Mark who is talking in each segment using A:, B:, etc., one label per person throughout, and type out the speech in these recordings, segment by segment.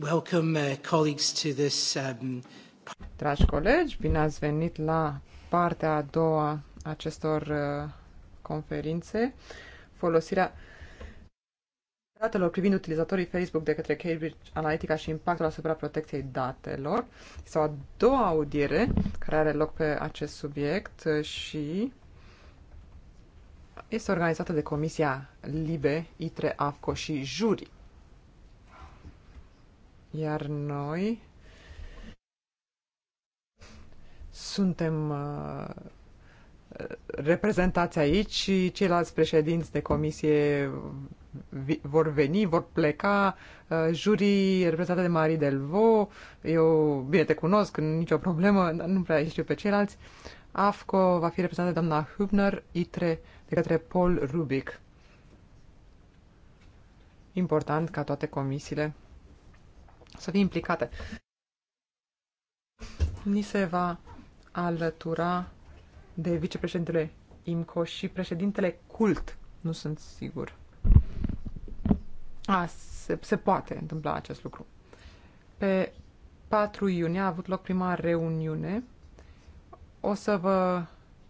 A: Welcome, uh, colleagues, to this, um... Dragi colegi, bine ați venit la partea a doua acestor uh, conferințe. Folosirea datelor privind utilizatorii Facebook de către Cambridge Analytica și impactul asupra protecției datelor. Este o a doua audiere care are loc pe acest subiect uh, și este organizată de Comisia Libe, ITRE, AFCO și Juri. Iar noi suntem uh, reprezentați aici și ceilalți președinți de comisie vor veni, vor pleca, uh, jurii reprezentate de Marie Delvo, eu bine te cunosc, nicio problemă, dar nu prea știu pe ceilalți, AFCO va fi reprezentat de doamna Hübner, ITRE de către Paul Rubic. Important ca toate comisiile să fie implicate. Ni se va alătura de vicepreședintele IMCO și președintele CULT. Nu sunt sigur. A, se, se poate întâmpla acest lucru. Pe 4 iunie a avut loc prima reuniune. O să vă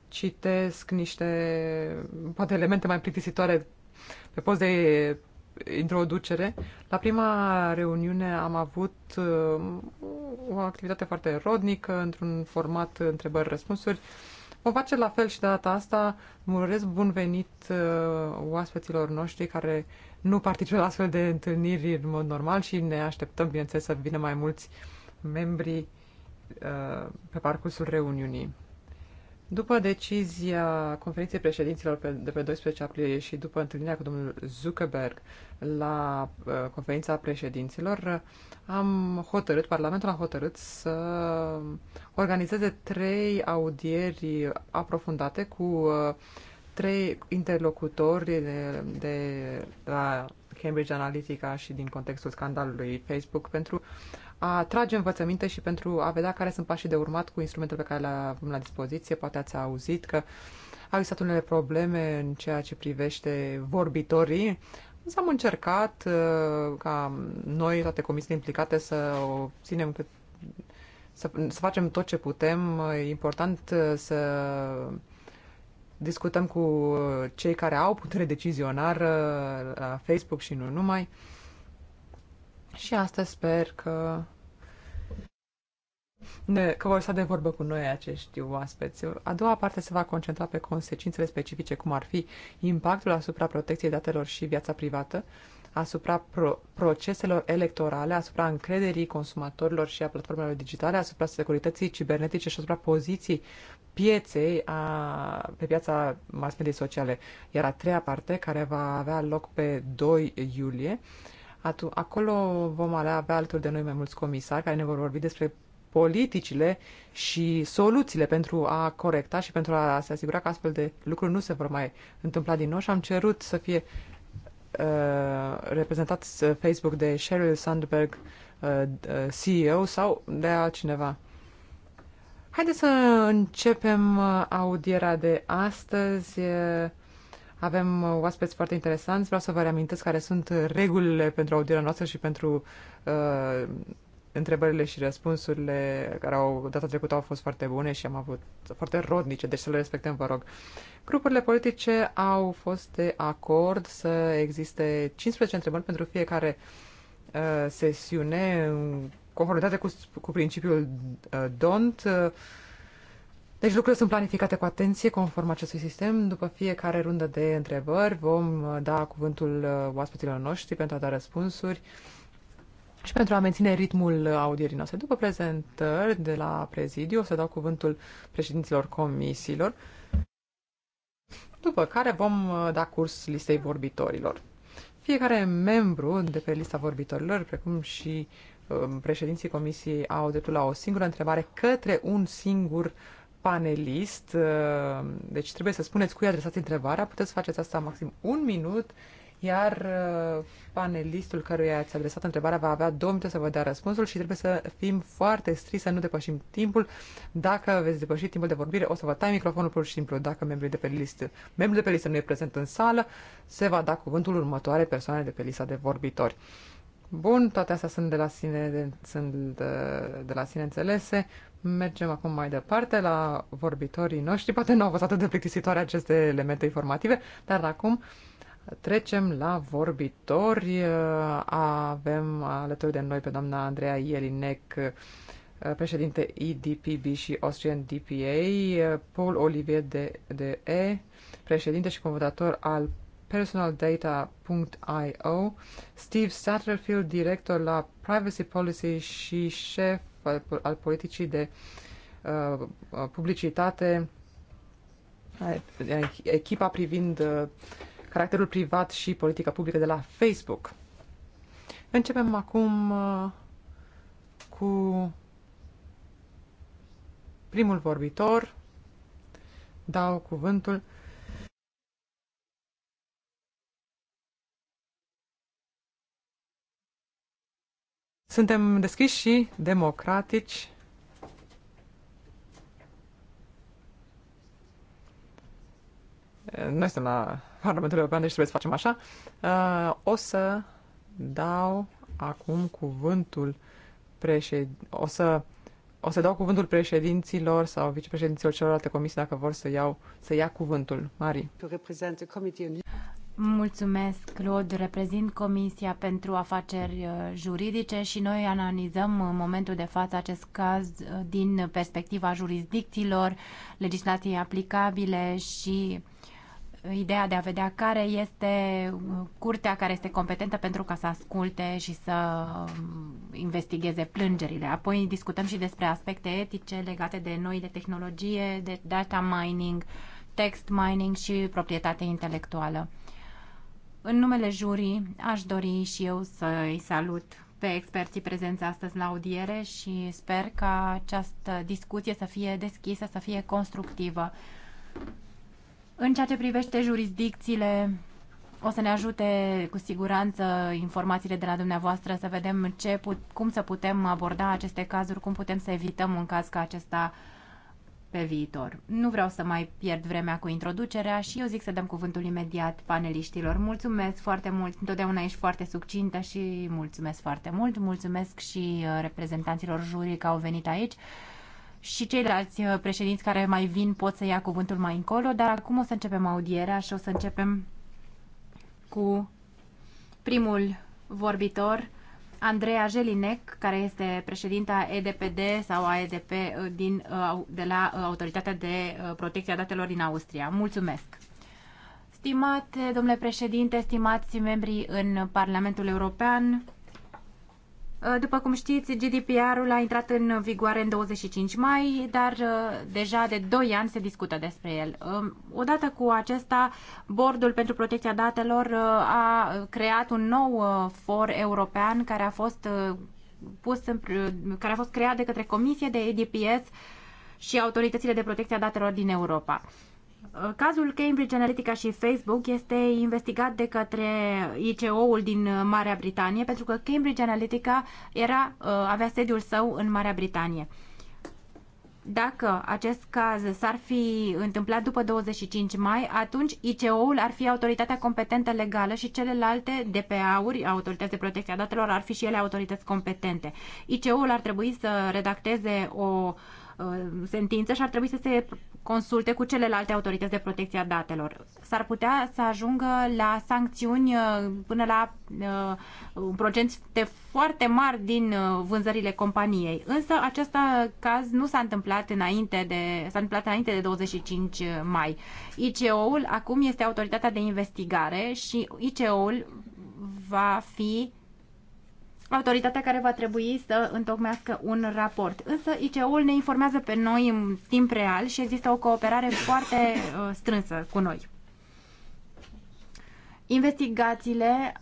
A: citesc niște, poate, elemente mai plictisitoare pe post de introducere. La prima reuniune am avut uh, o activitate foarte rodnică, într-un format întrebări-răspunsuri. Vom face la fel și de data asta. Mă bun venit uh, oaspeților noștri care nu participă la astfel de întâlniri în mod normal și ne așteptăm, bineînțeles, să vină mai mulți membri uh, pe parcursul reuniunii. După decizia conferinței președinților pe, de pe 12 aprilie și după întâlnirea cu domnul Zuckerberg la uh, conferința președinților, am hotărât, Parlamentul a hotărât să organizeze trei audieri aprofundate cu uh, trei interlocutori de, de la Cambridge Analytica și din contextul scandalului Facebook pentru a trage învățăminte și pentru a vedea care sunt pașii de urmat cu instrumentele pe care le avem la dispoziție. Poate ați auzit că au existat unele probleme în ceea ce privește vorbitorii. Însă am încercat uh, ca noi, toate comisiile implicate, să ținem cât să, să facem tot ce putem. E important uh, să discutăm cu cei care au putere decizionară uh, la Facebook și nu numai. Și asta sper că ne, că vor sta de vorbă cu noi acești oaspeți. A doua parte se va concentra pe consecințele specifice, cum ar fi impactul asupra protecției datelor și viața privată, asupra pro- proceselor electorale, asupra încrederii consumatorilor și a platformelor digitale, asupra securității cibernetice și asupra poziției pieței a, pe piața mass media sociale. Iar a treia parte, care va avea loc pe 2 iulie, uh, Atu- acolo vom avea alături de noi mai mulți comisari care ne vor vorbi despre politicile și soluțiile pentru a corecta și pentru a se asigura că astfel de lucruri nu se vor mai întâmpla din nou și am cerut să fie uh, reprezentat uh, Facebook de Sheryl Sandberg, uh, uh CEO sau de altcineva. Haideți să începem uh, audierea de astăzi. Uh, avem uh, oaspeți foarte interesanți. Vreau să vă reamintesc care sunt regulile pentru audierea noastră și pentru uh, întrebările și răspunsurile care au data trecută au fost foarte bune și am avut foarte rodnice, deci să le respectăm, vă rog. Grupurile politice au fost de acord să existe 15 întrebări pentru fiecare uh, sesiune în conformitate cu, cu principiul uh, DONT. Uh, deci lucrurile sunt planificate cu atenție conform acestui sistem. După fiecare rundă de întrebări vom uh, da cuvântul uh, oaspeților noștri pentru a da răspunsuri și pentru a menține ritmul uh, audierii noastre. După prezentări de la prezidiu o să dau cuvântul președinților comisiilor, după care vom da curs listei vorbitorilor. Fiecare membru de pe lista vorbitorilor, precum și um, președinții comisiei, au dreptul la o singură întrebare către un singur uh, panelist, uh, deci trebuie să spuneți cui adresați întrebarea, puteți faceți asta maxim un minut, iar uh, panelistul căruia ați adresat întrebarea va avea două minute să vă dea răspunsul și trebuie să fim foarte striți, să nu depășim timpul. Dacă veți depăși timpul de vorbire, o să vă tai microfonul pur și simplu. Dacă membrii de pe listă, membrii de pe listă nu e prezent în sală, se va da cuvântul următoare persoane de pe lista de vorbitori. Bun, toate astea sunt de la sine, de, sunt de, uh, de la sine înțelese. Mergem acum mai departe la vorbitorii noștri. Poate nu au fost atât de plictisitoare aceste elemente informative, dar acum trecem la vorbitori. Avem alături de noi pe doamna Andreea Ielinec, președinte IDPB și Austrian DPA, Paul Olivier de, de E, președinte și convocator al personaldata.io, Steve Satterfield, director la Privacy Policy și șef al, al politicii de uh, publicitate, echipa privind uh, caracterul privat și politica publică de la Facebook. Începem acum uh, cu primul vorbitor. Dau cuvântul Suntem deschiși și democratici. Noi suntem la Parlamentul European, deci trebuie să facem așa. Uh, o să dau acum cuvântul președ... o să o să dau cuvântul președinților sau vicepreședinților celorlalte comisii dacă vor să, iau, să ia cuvântul. Mari.
B: Mulțumesc, Claude. Reprezint Comisia pentru Afaceri uh, Juridice și noi analizăm în uh, momentul de față acest caz uh, din perspectiva jurisdicțiilor, legislației aplicabile și ideea de a vedea care este curtea care este competentă pentru ca să asculte și să um, investigheze plângerile. Apoi discutăm și despre aspecte etice legate de noi de tehnologie, de data mining, text mining și proprietate intelectuală. În numele jurii aș dori și eu să-i salut pe experții prezenți astăzi la audiere și sper ca această discuție să fie deschisă, să fie constructivă. În ceea ce privește jurisdicțiile, o să ne ajute cu siguranță informațiile de la dumneavoastră să vedem ce, cum să putem aborda aceste cazuri, cum putem să evităm un caz ca acesta uh, pe viitor. Nu vreau să mai pierd vremea cu introducerea și eu zic să dăm cuvântul imediat paneliștilor. Mulțumesc foarte mult, întotdeauna ești foarte succintă și mulțumesc foarte mult. Mulțumesc și uh, reprezentanților jurii că au venit aici și ceilalți uh, președinți care mai vin pot să ia cuvântul mai încolo, dar acum o să începem audierea și o să începem cu primul vorbitor, Andreea Jelinek, care este președinta EDPD sau AEDP uh, din, uh, de la uh, Autoritatea de Protecție a Datelor din Austria. Mulțumesc! Stimate domnule președinte, stimați membrii în Parlamentul European, Uh, după cum știți, GDPR-ul a intrat în vigoare în 25 mai, dar uh, deja de 2 ani se discută despre el. Um, odată cu acesta, Bordul pentru Protecția Datelor uh, a creat un nou for european care a fost, pus în, care a fost creat de către Comisie de EDPS și autoritățile de protecție a datelor din Europa. Cazul Cambridge Analytica și Facebook este investigat de către ICO-ul din Marea Britanie pentru că Cambridge Analytica era, uh, avea sediul său în Marea Britanie. Dacă acest caz s-ar fi întâmplat după 25 mai, atunci ICO-ul ar fi autoritatea competentă legală și celelalte DPA-uri, autorități de protecție a datelor, ar fi și ele autorități competente. ICO-ul ar trebui să redacteze o uh, Uh, sentință și ar trebui să se consulte cu celelalte autorități de protecție a datelor. S-ar putea să ajungă la sancțiuni uh, până la uh, un procent foarte mari din vânzările companiei. Însă acest caz nu s-a întâmplat înainte de, s-a întâmplat înainte de 25 mai. ICO-ul acum este autoritatea de investigare și ICO-ul va fi autoritatea care va trebui să întocmească un raport. Însă ICO-ul ne informează pe noi în timp real și există o cooperare foarte uh, strânsă cu noi. Investigațiile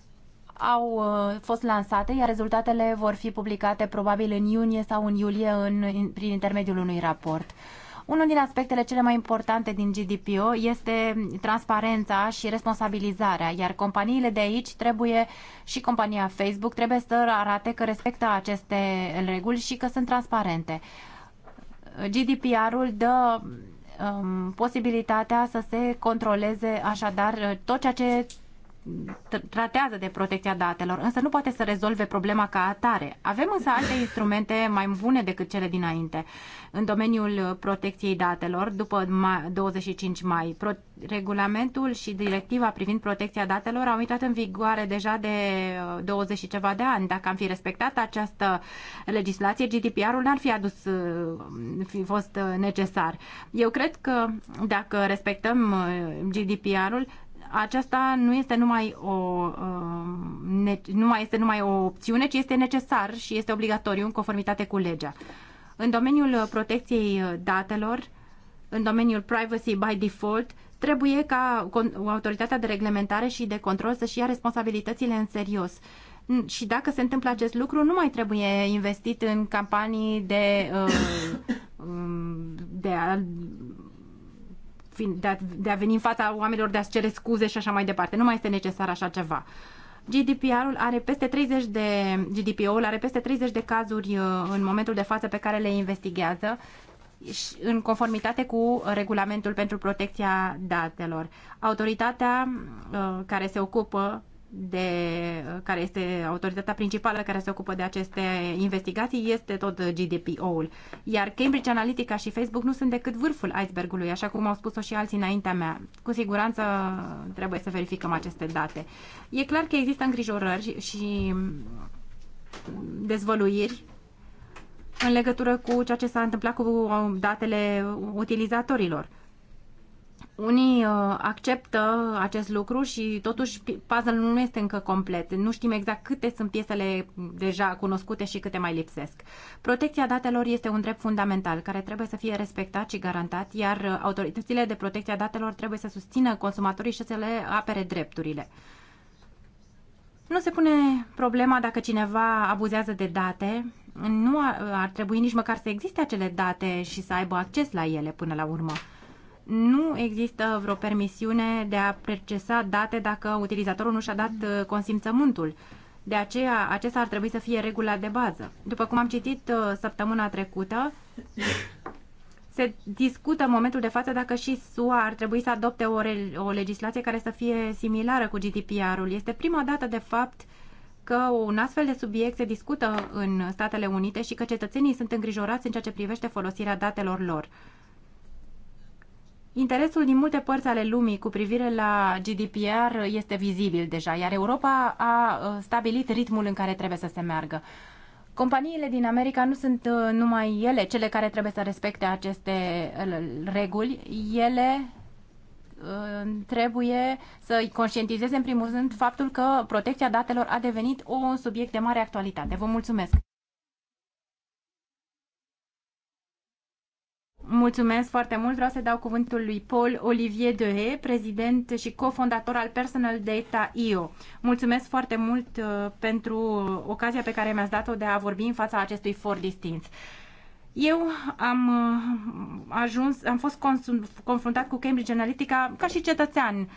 B: au uh, fost lansate, iar rezultatele vor fi publicate probabil în iunie sau în iulie în, în, prin intermediul unui raport. Uh, unul din aspectele cele mai importante din GDPO este transparența și responsabilizarea, iar companiile de aici trebuie și compania Facebook trebuie să arate că respectă aceste reguli și că sunt transparente. GDPR-ul dă um, posibilitatea să se controleze așadar tot ceea ce tratează de protecția datelor, însă nu poate să rezolve problema ca atare. Avem însă alte instrumente mai bune decât cele dinainte. În domeniul protecției datelor, după 25 mai, regulamentul și directiva privind protecția datelor au intrat în vigoare deja de 20 uh, și ceva de ani. Dacă am fi respectat această legislație, GDPR-ul n-ar fi adus uh, fi fost uh, necesar. Eu cred că dacă respectăm GDPR-ul, aceasta nu este numai o, um, nu mai este numai o opțiune, ci este necesar și este obligatoriu în conformitate cu legea. În domeniul protecției datelor, în domeniul privacy by default, trebuie ca autoritatea de reglementare și de control să-și ia responsabilitățile în serios. Și dacă se întâmplă acest lucru, nu mai trebuie investit în campanii de, uh, um, de de a, de a veni în fața oamenilor, de a-ți cere scuze și așa mai departe. Nu mai este necesar așa ceva. GDPR-ul are peste 30 de gdpr ul are peste 30 de cazuri uh, în momentul de față pe care le investigează în conformitate cu regulamentul pentru protecția datelor. Autoritatea uh, care se ocupă de, care este autoritatea principală care se ocupă de aceste investigații este tot GDPO-ul. Iar Cambridge Analytica și Facebook nu sunt decât vârful icebergului, așa cum au spus-o și alții înaintea mea. Cu siguranță trebuie să verificăm aceste date. E clar că există îngrijorări și dezvăluiri în legătură cu ceea ce s-a întâmplat cu datele utilizatorilor. Unii uh, acceptă acest lucru și totuși puzzle nu este încă complet. Nu știm exact câte sunt piesele deja cunoscute și câte mai lipsesc. Protecția datelor este un drept fundamental care trebuie să fie respectat și garantat, iar autoritățile de protecția datelor trebuie să susțină consumatorii și să le apere drepturile. Nu se pune problema dacă cineva abuzează de date, nu ar, ar trebui nici măcar să existe acele date și să aibă acces la ele până la urmă nu există vreo permisiune de a procesa date dacă utilizatorul nu și-a dat uh, consimțământul. De aceea, acesta ar trebui să fie regula de bază. După cum am citit uh, săptămâna trecută, se discută în momentul de față dacă și SUA ar trebui să adopte o, o legislație care să fie similară cu GDPR-ul. Este prima dată, de fapt, că un astfel de subiect se discută în Statele Unite și că cetățenii sunt îngrijorați în ceea ce privește folosirea datelor lor. Interesul din multe părți ale lumii cu privire la GDPR este vizibil deja, iar Europa a uh, stabilit ritmul în care trebuie să se meargă. Companiile din America nu sunt uh, numai ele cele care trebuie să respecte aceste uh, reguli, ele trebuie să-i conștientizeze în primul rând faptul că protecția datelor a devenit un subiect de mare actualitate. Vă mulțumesc! Mulțumesc foarte mult. Vreau să dau cuvântul lui Paul Olivier Dehe, prezident și cofondator al Personal Data IO. Mulțumesc foarte mult uh, pentru ocazia pe care mi-ați dat-o de a vorbi în fața acestui for distinț. Eu am uh, ajuns, am fost confruntat cu Cambridge Analytica ca și cetățean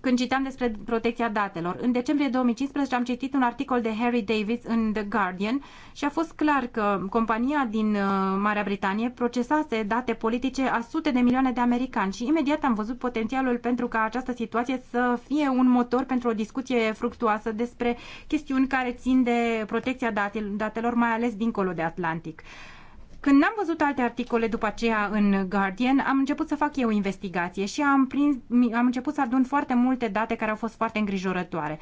B: când citeam despre protecția datelor. În decembrie 2015 am citit un articol de Harry Davis în The Guardian și a fost clar că compania din uh, Marea Britanie procesase date politice a sute de milioane de americani și imediat am văzut potențialul pentru ca această situație să fie un motor pentru o discuție fructuoasă despre chestiuni care țin de protecția datelor, mai ales dincolo de Atlantic. Când n-am văzut alte articole după aceea în Guardian, am început să fac eu investigație și am, prins, am început să adun foarte multe date care au fost foarte îngrijorătoare.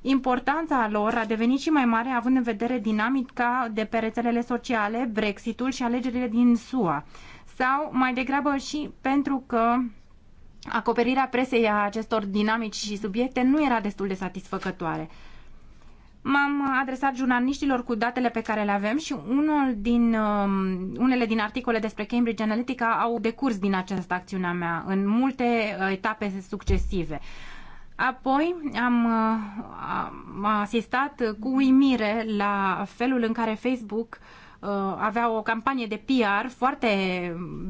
B: Importanța lor a devenit și mai mare având în vedere dinamica de pe rețelele sociale, Brexitul și alegerile din SUA. Sau mai degrabă și pentru că acoperirea presei a acestor dinamici și subiecte nu era destul de satisfăcătoare. M-am adresat jurnaliștilor cu datele pe care le avem și unul din, um, unele din articole despre Cambridge Analytica au decurs din această acțiune a mea în multe uh, etape succesive. Apoi am, uh, am asistat cu uimire la felul în care Facebook uh, avea o campanie de PR foarte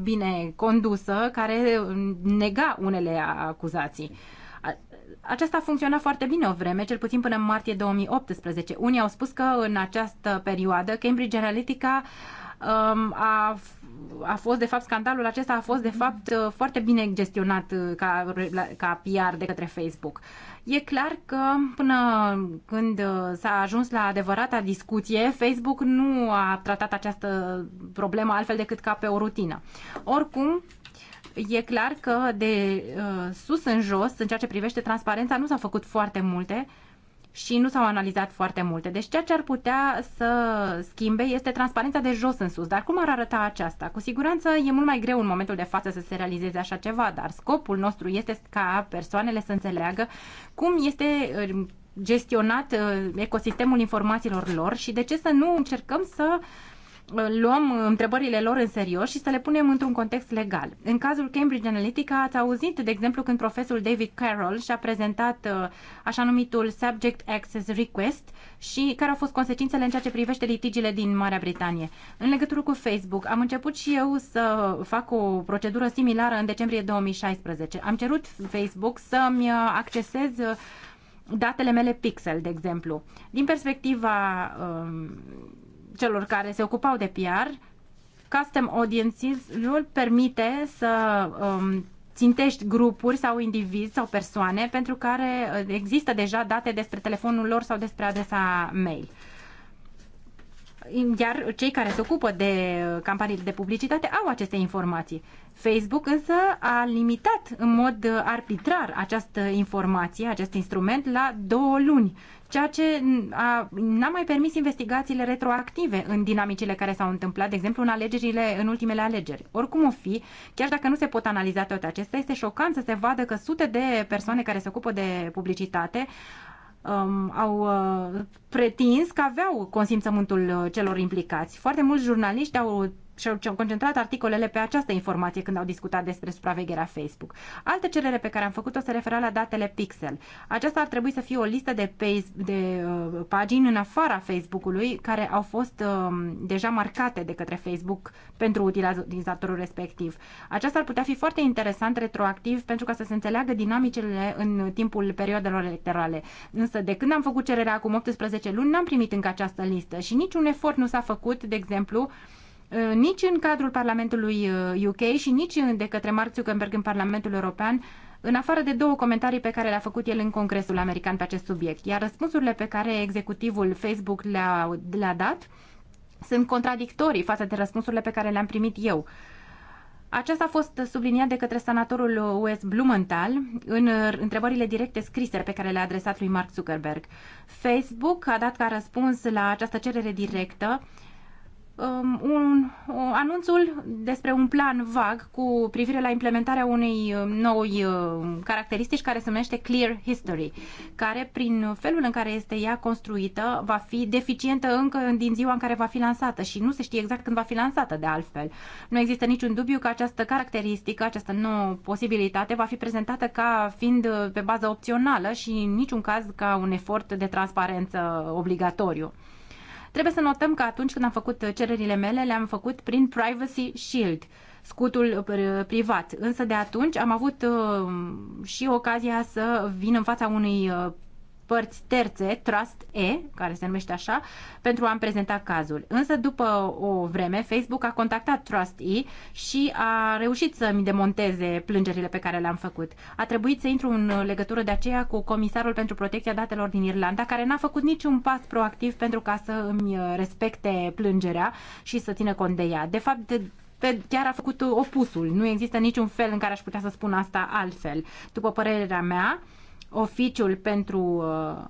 B: bine condusă care nega unele acuzații aceasta funcționa foarte bine o vreme, cel puțin până în martie 2018. Unii au spus că în această perioadă Cambridge Analytica um, a, a fost, de fapt, scandalul acesta a fost, de fapt, uh, foarte bine gestionat uh, ca, ca PR de către Facebook. E clar că până când uh, s-a ajuns la adevărata discuție, Facebook nu a tratat această problemă altfel decât ca pe o rutină. Oricum, E clar că de uh, sus în jos, în ceea ce privește transparența, nu s-au făcut foarte multe și nu s-au analizat foarte multe. Deci ceea ce ar putea să schimbe este transparența de jos în sus. Dar cum ar arăta aceasta? Cu siguranță e mult mai greu în momentul de față să se realizeze așa ceva, dar scopul nostru este ca persoanele să înțeleagă cum este uh, gestionat uh, ecosistemul informațiilor lor și de ce să nu încercăm să uh, luăm întrebările lor în serios și să le punem într-un context legal. În cazul Cambridge Analytica ați auzit, de exemplu, când profesorul David Carroll și-a prezentat uh, așa numitul Subject Access Request și care au fost consecințele în ceea ce privește litigiile din Marea Britanie. În legătură cu Facebook, am început și eu să fac o procedură similară în decembrie 2016. Am cerut Facebook să-mi uh, accesez uh, datele mele Pixel, de exemplu. Din perspectiva um, celor care se ocupau de PR, custom audiences-ul permite să um, țintești grupuri sau indivizi sau persoane pentru care uh, există deja date despre telefonul lor sau despre adresa mail. Iar cei care se ocupă de uh, campaniile de publicitate au aceste informații. Facebook însă a limitat în mod uh, arbitrar această informație, acest instrument, la două luni ceea ce n-a mai permis investigațiile retroactive în dinamicile care s-au întâmplat, de exemplu, în alegerile, în ultimele alegeri. Oricum o fi, chiar dacă nu se pot analiza toate acestea, este șocant să se vadă că sute de persoane care se ocupă de publicitate um, au uh, pretins că aveau consimțământul uh, celor implicați. Foarte mulți jurnaliști au și-au concentrat articolele pe această informație când au discutat despre supravegherea Facebook. Alte cerere pe care am făcut-o se referă la datele Pixel. Aceasta ar trebui să fie o listă de, page, de uh, pagini în afara Facebook-ului care au fost uh, deja marcate de către Facebook pentru utilizatorul respectiv. Aceasta ar putea fi foarte interesant retroactiv pentru ca să se înțeleagă dinamicele în timpul perioadelor electorale. Însă de când am făcut cererea acum 18 luni, n-am primit încă această listă și niciun efort nu s-a făcut, de exemplu, uh, Uh, nici în cadrul Parlamentului UK uh, și nici de către Mark Zuckerberg în Parlamentul European, în afară de două comentarii pe care le-a făcut el în Congresul American pe acest subiect. Iar răspunsurile pe care executivul Facebook le-a, le, -a, dat sunt contradictorii față de răspunsurile pe care le-am primit eu. Aceasta a fost subliniat de către senatorul US Blumenthal în uh, întrebările directe scrise pe care le-a adresat lui Mark Zuckerberg. Facebook a dat ca răspuns la această cerere directă Um, un, un, uh, anunțul despre un plan vag cu privire la implementarea unei um, noi uh, caracteristici care se numește Clear History, care prin felul în care este ea construită va fi deficientă încă din ziua în care va fi lansată și nu se știe exact când va fi lansată de altfel. Nu există niciun dubiu că această caracteristică, această nouă posibilitate va fi prezentată ca fiind uh, pe bază opțională și în niciun caz ca un efort de transparență obligatoriu. Trebuie să notăm că atunci când am făcut cererile mele, le-am făcut prin Privacy Shield, scutul privat. Însă de atunci am avut uh, și ocazia să vin în fața unui uh, părți terțe, Trust E, care se numește așa, pentru a-mi prezenta cazul. Însă, după o vreme, Facebook a contactat Trust E și a reușit să-mi demonteze plângerile pe care le-am făcut. A trebuit să intru în legătură de aceea cu Comisarul pentru Protecția Datelor din Irlanda, care n-a făcut niciun pas proactiv pentru ca să îmi respecte plângerea și să țină cont de ea. De fapt, de pe, chiar a făcut opusul. Nu există niciun fel în care aș putea să spun asta altfel. După părerea mea, oficiul pentru uh,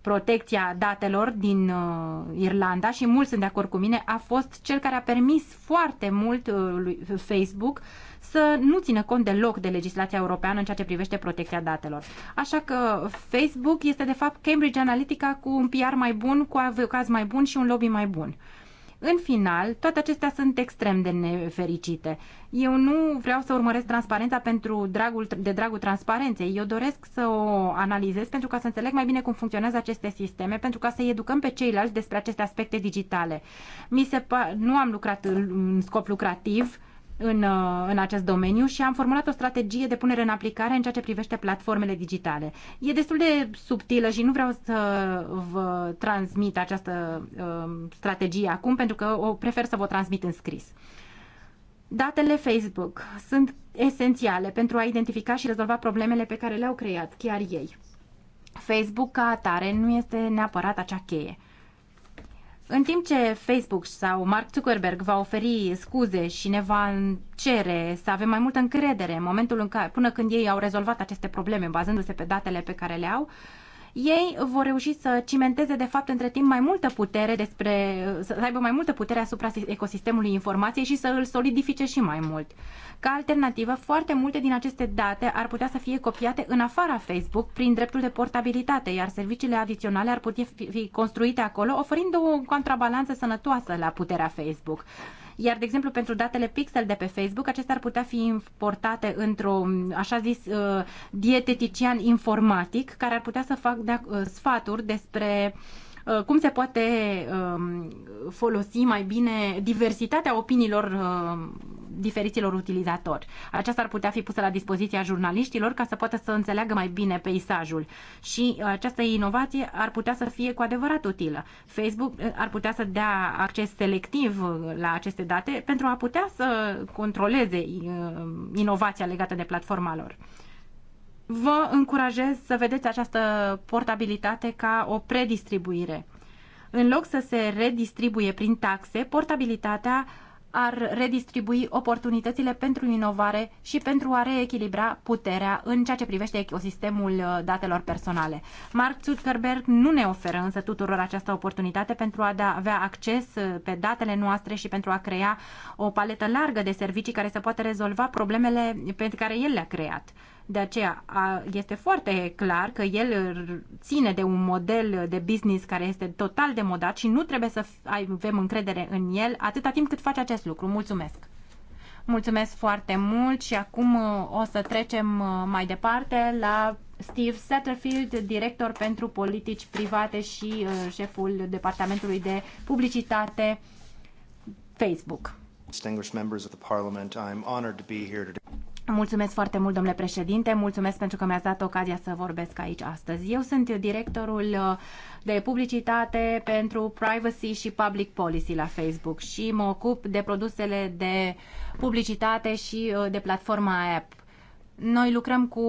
B: protecția datelor din uh, Irlanda și mulți sunt de acord cu mine, a fost cel care a permis foarte mult uh, lui Facebook să nu țină cont deloc de legislația europeană în ceea ce privește protecția datelor. Așa că Facebook este de fapt Cambridge Analytica cu un PR mai bun, cu avocați mai buni și un lobby mai bun. În final, toate acestea sunt extrem de nefericite. Eu nu vreau să urmăresc transparența pentru dragul, de dragul transparenței. Eu doresc să o analizez pentru ca să înțeleg mai bine cum funcționează aceste sisteme, pentru ca să-i educăm pe ceilalți despre aceste aspecte digitale. Mi se pa- nu am lucrat în scop lucrativ, uh, în, uh, în acest domeniu și am formulat o strategie de punere în aplicare în ceea ce privește platformele digitale. E destul de subtilă și nu vreau să vă transmit această uh, strategie acum pentru că o prefer să vă transmit în scris. Datele Facebook sunt esențiale pentru a identifica și rezolva problemele pe care le-au creat chiar ei. Facebook ca atare nu este neapărat acea cheie. În timp ce Facebook sau Mark Zuckerberg va oferi scuze și ne va cere să avem mai multă încredere în momentul în care, până când ei au rezolvat aceste probleme bazându-se pe datele pe care le au, uh, ei vor reuși să cimenteze de fapt între timp mai multă putere despre, să aibă mai multă putere asupra ecosistemului informației și să îl solidifice și mai mult. Ca alternativă, foarte multe din aceste date ar putea să fie copiate în afara Facebook prin dreptul de portabilitate, iar serviciile adiționale ar putea fi construite acolo, oferind o contrabalanță sănătoasă la puterea Facebook. Iar, de exemplu, pentru datele pixel de pe Facebook, acestea ar putea fi importate într o așa zis, uh, dietetician informatic, care ar putea să fac uh, sfaturi despre uh, Uh, cum se poate um, folosi mai bine diversitatea opiniilor uh, diferiților utilizatori. Aceasta ar putea fi pusă la dispoziția jurnaliștilor ca să poată să înțeleagă mai bine peisajul și această inovație ar putea să fie cu adevărat utilă. Facebook uh, ar putea să dea acces selectiv la aceste date pentru a putea să controleze inovația legată de platforma lor vă încurajez să vedeți această portabilitate ca o predistribuire. În loc să se redistribuie prin taxe, portabilitatea ar redistribui oportunitățile pentru inovare și pentru a reechilibra puterea în ceea ce privește ecosistemul uh, datelor personale. Mark Zuckerberg nu ne oferă însă tuturor această oportunitate pentru a da, avea acces uh, pe datele noastre și pentru a crea o paletă largă de servicii care să poată rezolva problemele pe care el le-a creat. De aceea este foarte clar că el ține de un model de business care este total demodat și nu trebuie să avem încredere în el atâta timp cât face acest lucru. Mulțumesc! Mulțumesc foarte mult și acum uh, o să trecem uh, mai departe la Steve Satterfield, director pentru politici private și uh, șeful departamentului de publicitate Facebook. Distinguished members of the parliament, I'm honored to be here today. Mulțumesc foarte mult, domnule președinte, mulțumesc pentru că mi-ați dat ocazia să vorbesc aici astăzi. Eu sunt directorul uh, de publicitate pentru privacy și public policy la Facebook și mă ocup de produsele de publicitate și uh, de platforma app. Noi lucrăm cu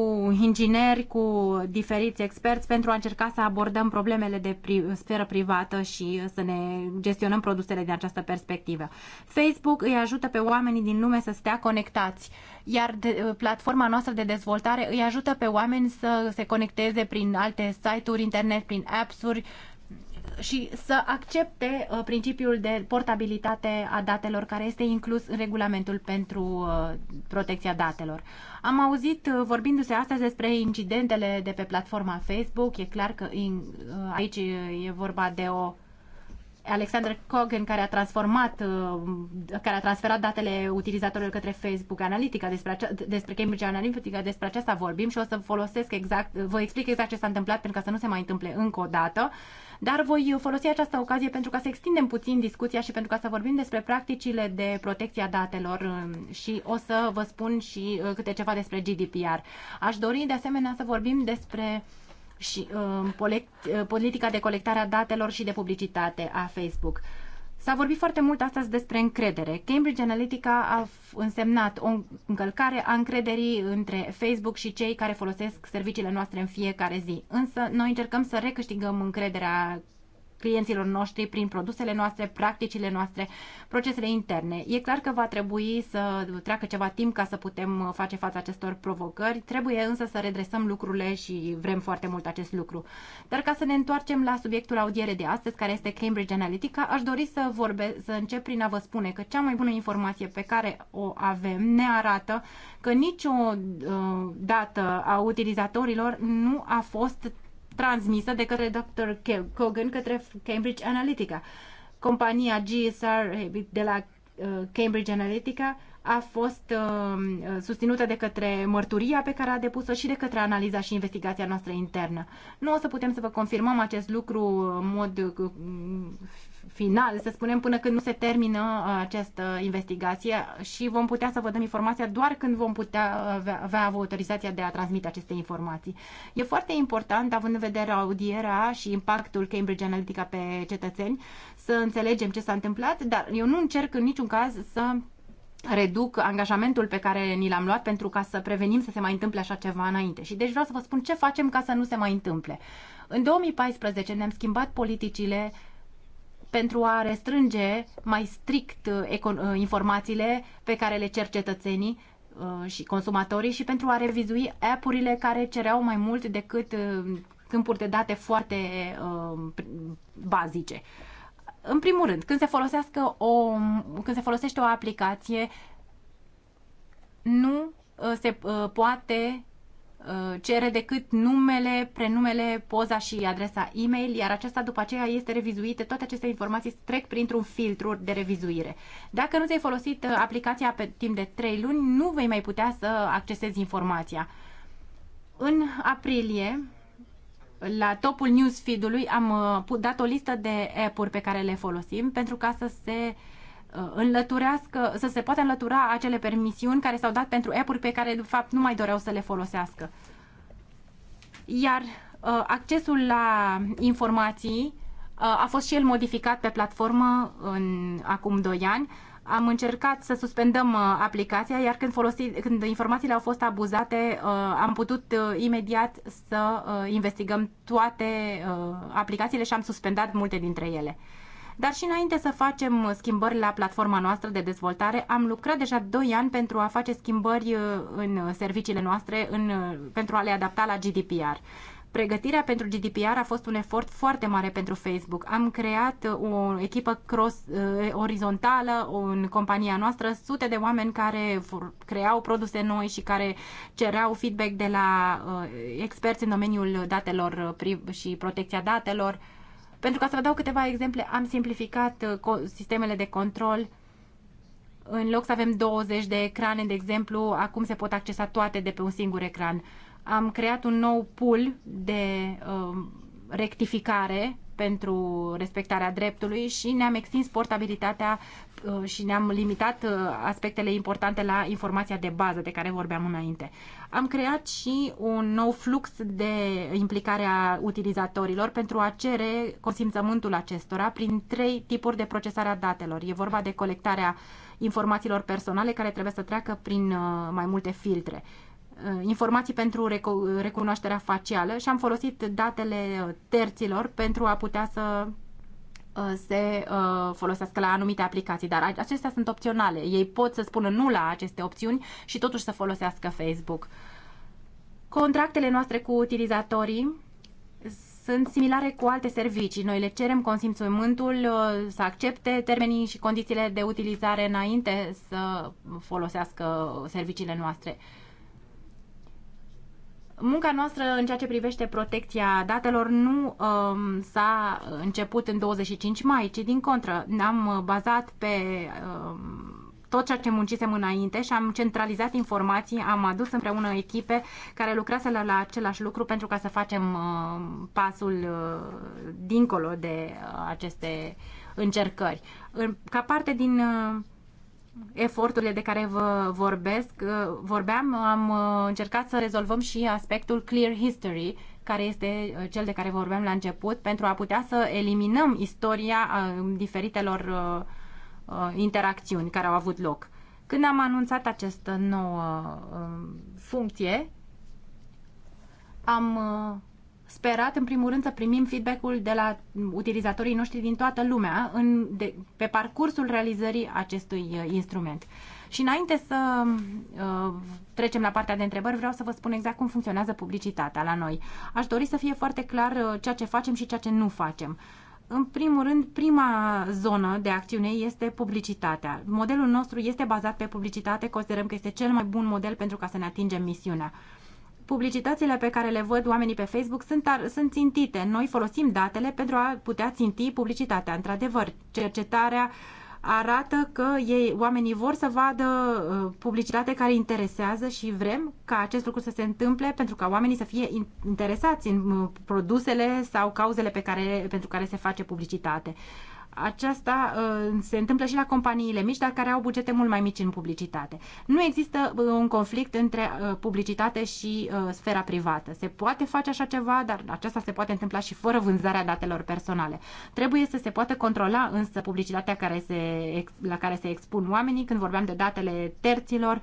B: ingineri, cu diferiți experți pentru a încerca să abordăm problemele de pri- sferă privată și să ne gestionăm produsele din această perspectivă. Facebook îi ajută pe oamenii din lume să stea conectați, iar de, platforma noastră de dezvoltare îi ajută pe oameni să se conecteze prin alte site-uri internet, prin apps-uri și să accepte uh, principiul de portabilitate a datelor care este inclus în regulamentul pentru uh, protecția datelor. Am auzit uh, vorbindu-se astăzi despre incidentele de pe platforma Facebook. E clar că aici e vorba de o Alexander Cogan, care a transformat, uh, care a transferat datele utilizatorilor către Facebook Analytica, despre, acea, despre Cambridge Analytica, despre aceasta vorbim și o să folosesc exact, vă explic exact ce s-a întâmplat pentru ca să nu se mai întâmple încă o dată, dar voi folosi această ocazie pentru ca să extindem puțin discuția și pentru ca să vorbim despre practicile de protecție a datelor um, și o să vă spun și uh, câte ceva despre GDPR. Aș dori de asemenea să vorbim despre uh, și uh, uh, politica de colectare a datelor și de publicitate a Facebook. S-a vorbit foarte mult astăzi despre încredere. Cambridge Analytica a însemnat o încălcare a încrederii între Facebook și cei care folosesc serviciile noastre în fiecare zi. Însă noi încercăm să recâștigăm încrederea clienților noștri prin produsele noastre, practicile noastre, procesele interne. E clar că va trebui să treacă ceva timp ca să putem face față acestor provocări, trebuie însă să redresăm lucrurile și vrem foarte mult acest lucru. Dar ca să ne întoarcem la subiectul audiere de astăzi, care este Cambridge Analytica, aș dori să, vorbe, să încep prin a vă spune că cea mai bună informație pe care o avem ne arată că nicio uh, dată a utilizatorilor nu a fost transmisă de către Dr. Kogan către Cambridge Analytica. Compania GSR de la uh, Cambridge Analytica a fost uh, susținută de către mărturia pe care a depus-o și de către analiza și investigația noastră internă. Nu o să putem să vă confirmăm acest lucru în mod uh, final, să spunem, până când nu se termină uh, această investigație și vom putea să vă dăm informația doar când vom putea uh, avea autorizația de a transmite aceste informații. E foarte important, având în vedere audierea și impactul Cambridge Analytica pe cetățeni, să înțelegem ce s-a întâmplat, dar eu nu încerc în niciun caz să reduc angajamentul pe care ni l-am luat pentru ca să prevenim să se mai întâmple așa ceva înainte. Și deci vreau să vă spun ce facem ca să nu se mai întâmple. În 2014 ne-am schimbat politicile pentru a restrânge mai strict uh, uh, informațiile pe care le cer cetățenii uh, și consumatorii și pentru a revizui app-urile care cereau mai mult decât câmpuri de date foarte bazice. În primul rând, când se, o, când se folosește o aplicație, nu se poate Uh, cere decât numele, prenumele, poza și adresa e-mail, iar aceasta după aceea este revizuită. Toate aceste informații trec printr-un filtru de revizuire. Dacă nu ți-ai folosit uh, aplicația pe timp de 3 luni, nu vei mai putea să accesezi informația. În aprilie, la topul newsfeed-ului am uh, dat o listă de app-uri pe care le folosim pentru ca să se uh, Uh, înlăturească, să se poată înlătura acele permisiuni care s-au dat pentru app-uri pe care, de fapt, nu mai doreau să le folosească. Iar uh, accesul la informații uh, a fost și el modificat pe platformă în, acum 2 ani. Am încercat să suspendăm aplicația, iar când, folosi, când informațiile au fost abuzate, am putut imediat să investigăm toate aplicațiile și am suspendat multe dintre ele. Dar și înainte să facem schimbări la platforma noastră de dezvoltare, am lucrat deja 2 ani pentru a face schimbări uh, în serviciile noastre în, uh, pentru a le adapta la GDPR. Pregătirea pentru GDPR a fost un efort foarte mare pentru Facebook. Am creat uh, o echipă cross orizontală în compania noastră, sute de oameni care creau produse noi și care cereau feedback de la experți în domeniul datelor și protecția datelor pentru ca să vă dau câteva exemple, am simplificat uh, sistemele de control. În loc să avem 20 de ecrane, de exemplu, acum se pot accesa toate de pe un singur ecran. Am creat un nou pool de uh, rectificare pentru respectarea dreptului și ne-am extins portabilitatea uh, și ne-am limitat uh, aspectele importante la informația de bază de care vorbeam înainte. Am creat și un nou flux de implicare a utilizatorilor pentru a cere consimțământul acestora prin trei tipuri de procesare a datelor. E vorba de colectarea informațiilor personale care trebuie să treacă prin uh, mai multe filtre. Uh, informații pentru recunoașterea facială și am folosit datele terților pentru a putea să uh, se uh, folosească la anumite aplicații, dar acestea sunt opționale. Ei pot să spună nu la aceste opțiuni și totuși să folosească Facebook. Contractele noastre cu utilizatorii sunt similare cu alte servicii. Noi le cerem consimțământul să accepte termenii și condițiile de utilizare înainte să folosească serviciile noastre. Munca noastră în ceea ce privește protecția datelor nu um, s-a început în 25 mai, ci din contră ne-am uh, bazat pe um, tot ceea ce muncisem înainte și am centralizat informații, am adus împreună echipe care lucrase la, la același lucru pentru ca să facem um, pasul uh, dincolo de uh, aceste încercări. În, ca parte din... Uh, eforturile de care vă vorbesc, uh, vorbeam, am uh, încercat să rezolvăm și aspectul clear history, care este uh, cel de care vorbeam la început, pentru a putea să eliminăm istoria diferitelor interacțiuni care au avut loc. Când am anunțat această nouă funcție, am sperat, în primul rând, să primim feedback-ul de la utilizatorii noștri din toată lumea în, de, pe parcursul realizării acestui uh, instrument. Și înainte să uh, trecem la partea de întrebări, vreau să vă spun exact cum funcționează publicitatea la noi. Aș dori să fie foarte clar uh, ceea ce facem și ceea ce nu facem. În primul rând, prima zonă de acțiune este publicitatea. Modelul nostru este bazat pe publicitate, considerăm că este cel mai bun model pentru ca să ne atingem misiunea. Uh, publicitățile pe care le văd oamenii pe Facebook sunt, ar, sunt țintite. Noi folosim datele pentru a putea ținti publicitatea. Într-adevăr, cercetarea arată că ei, oamenii vor să vadă uh, publicitate care interesează și vrem ca acest lucru să se întâmple pentru ca oamenii să fie interesați în uh, produsele sau cauzele pe care, pentru care se face publicitate aceasta uh, se întâmplă și la companiile mici, dar care au bugete mult mai mici în publicitate. Nu există uh, un conflict între uh, publicitate și sfera privată. Se poate face așa ceva, dar aceasta se poate întâmpla și fără vânzarea datelor personale. Trebuie să se poată controla însă publicitatea care se, la care se expun oamenii. Când vorbeam de datele terților, uh,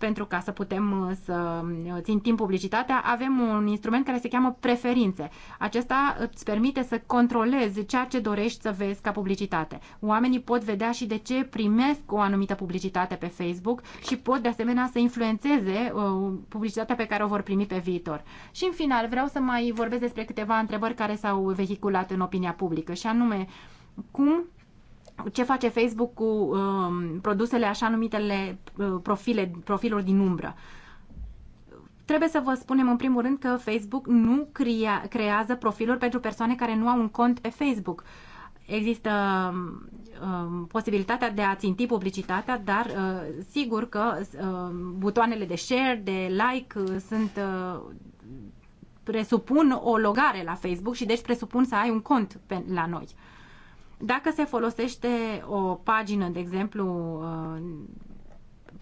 B: pentru ca să putem uh, să uh, țintim publicitatea, avem un instrument care se cheamă preferințe. Acesta îți permite să controlezi ceea ce dorești să vezi ca publicitate. Oamenii pot vedea și de ce primesc o anumită publicitate pe Facebook și pot de asemenea să influențeze uh, publicitatea pe care o vor primi pe viitor. Și în final vreau să mai vorbesc despre câteva întrebări care s-au vehiculat în opinia publică și anume cum ce face Facebook cu um, produsele așa numitele uh, profile, profiluri din umbră. Trebuie să vă spunem în primul rând că Facebook nu crea, creează profiluri pentru persoane care nu au un cont pe Facebook. Există um, posibilitatea de a ținti publicitatea, dar uh, sigur că uh, butoanele de share, de like uh, sunt uh, presupun o logare la Facebook și deci presupun să ai un cont pe, la noi. Uh, dacă se folosește o pagină, de exemplu, uh,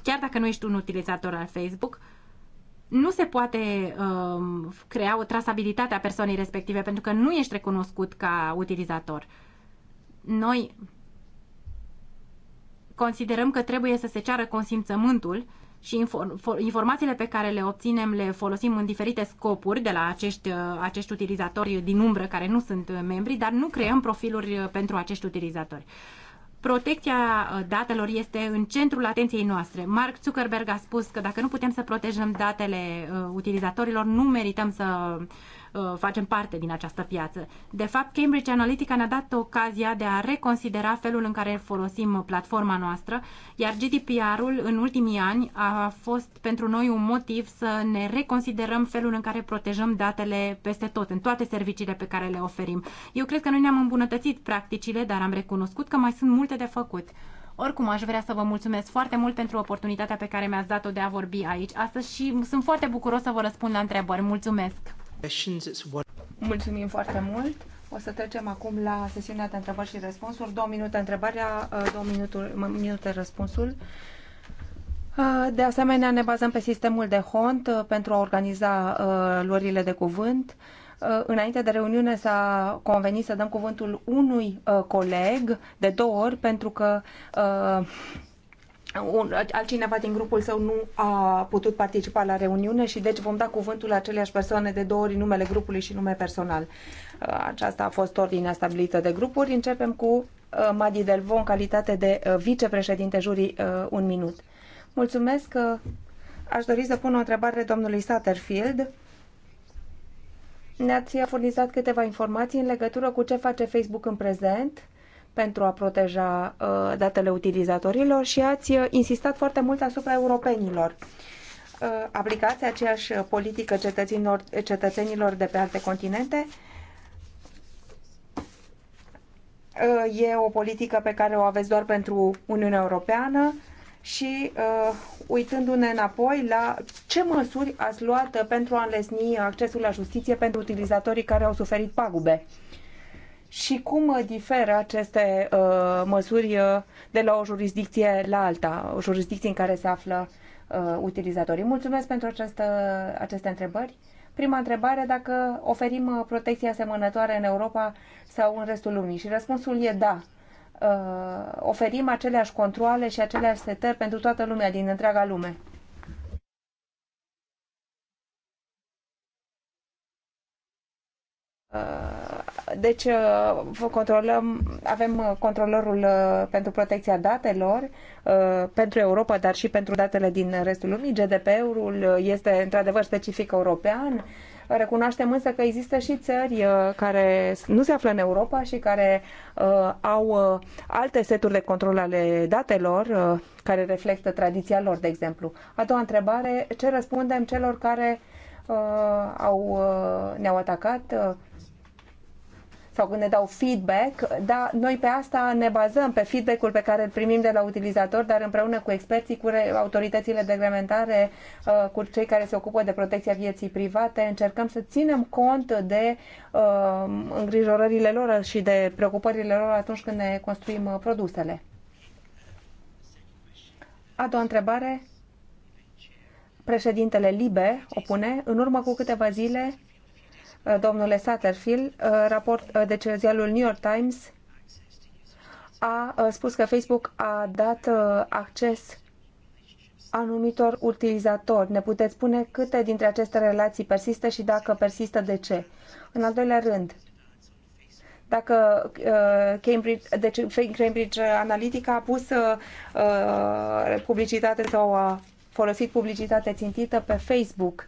B: chiar dacă nu ești un utilizator al Facebook, nu se poate uh, crea o trasabilitate a persoanei respective pentru că nu ești recunoscut ca utilizator. Noi considerăm că trebuie să se ceară consimțământul și informațiile pe care le obținem le folosim în diferite scopuri de la acești, uh, acești utilizatori din umbră care nu sunt uh, membri, dar nu creăm profiluri uh, pentru acești utilizatori. Protecția datelor este în centrul atenției noastre. Mark Zuckerberg a spus că dacă nu putem să protejăm datele utilizatorilor, nu merităm să Uh, facem parte din această piață. De fapt, Cambridge Analytica ne-a dat ocazia de a reconsidera felul în care folosim platforma noastră, iar GDPR-ul în ultimii ani a fost pentru noi un motiv să ne reconsiderăm felul în care protejăm datele peste tot, în toate serviciile pe care le oferim. Eu cred că noi ne-am îmbunătățit practicile, dar am recunoscut că mai sunt multe de făcut. Oricum, aș vrea să vă mulțumesc foarte mult pentru oportunitatea pe care mi-ați dat-o de a vorbi aici astăzi și sunt foarte bucuros să vă răspund la
C: întrebări. Mulțumesc! Mulțumim foarte mult. O să trecem acum la sesiunea de întrebări și răspunsuri. Două minute întrebarea, uh, două minute, minute răspunsul. Uh, de asemenea, ne bazăm pe sistemul de HONT uh, pentru a organiza luările de cuvânt. Înainte de reuniune s-a convenit să dăm cuvântul unui coleg de două ori pentru că un, altcineva din grupul său nu a putut participa la reuniune și deci vom da cuvântul aceleași persoane de două ori numele grupului și nume personal. Uh, aceasta a fost ordinea stabilită de grupuri. Începem cu uh, Madi Delvo în calitate de uh, vicepreședinte jurii un minut. Mulțumesc. Aș dori să pun o întrebare domnului Satterfield. Ne-ați furnizat câteva informații în legătură cu ce face Facebook în prezent pentru a proteja uh, datele utilizatorilor și ați uh, insistat foarte mult asupra europenilor. Uh, aplicați aceeași politică cetățenilor, cetățenilor de pe alte continente? E o politică pe care o aveți doar pentru Uniunea Europeană și uitându-ne înapoi la ce măsuri ați luat pentru a înlesni accesul la justiție pentru utilizatorii care au suferit pagube și cum uh, diferă aceste uh, măsuri uh, de la o jurisdicție la alta, o jurisdicție în care se află uh, utilizatorii. Mulțumesc pentru această, aceste întrebări. Prima întrebare, dacă oferim uh, protecție asemănătoare în Europa sau în restul lumii. Și răspunsul e da. Uh, oferim aceleași controle și aceleași setări pentru toată lumea din întreaga lume. Uh, deci uh, controlăm, avem uh, controlorul uh, pentru protecția datelor pentru Europa, dar și pentru datele din restul lumii. GDPR-ul este într-adevăr specific european. Recunoaștem însă că există și țări care nu se află în Europa și care au alte seturi de control ale datelor care reflectă tradiția lor, de exemplu. A doua întrebare, ce răspundem celor care au, ne-au atacat? sau când ne dau feedback, dar noi pe asta ne bazăm, pe feedback-ul pe care îl primim de la utilizator, dar împreună cu experții, cu autoritățile de reglementare, uh, cu cei care se ocupă de protecția vieții private, încercăm să ținem cont de uh, îngrijorările lor și de preocupările lor atunci când ne construim uh, produsele. A doua întrebare. Președintele Libe opune În urmă cu câteva zile domnule Satterfield, uh, raport, uh, deci ziarul New York Times a uh, spus că Facebook a dat acces anumitor utilizatori. Ne puteți spune câte dintre aceste relații persistă și dacă persistă, de ce? În al doilea rând, dacă Cambridge, deci Cambridge Analytica a pus publicitate sau a folosit publicitate țintită pe Facebook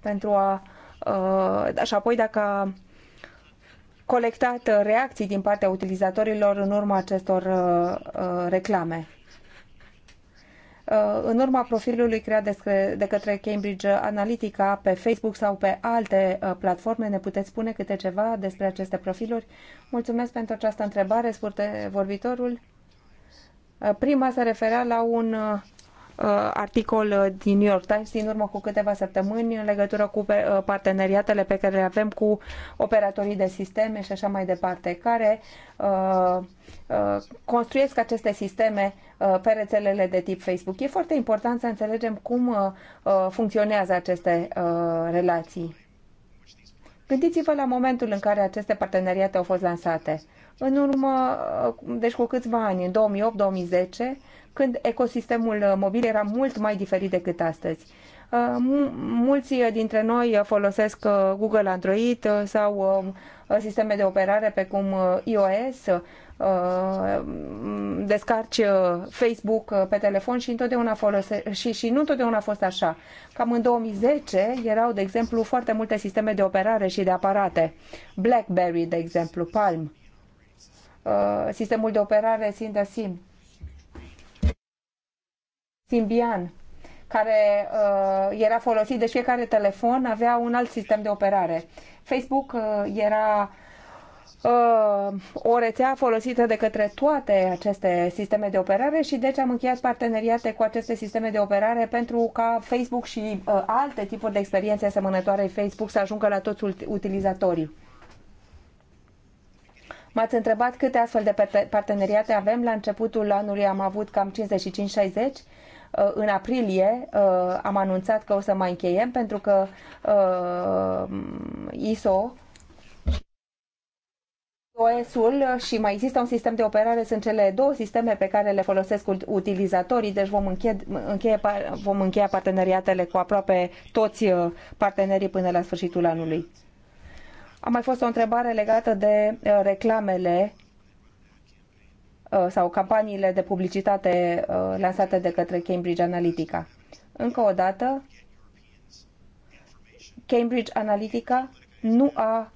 C: pentru a Uh, și apoi dacă a colectat reacții din partea utilizatorilor în urma acestor uh, uh, reclame. În urma profilului creat de către Cambridge Analytica pe Facebook sau pe alte platforme, ne puteți spune câte ceva despre aceste profiluri? Mulțumesc pentru această întrebare, spurte vorbitorul. Prima se referea la un Uh, articol uh, din New York Times din urmă cu câteva săptămâni în legătură cu uh, parteneriatele pe care le avem cu operatorii de sisteme și așa mai departe, care construiesc aceste sisteme pe rețelele de tip Facebook. E foarte important să înțelegem cum funcționează aceste relații. Gândiți-vă la momentul în care aceste parteneriate au fost lansate. În urmă, deci cu câțiva ani, în 2008-2010, când ecosistemul uh, mobil era mult mai diferit decât astăzi. Uh, mulți uh, dintre noi folosesc Google Android sau um, sisteme de operare pe cum iOS, mm, descarci Facebook pe telefon și întotdeauna folose- și, și nu întotdeauna a fost așa. Cam în 2010 erau, de exemplu, foarte multe sisteme de operare și de aparate. BlackBerry, de exemplu, Palm, sistemul de operare Sim Symbian, care uh, era folosit de fiecare telefon, avea un alt sistem de operare. Facebook uh, era uh, o rețea folosită de către toate aceste sisteme de operare și deci am încheiat parteneriate cu aceste sisteme de operare pentru ca Facebook și uh, alte tipuri de experiențe asemănătoare Facebook să ajungă la toți utilizatorii. M-ați întrebat câte astfel de parteneriate avem. La începutul anului am avut cam 55-60 Uh, în aprilie uh, am anunțat că o să mai încheiem pentru că uh, ISO OS-ul și mai există un sistem de operare, sunt cele două sisteme pe care le folosesc utilizatorii, deci vom, încheie, încheie, vom încheia parteneriatele cu aproape toți partenerii până la sfârșitul anului. A mai fost o întrebare legată de reclamele Uh, sau campaniile de publicitate uh, lansate de către Cambridge Analytica. Încă o dată, Cambridge Analytica nu a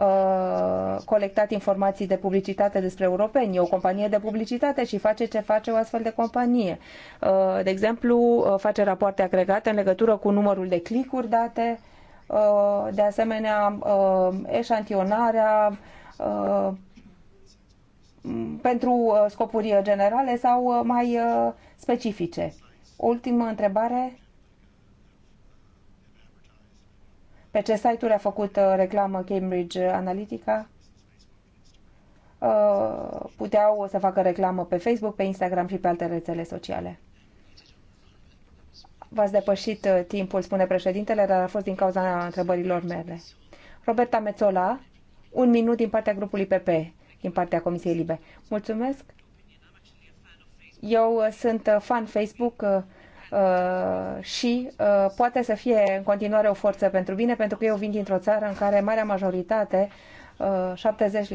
C: uh, colectat informații de publicitate despre europeni. E o companie de publicitate și face ce face o astfel de companie. De exemplu, face rapoarte agregate în legătură cu numărul de clicuri date, de asemenea, eșantionarea pentru uh, scopuri uh, generale sau uh, mai specifice? Ultimă întrebare. Pe ce site-uri a făcut reclamă Cambridge Analytica? Puteau să facă reclamă pe Facebook, pe Instagram și pe alte rețele sociale. V-ați depășit timpul, spune președintele, dar a fost din cauza întrebărilor mele. Roberta Mețola, un minut din partea grupului PP din partea Comisiei Libe. Mulțumesc! Eu uh, sunt uh, fan Facebook uh, și poate să fie în continuare o forță pentru bine, pentru că eu vin dintr-o țară în care marea majoritate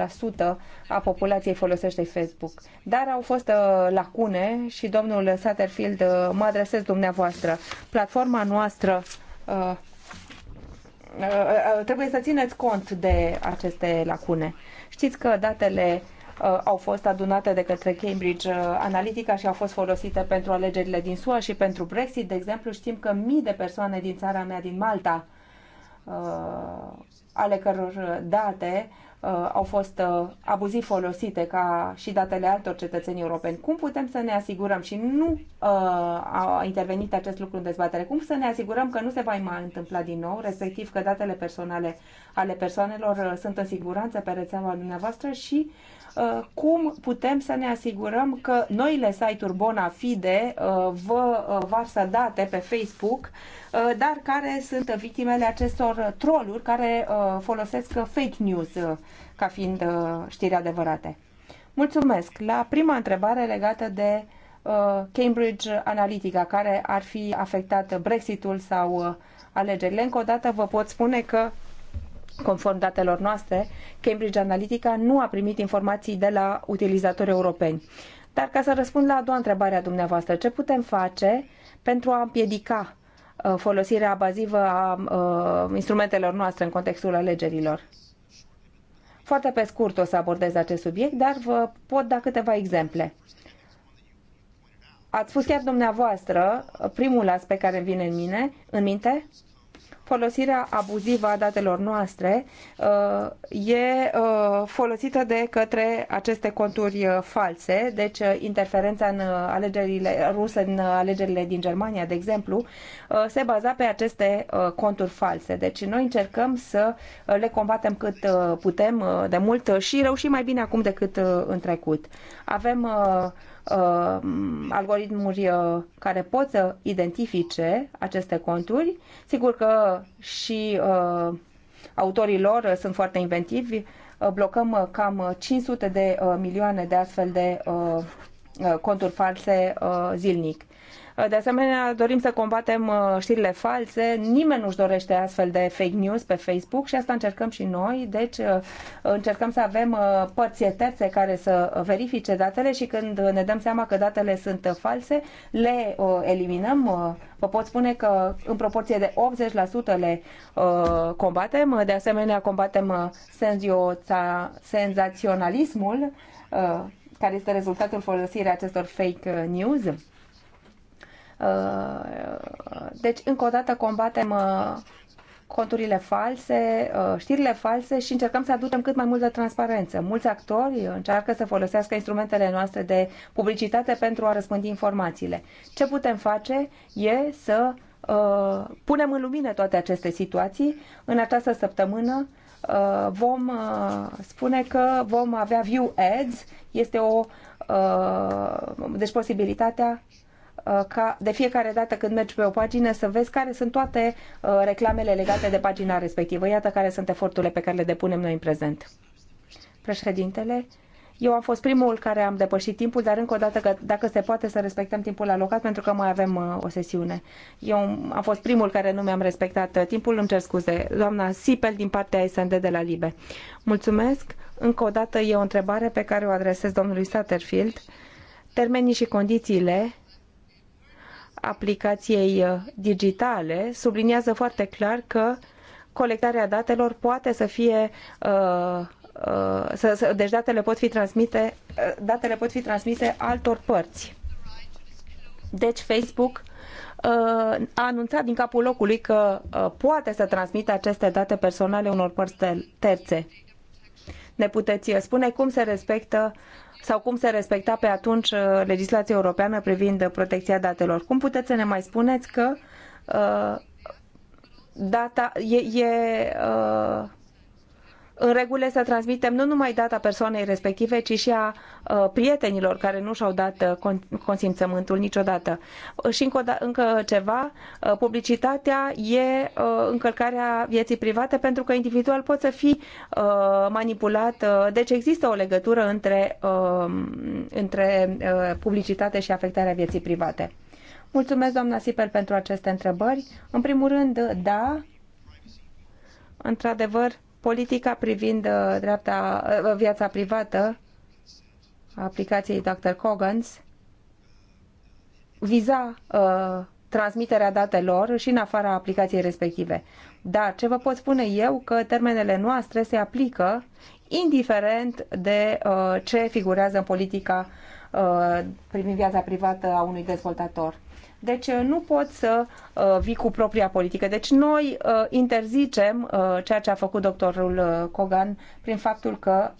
C: 70% a populației folosește Facebook. Dar au fost lacune și domnul Satterfield, mă adresez dumneavoastră. Platforma noastră trebuie să țineți cont de aceste lacune. Știți că datele uh, au fost adunate de către Cambridge uh, Analytica și au fost folosite pentru alegerile din SUA și pentru Brexit. De exemplu, știm că mii de persoane din țara mea, din Malta, uh, ale căror date Uh, au fost uh, abuziv folosite ca și datele altor cetățeni europeni. Cum putem să ne asigurăm și nu uh, a intervenit acest lucru în dezbatere, cum să ne asigurăm că nu se va mai întâmpla din nou, respectiv că datele personale ale persoanelor sunt în siguranță pe rețeaua dumneavoastră și Uh, cum putem să ne asigurăm că noile site-uri bona fide uh, vă uh, varsă date pe Facebook, dar care sunt victimele acestor troluri care folosesc fake news ca fiind știri adevărate. Mulțumesc! La prima întrebare legată de Cambridge Analytica, care ar fi afectat Brexitul sau alegerile. Încă o dată vă pot spune că Conform datelor noastre, Cambridge Analytica nu a primit informații de la utilizatori europeni. Dar ca să răspund la a doua întrebare a dumneavoastră, ce putem face pentru a împiedica uh, folosirea abazivă a uh, instrumentelor noastre în contextul alegerilor? Foarte pe scurt o să abordez acest subiect, dar vă pot da câteva exemple. Ați spus chiar dumneavoastră primul aspect care îmi vine în mine, în minte, folosirea abuzivă a datelor noastre uh, e uh, folosită de către aceste conturi uh, false, deci interferența în alegerile ruse, în alegerile din Germania, de exemplu, se baza pe aceste conturi false. Deci noi încercăm să le combatem cât putem de mult și reușim mai bine acum decât în trecut. Avem uh, algoritmuri uh, care pot să identifice aceste conturi. Sigur că și uh, autorii lor sunt foarte inventivi. Uh, blocăm uh, cam 500 de milioane de astfel de conturi false zilnic. De asemenea, dorim să combatem uh, știrile false. Nimeni nu-și dorește astfel de fake news pe Facebook și asta încercăm și noi. Deci uh, încercăm să avem uh, părți terțe care să verifice datele și când ne dăm seama că datele sunt false, le eliminăm. Vă pot spune că în proporție de 80% le combatem. De asemenea, combatem senzaționalismul care este rezultatul folosirii acestor fake news Uh, deci, încă o dată, combatem uh, conturile false, uh, știrile false și încercăm să aducem cât mai multă transparență. Mulți actori încearcă să folosească instrumentele noastre de publicitate pentru a răspândi informațiile. Ce putem face e să uh, punem în lumină toate aceste situații. În această săptămână uh, vom uh, spune că vom avea view ads, este o deci posibilitatea Uh, ca de fiecare dată când mergi pe o pagină să vezi care sunt toate uh, reclamele legate de pagina respectivă. Iată care sunt eforturile pe care le depunem noi în prezent. Președintele, eu am fost primul care am depășit timpul, dar încă o dată, că, dacă se poate, să respectăm timpul alocat, pentru că mai avem uh, o sesiune. Eu am fost primul care nu mi-am respectat timpul, îmi cer scuze. Doamna Sipel, din partea SND de la LIBE. Mulțumesc. Încă o dată e o întrebare pe care o adresez domnului Satterfield. Termenii și condițiile aplicației uh, digitale subliniază foarte clar că colectarea datelor poate să fie uh, uh, deci datele pot fi transmite datele pot fi transmise altor părți. Deci Facebook a anunțat din capul locului că poate să transmită aceste date personale unor părți terțe. Ne puteți spune cum se respectă sau cum se respecta pe atunci uh, legislația europeană privind protecția datelor. Cum puteți să ne mai spuneți că uh, data e, e uh, în regulă să transmitem nu numai data persoanei respective, ci și a uh, prietenilor care nu și-au dat uh, consimțământul niciodată. Uh, și încă, da, încă ceva, publicitatea e încălcarea vieții private pentru că individual poate să fii manipulat. Deci există o legătură între, între publicitate și afectarea vieții private. Mulțumesc, doamna Sipel, pentru aceste întrebări. În primul rând, da, într-adevăr, politica privind uh, dreapta, uh, viața privată a aplicației Dr. Cogans viza uh, transmiterea datelor și în afara aplicației respective. Dar ce vă pot spune eu că termenele noastre se aplică indiferent de uh, ce figurează în politica uh, privind viața privată a unui dezvoltator. Deci uh, nu pot să uh, vii cu propria politică. Deci noi uh, interzicem uh, ceea ce a făcut doctorul uh, Kogan prin faptul că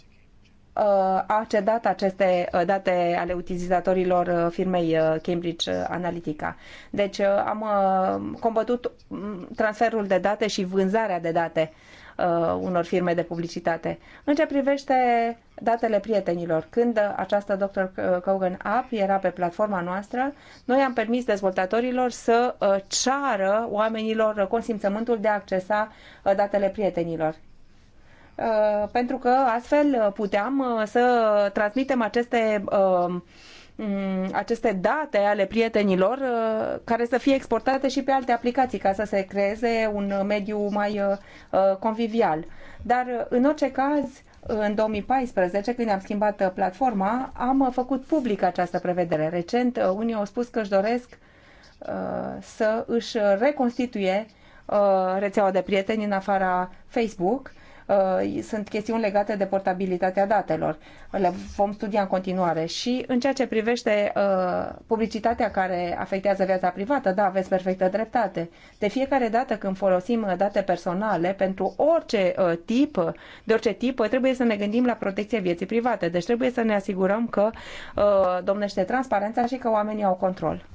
C: uh, a cedat aceste uh, date ale utilizatorilor uh, firmei uh, Cambridge uh, Analytica. Deci uh, am uh, combătut mm, transferul de date și vânzarea de date uh, uh, unor firme de publicitate. În ce privește datele prietenilor, când această Dr. Kogan App era pe platforma noastră, noi am permis dezvoltatorilor să uh, ceară oamenilor consimțământul de a accesa uh, datele prietenilor uh, pentru că astfel puteam uh, să transmitem aceste uh, Mm, aceste date ale prietenilor uh, care să fie exportate și pe alte aplicații ca să se creeze un mediu mai uh, uh, convivial. Dar în orice caz, în 2014, când am schimbat platforma, am făcut public această prevedere. Recent, unii au spus că își doresc să își reconstituie rețeaua de prieteni în afara Facebook Uh, sunt chestiuni legate de portabilitatea datelor. Le vom studia în continuare. Și în ceea ce privește uh, publicitatea care afectează viața privată, da, aveți perfectă dreptate. De fiecare dată când folosim uh, date personale pentru orice tip, de orice tip, trebuie să ne gândim la protecția vieții private. Deci trebuie să ne asigurăm că domnește transparența și că oamenii au control.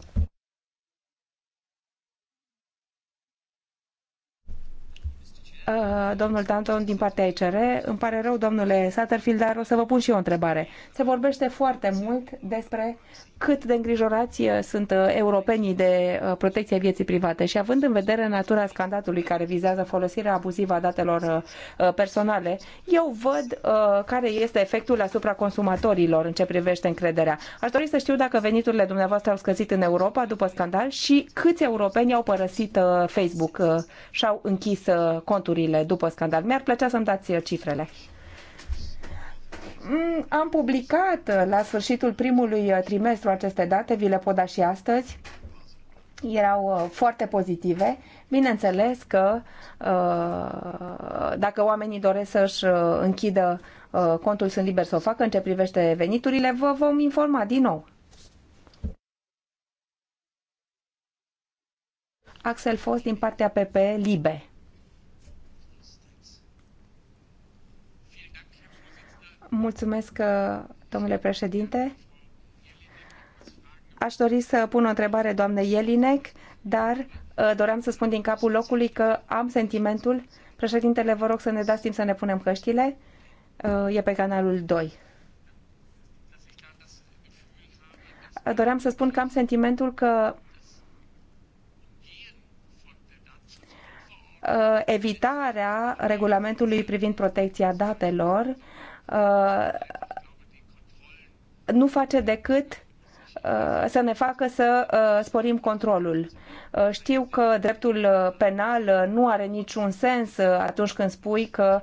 C: Uh, domnul Danton din partea ICR. Îmi pare rău, domnule Satterfield, dar o să vă pun și eu o întrebare. Se vorbește foarte mult despre cât de îngrijorați uh, sunt uh, europenii de protecția vieții private și având în vedere natura scandalului care vizează folosirea abuzivă a datelor personale, eu văd care este efectul asupra consumatorilor în ce privește încrederea. Aș dori să știu dacă veniturile dumneavoastră au scăzut în Europa după scandal și câți europeni au părăsit Facebook și au închis contul conturile după scandal. Mi-ar plăcea să-mi dați uh, cifrele. Mm, am publicat uh, la sfârșitul primului uh, trimestru aceste date, vi le pot da și astăzi. Erau foarte pozitive. Bineînțeles că dacă oamenii doresc să-și închidă contul, sunt liber să o facă. În ce privește veniturile, vă vom informa din nou. Axel Fost din partea PP Libe. Mulțumesc, uh, domnule președinte. Aș dori să pun o întrebare doamnei Jelinek, dar uh, doream să spun din capul locului că am sentimentul. Președintele, vă rog să ne dați timp să ne punem căștile. Uh, e pe canalul 2. Doream să spun că am sentimentul că evitarea regulamentului privind protecția datelor Uh, nu face decât uh, să ne facă să uh, sporim controlul. Știu că dreptul penal nu are niciun sens atunci când spui că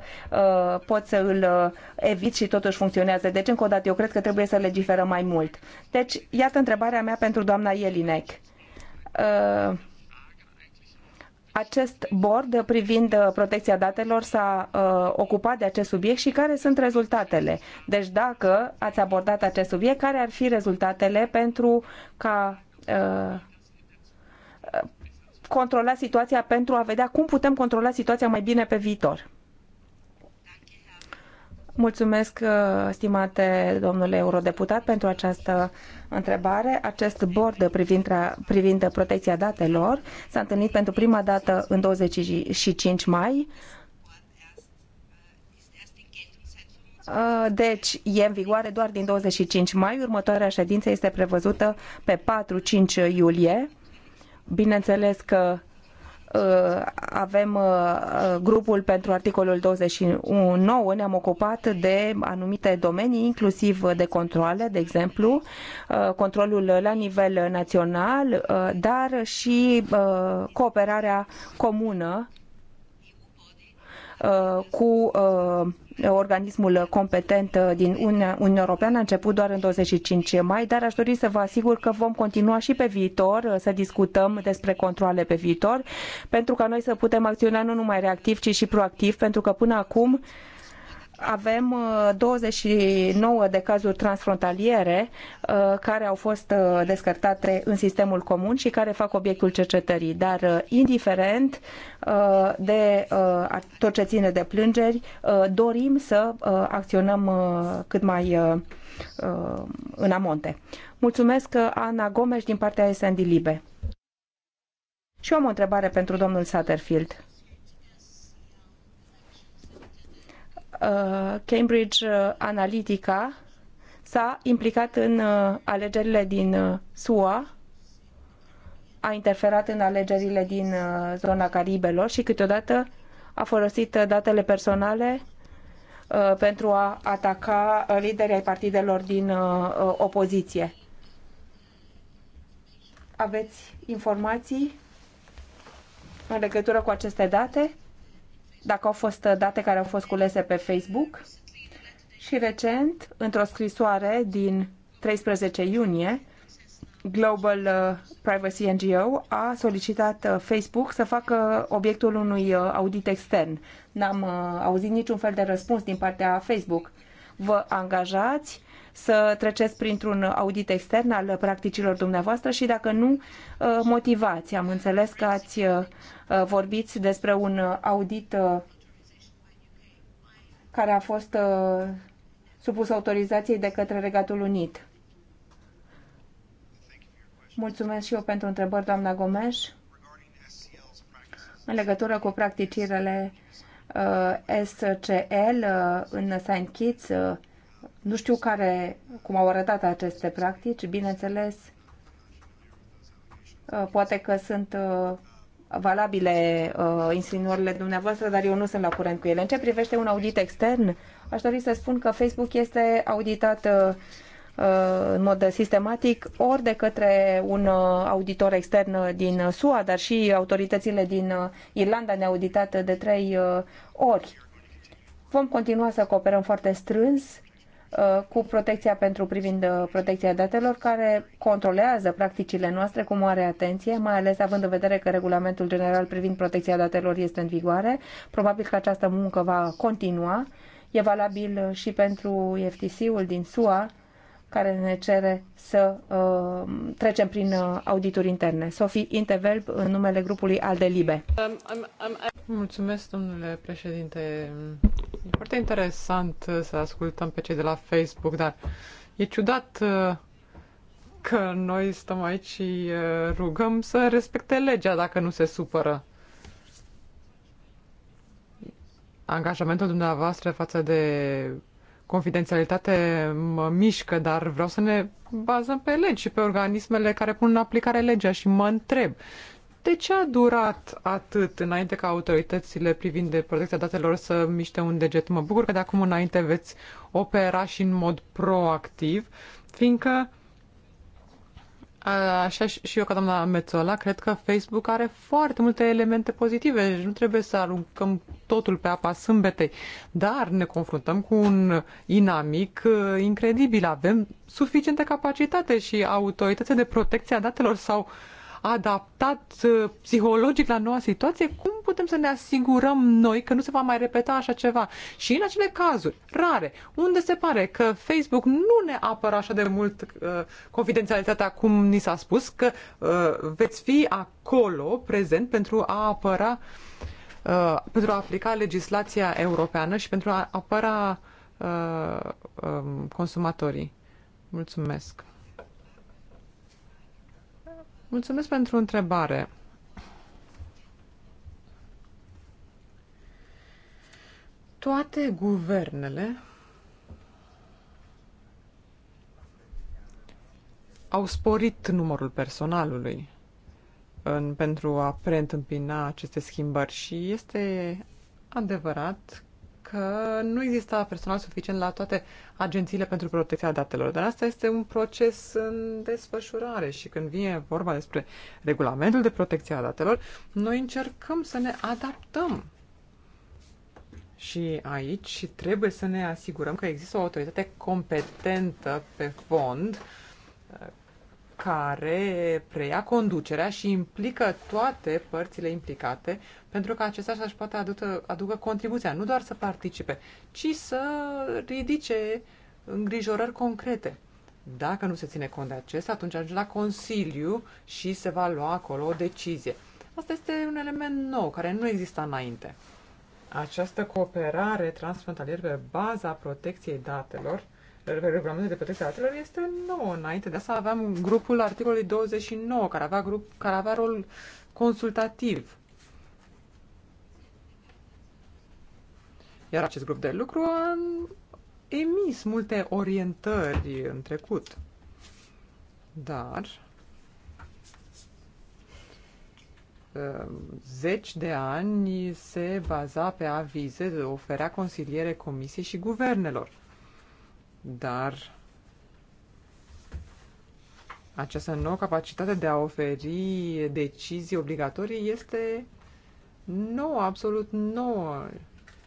C: poți să îl eviți și totuși funcționează. Deci, încă o dată, eu cred că trebuie să legiferăm mai mult. Deci, iată întrebarea mea pentru doamna Jelinek acest board privind uh, protecția datelor s-a uh, ocupat de acest subiect și care sunt rezultatele. Deci dacă ați abordat acest subiect, care ar fi rezultatele pentru ca uh, controla situația pentru a vedea cum putem controla situația mai bine pe viitor. Mulțumesc, uh, stimate domnule eurodeputat, pentru această întrebare. Acest bord privind, privind protecția datelor s-a întâlnit pentru prima dată în 25 mai. Uh, deci, e în vigoare doar din 25 mai. Următoarea ședință este prevăzută pe 4-5 iulie. Bineînțeles că Uh, avem uh, uh, grupul pentru articolul 29, ne-am ocupat de anumite domenii, inclusiv de controle, de exemplu, controlul la nivel național, dar și cooperarea comună Uh, cu uh, organismul competent uh, din Uniunea Europeană a început doar în 25 mai, dar aș dori să vă asigur că vom continua și pe viitor să discutăm despre controle pe viitor, pentru ca noi să putem acționa nu numai reactiv, ci și proactiv, pentru că până acum avem 29 uh, de cazuri transfrontaliere uh, care au fost uh, descărcate în sistemul comun și care fac obiectul cercetării, dar indiferent de tot ce ține de plângeri, dorim să acționăm cât mai în amonte. Mulțumesc, Ana Gomes, din partea SND Libe. Și eu am o întrebare pentru domnul Satterfield. Uh, Cambridge uh, Analytica s-a implicat în uh, alegerile din SUA, a interferat în alegerile din zona Caribelor și câteodată a folosit datele personale pentru a ataca liderii ai partidelor din opoziție. Aveți informații în legătură cu aceste date? dacă au fost uh, date care au fost culese pe Facebook. Și recent, într-o scrisoare din 13 iunie, Global uh, Privacy NGO a solicitat uh, Facebook să facă obiectul unui audit extern. N-am auzit niciun fel de răspuns din partea Facebook. Vă angajați să treceți printr-un audit extern al practicilor dumneavoastră și dacă nu, uh, motivați. Am înțeles că ați uh, vorbit despre un audit uh, care a fost supus autorizației de către Regatul Unit. Mulțumesc și eu pentru întrebări, doamna Gomes. În legătură cu practicile SCL în Saint Kitts, nu știu care, cum au arătat aceste practici, bineînțeles, uh, poate că sunt uh, valabile uh, insinuările dumneavoastră, dar eu nu sunt la curent cu ele. În ce privește un audit extern, aș dori să spun că Facebook este auditat uh, uh în mod sistematic ori de către un auditor extern din SUA, dar și autoritățile din Irlanda ne-au auditat de trei ori. Vom continua să cooperăm foarte strâns Uh, cu protecția pentru privind uh, protecția datelor, care controlează practicile noastre cu mare atenție, mai ales având în vedere că regulamentul general privind protecția datelor este în vigoare. Probabil că această muncă va continua. E valabil și pentru FTC-ul din SUA, care ne cere să uh, trecem prin uh, audituri interne. Sofie Intevelb, în numele grupului Aldelibe.
A: Um, Mulțumesc, domnule președinte. E foarte interesant să ascultăm pe cei de la Facebook, dar e ciudat uh, că noi stăm aici și uh, rugăm să respecte legea dacă nu se supără. Angajamentul dumneavoastră față de confidențialitate mă mișcă, dar vreau să ne bazăm pe legi și pe organismele care pun în aplicare legea și mă întreb de ce a durat atât înainte ca autoritățile privind de protecția datelor să miște un deget? Mă bucur că de acum înainte veți opera și în mod proactiv, fiindcă Așa și eu ca doamna Mețola, cred că Facebook are foarte multe elemente pozitive și nu trebuie să aruncăm totul pe apa sâmbetei, dar ne confruntăm cu un inamic uh, incredibil. Avem suficientă capacitate și autorități de protecție a datelor sau uh, adaptat uh, psihologic la noua situație, cum putem să ne asigurăm noi că nu se va mai repeta așa ceva? Și în acele cazuri rare, unde se pare că Facebook nu ne apără așa de mult uh, confidențialitatea cum ni s-a spus, că uh, veți fi acolo prezent pentru a apăra, uh, pentru a aplica legislația europeană și pentru a apăra uh, uh, consumatorii. Mulțumesc. Mulțumesc pentru întrebare. Toate guvernele au sporit numărul personalului în, pentru a preîntâmpina aceste schimbări și este adevărat că nu exista personal suficient la toate agențiile pentru protecția datelor, dar asta este un proces în desfășurare și când vine vorba despre regulamentul de protecție a datelor, noi încercăm să ne adaptăm. Și aici trebuie să ne asigurăm că există o autoritate competentă pe fond care preia conducerea și implică toate părțile implicate pentru că acestea să-și poată aducă, aducă contribuția, nu doar să participe, ci să ridice îngrijorări concrete. Dacă nu se ține cont de acesta, atunci ajunge la Consiliu și se va lua acolo o decizie. Asta este un element nou, care nu exista înainte. Această cooperare transfrontalieră pe baza protecției datelor regulamentul de protecție a datelor este nou. Înainte de asta aveam grupul articolului 29, care avea, grup, care avea rol consultativ. Iar acest grup de lucru a emis multe orientări în trecut. Dar uh, zeci de ani se baza pe avize, oferea consiliere comisiei și guvernelor dar această nouă capacitate de a oferi decizii obligatorii este nouă, absolut nouă.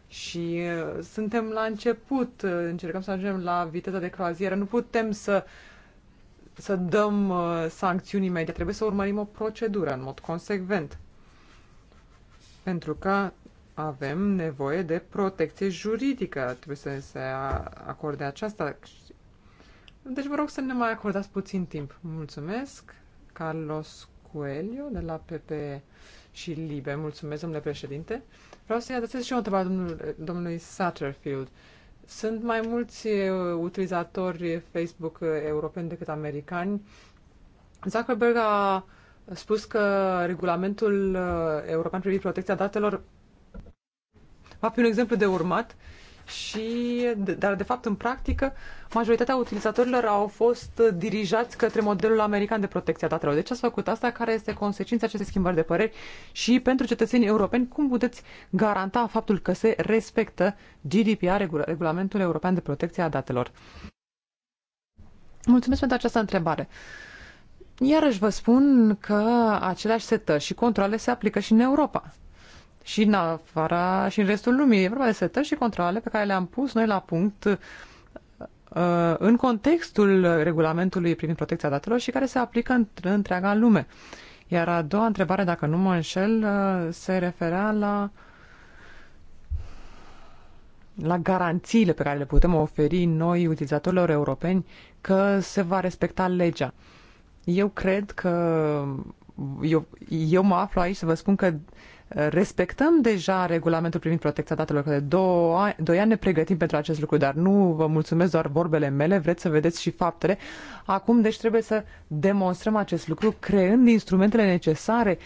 A: Și uh, suntem la început, uh, încercăm să ajungem la viteza de croazieră. Nu putem să, să dăm uh, sancțiuni imediat, trebuie să urmărim o procedură în mod consecvent. Pentru că avem nevoie de protecție juridică. Trebuie să se acorde aceasta. Deci vă rog să ne mai acordați puțin timp. Mulțumesc, Carlos Coelho de la PP și Libe. Mulțumesc, domnule președinte. Vreau să-i adresez și o întrebare domnului Satterfield. Sunt mai mulți utilizatori Facebook europeni decât americani. Zuckerberg a spus că regulamentul european privind protecția datelor va fi un exemplu de urmat și, dar de fapt în practică, majoritatea utilizatorilor au fost dirijați către modelul american de protecție a datelor. Deci ați făcut asta, care este consecința acestei schimbări de păreri și pentru cetățenii europeni, cum puteți garanta faptul că se respectă GDPR, Regulamentul European de Protecție a Datelor? Mulțumesc pentru această întrebare. Iarăși vă spun că aceleași setări și controle se aplică și în Europa și în afara și în restul lumii. E vorba de setări și controle pe care le-am pus noi la punct uh, în contextul regulamentului privind protecția datelor și care se aplică în întreaga lume. Iar a doua întrebare, dacă nu mă înșel, uh, se referea la la garanțiile pe care le putem oferi noi utilizatorilor europeni că se va respecta legea. Eu cred că eu, eu mă aflu aici să vă spun că respectăm deja regulamentul privind protecția datelor, că de doi ani ne pregătim pentru acest lucru, dar nu vă mulțumesc doar vorbele mele, vreți să vedeți și faptele. Acum, deci, trebuie să demonstrăm acest lucru creând instrumentele necesare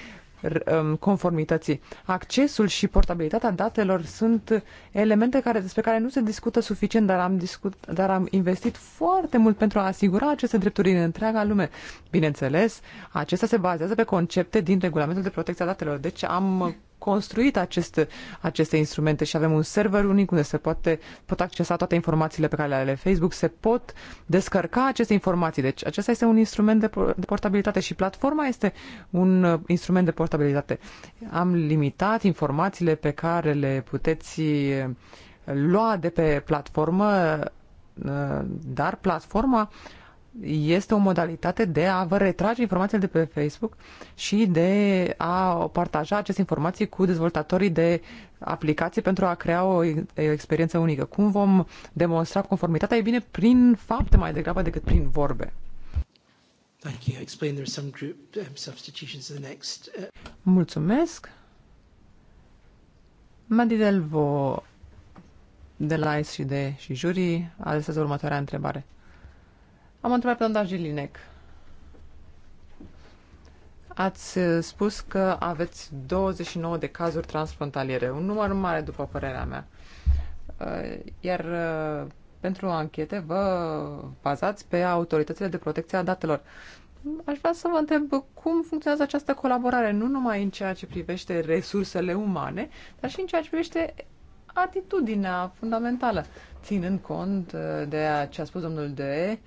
A: Um, conformității. Accesul și portabilitatea datelor sunt elemente care, despre care nu se discută suficient, dar am, discut, dar am investit foarte mult pentru a asigura aceste drepturi în întreaga lume. Bineînțeles, acesta se bazează pe concepte din regulamentul de protecție a datelor, deci am construit aceste, aceste instrumente și avem un server unic unde se poate, pot accesa toate informațiile pe care le are Facebook, se pot descărca aceste informații. Deci acesta este un instrument de, de portabilitate și platforma este un uh, instrument de portabilitate. Am limitat informațiile pe care le puteți uh, lua de pe platformă, uh, dar platforma este o modalitate de a vă retrage informațiile de pe Facebook și de a partaja aceste informații cu dezvoltatorii de aplicații pentru a crea o experiență unică. Cum vom demonstra conformitatea? E bine, prin fapte mai degrabă decât prin vorbe. Thank you. I explained there some group um, substitutions the next. Uh, Mulțumesc. Mandy Delvo de la SCD și jurii adresează următoarea întrebare. Am întrebat pe doamna Jilinec. Ați uh, spus că aveți 29 de cazuri transfrontaliere, un număr mare după părerea mea. Uh, iar uh, pentru anchete vă bazați pe autoritățile de protecție a datelor. Aș vrea să vă întreb cum funcționează această colaborare, nu numai în ceea ce privește resursele umane, dar și în ceea ce privește atitudinea fundamentală, ținând cont de ce a spus domnul De,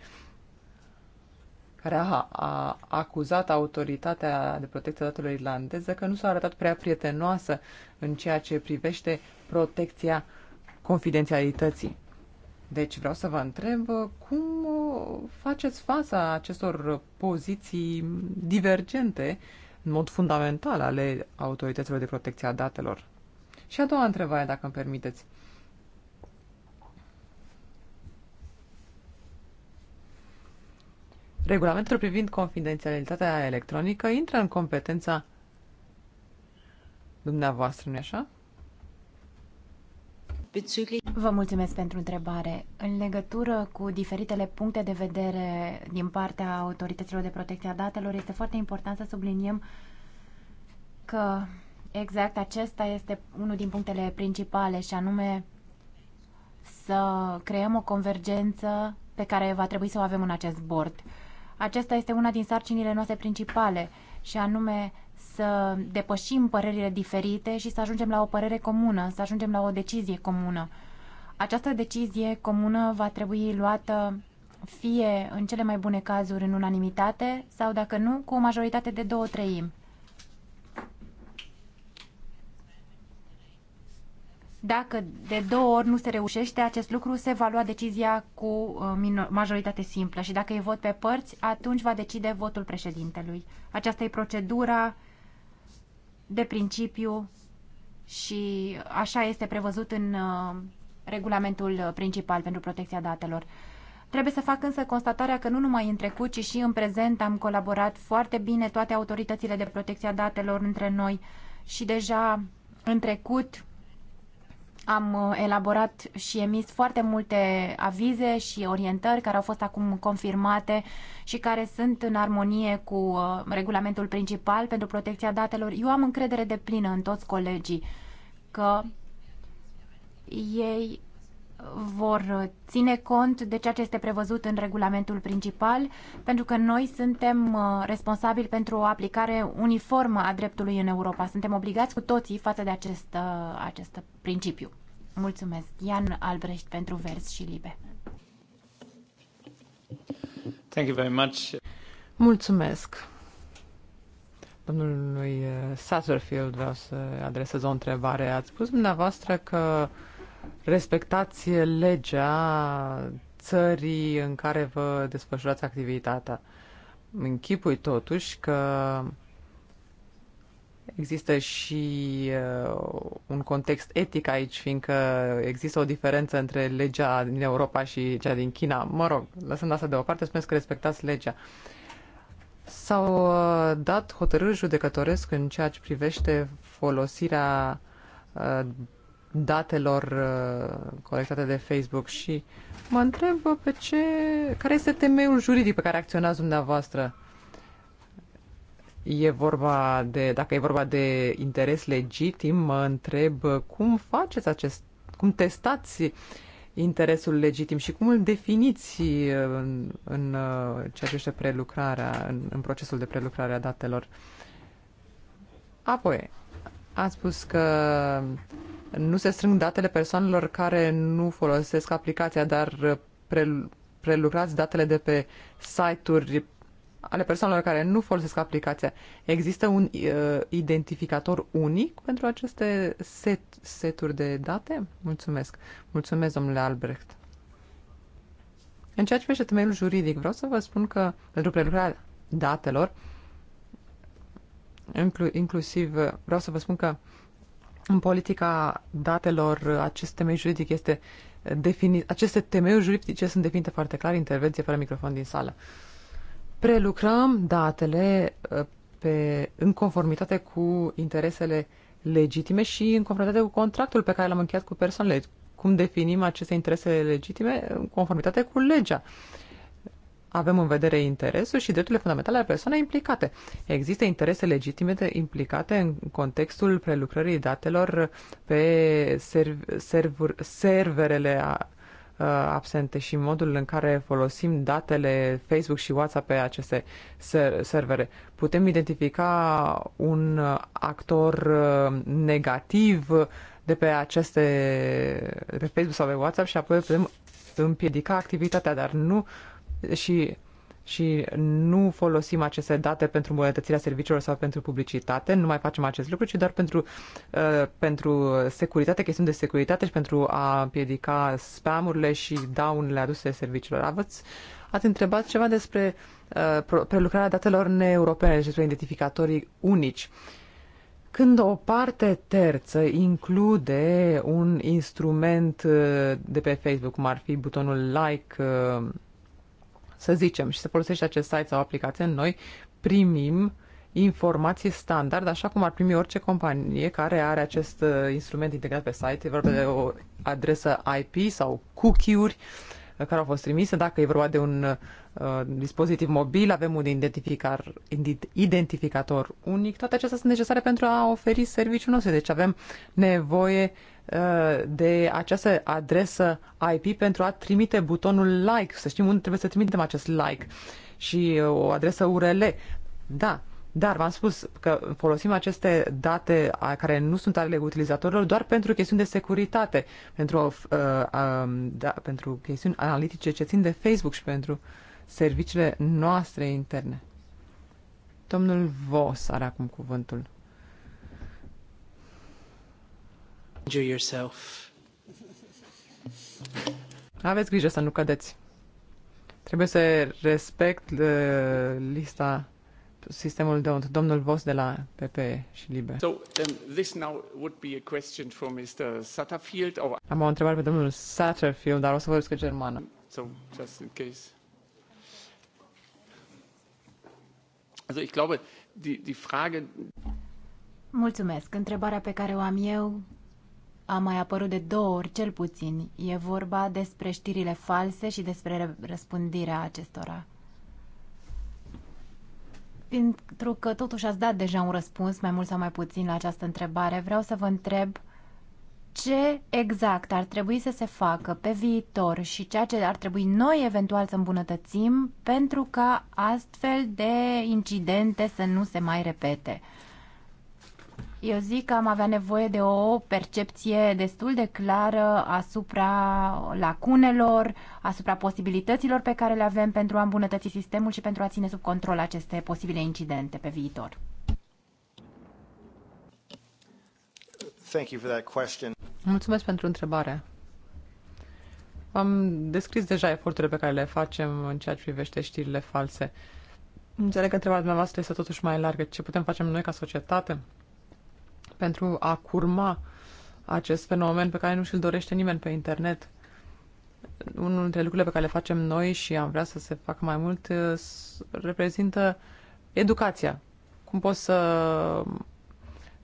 A: care a, a acuzat autoritatea de protecție a datelor irlandeză că nu s-a arătat prea prietenoasă în ceea ce privește protecția confidențialității. Deci vreau să vă întreb uh, cum uh, faceți fața acestor poziții divergente în mod fundamental ale autorităților de protecție a datelor. Și a doua întrebare, dacă îmi permiteți. Regulamentul privind confidențialitatea electronică intră în competența dumneavoastră, nu-i așa?
B: Vă mulțumesc pentru întrebare. În legătură cu diferitele puncte de vedere din partea autorităților de protecție a datelor, este foarte important să subliniem că exact acesta este unul din punctele principale și anume să creăm o convergență pe care va trebui să o avem în acest board. Aceasta este una din sarcinile noastre principale și anume să depășim părerile diferite și să ajungem la o părere comună, să ajungem la o decizie comună. Această decizie comună va trebui luată fie în cele mai bune cazuri în unanimitate sau, dacă nu, cu o majoritate de două treimi. Dacă de două ori nu se reușește acest lucru, se va lua decizia cu uh, majoritate simplă și dacă e vot pe părți, atunci va decide votul președintelui. Aceasta e procedura de principiu și așa este prevăzut în uh, regulamentul principal pentru protecția datelor. Trebuie să fac însă constatarea că nu numai în trecut, ci și în prezent am colaborat foarte bine toate autoritățile de protecția datelor între noi și deja în trecut am uh, elaborat și emis foarte multe avize și orientări care au fost acum confirmate și care sunt în armonie cu uh, regulamentul principal pentru protecția datelor. Eu am încredere de plină în toți colegii că ei vor ține cont de ceea ce este prevăzut în regulamentul principal, pentru că noi suntem uh, responsabili pentru o aplicare uniformă a dreptului în Europa. Suntem obligați cu toții față de acest, uh, acest principiu. Mulțumesc, Ian Albrecht, pentru vers și libe.
A: Thank you very much. Mulțumesc. Domnului uh, Satterfield vreau să adresez o întrebare. Ați spus dumneavoastră că respectați legea țării în care vă desfășurați activitatea. Închipui totuși că există și uh, un context etic aici, fiindcă există o diferență între legea din Europa și cea din China. Mă rog, lăsând asta deoparte, spuneți că respectați legea. S-au uh, dat hotărâri judecătoresc în ceea ce privește folosirea uh, datelor uh, colectate de Facebook și mă întreb pe ce, care este temeiul juridic pe care acționați dumneavoastră? E vorba de, dacă e vorba de interes legitim, mă întreb cum faceți acest, cum testați interesul legitim și cum îl definiți uh, în, în uh, ceea ce este prelucrarea, în, în procesul de prelucrare a datelor. Apoi, a spus că nu se strâng datele persoanelor care nu folosesc aplicația, dar prelucrați datele de pe site-uri ale persoanelor care nu folosesc aplicația. Există un uh, identificator unic pentru aceste set, seturi de date? Mulțumesc. Mulțumesc, domnule Albrecht. În ceea ce privește temeiul juridic, vreau să vă spun că pentru prelucrarea datelor, inclu- inclusiv vreau să vă spun că în politica datelor, acest temei juridic este definit, aceste temei juridice sunt definite foarte clar, intervenție fără microfon din sală. Prelucrăm datele uh, pe, în conformitate cu interesele legitime și în conformitate cu contractul pe care l-am încheiat cu persoanele. Cum definim aceste interese legitime? În conformitate cu legea. Uh, avem în vedere interesul și drepturile fundamentale ale persoanei implicate. Există interese legitime implicate în contextul prelucrării datelor pe serv- servur- serverele a, absente și modul în care folosim datele Facebook și WhatsApp pe aceste ser- servere. Putem identifica un actor negativ de pe aceste, de pe Facebook sau pe WhatsApp și apoi putem împiedica activitatea, dar nu și, și nu folosim aceste date pentru îmbunătățirea serviciilor sau pentru publicitate, nu mai facem acest lucru, ci doar pentru, uh, pentru securitate, chestiuni de securitate și pentru a împiedica spamurile și daunele aduse serviciilor. Aveți, ați întrebat ceva despre uh, prelucrarea datelor neeuropene, și despre identificatorii unici. Când o parte terță include un instrument uh, de pe Facebook, cum ar fi butonul like, uh, să zicem, și se folosește acest site sau aplicație, noi primim informații standard, așa cum ar primi orice companie care are acest uh, instrument integrat pe site. E vorba de o adresă IP sau cookie-uri uh, care au fost trimise. Dacă e vorba de un uh, dispozitiv mobil, avem un identificar, identificator unic. Toate acestea sunt necesare pentru a oferi serviciul nostru. Deci avem nevoie uh, Uh, de această adresă IP pentru a trimite butonul like, să știm unde trebuie să trimitem acest like și uh, o adresă URL. Da, dar v-am spus că folosim aceste date care nu sunt ale utilizatorilor doar pentru chestiuni de securitate, pentru, uh, uh, da, pentru chestiuni analitice ce țin de Facebook și pentru serviciile noastre interne. Domnul Vos are acum cuvântul. yourself. Aveți grijă să nu cădeți. Trebuie să respect uh, lista sistemul de domnul Vos de la PP și Libe. So, um, this now would be a question for Mr. Satterfield or... Am o întrebare pe domnul Satterfield, dar o să vorbesc germană. So, just in case. Also, ich glaube, die, die Frage...
B: Mulțumesc. Întrebarea pe care o am eu a mai apărut de două ori, cel puțin. E vorba despre știrile false și despre răspândirea acestora. Pentru că totuși ați dat deja un răspuns, mai mult sau mai puțin, la această întrebare, vreau să vă întreb ce exact ar trebui să se facă pe viitor și ceea ce ar trebui noi eventual să îmbunătățim pentru ca astfel de incidente să nu se mai repete. Eu zic că am avea nevoie de o percepție destul de clară asupra lacunelor, asupra posibilităților pe care le avem pentru a îmbunătăți sistemul și pentru a ține sub control aceste posibile incidente pe viitor. Thank you for that question.
A: Mulțumesc pentru întrebare. Am descris deja eforturile pe care le facem în ceea ce privește știrile false. Înțeleg că întrebarea dumneavoastră este totuși mai largă. Ce putem face noi ca societate? pentru a curma acest fenomen pe care nu și-l dorește nimeni pe internet. Unul dintre lucrurile pe care le facem noi și am vrea să se facă mai mult uh, reprezintă educația. Cum poți să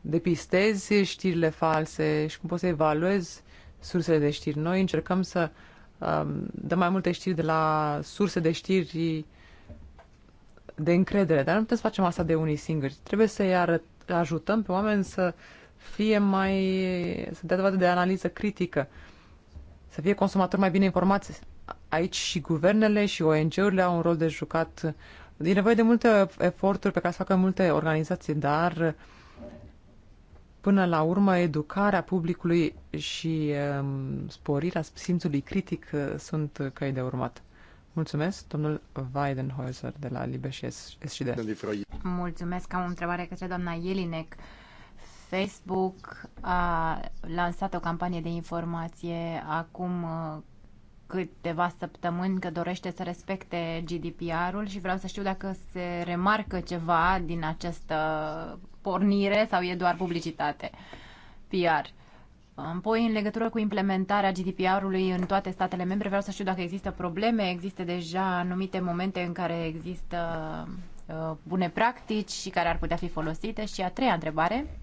A: depistezi știrile false și cum poți să evaluezi sursele de știri. Noi încercăm să um, dăm mai multe știri de la surse de știri de încredere, dar nu putem să facem asta de unii singuri. Trebuie să-i arăt, ajutăm pe oameni să fie mai, să dea dovadă de analiză critică, să fie consumatori mai bine informați. Aici și guvernele și ONG-urile au un rol de jucat. E nevoie de multe eforturi pe care să facă multe organizații, dar până la urmă educarea publicului și um, sporirea simțului critic uh, sunt căi de urmat. Mulțumesc, domnul Weidenhäuser de la Libe și SCD.
B: Mulțumesc, am o întrebare către doamna Jelinec. Facebook a lansat o campanie de informație acum uh, câteva săptămâni că dorește să respecte GDPR-ul și vreau să știu dacă se remarcă ceva din această pornire sau e doar publicitate PR. Apoi, în legătură cu implementarea GDPR-ului în toate statele membre, vreau să știu dacă există probleme, există deja anumite momente în care există uh, bune practici și care ar putea fi folosite. Și a treia întrebare,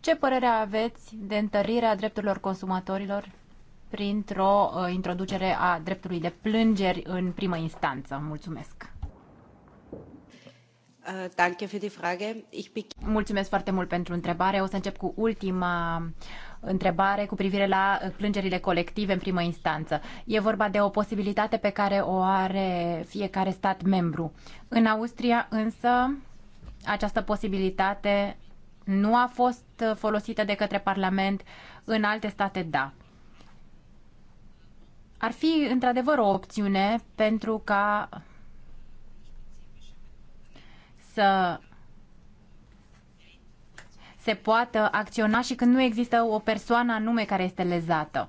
B: ce părere aveți de întărirea drepturilor consumatorilor printr-o uh, introducere a dreptului de plângeri în primă instanță? Mulțumesc! Eh, Mulțumesc foarte mult pentru întrebare. O să încep cu ultima întrebare cu privire la eh, plângerile colective în primă instanță. E vorba de o posibilitate pe care o are fiecare stat membru. În Austria însă această posibilitate nu a fost eh, folosită de către Parlament, în alte state da. Ar fi într-adevăr o opțiune pentru ca să se poată acționa și când nu există o persoană anume care este lezată.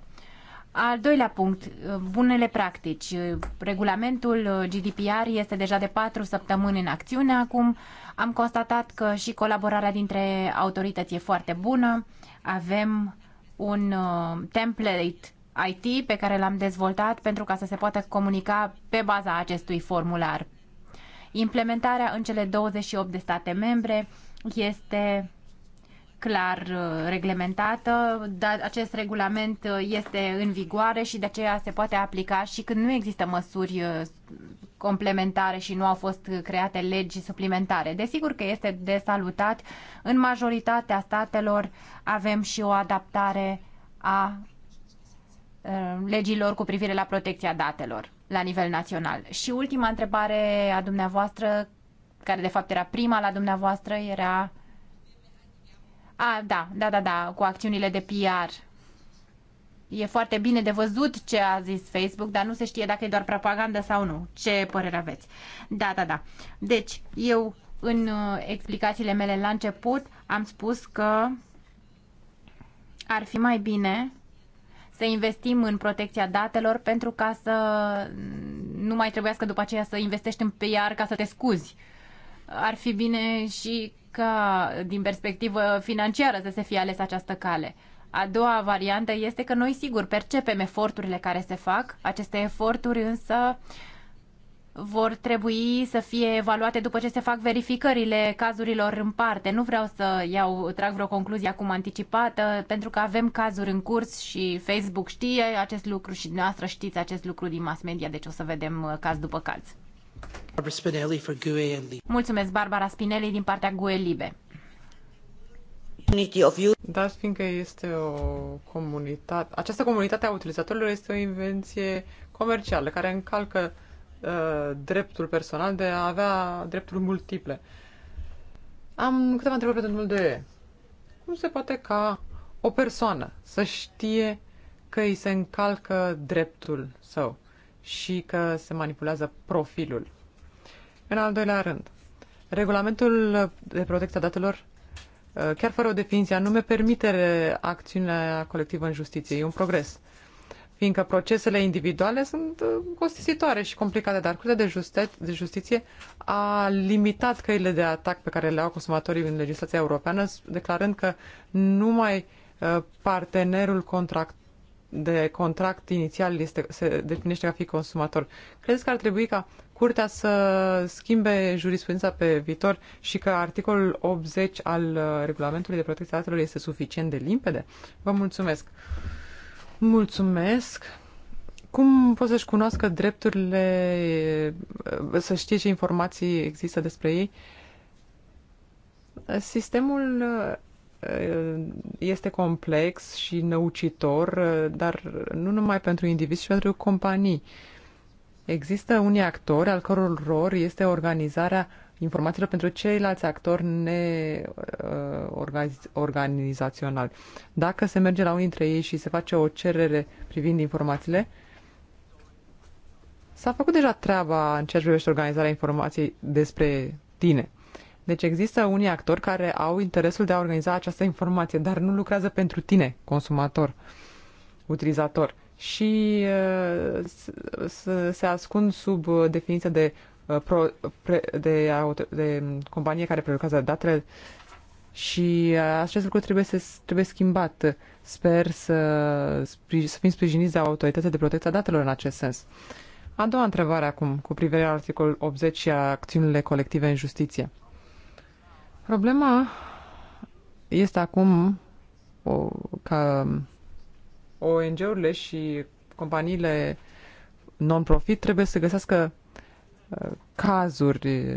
B: Al doilea punct, bunele practici. Regulamentul GDPR este deja de patru săptămâni în acțiune acum. Am constatat că și colaborarea dintre autorități e foarte bună. Avem un uh, template IT pe care l-am dezvoltat pentru ca să se poată comunica pe baza acestui formular Implementarea în cele 28 de state membre este clar uh, reglementată, dar acest regulament uh, este în vigoare și de aceea se poate aplica și când nu există măsuri uh, complementare și nu au fost create legi suplimentare. Desigur că este de salutat. În majoritatea statelor avem și o adaptare a legilor cu privire la protecția datelor la nivel național. Și ultima întrebare a dumneavoastră, care de fapt era prima la dumneavoastră, era... A, da, da, da, da, cu acțiunile de PR. E foarte bine de văzut ce a zis Facebook, dar nu se știe dacă e doar propagandă sau nu. Ce părere aveți? Da, da, da. Deci, eu în uh, explicațiile mele la început am spus că ar fi mai bine să investim în protecția datelor pentru ca să nu mai trebuiască după aceea să investești în PR ca să te scuzi. Ar fi bine și ca din perspectivă financiară să se fie ales această cale. A doua variantă este că noi, sigur, percepem eforturile care se fac. Aceste eforturi însă uh, vor trebui să fie evaluate după ce se fac verificările cazurilor în parte. Nu vreau să iau, trag vreo concluzie acum anticipată, pentru că avem cazuri în curs și Facebook știe acest lucru și dumneavoastră știți acest lucru din mass media, deci o să vedem uh, caz după caz. Barbara Mulțumesc, Barbara Spinelli, din partea GUE Libe.
A: Dar fiindcă este o comunitate, această comunitate a utilizatorilor este o invenție comercială care încalcă Uh, dreptul personal de a avea drepturi multiple. Am câteva întrebări pentru domnul de Cum se poate ca o persoană să știe că îi se încalcă dreptul său și că se manipulează profilul? În al doilea rând, regulamentul de protecție a datelor uh, chiar fără o definiție anume, permite acțiunea colectivă în justiție. E un progres fiindcă procesele individuale sunt uh, costisitoare și complicate, dar Curtea de, de Justiție a limitat căile de atac pe care le au consumatorii în legislația europeană, declarând că numai uh, partenerul contract de contract inițial este, se definește ca fi consumator. Credeți că ar trebui ca curtea să schimbe jurisprudența pe viitor și că articolul 80 al uh, regulamentului de protecție a datelor este suficient de limpede? Vă mulțumesc! Mulțumesc. Cum poți să-și cunoască drepturile, eh, să știe ce informații există despre ei? Sistemul eh, este complex și năucitor, eh, dar nu numai pentru indivizi, ci pentru companii. Există unii actori al căror rol este organizarea informațiilor pentru ceilalți actori neorganizaționali. Uh, Dacă se merge la unii dintre ei și se face o cerere privind informațiile, s-a făcut deja treaba în ceea ce privește organizarea informației despre tine. Deci există unii actori care au interesul de a organiza această informație, dar nu lucrează pentru tine, consumator, utilizator. Și uh, se ascund sub uh, definiția de Uh, de, de companie care prelucrează datele și uh, acest lucru trebuie, să, trebuie schimbat. Sper să, să fim sprijiniți de autoritatea de protecție a datelor în acest sens. A doua întrebare acum, cu privire la articolul 80 și a acțiunile colective în justiție. Problema este acum o, că ONG-urile și companiile non-profit trebuie să găsească cazuri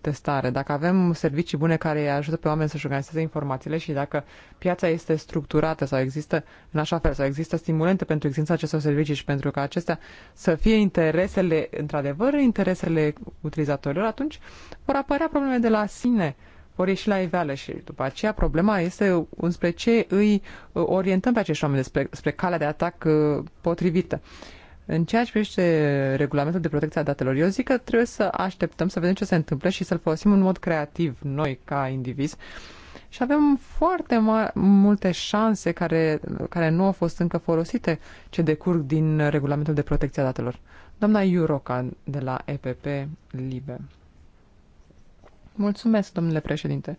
A: testare, dacă avem servicii bune care îi ajută pe oameni să-și organizeze informațiile și dacă piața este structurată sau există în așa fel, sau există stimulente pentru existența acestor servicii și pentru ca acestea să fie interesele, într-adevăr, interesele utilizatorilor, atunci vor apărea probleme de la sine vor ieși la iveală și după aceea problema este înspre ce îi orientăm pe acești oameni, spre, spre calea de atac uh, potrivită. În ceea ce privește regulamentul de protecție a datelor, eu zic că trebuie să așteptăm să vedem ce se întâmplă și să-l folosim în mod creativ noi ca indivizi. Și avem foarte multe șanse care, care nu au fost încă folosite ce decurg din regulamentul de protecție a datelor. Doamna Iuroca de la EPP Libe. Mulțumesc, domnule președinte.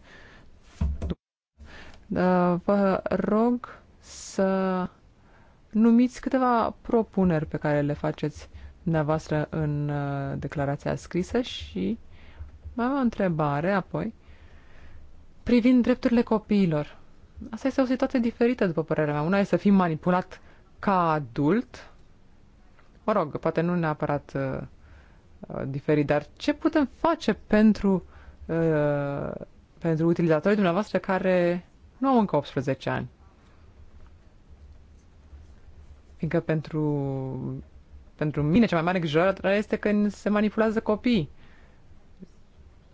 A: Da, vă rog să numiți câteva propuneri pe care le faceți dumneavoastră în uh, declarația scrisă și mai am o întrebare apoi privind drepturile copiilor. Asta este o situație diferită, după părerea mea. Una este să fii manipulat ca adult. Mă rog, poate nu neapărat uh, uh, diferit, dar ce putem face pentru, uh, pentru utilizatorii dumneavoastră care nu au încă 18 ani? Fiindcă pentru, pentru mine cea mai mare grijă este când se manipulează copii.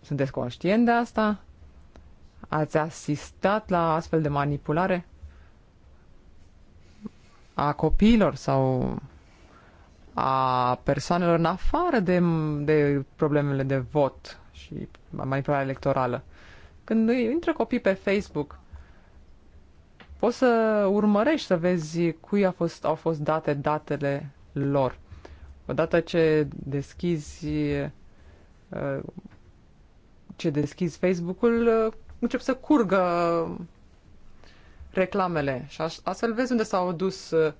A: Sunteți conștient de asta? Ați asistat la astfel de manipulare? A copiilor sau a persoanelor în afară de, de problemele de vot și manipularea electorală. Când intră copii pe Facebook, poți să urmărești să vezi cui a fost, au fost date datele lor. Odată ce deschizi uh, ce deschizi Facebook-ul, uh, încep să curgă reclamele și astfel vezi unde s-au dus uh,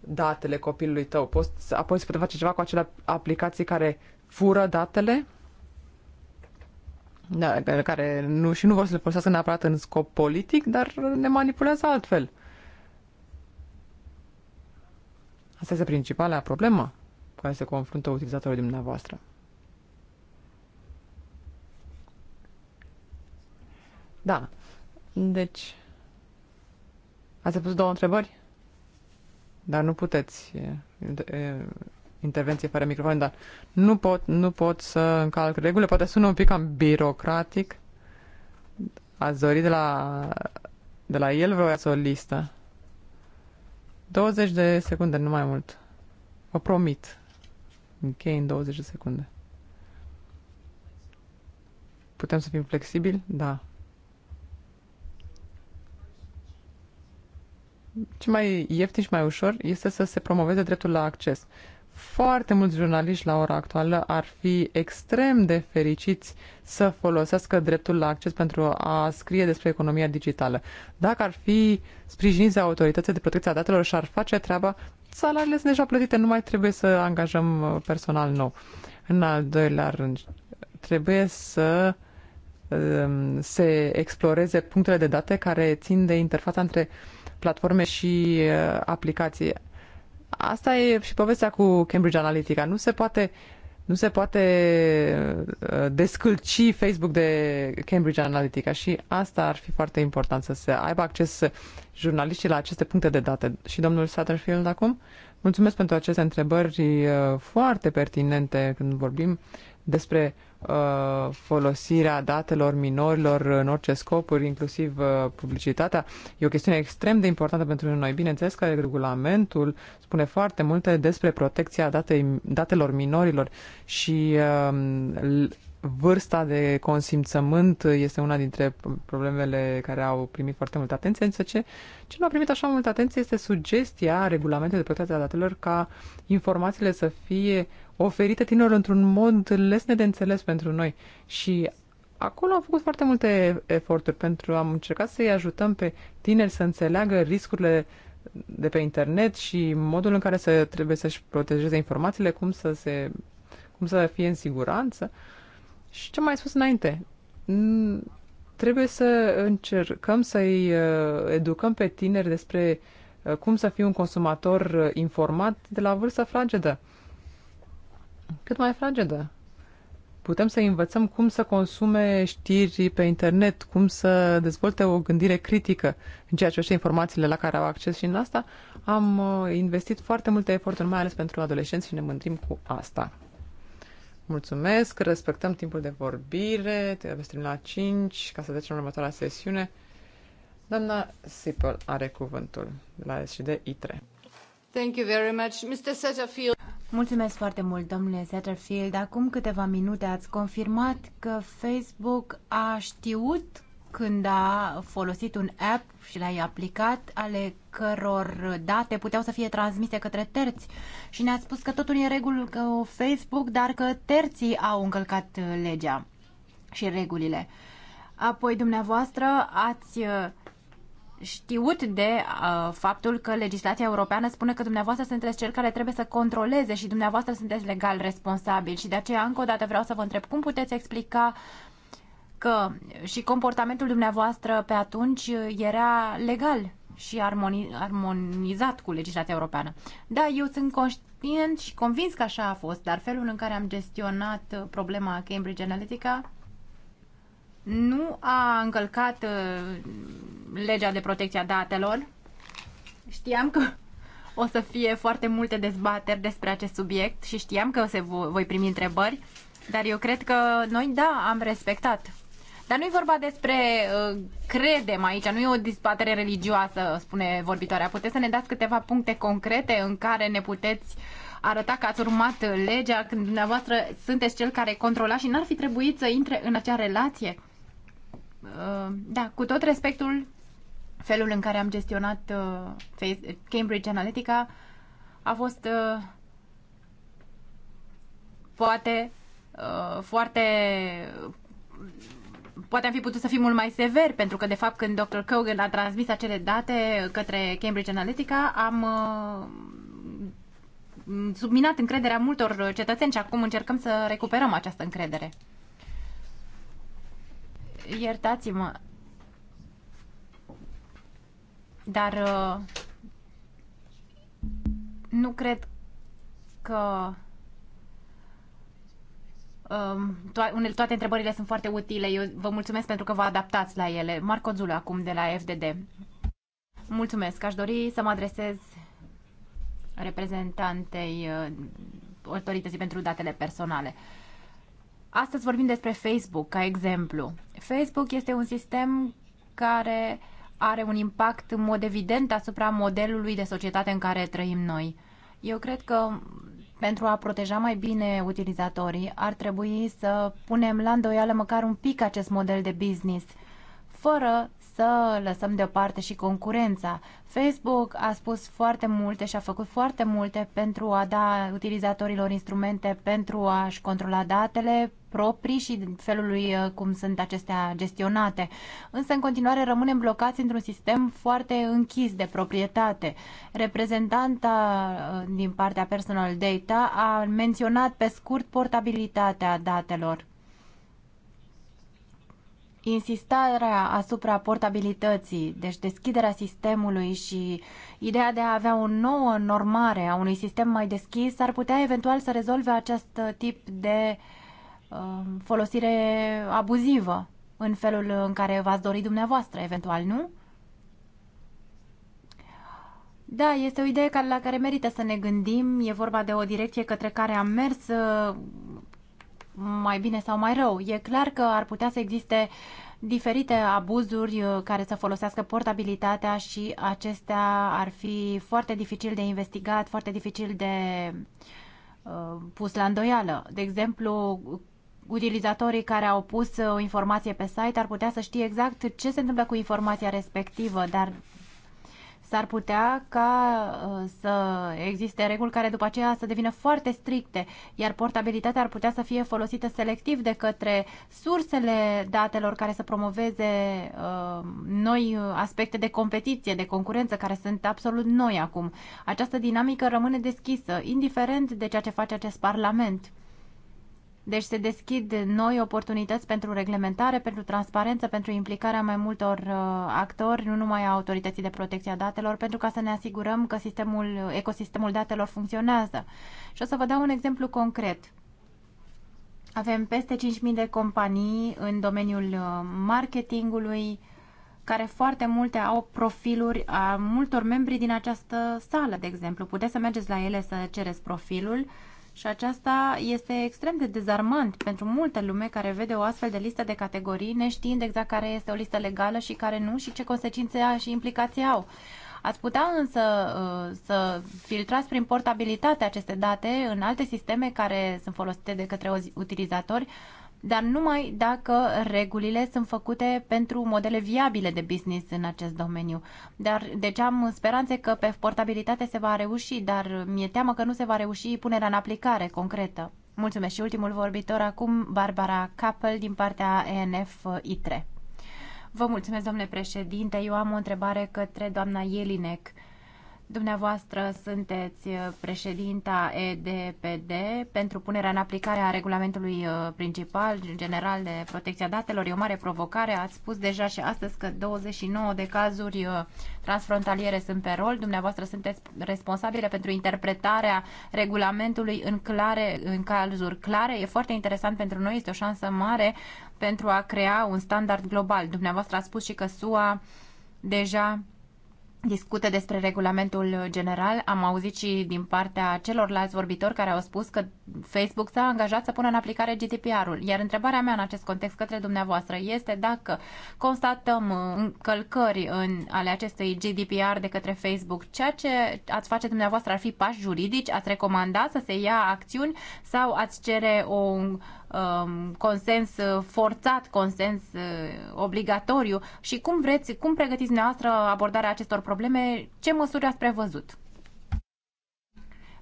A: datele copilului tău. Poți, apoi se poate face ceva cu acele aplicații care fură datele da, care nu, și nu vor să le folosească neapărat în scop politic, dar ne manipulează altfel. Asta este principala problemă cu care se confruntă utilizatorii dumneavoastră. Da. Deci, ați pus două întrebări? Dar nu puteți intervenție fără microfon, dar nu pot, nu pot să încalc regulile. Poate sună un pic cam birocratic. Ați dorit de la, de la el vreo o listă. 20 de secunde, nu mai mult. Vă promit. Închei în 20 de secunde. Putem să fim flexibili? Da. Ce mai ieftin și mai ușor este să se promoveze dreptul la acces. Foarte mulți jurnaliști la ora actuală ar fi extrem de fericiți să folosească dreptul la acces pentru a scrie despre economia digitală. Dacă ar fi sprijiniți de autoritățile de protecție a datelor și ar face treaba, salariile sunt deja plătite, nu mai trebuie să angajăm personal nou. În al doilea rând, trebuie să um, se exploreze punctele de date care țin de interfața între platforme și uh, aplicații. Asta e și povestea cu Cambridge Analytica. Nu se poate nu se poate uh, descălci Facebook de Cambridge Analytica și asta ar fi foarte important să se aibă acces jurnaliștii la aceste puncte de date. Și domnul Satterfield acum, mulțumesc pentru aceste întrebări uh, foarte pertinente când vorbim despre uh, folosirea datelor minorilor în orice scopuri, inclusiv uh, publicitatea. E o chestiune extrem de importantă pentru noi. Bineînțeles că regulamentul spune foarte multe despre protecția datei, datelor minorilor și uh, vârsta de consimțământ este una dintre problemele care au primit foarte multă atenție, însă ce, ce nu a primit așa multă atenție este sugestia regulamentului de protecție a datelor ca informațiile să fie oferite tinerilor într-un mod lesne de înțeles pentru noi. Și acolo am făcut foarte multe eforturi pentru am încercat să-i ajutăm pe tineri să înțeleagă riscurile de pe internet și modul în care să trebuie să-și protejeze informațiile, cum să se cum să fie în siguranță. Uh, și ce mai spus înainte, trebuie să încercăm să-i uh, educăm pe tineri despre uh, cum să fii un consumator uh, informat de la vârsta fragedă. Cât mai fragedă. Putem să învățăm cum să consume știri pe internet, cum să dezvolte o gândire critică în ceea ce este informațiile la care au acces și în asta am investit foarte multe eforturi, mai ales pentru adolescenți și ne mândrim cu asta. Mulțumesc, respectăm timpul de vorbire, trebuie să la 5 ca să trecem la următoarea sesiune. Doamna Sipel are cuvântul de la SD ITRE.
D: Thank you very much. Mr. Satterfield.
B: Mulțumesc foarte mult, domnule Satterfield. Acum câteva minute ați confirmat că Facebook a știut când a folosit un app și l-ai aplicat, ale căror date puteau să fie transmise către terți. Și ne-a spus că totul e regulă că Facebook, dar că terții au încălcat legea și regulile. Apoi, dumneavoastră, ați uh, știut de uh, faptul că legislația europeană spune că dumneavoastră sunteți cel care trebuie să controleze și dumneavoastră sunteți legal responsabil și de aceea încă o dată vreau să vă întreb cum puteți explica uh, că și comportamentul dumneavoastră pe atunci era legal și armonizat cu legislația europeană. Da, eu sunt conștient și convins că așa a fost, dar felul în care am gestionat problema Cambridge Analytica nu a încălcat uh, legea de protecție a datelor. Știam că o să fie foarte multe dezbateri despre acest subiect și știam că o să voi primi întrebări, dar eu cred că noi, da, am respectat dar nu e vorba despre uh, credem aici, nu e o dispatere religioasă, spune vorbitoarea. Puteți să ne dați câteva puncte concrete în care ne puteți arăta că ați urmat legea când dumneavoastră sunteți cel care controla și n-ar fi trebuit să intre în acea relație? Uh, da, cu tot respectul, felul în care am gestionat uh, Cambridge Analytica a fost uh, poate uh, foarte poate am fi putut să fim mult mai sever, pentru că, de fapt, când Dr. Kogan a transmis acele date către Cambridge Analytica, am uh, subminat încrederea multor cetățeni și acum încercăm să recuperăm această încredere. Iertați-mă, dar uh, nu cred că um, toate întrebările sunt foarte utile. Eu vă mulțumesc pentru că vă adaptați la ele. Marco Zulu acum de la FDD. Mulțumesc. Aș dori să mă adresez reprezentantei uh, autorității pentru datele personale. Astăzi vorbim despre Facebook ca exemplu. Facebook este un sistem care are un impact în mod evident asupra modelului de societate în care trăim noi. Eu cred că pentru a proteja mai bine utilizatorii, ar trebui să punem la îndoială măcar un pic acest model de business, fără să lăsăm deoparte și concurența. Facebook a spus foarte multe și a făcut foarte multe pentru a da utilizatorilor instrumente pentru a-și controla datele, proprii și felului uh, cum sunt acestea gestionate. Însă, în continuare, rămânem blocați într-un sistem foarte închis de proprietate. Reprezentanta uh, din partea Personal Data a menționat pe scurt portabilitatea datelor. Insistarea asupra portabilității, deci deschiderea sistemului și ideea de a avea o nouă normare a unui sistem mai deschis ar putea eventual să rezolve acest tip de uh, Um, folosire abuzivă în felul în care v-ați dori dumneavoastră, eventual, nu? Da, este o idee la care merită să ne gândim. E vorba de o direcție către care am mers uh, mai bine sau mai rău. E clar că ar putea să existe diferite abuzuri uh, care să folosească portabilitatea și acestea ar fi foarte dificil de investigat, foarte dificil de uh, pus la îndoială. De exemplu, utilizatorii care au pus uh, o informație pe site ar putea să știe exact ce se întâmplă cu informația respectivă, dar s-ar putea ca uh, să existe reguli care după aceea să devină foarte stricte, iar portabilitatea ar putea să fie folosită selectiv de către sursele datelor care să promoveze uh, noi aspecte de competiție, de concurență, care sunt absolut noi acum. Această dinamică rămâne deschisă, indiferent de ceea ce face acest Parlament. Deci se deschid noi oportunități pentru reglementare, pentru transparență, pentru implicarea mai multor uh, actori, nu numai a autorității de protecție a datelor, pentru ca să ne asigurăm că sistemul, ecosistemul datelor funcționează. Și o să vă dau un exemplu concret. Avem peste 5.000 de companii în domeniul uh, marketingului, care foarte multe au profiluri a multor membri din această sală, de exemplu. Puteți să mergeți la ele să cereți profilul și aceasta este extrem de dezarmant pentru multă lume care vede o astfel de listă de categorii, neștiind exact care este o listă legală și care nu și ce consecințe și implicații au. Ați putea însă uh, să filtrați prin portabilitate aceste date în alte sisteme care sunt folosite de către utilizatori dar numai dacă regulile sunt făcute pentru modele viabile de business în acest domeniu. Dar deci am speranțe că pe portabilitate se va reuși, dar mi-e teamă că nu se va reuși punerea în aplicare concretă. Mulțumesc și ultimul vorbitor acum, Barbara Capel din partea ENF ITRE. Vă mulțumesc, domnule președinte. Eu am o întrebare către doamna Jelinek Dumneavoastră sunteți uh, președinta EDPD pentru punerea în aplicare a regulamentului uh, principal general de protecția datelor. E o mare provocare. Ați spus deja și astăzi că 29 de cazuri uh, transfrontaliere sunt pe rol. Dumneavoastră sunteți responsabile pentru interpretarea regulamentului în, clare, în cazuri clare. E foarte interesant pentru noi, este o șansă mare pentru a crea un standard global. Dumneavoastră ați spus și că SUA deja discute despre regulamentul general. Am auzit și din partea celorlalți vorbitori care au spus că Facebook s-a angajat să pună în aplicare GDPR-ul. Iar întrebarea mea în acest context către dumneavoastră este dacă constatăm încălcări în, ale acestui GDPR de către Facebook, ceea ce ați face dumneavoastră ar fi pași juridici, ați recomanda să se ia acțiuni sau ați cere o Um, consens uh, forțat, consens uh, obligatoriu și cum vreți, cum pregătiți dumneavoastră abordarea acestor probleme, ce măsuri ați prevăzut?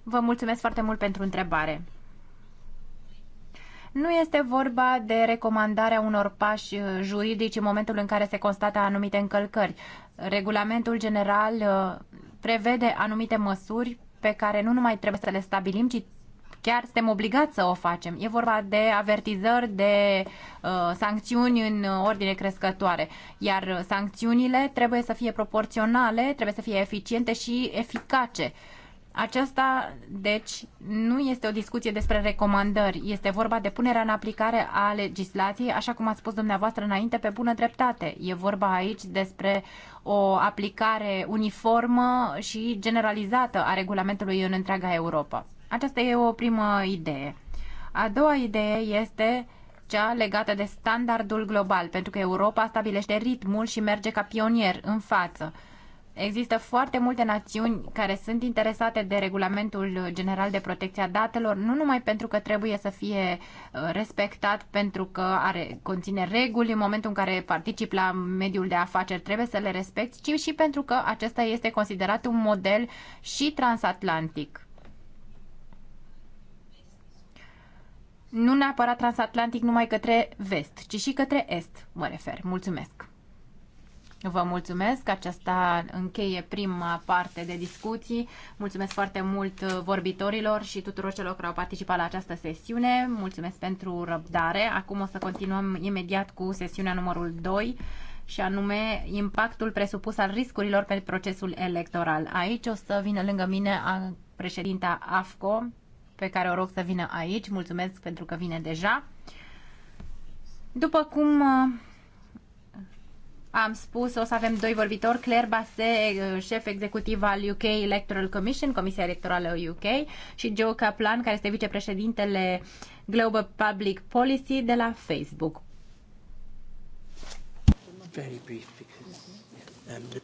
B: Vă mulțumesc foarte mult pentru întrebare. Nu este vorba de recomandarea unor pași uh, juridici în momentul în care se constată anumite încălcări. Regulamentul general prevede anumite măsuri pe care nu numai trebuie să le stabilim, ci Chiar suntem obligați să o facem. E vorba de avertizări, de uh, sancțiuni în ordine crescătoare. Iar sancțiunile trebuie să fie proporționale, trebuie să fie eficiente și eficace. Aceasta, deci, nu este o discuție despre recomandări. Este vorba de punerea în aplicare a legislației, așa cum a spus dumneavoastră înainte, pe bună dreptate. E vorba aici despre o aplicare uniformă și generalizată a regulamentului în întreaga Europa. Aceasta e o primă idee. A doua idee este cea legată de standardul global, pentru că Europa stabilește ritmul și merge ca pionier în față. Există foarte multe națiuni care sunt interesate de regulamentul general de protecție a datelor, nu numai pentru că trebuie să fie uh, respectat, pentru că are, conține reguli în momentul în care particip la mediul de afaceri, trebuie să le respecti, ci și pentru că acesta este considerat un model și transatlantic. nu neapărat transatlantic numai către vest, ci și către est, mă refer. Mulțumesc! Vă mulțumesc, aceasta încheie prima parte de discuții. Mulțumesc foarte mult uh, vorbitorilor și tuturor celor care au participat la această sesiune. Mulțumesc pentru răbdare. Acum o să continuăm imediat cu sesiunea numărul 2 și anume impactul presupus al riscurilor pe procesul electoral. Aici o să vină lângă mine președinta AFCO, pe care o rog să vină aici. Mulțumesc pentru că vine deja. După cum uh, am spus, o să avem doi vorbitori, Claire Basse, uh, șef executiv al UK Electoral Commission, Comisia Electorală UK, și Joe Kaplan, care este vicepreședintele Global Public Policy de la Facebook.
A: Very brief because, um, the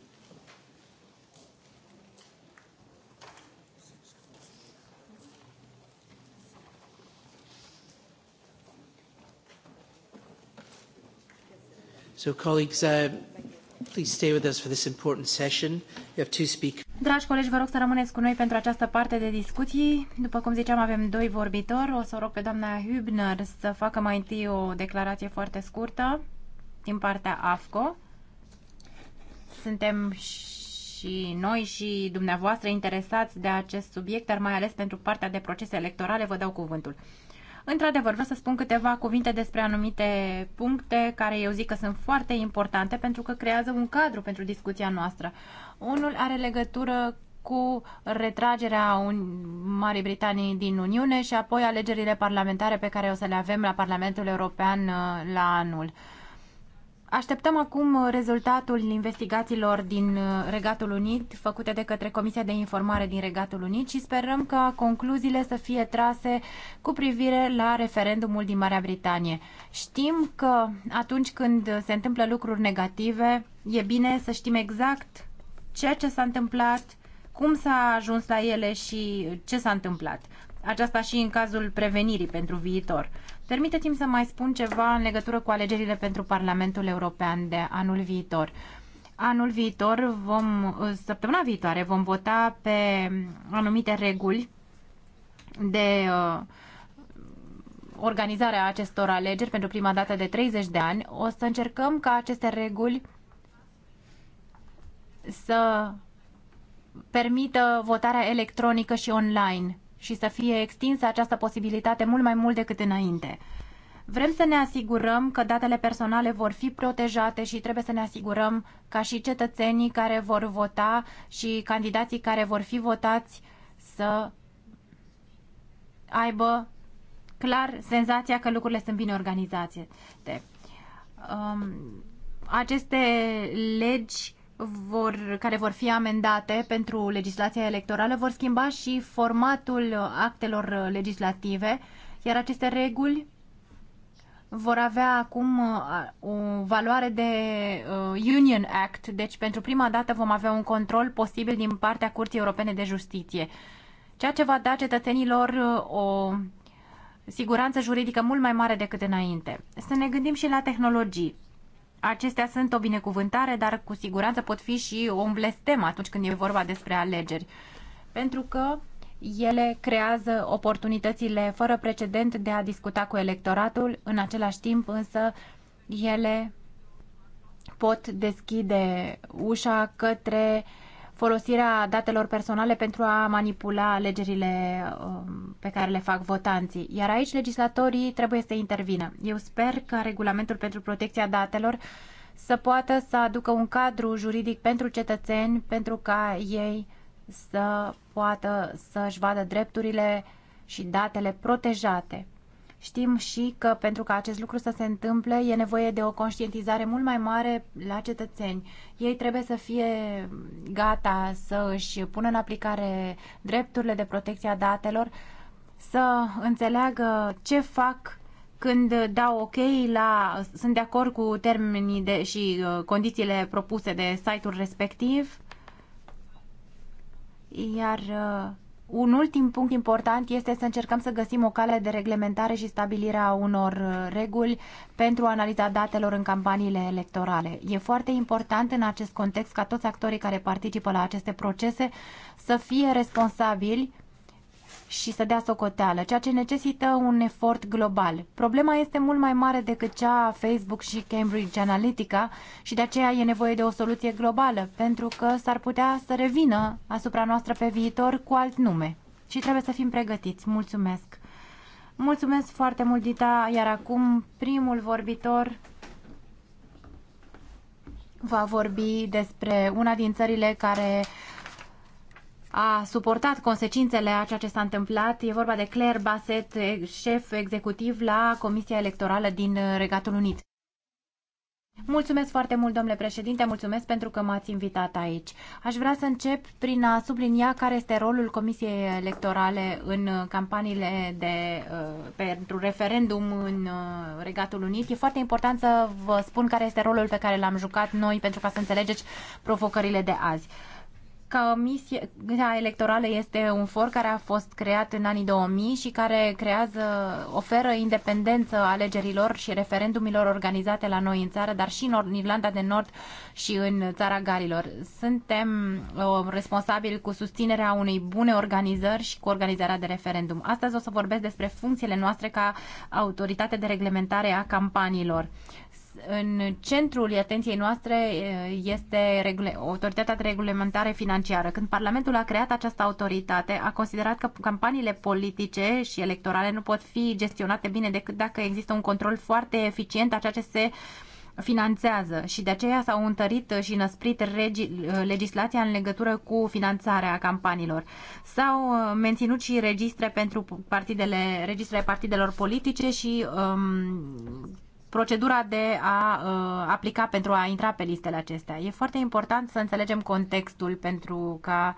A: So, colleagues, uh, please stay with us for this important session. We have two speakers.
B: Dragi colegi, vă rog să rămâneți cu noi pentru această parte de discuții. După cum ziceam, avem doi vorbitori. O să rog pe doamna Hübner să facă mai întâi o declarație foarte scurtă din partea AFCO. Suntem și noi și dumneavoastră interesați de acest subiect, dar mai ales pentru partea de procese electorale, vă dau cuvântul. Într-adevăr, vreau să spun câteva cuvinte despre anumite puncte care eu zic că sunt foarte importante pentru că creează un cadru pentru discuția noastră. Unul are legătură cu retragerea un... Marii Britanii din Uniune și apoi alegerile parlamentare pe care o să le avem la Parlamentul European uh, la anul. Așteptăm acum rezultatul investigațiilor din uh, Regatul Unit, făcute de către Comisia de Informare din Regatul Unit și sperăm ca concluziile să fie trase cu privire la referendumul din Marea Britanie. Știm că atunci când se întâmplă lucruri negative, e bine să știm exact ceea ce s-a întâmplat, cum s-a ajuns la ele și ce s-a întâmplat aceasta și în cazul prevenirii pentru viitor. Permiteți-mi să mai spun ceva în legătură cu alegerile pentru Parlamentul European de anul viitor. Anul viitor vom, săptămâna viitoare, vom vota pe anumite reguli de uh, a acestor alegeri pentru prima dată de 30 de ani. O să încercăm ca aceste reguli să permită votarea electronică și online și să fie extinsă această posibilitate mult mai mult decât înainte. Vrem să ne asigurăm că datele personale vor fi protejate și trebuie să ne asigurăm ca și cetățenii care vor vota și candidații care vor fi votați să aibă clar senzația că lucrurile sunt bine organizate. Um, aceste legi vor, care vor fi amendate pentru legislația electorală vor schimba și formatul actelor legislative, iar aceste reguli vor avea acum uh, o valoare de uh, Union Act, deci pentru prima dată vom avea un control posibil din partea Curții Europene de Justiție, ceea ce va da cetățenilor uh, o siguranță juridică mult mai mare decât înainte. Să ne gândim și la tehnologii acestea sunt o binecuvântare, dar cu siguranță pot fi și o blestem atunci când e vorba despre alegeri. Pentru că ele creează oportunitățile fără precedent de a discuta cu electoratul, în același timp însă ele pot deschide ușa către uh, folosirea datelor personale pentru a manipula alegerile um, pe care le fac votanții. Iar aici legislatorii trebuie să intervină. Eu sper că regulamentul pentru protecția datelor să poată să aducă un cadru juridic pentru cetățeni pentru ca ei să poată să-și vadă drepturile și datele protejate. Știm și că pentru ca acest lucru să se întâmple e nevoie de o conștientizare mult mai mare la cetățeni. Ei trebuie să fie gata să își pună în aplicare drepturile de protecție a datelor, să înțeleagă ce fac când dau ok la, sunt de acord cu termenii de, și uh, condițiile propuse de site-ul respectiv, iar uh, un ultim punct important este să încercăm să găsim o cale de reglementare și stabilirea unor uh, reguli pentru analiza datelor în campaniile electorale. E foarte important în acest context ca toți actorii care participă la aceste procese să fie responsabili și să dea socoteală, ceea ce necesită un efort global. Problema este mult mai mare decât cea a Facebook și Cambridge Analytica și de aceea e nevoie de o soluție globală, pentru că s-ar putea să revină asupra noastră pe viitor cu alt nume. Și trebuie să fim pregătiți. Mulțumesc! Mulțumesc foarte mult, Dita, iar acum primul vorbitor va vorbi despre una din țările care a suportat consecințele a ceea ce s-a întâmplat. E vorba de Claire Bassett, șef executiv la Comisia Electorală din Regatul Unit. Mulțumesc foarte mult, domnule președinte, mulțumesc pentru că m-ați invitat aici. Aș vrea să încep prin a sublinia care este rolul Comisiei Electorale în campaniile de, uh, pentru referendum în uh, Regatul Unit. E foarte important să vă spun care este rolul pe care l-am jucat noi pentru ca să înțelegeți provocările de azi misia Electorală este un for care a fost creat în anii 2000 și care creează, oferă independență alegerilor și referendumilor organizate la noi în țară, dar și în Irlanda de Nord și în țara Galilor. Suntem uh, responsabili cu susținerea unei bune organizări și cu organizarea de referendum. Astăzi o să vorbesc despre funcțiile noastre ca autoritate de reglementare a campaniilor în centrul atenției noastre eh, este regule, autoritatea de reglementare financiară. Când Parlamentul a creat această autoritate, a considerat că campaniile politice și electorale nu pot fi gestionate bine decât dacă există un control foarte eficient a ceea ce se finanțează și de aceea s-au întărit și năsprit regi, legislația în legătură cu finanțarea campaniilor. S-au eh, menținut și registre pentru partidele, registrele partidelor politice și um, procedura de a uh, aplica pentru a intra pe listele acestea. E foarte important să înțelegem contextul pentru ca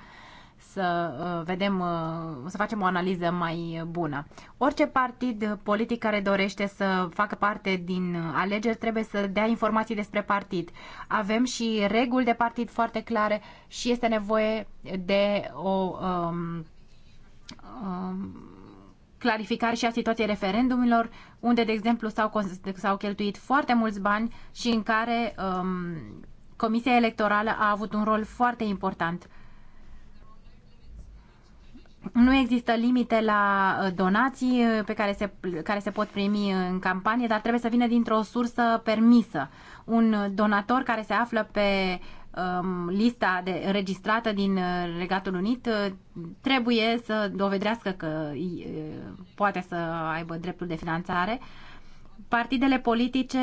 B: să uh, vedem, uh, să facem o analiză mai bună. Orice partid politic care dorește să facă parte din alegeri trebuie să dea informații despre partid. Avem și reguli de partid foarte clare și este nevoie de o um, um, clarificare și a situației referendumilor, unde, de exemplu, s-au, s-au cheltuit foarte mulți bani și în care um, Comisia Electorală a avut un rol foarte important. Nu există limite la uh, donații uh, pe care se, care se pot primi în campanie, dar trebuie să vină dintr-o sursă permisă. Un uh, donator care se află pe Um, lista de registrată din uh, Regatul Unit uh, trebuie să dovedească că uh, poate să aibă dreptul de finanțare. Partidele politice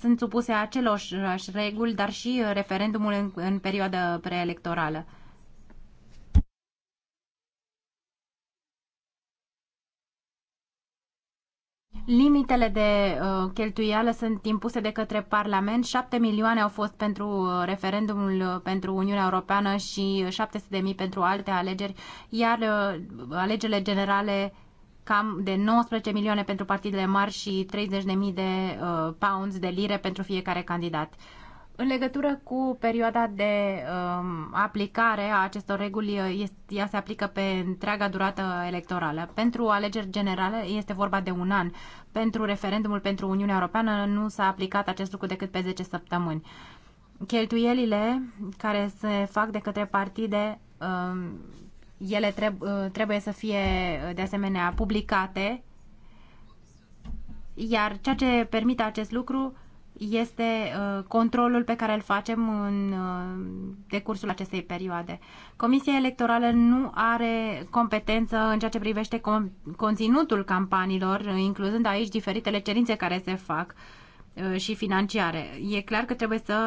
B: sunt supuse acelorași reguli, dar și referendumul în, în perioadă preelectorală. Limitele de uh, cheltuială sunt impuse de către Parlament. 7 milioane au fost pentru uh, referendumul uh, pentru Uniunea Europeană și 700 uh, de mii pentru alte alegeri, iar uh, alegerile generale cam de 19 milioane pentru partidele mari și 30 de mii de pounds de lire pentru fiecare candidat. Uh, în legătură cu perioada de um, aplicare a acestor reguli, ă, este, ea se aplică pe întreaga durată electorală. Pentru alegeri generale este vorba de un an. Pentru referendumul pentru Uniunea Europeană nu s-a aplicat acest lucru decât pe 10 săptămâni. Cheltuielile care se fac de către partide, um, ele treb- ă, trebuie să fie ă, de asemenea publicate, iar ceea ce permite acest lucru este uh, controlul pe care îl facem în uh, decursul acestei perioade. Comisia Electorală nu are competență în ceea ce privește conținutul campaniilor, incluzând aici diferitele cerințe care se fac uh, și financiare. E clar că trebuie să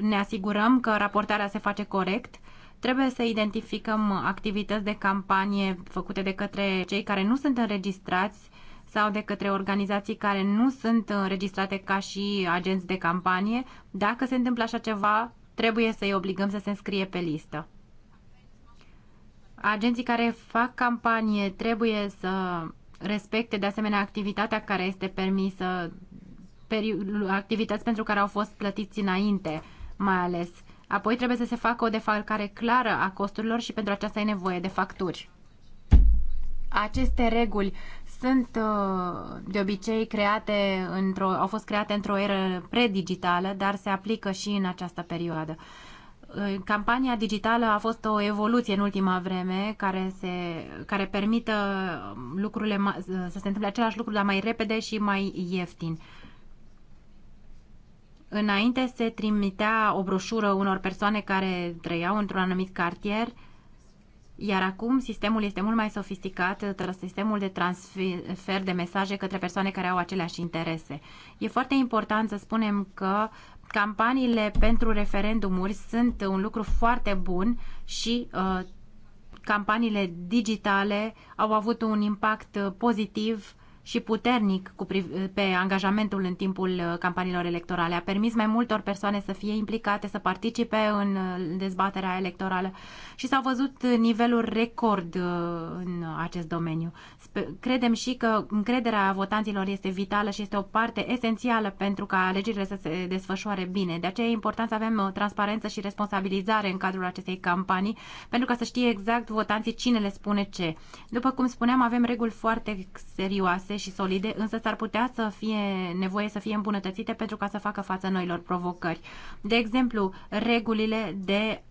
B: ne asigurăm că raportarea se face corect, trebuie să identificăm activități de campanie făcute de către cei care nu sunt înregistrați sau de către organizații care nu sunt înregistrate uh, ca și agenți de campanie, dacă se întâmplă așa ceva, trebuie să-i obligăm să se înscrie pe listă. Agenții care fac campanie trebuie să respecte de asemenea activitatea care este permisă, activități pentru care au fost plătiți înainte, mai ales. Apoi trebuie să se facă o defalcare clară a costurilor și pentru aceasta e nevoie de facturi. Aceste reguli sunt uh, de obicei create într-o, au fost create într-o eră predigitală, dar se aplică și în această perioadă. Uh, campania digitală a fost o evoluție în ultima vreme care, se, care permită lucrurile uh, să se întâmple același lucru, dar mai repede și mai ieftin. Înainte se trimitea o broșură unor persoane care trăiau într-un anumit cartier, iar acum sistemul este mult mai sofisticat, ă, ă, sistemul de transfer de mesaje către persoane care au aceleași interese. E foarte important să spunem că campaniile pentru referendumuri sunt un lucru foarte bun și uh, campaniile digitale au avut un impact pozitiv și puternic cu pe angajamentul în timpul uh, campaniilor electorale. A permis mai multor persoane să fie implicate, să participe în uh, dezbaterea electorală și s-au văzut uh, niveluri record în acest domeniu. Credem și că încrederea votanților este vitală și este o parte esențială pentru ca alegerile să se desfășoare bine. De aceea e important să avem transparență și responsabilizare în cadrul acestei campanii, pentru ca să știe exact votanții cine le spune ce. După cum spuneam, avem reguli foarte serioase serioase și solide, însă s-ar putea să fie nevoie să fie îmbunătățite pentru ca să facă față noilor provocări. De exemplu, regulile de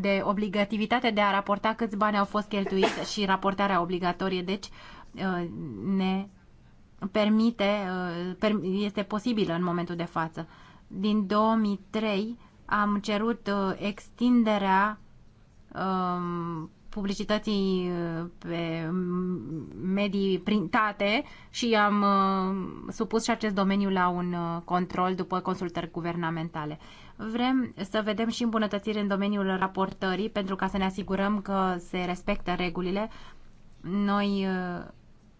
B: de obligativitate de a raporta câți bani au fost cheltuiți și raportarea obligatorie, deci uh, ne permite, uh, este posibilă în momentul de față. Din 2003 am cerut uh, extinderea um, publicității uh, pe mm, medii printate și am uh, supus și acest domeniu la un uh, control după consultări guvernamentale. Vrem să vedem și îmbunătățiri în domeniul raportării pentru ca să ne asigurăm că se respectă regulile. Noi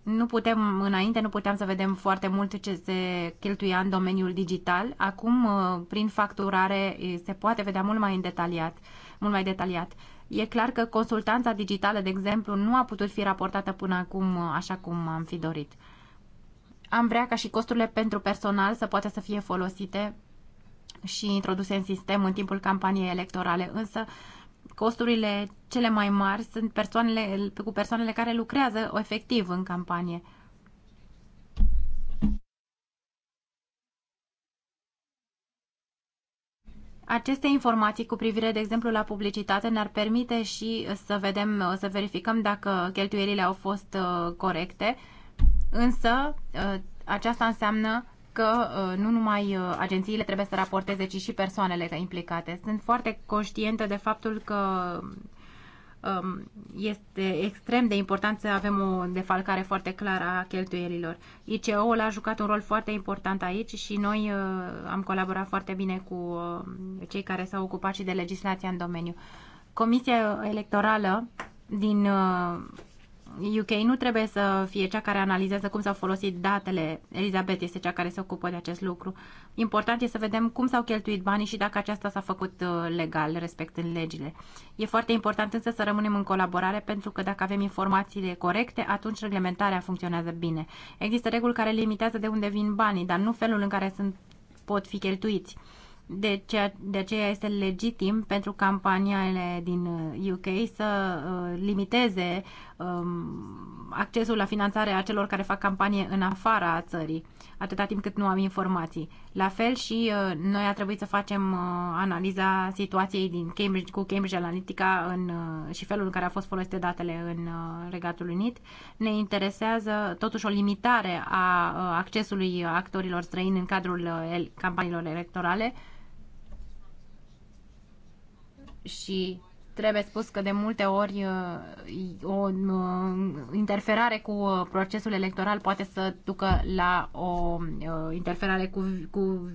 B: nu putem, înainte nu puteam să vedem foarte mult ce se cheltuia în domeniul digital. Acum, prin facturare, se poate vedea mult mai în detaliat, mult mai detaliat. E clar că consultanța digitală, de exemplu, nu a putut fi raportată până acum uh, așa cum am fi dorit. Am vrea ca și costurile pentru personal să poată să fie folosite și introduse în sistem în timpul campaniei electorale, însă costurile cele mai mari sunt persoanele, cu persoanele care lucrează efectiv în campanie. Aceste informații cu privire, de exemplu, la publicitate ne-ar permite și să vedem, să verificăm dacă cheltuielile au fost uh, corecte, însă uh, aceasta înseamnă că uh, nu numai agențiile trebuie să raporteze, ci și persoanele implicate. Sunt foarte conștientă de faptul că Um, este extrem de important să avem o defalcare foarte clară a cheltuielilor. ICO-ul a jucat un rol foarte important aici și noi uh, am colaborat foarte bine cu uh, cei care s-au ocupat și de legislația în domeniu. Comisia Electorală din uh, UK nu trebuie să fie cea care analizează cum s-au folosit datele. Elizabeth este cea care se ocupă de acest lucru. Important este să vedem cum s-au cheltuit banii și dacă aceasta s-a făcut uh, legal, respectând legile. E foarte important însă să rămânem în colaborare pentru că dacă avem informațiile corecte, atunci reglementarea funcționează bine. Există reguli care limitează de unde vin banii, dar nu felul în care sunt, pot fi cheltuiți. De, ceea, de aceea este legitim pentru campaniile din UK uh, să uh, limiteze um, accesul la finanțare a celor care fac campanie în afara țării, atâta timp cât nu am informații. La fel și uh, noi a trebuit să facem uh, analiza situației din Cambridge, cu Cambridge Analytica în, uh, și felul în care a fost folosite datele în uh, Regatul Unit. Ne interesează totuși o limitare a uh, accesului actorilor străini în cadrul uh, el, campaniilor electorale și trebuie spus că de multe ori uh, o uh, interferare cu uh, procesul electoral poate să ducă la o interferare cu, cu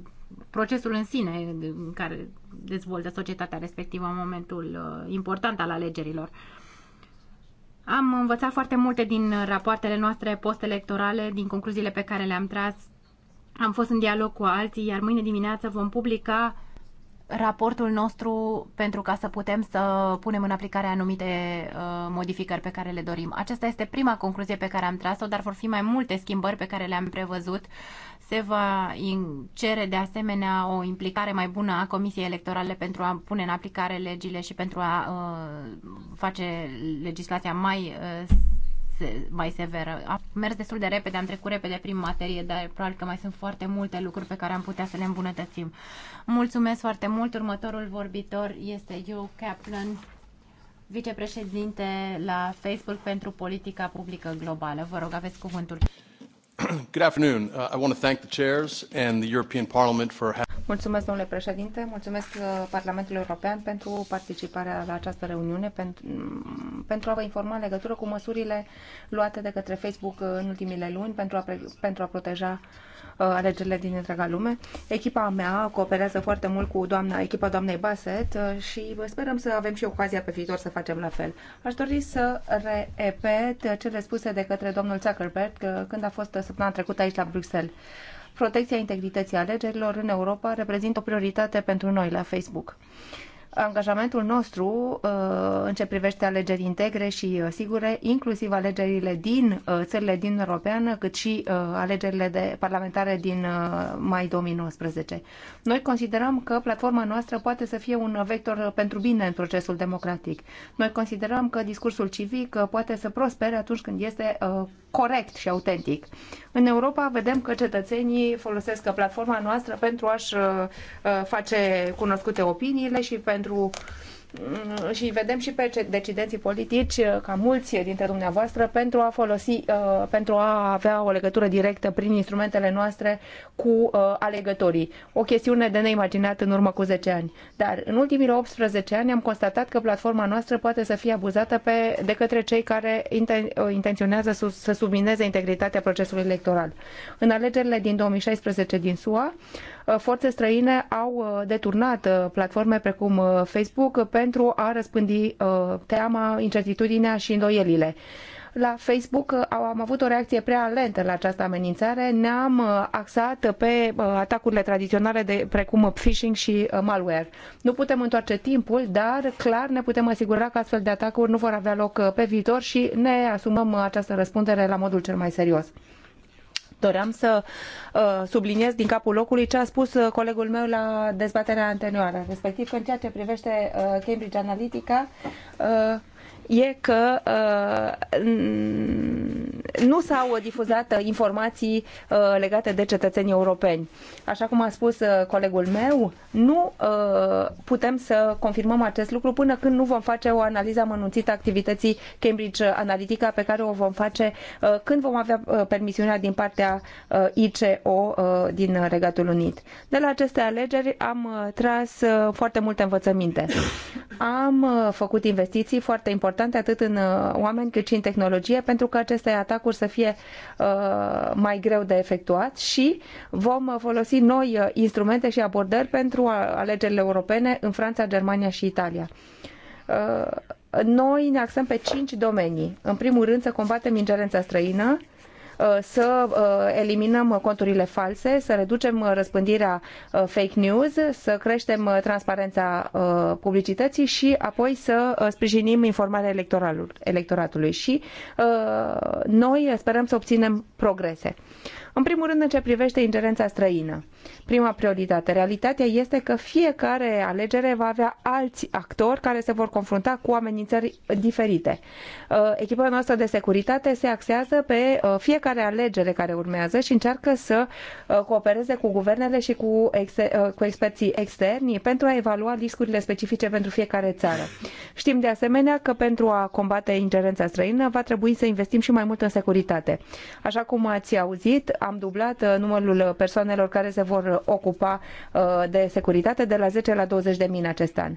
B: procesul în sine care dezvoltă societatea respectivă în momentul important al alegerilor. Am învățat foarte multe din rapoartele noastre post-electorale, din concluziile pe care le-am tras. Am fost în dialog cu alții, iar mâine dimineață vom publica uh, raportul nostru pentru ca să putem să punem în aplicare anumite uh, modificări pe care le dorim. Aceasta este prima concluzie pe care am tras-o, dar vor fi mai multe schimbări pe care le-am prevăzut. Se va cere de asemenea o implicare mai bună a Comisiei Electorale pentru a pune în aplicare legile și pentru a uh, face legislația mai uh, mai severă. A mers destul de repede, am trecut repede prin materie, dar probabil că mai sunt foarte multe lucruri pe care am putea să le îmbunătățim. Mulțumesc foarte mult. Următorul vorbitor este Joe Kaplan, vicepreședinte la Facebook pentru politica publică globală. Vă rog, aveți cuvântul.
A: Good afternoon. Uh, I want to thank the chairs and the European Parliament for having
C: Mulțumesc, domnule președinte, mulțumesc uh, Parlamentului European pentru participarea la această reuniune, pentru, pentru a vă informa în legătură cu măsurile luate de către Facebook uh, în ultimile luni pentru a, pentru a proteja uh, alegerile din întreaga lume. Echipa mea cooperează foarte mult cu doamna, echipa doamnei Baset și sperăm să avem și ocazia pe viitor să facem la fel. Aș dori să repet cele spuse de către domnul Zuckerberg când a fost săptămâna trecută aici la Bruxelles protecția integrității alegerilor în Europa reprezintă o prioritate pentru noi la Facebook. Angajamentul nostru uh, în ce privește alegeri integre și uh, sigure, inclusiv alegerile din uh, țările din Europeană, cât și alegerile de parlamentare din mai 2019. Noi considerăm că platforma noastră poate să fie un vector pentru bine în procesul democratic. Noi considerăm că discursul civic poate să prospere atunci când este corect și autentic. În Europa vedem că cetățenii folosesc platforma noastră pentru a-și uh, face cunoscute opiniile și pentru uh, și vedem și pe decidenții politici, uh, ca mulți dintre dumneavoastră, pentru a folosi, uh, pentru a avea o legătură directă prin instrumentele noastre cu uh, alegătorii. O chestiune de neimaginat în urmă cu 10 ani. Dar în ultimii 18 ani am constatat că platforma noastră poate să fie abuzată pe, de către cei care intenționează să, submineze integritatea procesului electoral. În alegerile din 2016 din SUA, Uh, forțe străine au uh, deturnat uh, platforme precum Facebook pentru a răspândi teama, incertitudinea și îndoielile la Facebook am avut o reacție prea lentă la această amenințare. Ne-am axat pe atacurile tradiționale de, precum phishing și malware. Nu putem întoarce timpul, dar clar ne putem asigura că astfel de atacuri nu vor avea loc pe viitor și ne asumăm această răspundere la modul cel mai serios. Doream să uh, subliniez din capul locului ce a spus uh, colegul meu la dezbaterea anterioară, respectiv că în ceea ce privește uh, Cambridge Analytica, e că uh, nu s-au difuzat informații uh, legate de cetățenii europeni. Așa cum a spus uh, colegul meu, nu putem să confirmăm acest lucru până când nu vom face o analiză amănunțită a activității Cambridge Analytica pe care o vom face când vom avea permisiunea din partea ICO din Regatul Unit. De la aceste alegeri am tras foarte multe învățăminte. Am făcut investiții foarte importante importante atât în uh, oameni cât și în tehnologie pentru că aceste atacuri să fie uh, mai greu de efectuat și vom uh, folosi noi instrumente și abordări pentru alegerile europene în Franța, Germania și Italia noi ne axăm pe cinci domenii. În primul rând, să combatem ingerența străină, Uh, să uh, eliminăm conturile false, să reducem uh, răspândirea fake news, să creștem transparența publicității și apoi să sprijinim informarea electoratului. Și noi sperăm să obținem progrese. În primul rând, în ce privește ingerența străină. Prima prioritate. Realitatea este că fiecare alegere va avea alți actori care se vor confrunta cu amenințări diferite. Uh, echipa noastră de securitate se axează pe uh, fiecare alegere care urmează și încearcă să uh, coopereze cu guvernele și cu, ex- cu experții externi pentru a evalua riscurile specifice pentru fiecare țară. Știm de asemenea că pentru a combate ingerența străină va trebui să investim și mai mult în securitate. Așa cum ați auzit, am dublat uh, numărul persoanelor care se vor uh, ocupa uh, de securitate de la 10 la 20 de mii în acest an.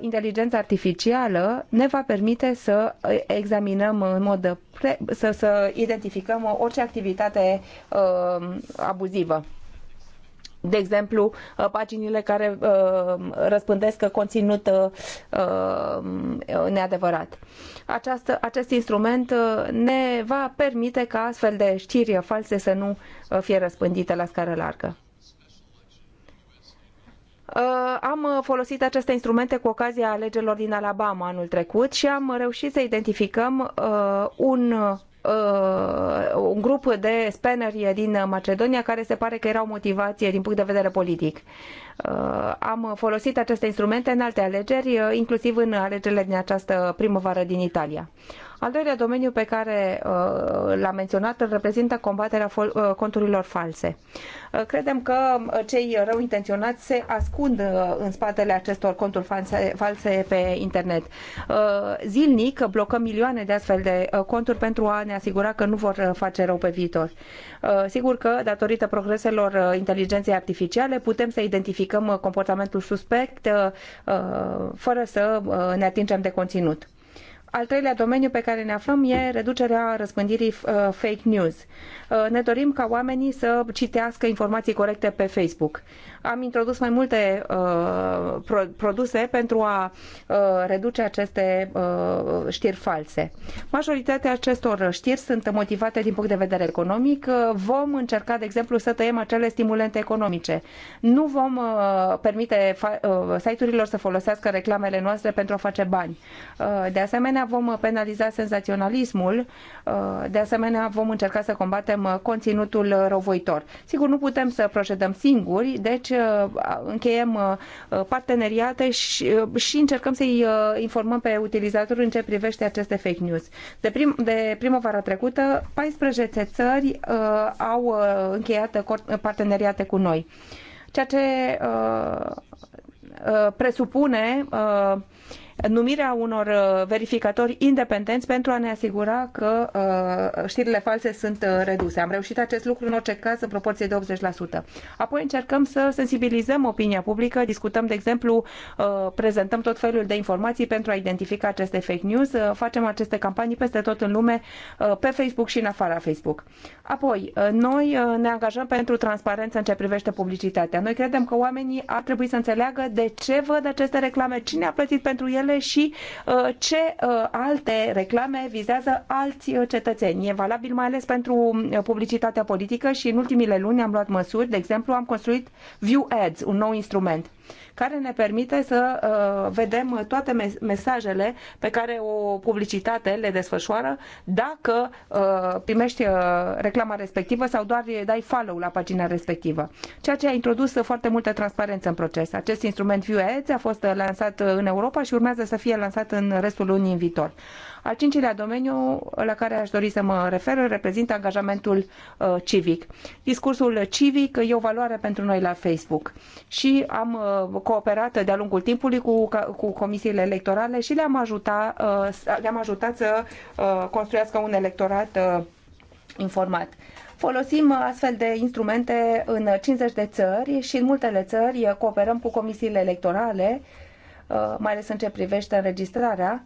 C: Inteligența artificială ne va permite să examinăm în mod pre- să, să identificăm orice activitate abuzivă de exemplu, uh, paginile care uh, răspândesc conținut uh, neadevărat. Această, acest instrument ne va permite ca astfel de știri false să nu fie răspândite la scară largă. Am folosit aceste instrumente cu ocazia alegerilor din Alabama anul trecut și am reușit să identificăm un Uh, un grup de spaneri din Macedonia care se pare că erau motivație din punct de vedere politic. Uh, am folosit aceste instrumente în alte alegeri, uh, inclusiv în alegerile din această primăvară din Italia. Al doilea domeniu pe care uh, l-am menționat îl reprezintă combaterea uh, conturilor false. Uh, credem că cei rău intenționați se ascund în spatele acestor conturi false, false pe internet. Zilnic blocăm milioane de astfel de conturi pentru a ne asigura că nu vor face rău pe viitor. Sigur că, datorită progreselor inteligenței artificiale, putem să identificăm comportamentul suspect fără să ne atingem de conținut al treilea domeniu pe care ne aflăm e reducerea răspândirii uh, fake news. Uh, ne dorim ca oamenii să citească informații corecte pe Facebook. Am introdus mai multe uh, produse pentru a uh, reduce aceste uh, știri false. Majoritatea acestor știri sunt motivate din punct de vedere economic. Uh, vom încerca, de exemplu, să tăiem acele stimulente economice. Nu vom uh, permite uh, site-urilor să folosească reclamele noastre pentru a face bani. Uh, de asemenea, vom penaliza senzaționalismul. Uh, de asemenea, vom încerca să combatem Uh, conținutul rovoitor. Sigur, nu putem să procedăm singuri, deci uh, încheiem uh, parteneriate și, și încercăm să-i informăm pe utilizatori în ce privește aceste fake news. De, prim, de primăvara trecută, 14 țări au încheiat parteneriate cu noi. Ceea ce presupune uh, numirea unor uh, verificatori independenți pentru a ne asigura că uh, știrile false sunt uh, reduse. Am reușit acest lucru în orice caz în proporție de 80%. Apoi încercăm să sensibilizăm opinia publică, discutăm, de exemplu, prezentăm tot felul de informații pentru a identifica aceste fake news, facem aceste campanii peste tot în lume, pe Facebook și în afara Facebook. Apoi, noi ne angajăm pentru transparență în ce privește publicitatea. Noi credem că oamenii ar trebui să înțeleagă de ce văd aceste reclame, cine a plătit pentru ele, ele și uh, ce uh, alte reclame vizează alți uh, cetățeni. E valabil mai ales pentru publicitatea politică și în ultimile luni am luat măsuri, de exemplu am construit View Ads, un nou instrument care ne permite să uh, vedem toate mesajele pe care o publicitate le desfășoară dacă uh, primești uh, reclama respectivă sau doar dai follow la pagina respectivă. Ceea ce a introdus foarte multă transparență în proces. Acest instrument View Ads a fost lansat în Europa și urmează să fie lansat în restul lunii în viitor. Al cincilea domeniu la care aș dori să mă refer reprezintă angajamentul uh, civic. Discursul civic e o valoare pentru noi la Facebook și am uh, cooperat de-a lungul timpului cu, cu comisiile electorale și le-am ajutat, uh, le-am ajutat să construiască un electorat informat. Folosim astfel de instrumente în 50 de țări și în multele țări cooperăm cu comisiile electorale, mai ales în ce privește înregistrarea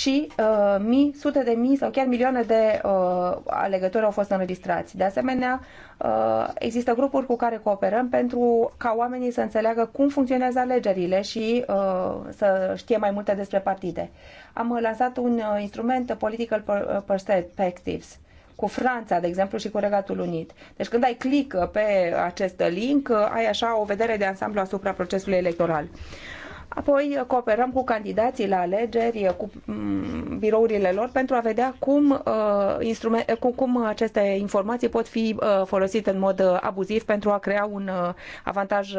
C: și uh, mii, sute de mii sau chiar milioane de uh, alegători au fost înregistrați. De asemenea, uh, există grupuri cu care cooperăm pentru ca oamenii să înțeleagă cum funcționează alegerile și uh, să știe mai multe despre partide. Am lansat un uh, instrument uh, Political uh, Perspectives cu Franța, de exemplu, și cu Regatul Unit. Deci când ai click pe acest link, uh, ai așa o vedere de ansamblu asupra procesului electoral. Uh, Apoi cooperăm cu candidații la alegeri, cu
D: mm,
C: birourile lor, pentru a vedea cum, uh, cum aceste informații pot fi uh, folosite în mod uh, abuziv pentru a crea un avantaj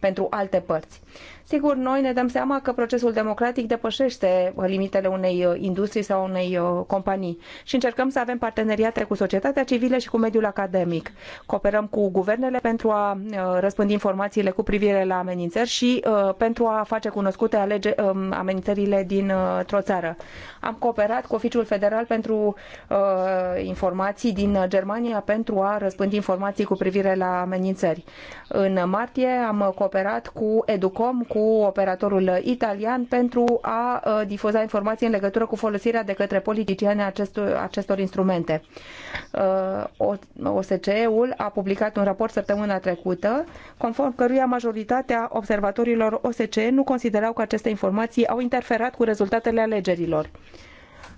C: pentru alte părți. Sigur, noi ne dăm seama că procesul democratic depășește uh, limitele unei uh, industrii sau unei uh, companii și încercăm să avem parteneriate cu societatea civilă și cu mediul academic. Cooperăm cu guvernele pentru a răspândi informațiile cu privire la amenințări și pentru a face cunoscute alege, um, amenințările dintr-o țară. Am cooperat cu Oficiul Federal pentru Informații din Germania pentru a răspândi informații cu privire la amenințări. În martie am cooperat cu Educom, cu operatorul italian pentru a uh, difuza informații în legătură cu folosirea de către politicieni acestor, acestor instrumente. Uh, OSCE-ul a publicat un raport săptămâna trecută, conform căruia majoritatea observatorilor OSCE nu considerau că aceste informații au interferat cu rezultatele alegerilor.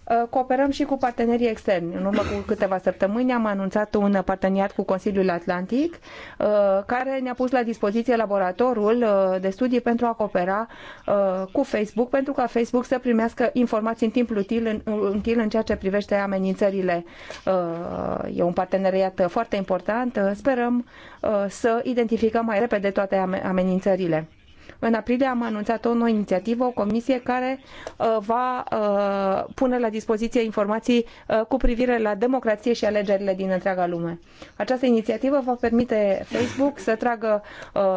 C: Uh, cooperăm și cu partenerii externi. În urmă cu câteva săptămâni am anunțat un parteneriat cu Consiliul Atlantic uh, care ne-a pus la dispoziție laboratorul uh, de studii pentru a coopera cu Facebook, pentru ca Facebook să primească informații în timp util în, util în ceea ce privește amenințările. E un parteneriat foarte important. Sperăm să identificăm mai repede toate amenințările. În aprilie am anunțat o nouă inițiativă, o comisie care uh, va uh, pune la dispoziție informații uh, cu privire la democrație și alegerile din întreaga lume. Această inițiativă va permite Facebook să tragă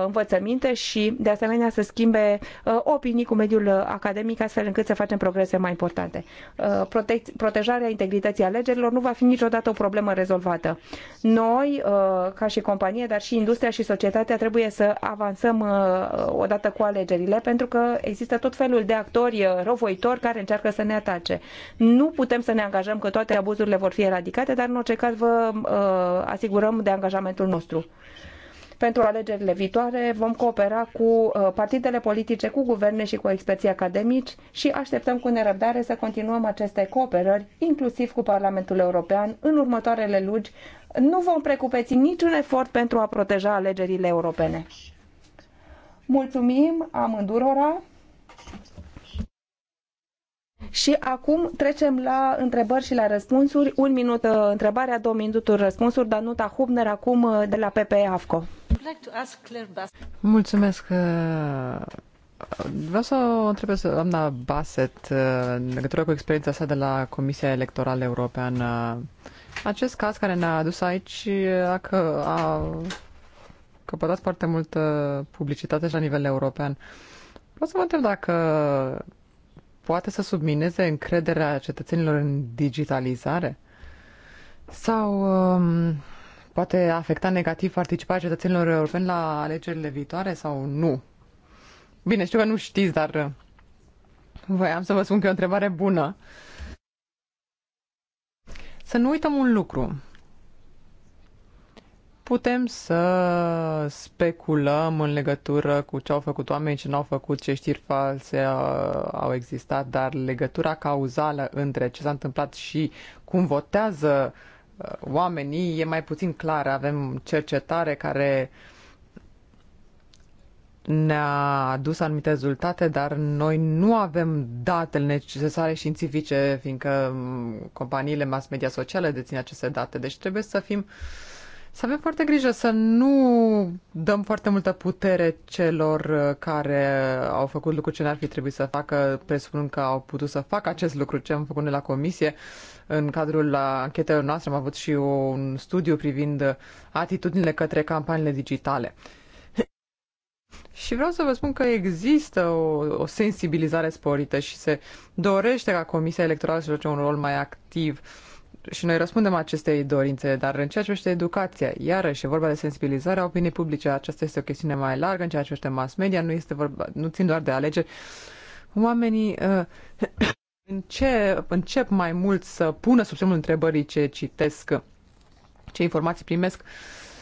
C: învățăminte și, de asemenea, să schimbe opinii cu mediul academic, astfel încât să facem progrese mai importante. Protejarea integrității alegerilor nu va fi niciodată o problemă rezolvată. Noi, ca și companie, dar și industria și societatea, trebuie să avansăm odată odată cu alegerile, pentru că există tot felul de actori eh, răvoitori care încearcă să ne atace. Nu putem să ne angajăm că toate abuzurile vor fi eradicate, dar în orice caz vă uh, asigurăm de angajamentul nostru pentru alegerile viitoare. Vom coopera cu eh, partidele politice, cu guverne și cu experții academici și așteptăm cu nerăbdare să continuăm aceste cooperări, inclusiv cu Parlamentul European, în următoarele lungi. Nu vom precupeți niciun efort pentru a proteja alegerile europene. Mulțumim amândurora. Și acum trecem la întrebări și la răspunsuri. Un minut uh, întrebarea, două minuturi răspunsuri. Danuta Hubner acum uh, de la PPE AFCO.
A: Mulțumesc. Uh, vreau să o întreb să doamna Bassett în legătură cu experiența sa de la Comisia Electorală Europeană. Acest caz care ne-a adus aici a, a căpătat foarte multă publicitate și la nivel european. Vreau să mă întreb dacă poate să submineze încrederea cetățenilor în digitalizare sau um, poate afecta negativ participarea cetățenilor europeni la alegerile viitoare sau nu? Bine, știu că nu știți, dar uh, voiam să vă spun că e o întrebare bună. Să nu uităm un lucru. Putem să speculăm în legătură cu ce au făcut oamenii, ce n-au făcut, ce știri false uh, au existat, dar legătura cauzală între ce s-a întâmplat și cum votează uh, oamenii e mai puțin clară. Avem cercetare care ne-a adus anumite rezultate, dar noi nu avem datele necesare științifice, fiindcă mm, companiile mass media sociale dețin aceste date. Deci trebuie să fim uh, să avem foarte grijă să nu dăm foarte multă putere celor uh, care au făcut lucruri ce n-ar fi trebuit să facă, presupunând că au putut să facă acest lucru ce am făcut noi la comisie. În cadrul anchetelor noastre am avut și un studiu privind atitudinile către campaniile digitale. Și vreau să vă spun că există o, o sensibilizare sporită și se dorește ca Comisia Electorală să joace un rol mai activ uh, și noi răspundem acestei dorințe, dar în ceea ce privește educația, iarăși e vorba de sensibilizarea opiniei publice, aceasta este o chestiune mai largă în ceea ce privește mass media, nu este vorba, nu țin doar de alegeri. Oamenii uh, încep, încep mai mult să pună sub semnul întrebării ce citesc, ce informații primesc,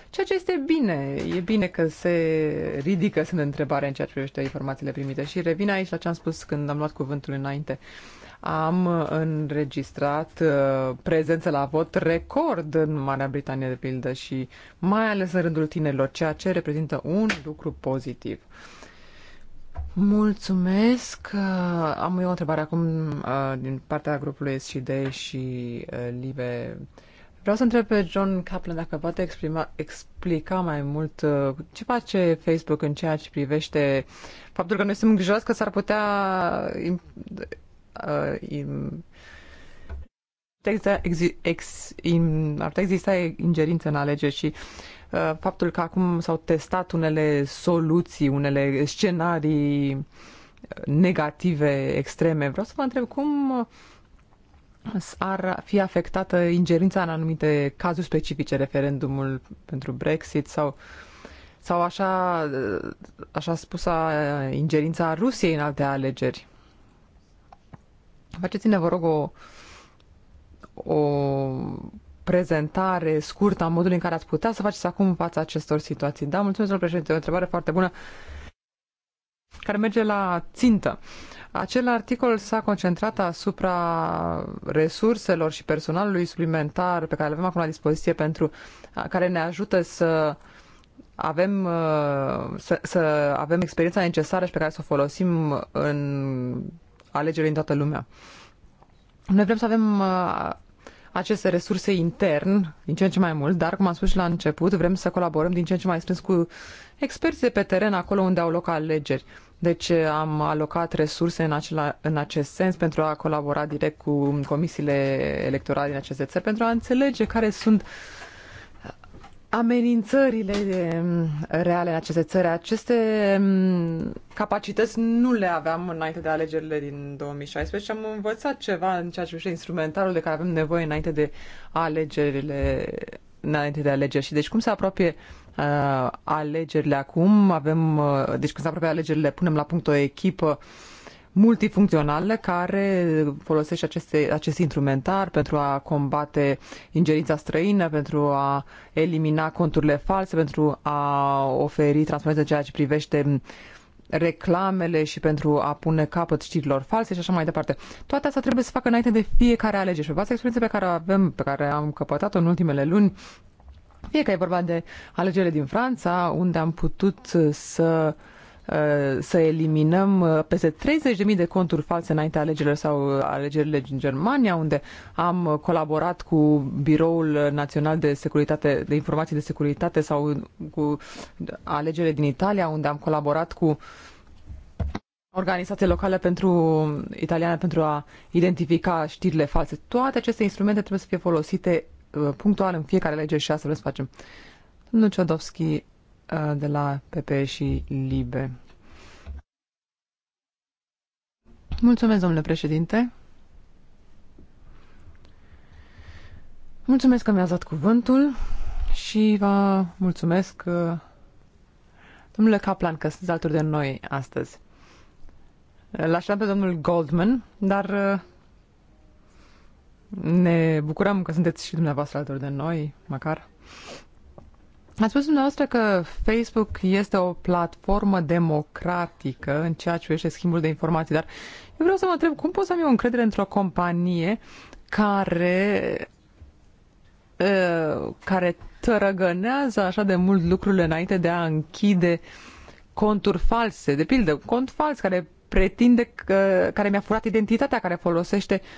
A: ceea ce este bine. E bine că se ridică sunt întrebare în ceea ce privește informațiile primite. Și revin aici la ce am spus când am luat cuvântul înainte. Uh, am înregistrat uh, prezență la vot record în Marea Britanie, de pildă, și mai ales în rândul tinerilor, ceea ce reprezintă un lucru pozitiv. Mulțumesc. Uh, am eu o întrebare acum uh, din partea grupului SCD și Libe. Vreau să întreb pe John Kaplan dacă poate exprima, explica mai mult ce face Facebook în ceea ce privește faptul că noi suntem îngrijorați că s-ar putea Uh, exista, ex, ex, in, ar putea exista ingerință în alegeri și uh, faptul că acum s-au testat unele soluții, unele scenarii uh, negative, extreme. Vreau să vă întreb cum ar fi afectată ingerința în anumite cazuri specifice, referendumul pentru Brexit sau sau așa, uh, așa spusa ingerința Rusiei în alte alegeri. Faceți-ne, vă rog, o, o prezentare scurtă a modului în care ați putea să faceți acum în fața acestor situații. Da, mulțumesc, domnul președinte, o întrebare foarte bună care merge la țintă. Acel articol s-a concentrat asupra resurselor și personalului suplimentar pe care le avem acum la dispoziție pentru care ne ajută să avem, să, să avem experiența necesară și pe care să o folosim în alegeri în toată lumea. Noi vrem să avem uh, aceste resurse intern, din ce în ce mai mult, dar, cum am spus și la început, vrem să colaborăm din ce în ce mai strâns cu experți de pe teren, acolo unde au loc alegeri. Deci uh, am alocat resurse în, acela, în acest sens pentru a colabora direct cu comisiile electorale din aceste țări, pentru a înțelege care sunt uh, amenințările mm, reale în aceste țări. Aceste mm, capacități nu le aveam înainte de alegerile din 2016 și am învățat ceva în ceea ce privește instrumentarul de care avem nevoie înainte de alegerile înainte de alegeri. Și deci cum se apropie uh, alegerile acum, avem, uh, deci când se apropie alegerile, punem la punct o echipă uh, multifuncțională care folosește aceste, acest instrumentar pentru a combate ingerința străină, pentru a elimina conturile false, pentru a oferi transparență ceea ce privește reclamele și pentru a pune capăt știrilor false și așa mai departe. Toate astea trebuie să facă înainte de fiecare alegere. Și pe baza experienței pe care avem, pe care am căpătat-o în ultimele luni, fie că e vorba de alegerile din Franța, unde am putut să uh, Uh, să eliminăm uh, peste 30.000 de conturi false înaintea alegerilor sau uh, alegerile din Germania, unde am colaborat cu Biroul Național de Securitate, de Informații de Securitate sau cu alegerile din Italia, unde am colaborat cu organizație locală pentru italiană pentru a identifica știrile false. Toate aceste instrumente trebuie să fie folosite punctual în fiecare lege și asta vrem să facem. Domnul Ciodovski Uh, de la PP și Libe. Mulțumesc, domnule președinte. Mulțumesc că mi-ați dat cuvântul și vă mulțumesc, uh, domnule Kaplan că sunteți alături de noi astăzi. l aș pe domnul Goldman, dar uh, ne bucurăm că sunteți și dumneavoastră alături de noi, măcar. Ați spus dumneavoastră că Facebook este o platformă democratică în ceea ce privește schimbul de informații, dar eu vreau să mă întreb cum pot să am eu încredere într-o companie care uh, care tărăgănează așa de mult lucrurile înainte de a închide conturi false, de pildă, cont fals care pretinde că, care mi-a furat identitatea, care folosește uh,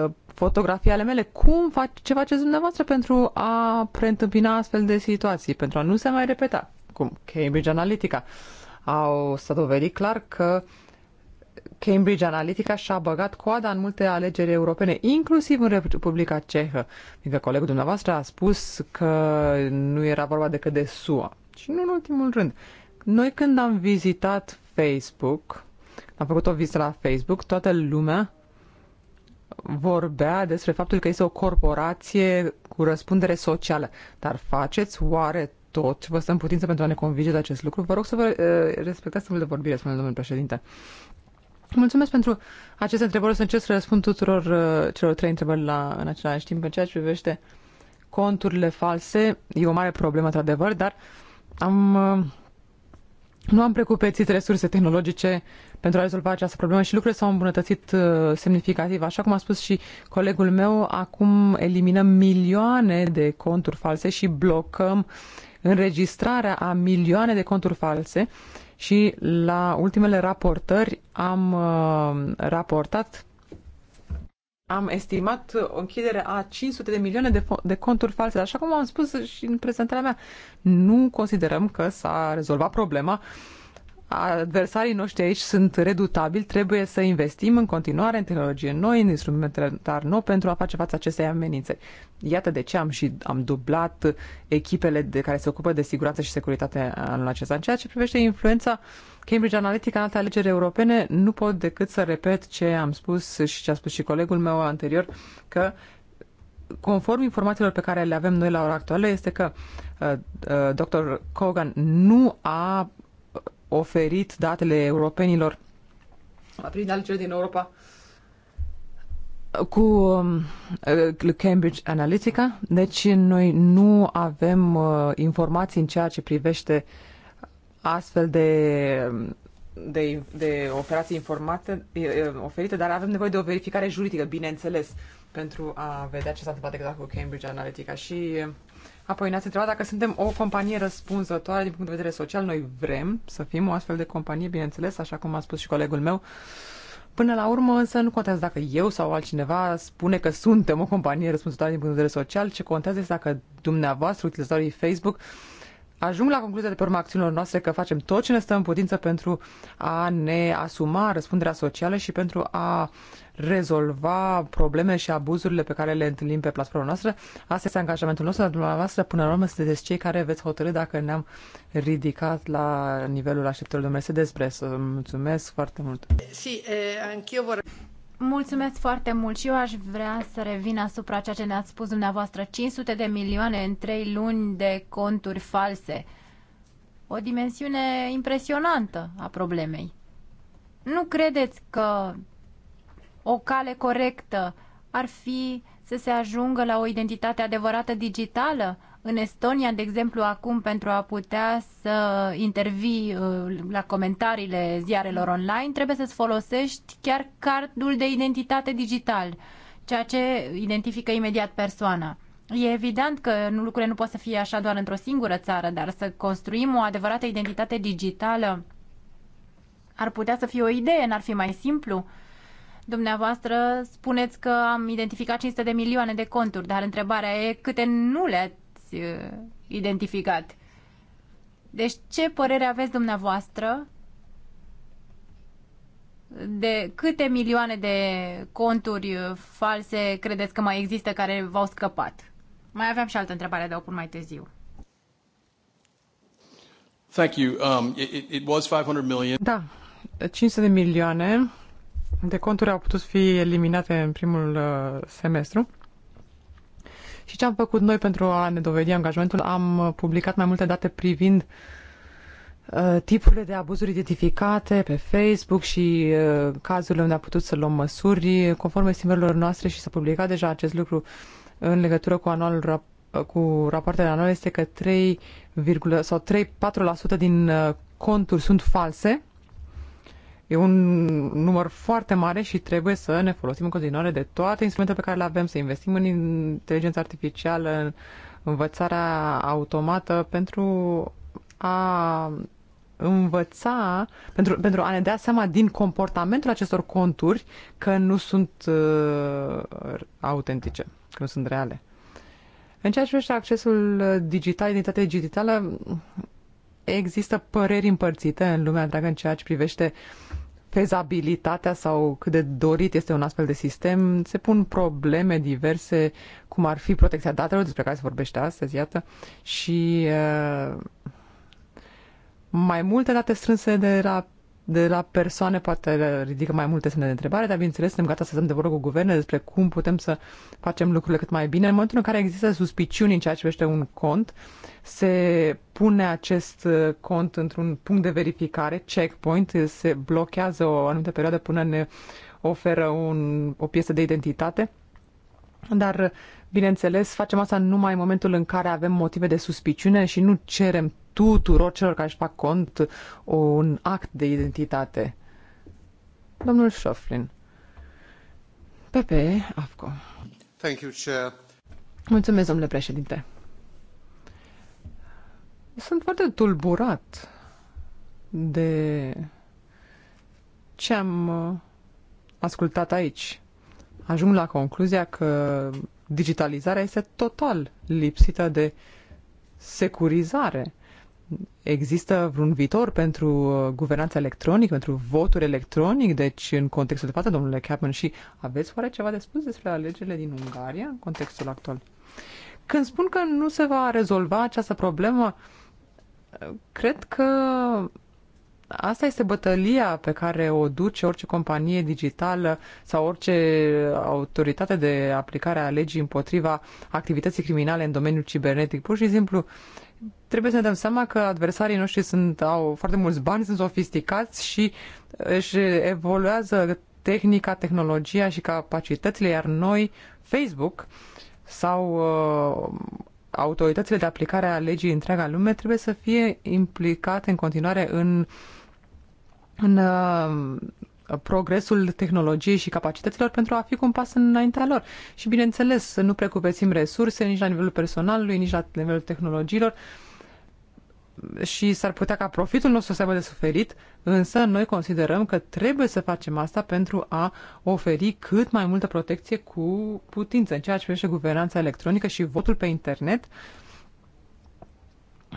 A: Uh, fotografii ale mele. Cum fac, ce faceți dumneavoastră pentru a preîntâmpina astfel de situații, pentru a nu se mai repeta? Cum Cambridge Analytica au să dovedi clar că Cambridge Analytica și-a băgat coada în multe alegeri europene, inclusiv în Republica Cehă, fiindcă colegul dumneavoastră a spus că nu era vorba decât de SUA. Și nu în ultimul rând, noi când am vizitat Facebook, am făcut o vizită la Facebook, toată lumea vorbea despre faptul că este o corporație cu răspundere socială. Dar faceți oare tot ce vă stă în putință pentru a ne convinge de acest lucru? Vă rog să vă eh, respectați timpul de vorbire, spune domnul președinte. Mulțumesc pentru aceste întrebări. O să încerc să răspund tuturor eh, celor trei întrebări la, în același timp. În ceea ce privește conturile false, e o mare problemă, într-adevăr, dar am eh, nu am precupețit resurse tehnologice pentru a rezolva această problemă și lucrurile s-au îmbunătățit uh, semnificativ. Așa cum a spus și colegul meu, acum eliminăm milioane de conturi false și blocăm înregistrarea a milioane de conturi false și la ultimele raportări am uh, raportat am estimat o închidere a 500 de milioane de, de conturi false. Așa cum am spus și în prezentarea mea, nu considerăm că s-a rezolvat problema. Adversarii noștri aici sunt redutabili, trebuie să investim în continuare în tehnologie noi, în instrumente dar nu pentru a face față acestei amenințări. Iată de ce am și am dublat echipele de care se ocupă de siguranță și securitate anul acesta. În ceea ce privește influența uh, Cambridge Analytica în alte alegeri europene, nu pot decât să repet ce am spus și ce a spus și colegul meu anterior, că conform informațiilor pe care le avem noi la ora actuală, este că uh, uh, dr. Kogan nu a oferit datele europenilor prin alegeri din Europa cu um, uh, Cambridge Analytica, deci noi nu avem uh, informații în ceea ce privește uh, astfel de, de, de operații informate, oferite, dar avem nevoie de o verificare juridică, bineînțeles, pentru a vedea ce s-a întâmplat exact cu Cambridge Analytica. Și apoi ne-ați întrebat dacă suntem o companie răspunzătoare din punct de vedere social. Noi vrem să fim o astfel de companie, bineînțeles, așa cum a spus și colegul meu. Până la urmă, însă, nu contează dacă eu sau altcineva spune că suntem o companie răspunzătoare din punct de vedere social. Ce contează este dacă dumneavoastră, utilizatorii Facebook, ajung la concluzia de pe urma acțiunilor noastre că facem tot ce ne stă în putință pentru a ne asuma răspunderea socială și pentru a rezolva probleme și abuzurile pe care le întâlnim pe platforma noastră. Asta este angajamentul nostru, dar dumneavoastră până la urmă sunteți cei care veți hotărâ dacă ne-am ridicat la nivelul așteptărilor dumneavoastră despre. Să mulțumesc foarte mult. Sí, eh,
B: vor... Mulțumesc foarte mult și eu aș vrea să revin asupra ceea ce ne-ați spus dumneavoastră. 500 de milioane în 3 luni de conturi false. O dimensiune impresionantă a problemei. Nu credeți că o cale corectă ar fi să se ajungă la o identitate adevărată digitală? În Estonia, de exemplu, acum pentru a putea să intervii uh, la comentariile ziarelor online, trebuie să-ți folosești chiar cardul de identitate digital, ceea ce identifică imediat persoana. E evident că lucrurile nu pot să fie așa doar într-o singură țară, dar să construim o adevărată identitate digitală ar putea să fie o idee, n-ar fi mai simplu? Dumneavoastră spuneți că am identificat 500 de milioane de conturi, dar întrebarea e câte nu le-ați uh, identificat. Deci ce părere aveți dumneavoastră de câte milioane de conturi uh, false credeți că mai există care v-au scăpat? Mai aveam și altă întrebare, dar o pun mai târziu.
A: Thank you. Um, it, it was 500 million. Da, 500 de milioane de conturi au putut fi eliminate în primul uh, semestru. Și ce am făcut noi pentru a ne dovedi angajamentul? Am uh, publicat mai multe date privind uh, tipurile de abuzuri identificate pe Facebook și cazurile unde am putut să luăm măsuri conform estimărilor noastre și s-a publicat deja acest lucru în legătură cu anualul cu rapoartele anuale este că 3, sau 3-4% din conturi sunt false E un număr foarte mare și trebuie să ne folosim în continuare de toate instrumentele pe care le avem, să investim în inteligența artificială, în învățarea automată pentru a învăța, pentru, pentru a ne da seama din comportamentul acestor conturi că nu sunt uh, autentice, că nu sunt reale. În ceea ce privește accesul digital, identitatea digitală, există păreri împărțite în lumea întreagă în ceea ce privește fezabilitatea sau cât de dorit este un astfel de sistem, se pun probleme diverse, cum ar fi protecția datelor, despre care se vorbește astăzi, iată, și uh, mai multe date strânse de la de la persoane poate ridică mai multe semne de întrebare, dar bineînțeles suntem gata să stăm de vorbă cu guverne despre cum putem să facem lucrurile cât mai bine. În momentul în care există suspiciuni în ceea ce privește un cont, se pune acest cont într-un punct de verificare, checkpoint, se blochează o anumită perioadă până ne oferă un, o piesă de identitate. Dar, bineînțeles, facem asta numai în momentul în care avem motive de suspiciune și nu cerem tuturor celor care își fac cont un act de identitate. Domnul Șoflin. PP AFCO. Thank you, Chair. Mulțumesc, domnule președinte. Sunt foarte tulburat de ce am uh, ascultat aici. Ajung la concluzia că digitalizarea este total lipsită de securizare există vreun viitor pentru uh, guvernanța electronică, pentru votul electronic, deci în contextul de față, domnule Chapman, și aveți oare ceva de spus despre alegerile din Ungaria în contextul actual? Când spun că nu se va rezolva această problemă, cred că asta este bătălia pe care o duce orice companie digitală sau orice autoritate de aplicare a legii împotriva activității criminale în domeniul cibernetic. Pur și simplu trebuie să ne dăm seama că adversarii noștri sunt, au foarte mulți bani, sunt sofisticați și uh, își evoluează tehnica, tehnologia și capacitățile, iar noi, Facebook sau uh, autoritățile de aplicare a legii întreaga lume, trebuie să fie implicate în continuare în, în uh, progresul tehnologiei și capacităților pentru a fi cu un pas înaintea lor. Și, bineînțeles, să nu precupețim resurse nici la nivelul personalului, nici la nivelul tehnologiilor și s-ar putea ca profitul nostru să aibă de suferit, însă noi considerăm că trebuie să facem asta pentru a oferi cât mai multă protecție cu putință în ceea ce privește guvernanța electronică și votul pe internet uh,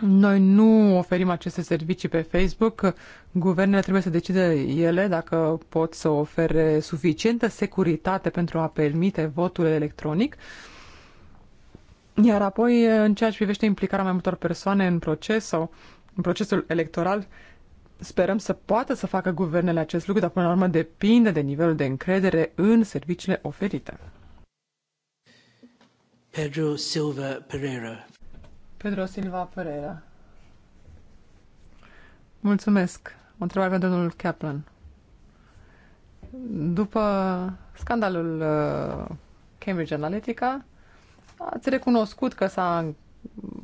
A: noi nu oferim aceste servicii pe Facebook. Guvernele trebuie să decide ele dacă pot să ofere suficientă securitate pentru a permite votul electronic. Iar apoi, în ceea ce privește implicarea mai multor persoane în proces sau în procesul electoral, sperăm să poată să facă guvernele acest lucru, dar până la urmă depinde de nivelul de încredere în serviciile oferite. Pedro Silva Pereira. Pedro Silva Pereira. Mulțumesc. O întrebare pentru domnul Kaplan. După scandalul uh, Cambridge Analytica, ați recunoscut că s-a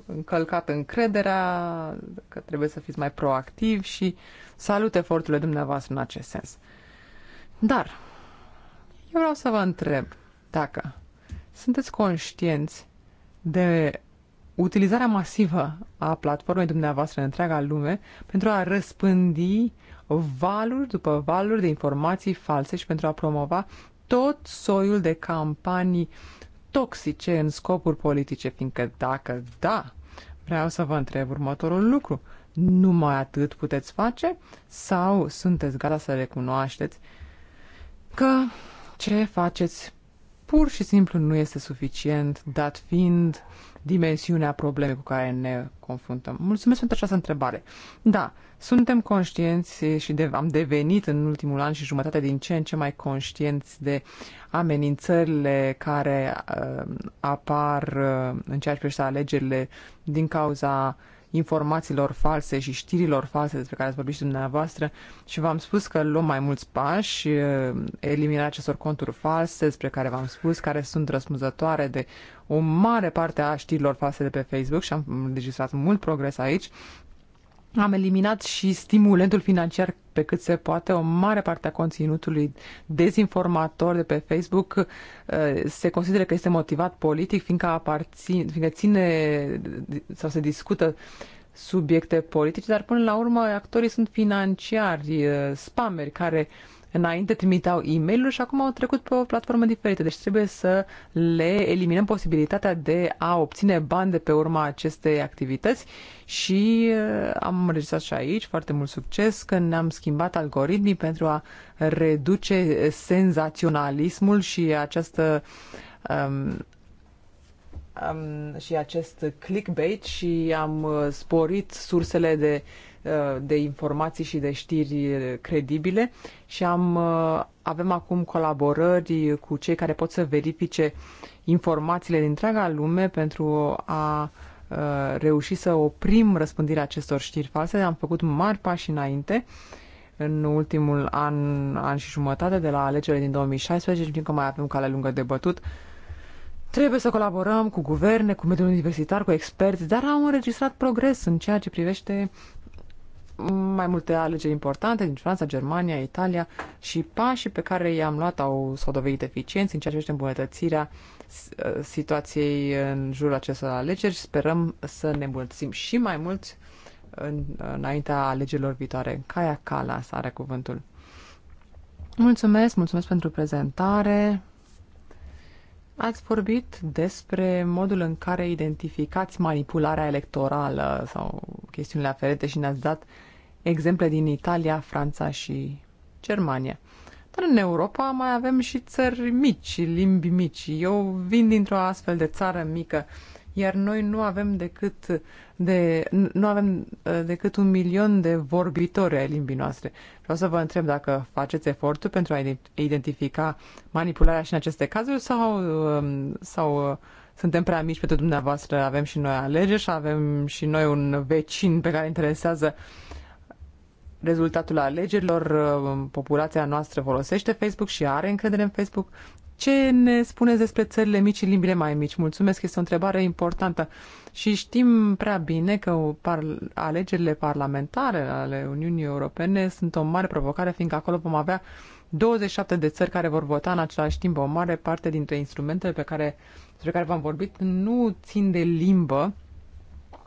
A: încălcat încrederea, că trebuie să fiți mai proactiv și salut eforturile dumneavoastră în acest sens. Dar eu vreau să vă întreb dacă sunteți conștienți de utilizarea masivă a platformei dumneavoastră în întreaga lume pentru a răspândi valuri după valuri de informații false și pentru a promova tot soiul de campanii toxice în scopuri politice, fiindcă dacă da, vreau să vă întreb următorul lucru. Numai atât puteți face sau sunteți gata să recunoașteți că ce faceți pur și simplu nu este suficient, dat fiind dimensiunea problemei cu care ne confruntăm. Mulțumesc pentru această întrebare. Da, suntem conștienți și de, am devenit în ultimul an și jumătate din ce în ce mai conștienți de amenințările care uh, apar uh, în ceea ce privește alegerile din cauza uh, informațiilor false și știrilor false despre care ați vorbit și dumneavoastră și v-am spus că luăm mai mulți pași, eliminarea acestor conturi false despre care v-am spus, care sunt răspunzătoare de o mare parte a știrilor false de pe Facebook și am registrat mult progres aici. Am eliminat și stimulentul financiar pe cât se poate, o mare parte a conținutului dezinformator de pe Facebook uh, se consideră că este motivat politic, fiindcă, aparține, fiindcă ține sau se discută subiecte politice, dar până la urmă actorii sunt financiari, uh, spameri care înainte trimiteau e mail și acum au trecut pe o platformă diferită. Deci trebuie să le eliminăm posibilitatea de a obține bani de pe urma acestei activități și uh, am înregistrat și aici foarte mult succes că ne-am schimbat algoritmii pentru a reduce senzaționalismul și această um, um, și acest clickbait și am uh, sporit sursele de uh, Uh, de informații și de știri credibile și am, uh, avem acum colaborări cu cei care pot să verifice informațiile din întreaga lume pentru a uh, reuși să oprim răspândirea acestor știri false. Am făcut mari pași înainte în ultimul an, an și jumătate de la alegerile din 2016 și că mai avem cale lungă de bătut. Trebuie să colaborăm cu guverne, cu mediul universitar, cu experți, dar am înregistrat progres în ceea ce privește mai multe alegeri importante din Franța, Germania, Italia și pașii pe care i-am luat au s-au dovedit eficienți în ceea ce îmbunătățirea ă, situației în jurul acestor alegeri și sperăm să ne îmbunătățim și mai mult în, înaintea alegerilor viitoare. Caia Calas are cuvântul. Mulțumesc, mulțumesc pentru prezentare. Ați vorbit despre modul în care identificați manipularea electorală sau chestiunile aferente și ne-ați dat exemple din Italia, Franța și Germania. Dar în Europa mai avem și țări mici, limbi mici. Eu vin dintr-o astfel de țară mică, iar noi nu avem decât, de, nu avem uh, decât un milion de vorbitori ai limbii noastre. Vreau să vă întreb dacă faceți efortul pentru a identifica manipularea și în aceste cazuri sau, um, sau uh, suntem prea mici pentru dumneavoastră, avem și noi alegeri și avem și noi un vecin pe care interesează rezultatul alegerilor, um, populația noastră folosește Facebook și are încredere în Facebook. Ce ne spuneți despre țările mici și limbile mai mici? Mulțumesc, este o întrebare importantă. Și știm prea bine că par- alegerile parlamentare ale Uniunii Europene sunt o mare provocare, fiindcă acolo vom avea 27 de țări care vor vota în același timp. O mare parte dintre instrumentele pe care, despre care v-am vorbit nu țin de limbă,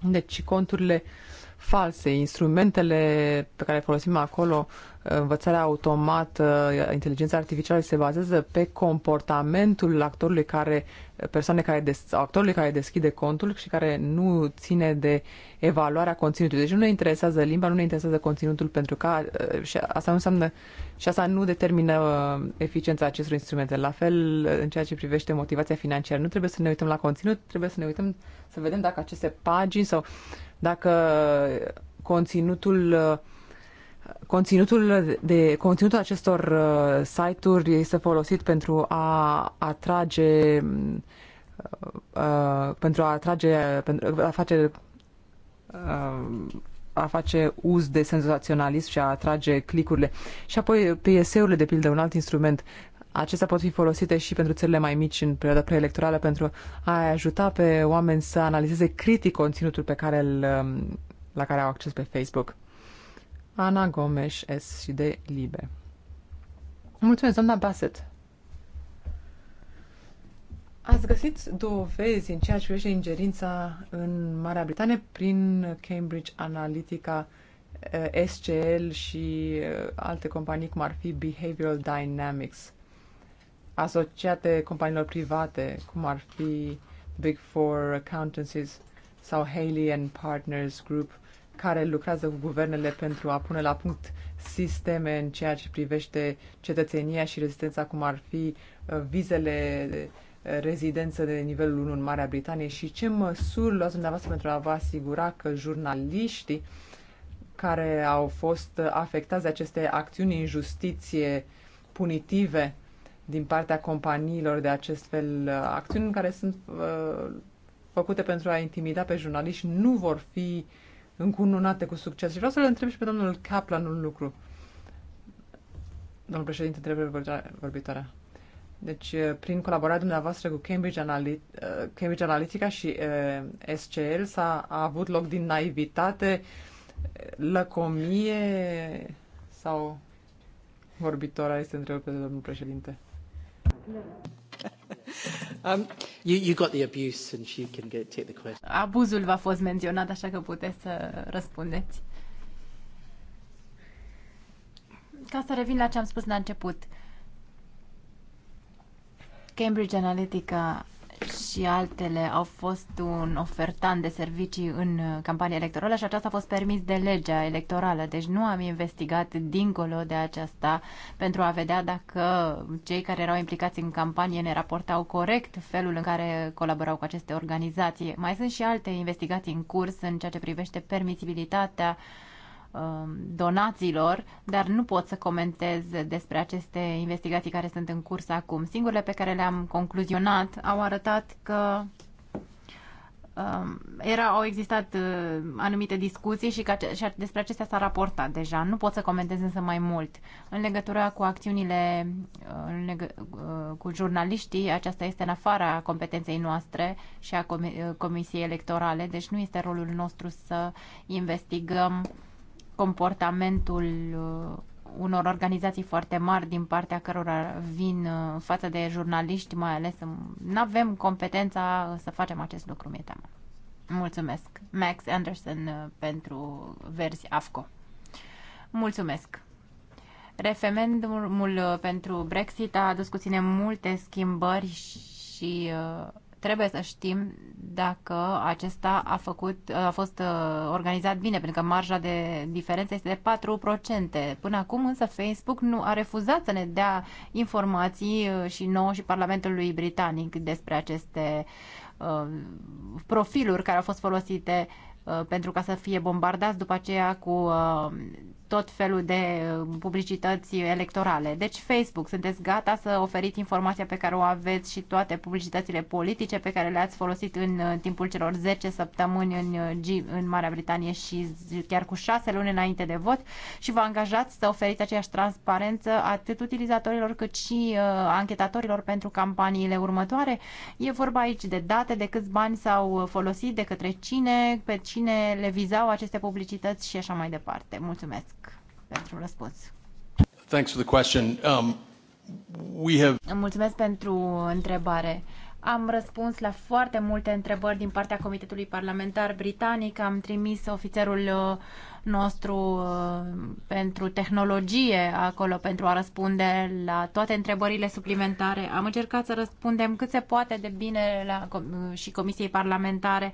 A: deci conturile false. Instrumentele pe care le folosim acolo, învățarea automată, inteligența artificială se bazează pe comportamentul actorului care, persoane care des, actorului care deschide contul și care nu ține de evaluarea conținutului. Deci nu ne interesează limba, nu ne interesează conținutul pentru că uh, și asta nu înseamnă și asta nu determină uh, eficiența acestor instrumente. La fel, uh, în ceea ce privește motivația financiară, nu trebuie să ne uităm la conținut, trebuie să ne uităm să vedem dacă aceste pagini sau dacă conținutul Conținutul, de, conținutul acestor uh, site-uri este folosit pentru a atrage uh, pentru a atrage pentru a face uh, a face uz de senzaționalism și a atrage clicurile. Și apoi PSE-urile, de pildă, un alt instrument Acestea pot fi folosite și pentru țările mai mici în perioada preelectorală pentru a ajuta pe oameni să analizeze critic conținutul pe care îl, um, la care au acces pe Facebook. Ana Gomes, S și de Libe. Mulțumesc, doamna Bassett. Ați găsit dovezi în ceea ce privește ingerința în Marea Britanie prin Cambridge Analytica, uh, SCL și uh, alte companii cum ar fi Behavioral Dynamics asociate companiilor private, cum ar fi Big Four Accountancies sau Haley and Partners Group, care lucrează cu guvernele pentru a pune la punct sisteme în ceea ce privește cetățenia și rezistența, cum ar fi uh, vizele uh, rezidență de nivelul 1 în Marea Britanie și ce măsuri luați dumneavoastră pentru a vă asigura că jurnaliștii care au fost afectați de aceste acțiuni în justiție punitive din partea companiilor de acest fel, uh, acțiuni care sunt uh, făcute pentru a intimida pe jurnaliști, nu vor fi încununate cu succes. Și vreau să le întreb și pe domnul Kaplan un lucru. Domnul președinte, trebuie vorbitoarea. Deci, uh, prin colaborarea dumneavoastră cu Cambridge, Analyt- uh, Cambridge Analytica și uh, SCL s-a avut loc din naivitate, lăcomie sau Vorbitora este întrebată de domnul președinte. Um, you, you got the abuse and she can get, take the question.
B: Abuzul v-a fost menționat, așa că puteți să răspundeți. Ca să revin la ce am spus la început, Cambridge Analytica și altele au fost un ofertant de servicii în uh, campanie electorală și aceasta a fost permis de legea electorală. Deci nu am investigat dincolo de aceasta pentru a vedea dacă cei care erau implicați în campanie ne raportau corect felul în care colaborau cu aceste organizații. Mai sunt și alte investigații în curs în ceea ce privește permisibilitatea uh, Um, donațiilor, dar nu pot să comentez despre aceste investigații care sunt în curs acum. Singurele pe care le-am concluzionat au arătat că um, era, au existat uh, anumite discuții și, că, și despre acestea s-a raportat deja. Nu pot să comentez însă mai mult. În legătură cu acțiunile uh, în legă, uh, cu jurnaliștii, aceasta este în afara competenței noastre și a Comisiei Electorale, deci nu este rolul nostru să investigăm uh, comportamentul uh, unor organizații foarte mari din partea cărora vin uh, față de jurnaliști, mai ales nu avem competența să facem acest lucru, mi-e teamă. Mulțumesc, Max Anderson, uh, pentru verzi AFCO. Mulțumesc. Referendumul pentru Brexit a adus cu sine multe schimbări și uh, trebuie să știm dacă acesta a, făcut, a fost uh, organizat bine, pentru că marja de diferență este de 4%. Până acum însă Facebook nu a refuzat să ne dea informații uh, și nouă și Parlamentului Britanic despre aceste uh, profiluri care au fost folosite uh, pentru ca să fie bombardați după aceea cu uh, tot felul de uh, publicități electorale. Deci Facebook, sunteți gata să oferiți informația pe care o aveți și toate publicitățile politice pe care le-ați folosit în uh, timpul celor 10 săptămâni în, uh, G- în Marea Britanie și chiar cu 6 luni înainte de vot și vă angajați să oferiți aceeași transparență atât utilizatorilor cât și uh, anchetatorilor pentru campaniile următoare. E vorba aici de date, de câți bani s-au folosit, de către cine, pe cine le vizau aceste publicități și așa mai departe. Mulțumesc! pentru
C: răspuns. Thanks for the question. Um, we
D: have...
B: Mulțumesc pentru întrebare. Am răspuns la foarte multe întrebări din partea Comitetului Parlamentar Britanic. Am trimis ofițerul uh, nostru uh, pentru tehnologie acolo pentru a răspunde la toate întrebările suplimentare. Am încercat să răspundem cât se poate de bine la, și Comisiei Parlamentare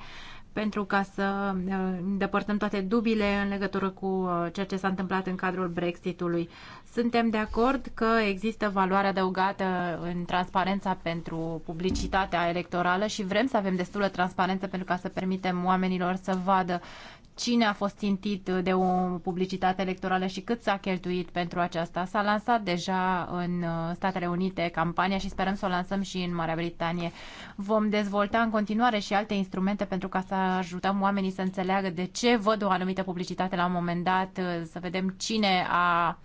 B: pentru ca să uh, îndepărtăm toate dubile în legătură cu uh, ceea ce s-a întâmplat în cadrul Brexitului. Suntem de acord că există valoare adăugată în transparența pentru publicitatea electorală și vrem să avem destulă transparență pentru ca să permitem oamenilor să vadă cine a fost țintit de o publicitate electorală și cât s-a cheltuit pentru aceasta. S-a lansat deja în uh, Statele Unite campania și sperăm să o lansăm și în Marea Britanie. Vom dezvolta în continuare și alte instrumente pentru ca să ajutăm oamenii să înțeleagă de ce văd o anumită publicitate la un moment dat, uh, să vedem cine a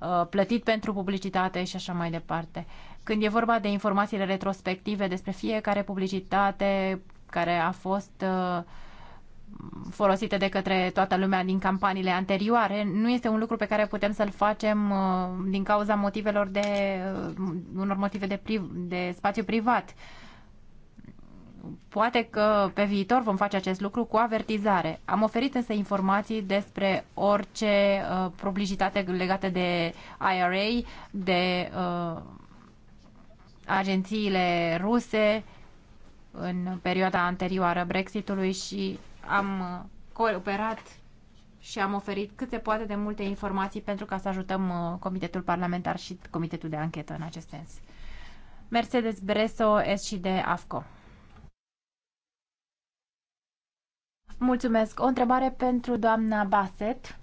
B: uh, plătit pentru publicitate și așa mai departe. Când e vorba de informațiile retrospective despre fiecare publicitate care a fost uh, folosite de către toată lumea din campaniile anterioare, nu este un lucru pe care putem să-l facem uh, din cauza motivelor de, uh, unor motive de, priv, de spațiu privat. Poate că pe viitor vom face acest lucru cu avertizare. Am oferit însă informații despre orice uh, publicitate legată de IRA, de uh, agențiile ruse în perioada anterioară Brexitului și am uh, cooperat și am oferit cât se poate de multe informații pentru ca să ajutăm uh, Comitetul Parlamentar și Comitetul de Anchetă în acest sens. Mercedes Breso, S și de AFCO. Mulțumesc. O întrebare pentru doamna Basset.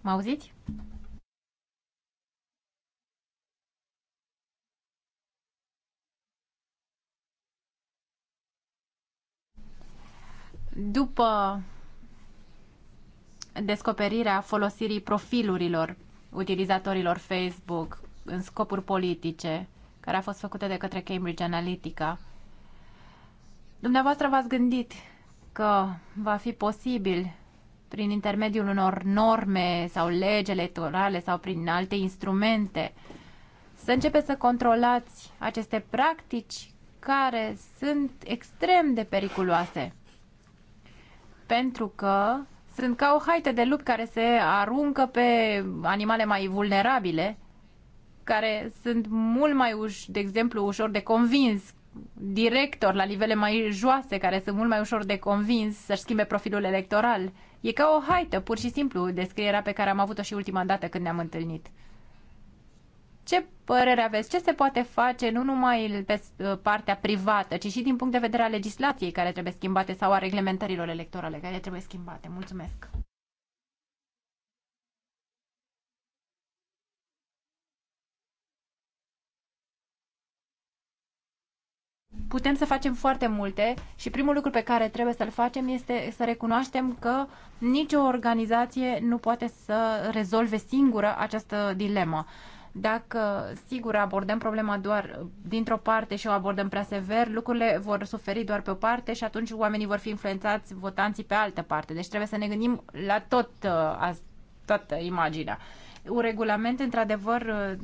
E: Mă auziți?
D: după
B: descoperirea folosirii profilurilor utilizatorilor Facebook în scopuri politice, care a fost făcută de către Cambridge Analytica. Dumneavoastră v-ați gândit că va fi posibil prin intermediul unor norme sau legi electorale sau prin alte instrumente să începeți să controlați aceste practici care sunt extrem de periculoase pentru că sunt ca o haită de lup care se aruncă pe animale mai vulnerabile, care sunt mult mai, uș, de exemplu, ușor de convins, director la nivele mai joase, care sunt mult mai ușor de convins să-și schimbe profilul electoral. E ca o haită, pur și simplu, descrierea pe care am avut-o și ultima dată când ne-am întâlnit. Ce părere aveți? Ce se poate face nu numai pe uh, partea privată, ci și din punct de vedere al legislației care trebuie schimbate sau a reglementărilor electorale care trebuie schimbate? Mulțumesc! putem să facem foarte multe și primul lucru pe care trebuie să-l facem este să recunoaștem că nicio organizație nu poate să rezolve singură această dilemă. Dacă, sigur, abordăm problema doar dintr-o parte și o abordăm prea sever, lucrurile vor suferi doar pe o parte și atunci oamenii vor fi influențați, votanții pe altă parte. Deci trebuie să ne gândim la tot, uh, toată imaginea. Un regulament, într-adevăr, uh,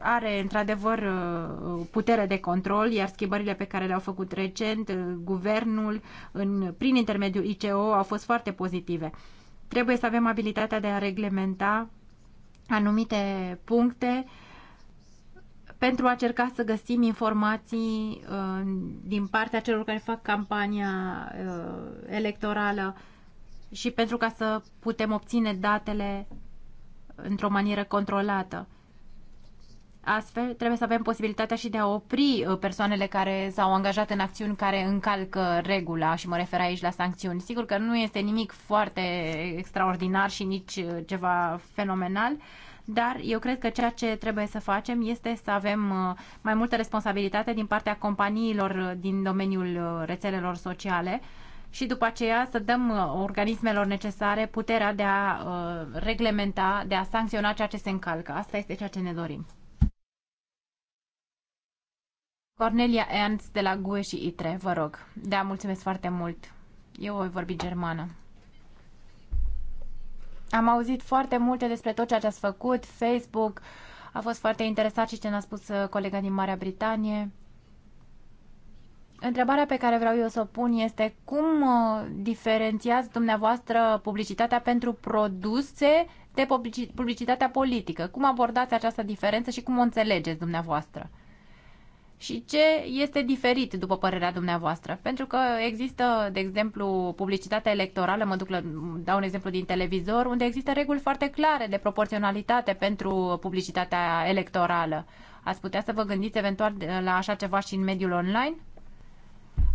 B: are într-adevăr uh, putere de control, iar schimbările pe care le-au făcut recent guvernul în, prin intermediul ICO au fost foarte pozitive. Trebuie să avem abilitatea de a reglementa anumite puncte pentru a încerca să găsim informații uh, din partea celor care fac campania uh, electorală și pentru ca să putem obține datele într-o manieră controlată. Astfel, trebuie să avem posibilitatea și de a opri uh, persoanele care s-au angajat în acțiuni care încalcă regula și mă refer aici la sancțiuni. Sigur că nu este nimic foarte extraordinar și nici uh, ceva fenomenal, dar eu cred că ceea ce trebuie să facem este să avem uh, mai multă responsabilitate din partea companiilor din domeniul rețelelor sociale și după aceea să dăm organismelor necesare puterea de a reglementa, de a sancționa ceea ce se încalcă. Asta este ceea ce ne dorim. Cornelia Ernst de la GUE și ITRE, vă rog. Da, mulțumesc foarte mult. Eu voi vorbi germană. Am auzit foarte multe despre tot ceea ce ați făcut, Facebook, a fost foarte interesat și ce ne-a spus uh, colega din Marea Britanie. Întrebarea pe care vreau eu să o pun este cum uh, diferențiați dumneavoastră publicitatea pentru produse de publicitatea politică? Cum abordați această diferență și cum o înțelegeți dumneavoastră? și ce este diferit, după părerea dumneavoastră? Pentru că există, de exemplu, publicitatea electorală, mă duc la, dau un exemplu din televizor, unde există reguli foarte clare de proporționalitate pentru publicitatea electorală. Ați putea să vă gândiți eventual la așa ceva și în mediul online?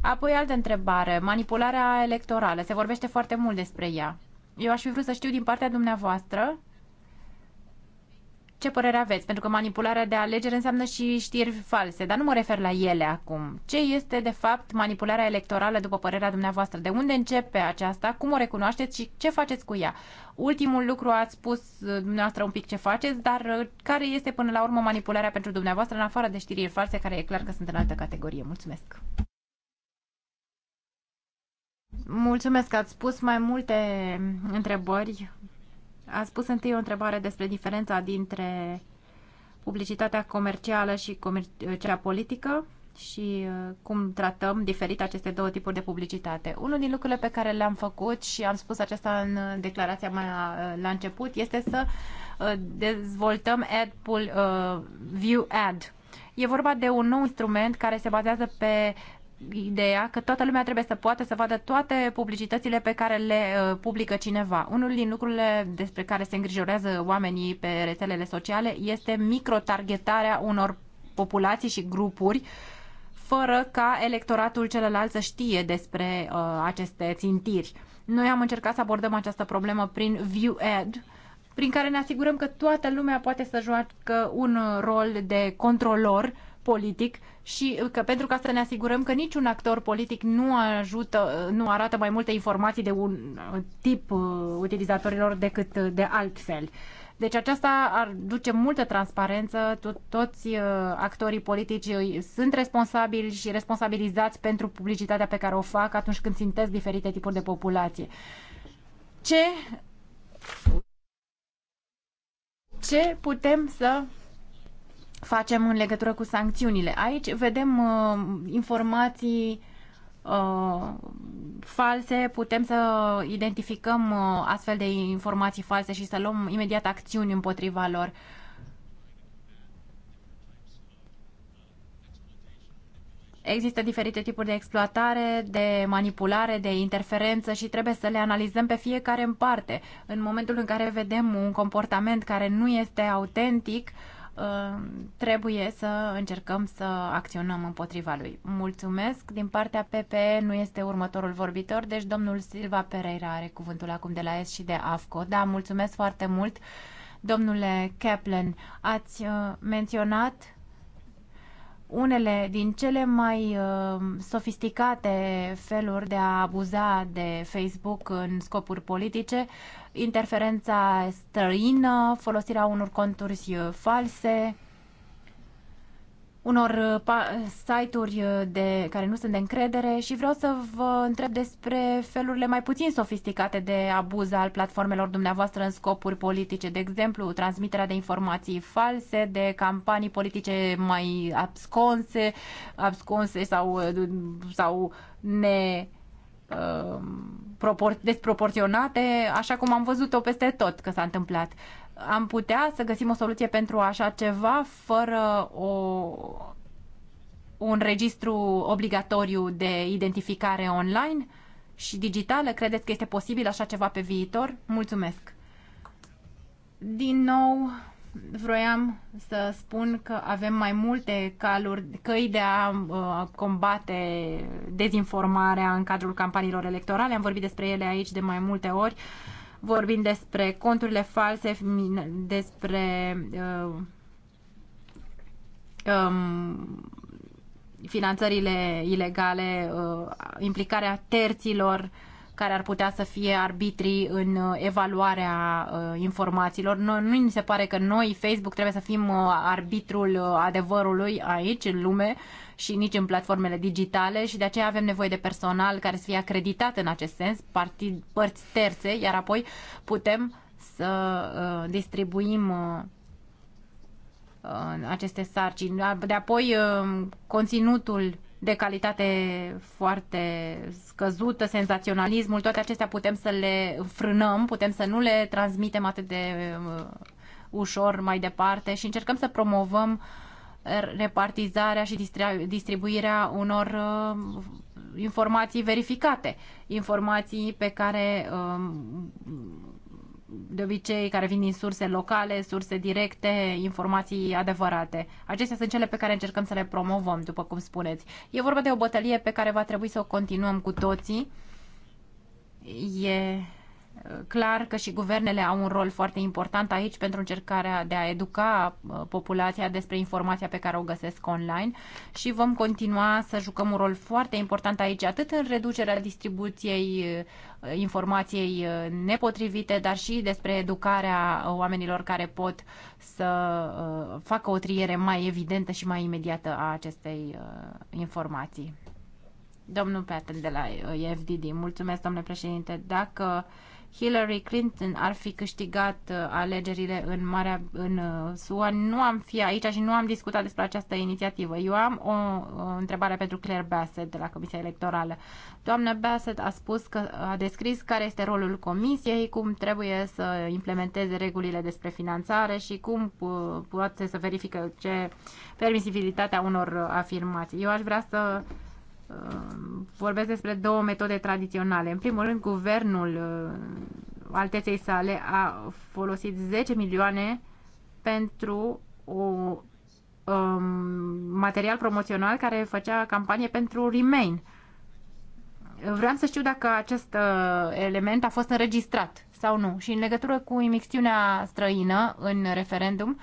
B: Apoi altă întrebare, manipularea electorală. Se vorbește foarte mult despre ea. Eu aș fi vrut să știu din partea dumneavoastră ce părere aveți? Pentru că manipularea de alegeri înseamnă și știri false, dar nu mă refer la ele acum. Ce este, de fapt, manipularea electorală, după părerea dumneavoastră? De unde începe aceasta? Cum o recunoașteți și ce faceți cu ea? Ultimul lucru ați spus uh, dumneavoastră un pic ce faceți, dar uh, care este până la urmă manipularea pentru dumneavoastră, în afară de știri false, care e clar că sunt în altă categorie? Mulțumesc! Mulțumesc că ați spus mai multe întrebări a spus întâi o întrebare despre diferența dintre publicitatea comercială și comer- cea politică și uh, cum tratăm diferit aceste două tipuri de publicitate. Unul din lucrurile pe care le-am făcut și am spus acesta în uh, declarația mea uh, la început este să dezvoltăm ad-pool, uh, view ad. E vorba de un nou instrument care se bazează pe ideea că toată lumea trebuie să poată să vadă toate publicitățile pe care le uh, publică cineva. Unul din lucrurile despre care se îngrijorează oamenii pe rețelele sociale este microtargetarea unor populații și grupuri fără ca electoratul celălalt să știe despre uh, aceste țintiri. Noi am încercat să abordăm această problemă prin View Ad, prin care ne asigurăm că toată lumea poate să joacă un uh, rol de controlor politic și că pentru ca să ne asigurăm că niciun actor politic nu ajută, nu arată mai multe informații de un tip uh, utilizatorilor decât de altfel. Deci aceasta ar duce multă transparență, to toți uh, actorii politici uh, sunt responsabili și responsabilizați pentru publicitatea pe care o fac atunci când țintesc diferite tipuri de populație. Ce, ce putem să facem în legătură cu sancțiunile. Aici vedem uh, informații uh, false, putem să identificăm uh, astfel de informații false și să luăm imediat acțiuni împotriva lor. Există diferite tipuri de exploatare, de manipulare, de interferență și trebuie să le analizăm pe fiecare în parte. În momentul în care vedem un comportament care nu este autentic, uh, Uh, trebuie să încercăm să acționăm împotriva lui. Mulțumesc. Din partea PPE nu este următorul vorbitor, deci domnul Silva Pereira are cuvântul acum de la S și de AFCO. Da, mulțumesc foarte mult. Domnule Kaplan, ați uh, menționat unele din cele mai uh, sofisticate feluri de a abuza de Facebook în scopuri politice, interferența străină, folosirea unor conturi uh, false, unor uh, site-uri uh, de, care nu sunt de încredere și vreau să vă întreb despre felurile mai puțin sofisticate de abuz al platformelor dumneavoastră în scopuri politice, de exemplu, transmiterea de informații false, de campanii politice mai absconse, absconse sau, uh, sau ne despropor- desproporționate, așa cum am văzut-o peste tot că s-a întâmplat am putea să găsim o soluție pentru așa ceva fără o, un registru obligatoriu de identificare online și digitală? Credeți că este posibil așa ceva pe viitor? Mulțumesc! Din nou, vroiam să spun că avem mai multe caluri, căi de a uh, combate dezinformarea în cadrul campaniilor electorale. Am vorbit despre ele aici de mai multe ori. Uh, vorbind despre conturile false, despre uh, um, finanțările ilegale, uh, implicarea terților care ar putea să fie arbitrii în uh, evaluarea uh, informațiilor. Nu, ni se pare că noi, Facebook, trebuie să fim uh, arbitrul adevărului aici, în lume, și nici în platformele digitale și de aceea avem nevoie de personal care să fie acreditat în acest sens, partid, părți terțe, iar apoi putem să uh, distribuim uh, aceste sarcini. De apoi, conținutul de calitate foarte scăzută, senzaționalismul, toate acestea putem să le frânăm, putem să nu le transmitem atât de uh, ușor mai departe și încercăm să promovăm uh, repartizarea și distribuirea unor uh, informații verificate, informații pe care de obicei care vin din surse locale, surse directe, informații adevărate. Acestea sunt cele pe care încercăm să le promovăm, după cum spuneți. E vorba de o bătălie pe care va trebui să o continuăm cu toții. E clar că și guvernele au un rol foarte important aici pentru încercarea de a educa uh, populația despre informația pe care o găsesc online și vom continua să jucăm un rol foarte important aici, atât în reducerea distribuției uh, informației uh, nepotrivite, dar și despre educarea oamenilor care pot să facă o triere mai evidentă și mai imediată a acestei informații. Domnul Patel de la FDD, mulțumesc, domnule președinte. Dacă uh, Hillary Clinton ar fi câștigat uh, alegerile în, Marea, în uh, SUA, nu am fi aici și nu am discutat despre această inițiativă. Eu am o, întrebare pentru Claire Bassett de la Comisia Electorală. Doamna Bassett a spus că a descris care este rolul Comisiei, cum trebuie să implementeze regulile despre finanțare și cum poate să verifică ce permisibilitatea unor uh, afirmații. Eu aș vrea să Ehm, vorbesc despre două metode tradiționale. În primul rând, guvernul ehm, alteței sale a folosit 10 milioane pentru o, um, material promoțional care făcea campanie pentru Remain. Vreau să știu dacă acest uh, element a fost înregistrat sau nu. Și în legătură cu imixtiunea străină în referendum,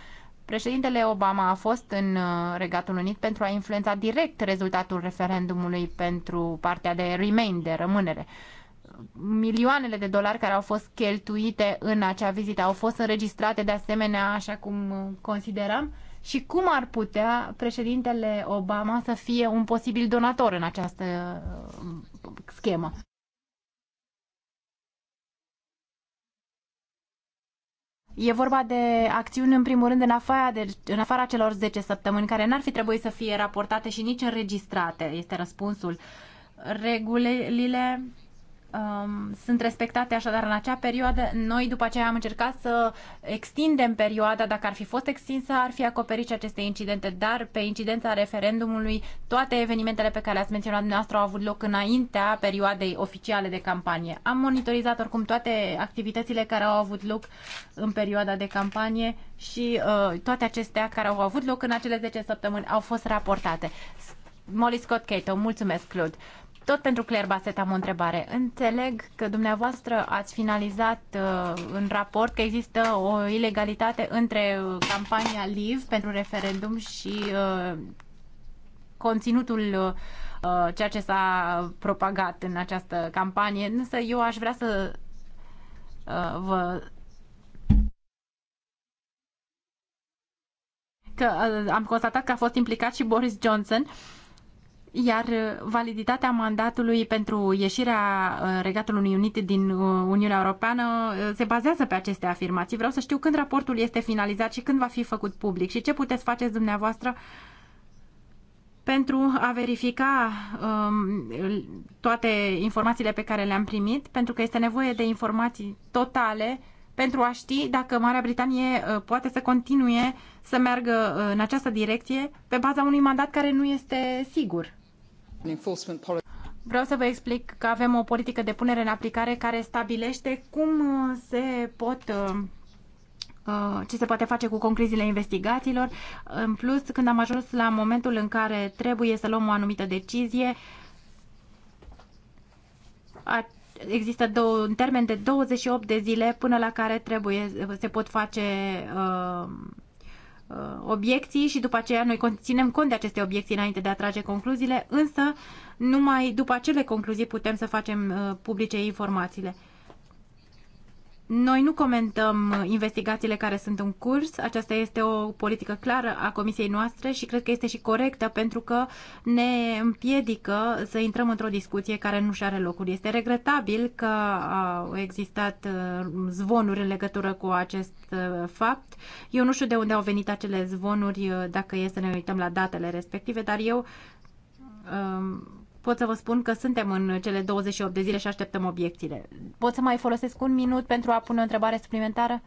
B: Președintele Obama a fost în uh, Regatul Unit pentru a influența direct rezultatul referendumului pentru partea de remain, de rămânere. Milioanele de dolari care au fost cheltuite în acea vizită au fost înregistrate de asemenea așa cum uh, consideram și cum ar putea președintele Obama să fie un posibil donator în această uh, schemă. E vorba de acțiuni, în primul rând, în afara, de, în afara celor 10 săptămâni, care n-ar fi trebuit să fie raportate și nici înregistrate, este răspunsul. Regulile um, sunt respectate așadar în acea perioadă. Noi după aceea am încercat să extindem perioada, dacă ar fi fost extinsă, ar fi acoperit și aceste incidente, dar pe incidența referendumului, toate evenimentele pe care le-ați menționat dumneavoastră au avut loc înaintea perioadei oficiale de campanie. Am monitorizat oricum toate activitățile care au avut loc în perioada de campanie și uh, toate acestea care au avut loc în acele 10 săptămâni au fost raportate. Molly Scott Cato, mulțumesc, Claude. Tot pentru Claire Baset am o întrebare. Înțeleg că dumneavoastră ați finalizat uh, în raport că există o ilegalitate între uh, campania Live pentru referendum și uh, conținutul uh, uh, ceea ce s-a propagat în această campanie. Însă eu aș vrea să uh, vă că uh, am constatat că a fost implicat și Boris Johnson iar uh, validitatea mandatului pentru ieșirea uh, Regatului Unit din uh, Uniunea Europeană se bazează pe aceste afirmații. Vreau să știu când raportul este finalizat și când va fi făcut public și ce puteți face dumneavoastră pentru a verifica um, toate informațiile pe care le-am primit, pentru că este nevoie de informații totale pentru a ști dacă Marea Britanie poate să continue să meargă în această direcție pe baza unui mandat care nu este sigur. Vreau să vă explic că avem o politică de punere în aplicare care stabilește cum uh, se pot uh, uh, ce se poate face cu concluziile investigațiilor. În plus, când am ajuns la momentul în care trebuie să luăm o anumită decizie, există două, un termen de 28 de zile până la care trebuie se pot face uh, Uh, obiecții și după aceea noi ținem cont de aceste obiecții înainte de a trage concluziile, însă numai după acele concluzii putem să facem uh, publice informațiile. Noi nu comentăm investigațiile care sunt în curs. Aceasta este o politică clară a comisiei noastre și cred că este și corectă pentru că ne împiedică să intrăm într-o discuție care nu și are locul. Este regretabil că au existat uh, zvonuri în legătură cu acest uh, fapt. Eu nu știu de unde au venit acele zvonuri uh, dacă e să ne uităm la datele respective, dar eu um, pot să vă spun că suntem în cele 28 de zile și așteptăm obiecțiile. Pot să mai folosesc un minut pentru a pune o întrebare suplimentară?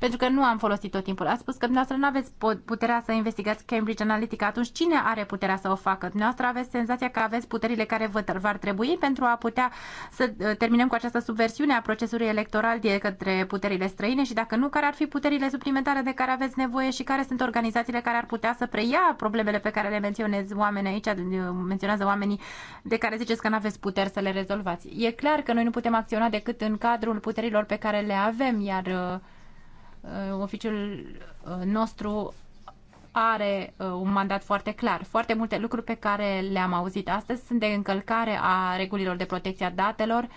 B: pentru că nu am folosit tot timpul. Ați spus că dumneavoastră nu aveți puterea să investigați Cambridge Analytica. Atunci cine are puterea să o facă? Dumneavoastră aveți senzația că aveți puterile care vă ar trebui pentru a putea să uh, terminăm cu această subversiune a procesului electoral de către puterile străine și dacă nu, care ar fi puterile suplimentare de care aveți nevoie și care sunt organizațiile care ar putea să preia problemele pe care le menționez oameni aici, uh, menționează oamenii de care ziceți că nu aveți puteri să le rezolvați. E clar că noi nu putem acționa decât în cadrul puterilor pe care le avem, iar uh, Uh, oficiul uh, nostru are uh, un mandat foarte clar. Foarte multe lucruri pe care le-am auzit astăzi sunt de încălcare a regulilor de protecție a datelor,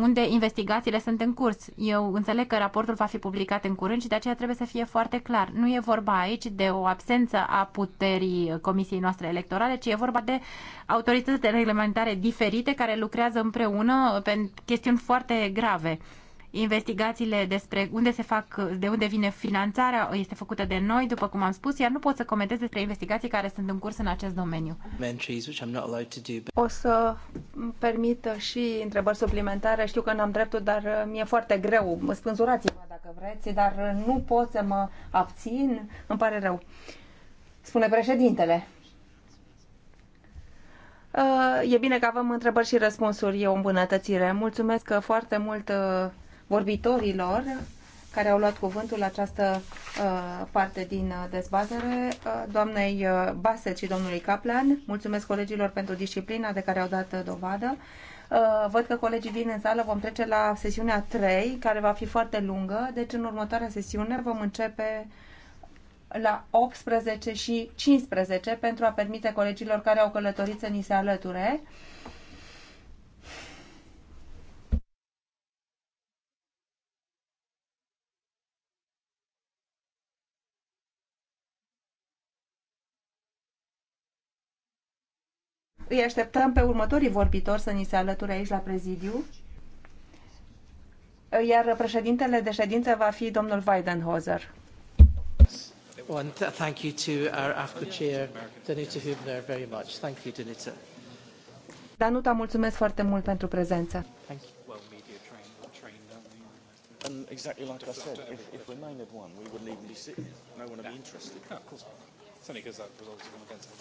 B: unde investigațiile sunt în curs. Eu înțeleg că raportul va fi publicat în curând și de aceea trebuie să fie foarte clar. Nu e vorba aici de o absență a puterii Comisiei noastre electorale, ci e vorba de autorități de reglementare diferite care lucrează împreună pe chestiuni foarte grave investigațiile despre unde se fac, de unde vine finanțarea este făcută de noi, după cum am spus, iar nu pot să comentez
C: despre investigații care sunt în curs în acest domeniu.
A: O să
C: permit și întrebări suplimentare. Știu că n-am dreptul, dar uh, mi-e foarte greu. Spânzurați-mă dacă vreți, dar uh, nu pot să mă abțin. Îmi pare rău. Spune președintele. Uh, e bine că avem întrebări și răspunsuri, e o îmbunătățire. Mulțumesc foarte mult vorbitorilor care au luat cuvântul această uh, parte din uh, dezbatere, uh, doamnei uh, Baset și domnului Kaplan. Mulțumesc colegilor pentru disciplina de care au dat uh, dovadă. Uh, văd că colegii vin în sală, vom trece la sesiunea 3, care va fi foarte lungă, deci în următoarea sesiune vom începe la 18 și 15 pentru a permite colegilor care au călătorit să ni se alăture. Îi așteptăm pe următorii vorbitori să ni se alăture aici la prezidiu. Iar președintele de ședință va fi domnul Weidenhozer.
A: thank you to our AFCO chair, Danuta Hübner, very much. Thank you, Danuta.
C: Danuta, mulțumesc foarte mult pentru prezență. Thank
E: you. And exactly like I said, if, if Remain had won, we wouldn't even be sitting. No one would be interested. of course not. It's only because that was obviously against the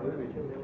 A: Bine, bine, bine.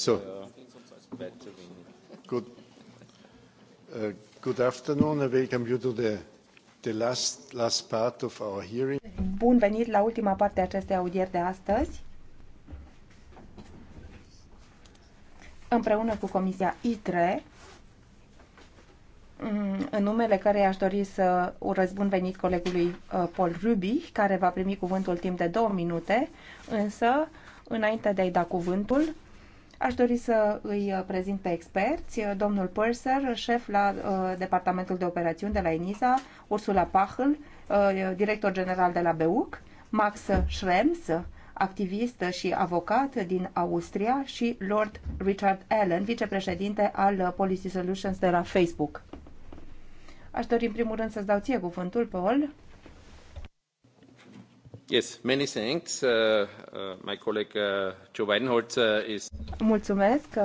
F: So, good, uh, good afternoon. I welcome you to the, the last, last part of our hearing.
C: Bun venit la ultima parte a acestei audieri de astăzi. Împreună cu Comisia ITRE, mm, în numele care aș dori să urez bun venit colegului uh, Paul Ruby, care va primi cuvântul timp de două minute, însă, înainte de a-i da cuvântul, Aș dori să îi uh, prezint pe experți uh, domnul Purser, șef la uh, Departamentul de Operațiuni de la ENISA, Ursula Pachl, director general de la BEUC, Max Schrems, activist și avocat din Austria și Lord Richard Allen, vicepreședinte al Policy Solutions de la Facebook. Aș dori în primul rând să-ți dau ție cuvântul, Paul,
A: many thanks. Uh, uh, my colleague uh, Joe
C: uh, is... Mulțumesc. Uh,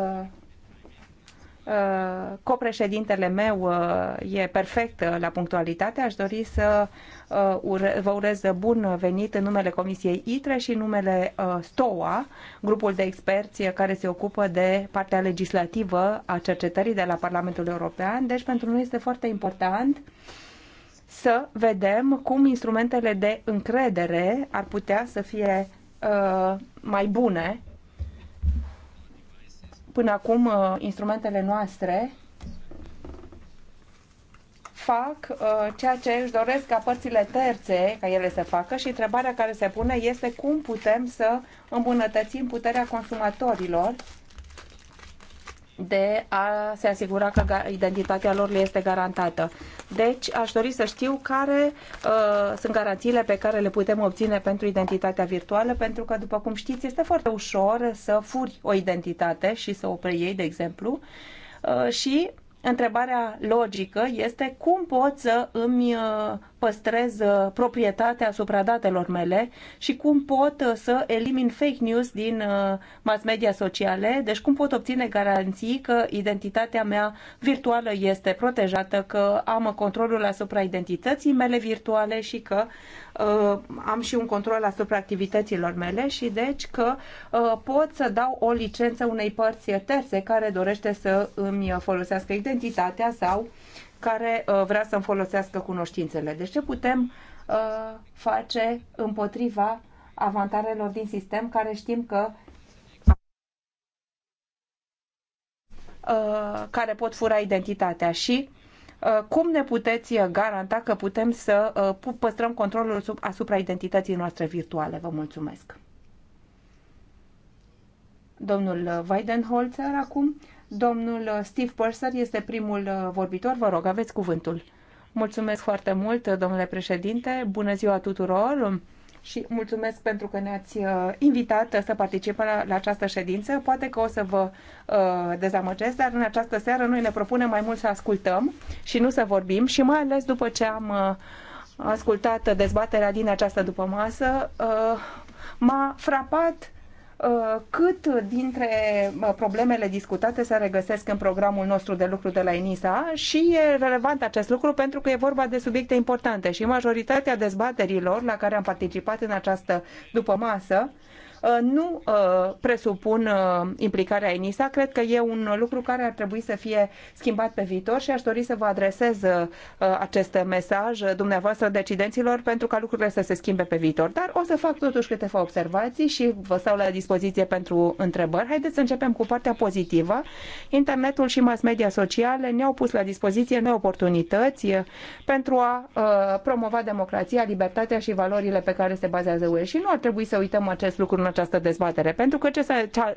C: uh copreședintele meu uh, e perfect la punctualitate. Aș dori să vă urez bun venit în numele Comisiei ITRE și în numele STOA, grupul de experți care se ocupă de partea legislativă a cercetării de la Parlamentul European. Deci pentru noi este foarte important uh, să vedem cum instrumentele de încredere ar putea să fie uh, mai bune. Până acum, uh, instrumentele noastre fac uh, ceea ce își doresc ca părțile terțe ca ele să facă și întrebarea care se pune este cum putem să îmbunătățim puterea consumatorilor uh, de a se asigura că identitatea lor le este garantată. Deci aș dori să știu care uh, sunt garanțiile pe care le putem obține pentru identitatea virtuală, pentru că, după cum știți, este foarte ușor să furi o identitate și să o preiei, de exemplu, uh, și întrebarea logică este cum pot să îmi uh, păstrez uh, proprietatea asupra datelor mele și cum pot uh, să elimin fake news din mass media sociale, deci cum pot obține garanții că identitatea mea virtuală este protejată, că am controlul asupra identității mele virtuale și că Uh, am și un control asupra activităților mele și deci că uh, pot să dau o licență unei părți terțe care dorește să îmi folosească identitatea sau care uh, vrea să-mi folosească cunoștințele. Deci ce putem face împotriva avantajelor din sistem care știm că care pot fura identitatea și Uh, cum ne puteți uh, garanta că putem să uh, păstrăm controlul asupra identității noastre virtuale? Vă mulțumesc. Domnul Weidenholzer acum. Domnul Steve Purser este primul vorbitor. Vă rog, aveți cuvântul. Mulțumesc foarte mult, domnule președinte. Bună ziua tuturor și mulțumesc pentru că ne-ați uh, invitat să participăm la, această ședință. Poate că o să vă uh, dezamăgesc, dar în această seară noi ne propunem mai mult să ascultăm și nu să vorbim și mai ales după ce am uh, ascultat dezbaterea din această dupămasă, masă, m-a frapat Uh, cât dintre uh, problemele discutate se regăsesc în programul nostru de lucru de la ENISA și e relevant acest lucru pentru că e vorba de subiecte importante și majoritatea dezbaterilor la care am participat în această dupămasă Uh, nu uh, presupun uh, implicarea ENISA. Cred că e un lucru care ar trebui să fie schimbat pe viitor și aș dori să vă adresez acest mesaj dumneavoastră decidenților pentru ca lucrurile să se schimbe pe viitor. Dar o să fac totuși câteva observații și vă stau la dispoziție pentru întrebări. Haideți să începem cu partea pozitivă. Internetul și mass media sociale ne-au pus la dispoziție noi oportunități pentru a promova democrația, libertatea și valorile pe care se bazează UE. Și nu ar trebui să uităm acest lucru în această dezbatere, pentru că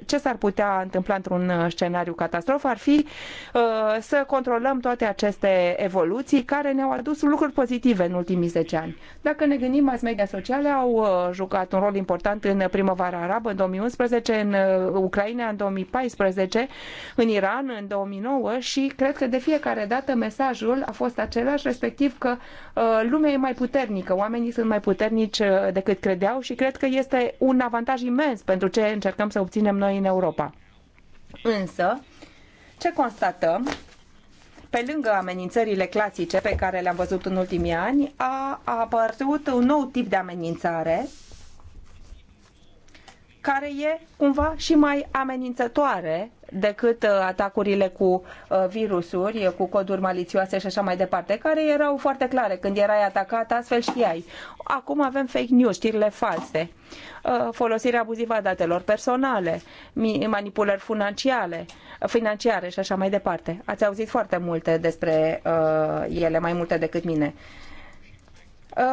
C: ce s-ar putea întâmpla într-un uh, scenariu catastrof ar fi uh, să controlăm toate aceste evoluții care ne-au adus lucruri pozitive în ultimii 10 ani. Dacă ne gândim, mass media sociale au uh, jucat un rol important în primăvara arabă, în 2011, în Ucraina, în 2014, în Iran, în 2009 și cred că de fiecare dată mesajul a fost același, respectiv că lumea e mai puternică, oamenii sunt mai puternici decât credeau și cred că este un avantaj mesaj imens pentru ce încercăm să obținem noi în Europa. Însă, ce constatăm pe lângă amenințările clasice pe care le-am văzut în ultimii ani, a apărut un nou tip de amenințare care e cumva și mai amenințătoare decât uh, atacurile cu uh, virusuri, cu coduri malițioase și așa mai departe, care erau foarte clare. Când erai atacat, astfel știai. Acum avem fake news, știrile false, uh, folosirea abuzivă a datelor personale, manipulări financiare, financiare și așa mai departe. Ați auzit foarte multe despre ele, mai multe decât mine. Uh,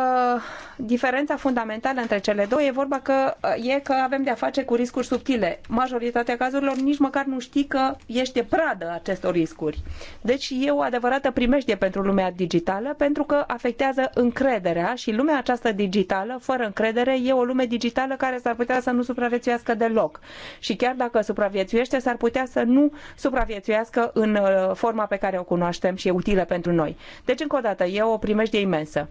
C: diferența fundamentală între cele două e vorba că uh, e că avem de-a face cu riscuri subtile. Majoritatea cazurilor nici măcar nu știi că ești pradă acestor riscuri. Deci e o adevărată primejdie pentru lumea digitală pentru că afectează încrederea și lumea aceasta digitală, fără încredere, e o lume digitală care s-ar putea să nu supraviețuiască deloc. Și chiar dacă supraviețuiește, s-ar putea să nu supraviețuiască în uh, forma pe care o cunoaștem și e utilă pentru noi. Deci, încă o dată, e o primejdie imensă.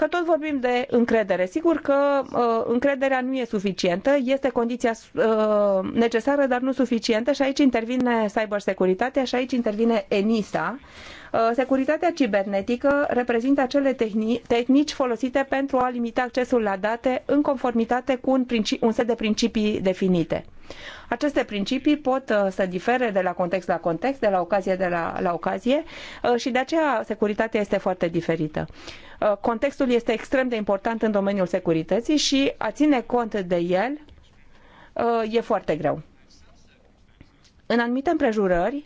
C: Că tot vorbim de încredere. Sigur că uh, încrederea nu e suficientă, este condiția uh, necesară, dar nu suficientă și aici intervine cybersecuritatea și aici intervine ENISA. Uh, Uh, securitatea cibernetică reprezintă acele tehnici folosite pentru a limita accesul la date în conformitate cu un, un set de principii definite. Aceste principii pot uh, să difere de la context la context, de la ocazie de la, la ocazie uh, și de aceea securitatea este foarte diferită. Contextul este extrem de important în domeniul securității și a ține cont de el e foarte greu. În anumite împrejurări,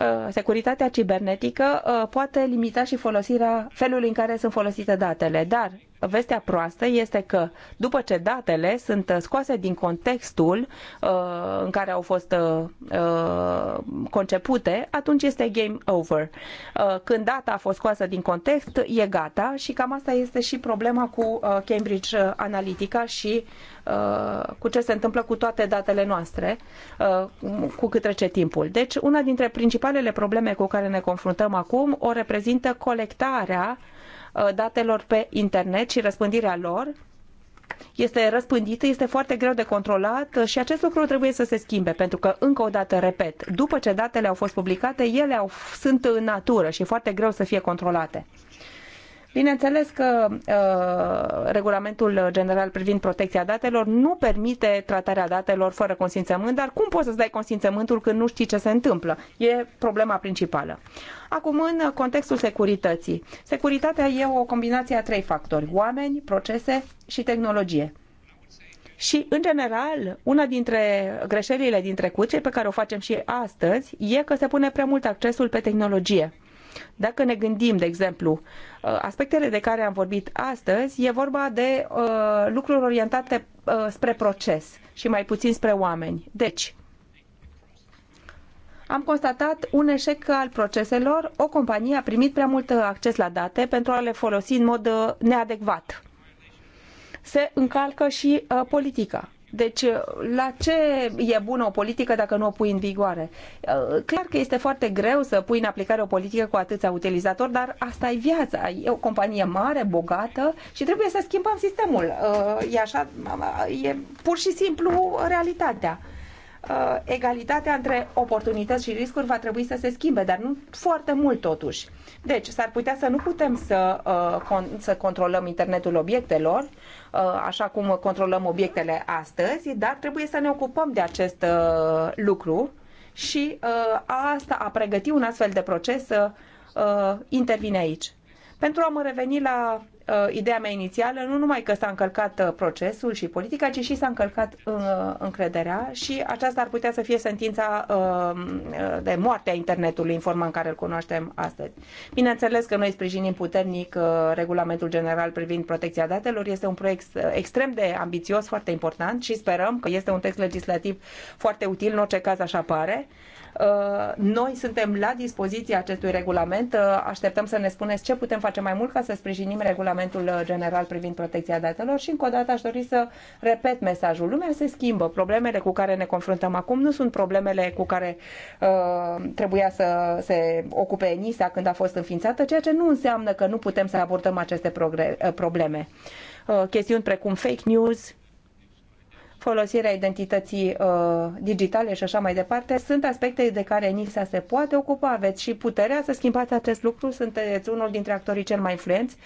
C: Uh, securitatea cibernetică uh, poate limita și folosirea felului în care sunt folosite datele, dar vestea proastă este că după ce datele sunt uh, scoase din contextul uh, în care au fost uh, uh, concepute, atunci este game over. Uh, când data a fost scoasă din context, e gata și cam asta este și problema cu uh, Cambridge uh, Analytica și uh, cu ce se întâmplă cu toate datele noastre uh, cu cât trece timpul. Deci, una dintre principalele probleme cu care ne confruntăm acum o reprezintă colectarea uh, Uh, datelor pe internet și răspândirea lor este răspândită, este foarte greu de controlat uh, și acest lucru trebuie să se schimbe, pentru că, încă o dată, repet, după ce datele au fost publicate, ele au, sunt în natură și e foarte greu să fie controlate. Bineînțeles că uh, regulamentul general privind protecția datelor nu permite tratarea datelor fără consimțământ, dar cum poți să-ți dai consimțământul când nu știi ce se întâmplă? E problema principală. Acum, în contextul securității. Securitatea e o combinație a trei factori. Oameni, procese și tehnologie. Și, în general, una dintre greșelile din trecut, cei pe care o facem și astăzi, e că se pune prea mult accesul pe tehnologie dacă ne gândim, de exemplu, uh, aspectele de care am vorbit astăzi, e vorba de uh, lucruri orientate uh, spre proces și mai puțin spre oameni. Deci, am constatat un eșec al proceselor. O companie a primit prea mult uh, acces la date pentru a le folosi în mod uh, neadecvat. Se încalcă și uh, politica deci, uh, la ce e bună o politică dacă nu o pui în vigoare? Uh, clar că este foarte greu să pui în aplicare o politică cu atâția utilizatori, dar asta e viața. E o companie mare, bogată și trebuie să schimbăm sistemul. Uh, e așa, e pur și simplu realitatea egalitatea între oportunități și riscuri va trebui să se schimbe, dar nu foarte mult totuși. Deci, s-ar putea să nu putem să, să controlăm internetul obiectelor, Uh, așa cum controlăm obiectele astăzi, dar trebuie să ne ocupăm de acest uh, lucru și uh, asta, a pregăti un astfel de proces, intervine aici. Pentru a mă reveni la uh, ideea mea inițială, nu numai că s-a încălcat uh, procesul și politica, ci și s-a încălcat uh, încrederea și aceasta ar putea să fie sentința uh, de moarte a internetului în forma în care îl cunoaștem astăzi. Bineînțeles că noi sprijinim puternic uh, regulamentul general privind protecția datelor. Este un proiect uh, extrem de ambițios, foarte important și sperăm că este un text legislativ foarte util, în orice caz așa pare. Uh, Uh, noi suntem la dispoziția acestui regulament. Uh, așteptăm să ne spuneți ce putem face mai mult ca să sprijinim regulamentul uh, general privind protecția datelor și încă o dată aș dori să repet mesajul. Lumea se schimbă. Problemele cu care ne confruntăm acum nu sunt problemele cu care uh, trebuia să se ocupe NISA când a fost înființată, ceea ce nu înseamnă că nu putem să abordăm aceste probleme. Uh, chestiuni precum fake news, folosirea identității uh, digitale și așa mai departe, sunt aspecte de care NISA se poate ocupa, aveți și puterea să schimbați acest lucru, sunteți unul dintre actorii cel mai influenți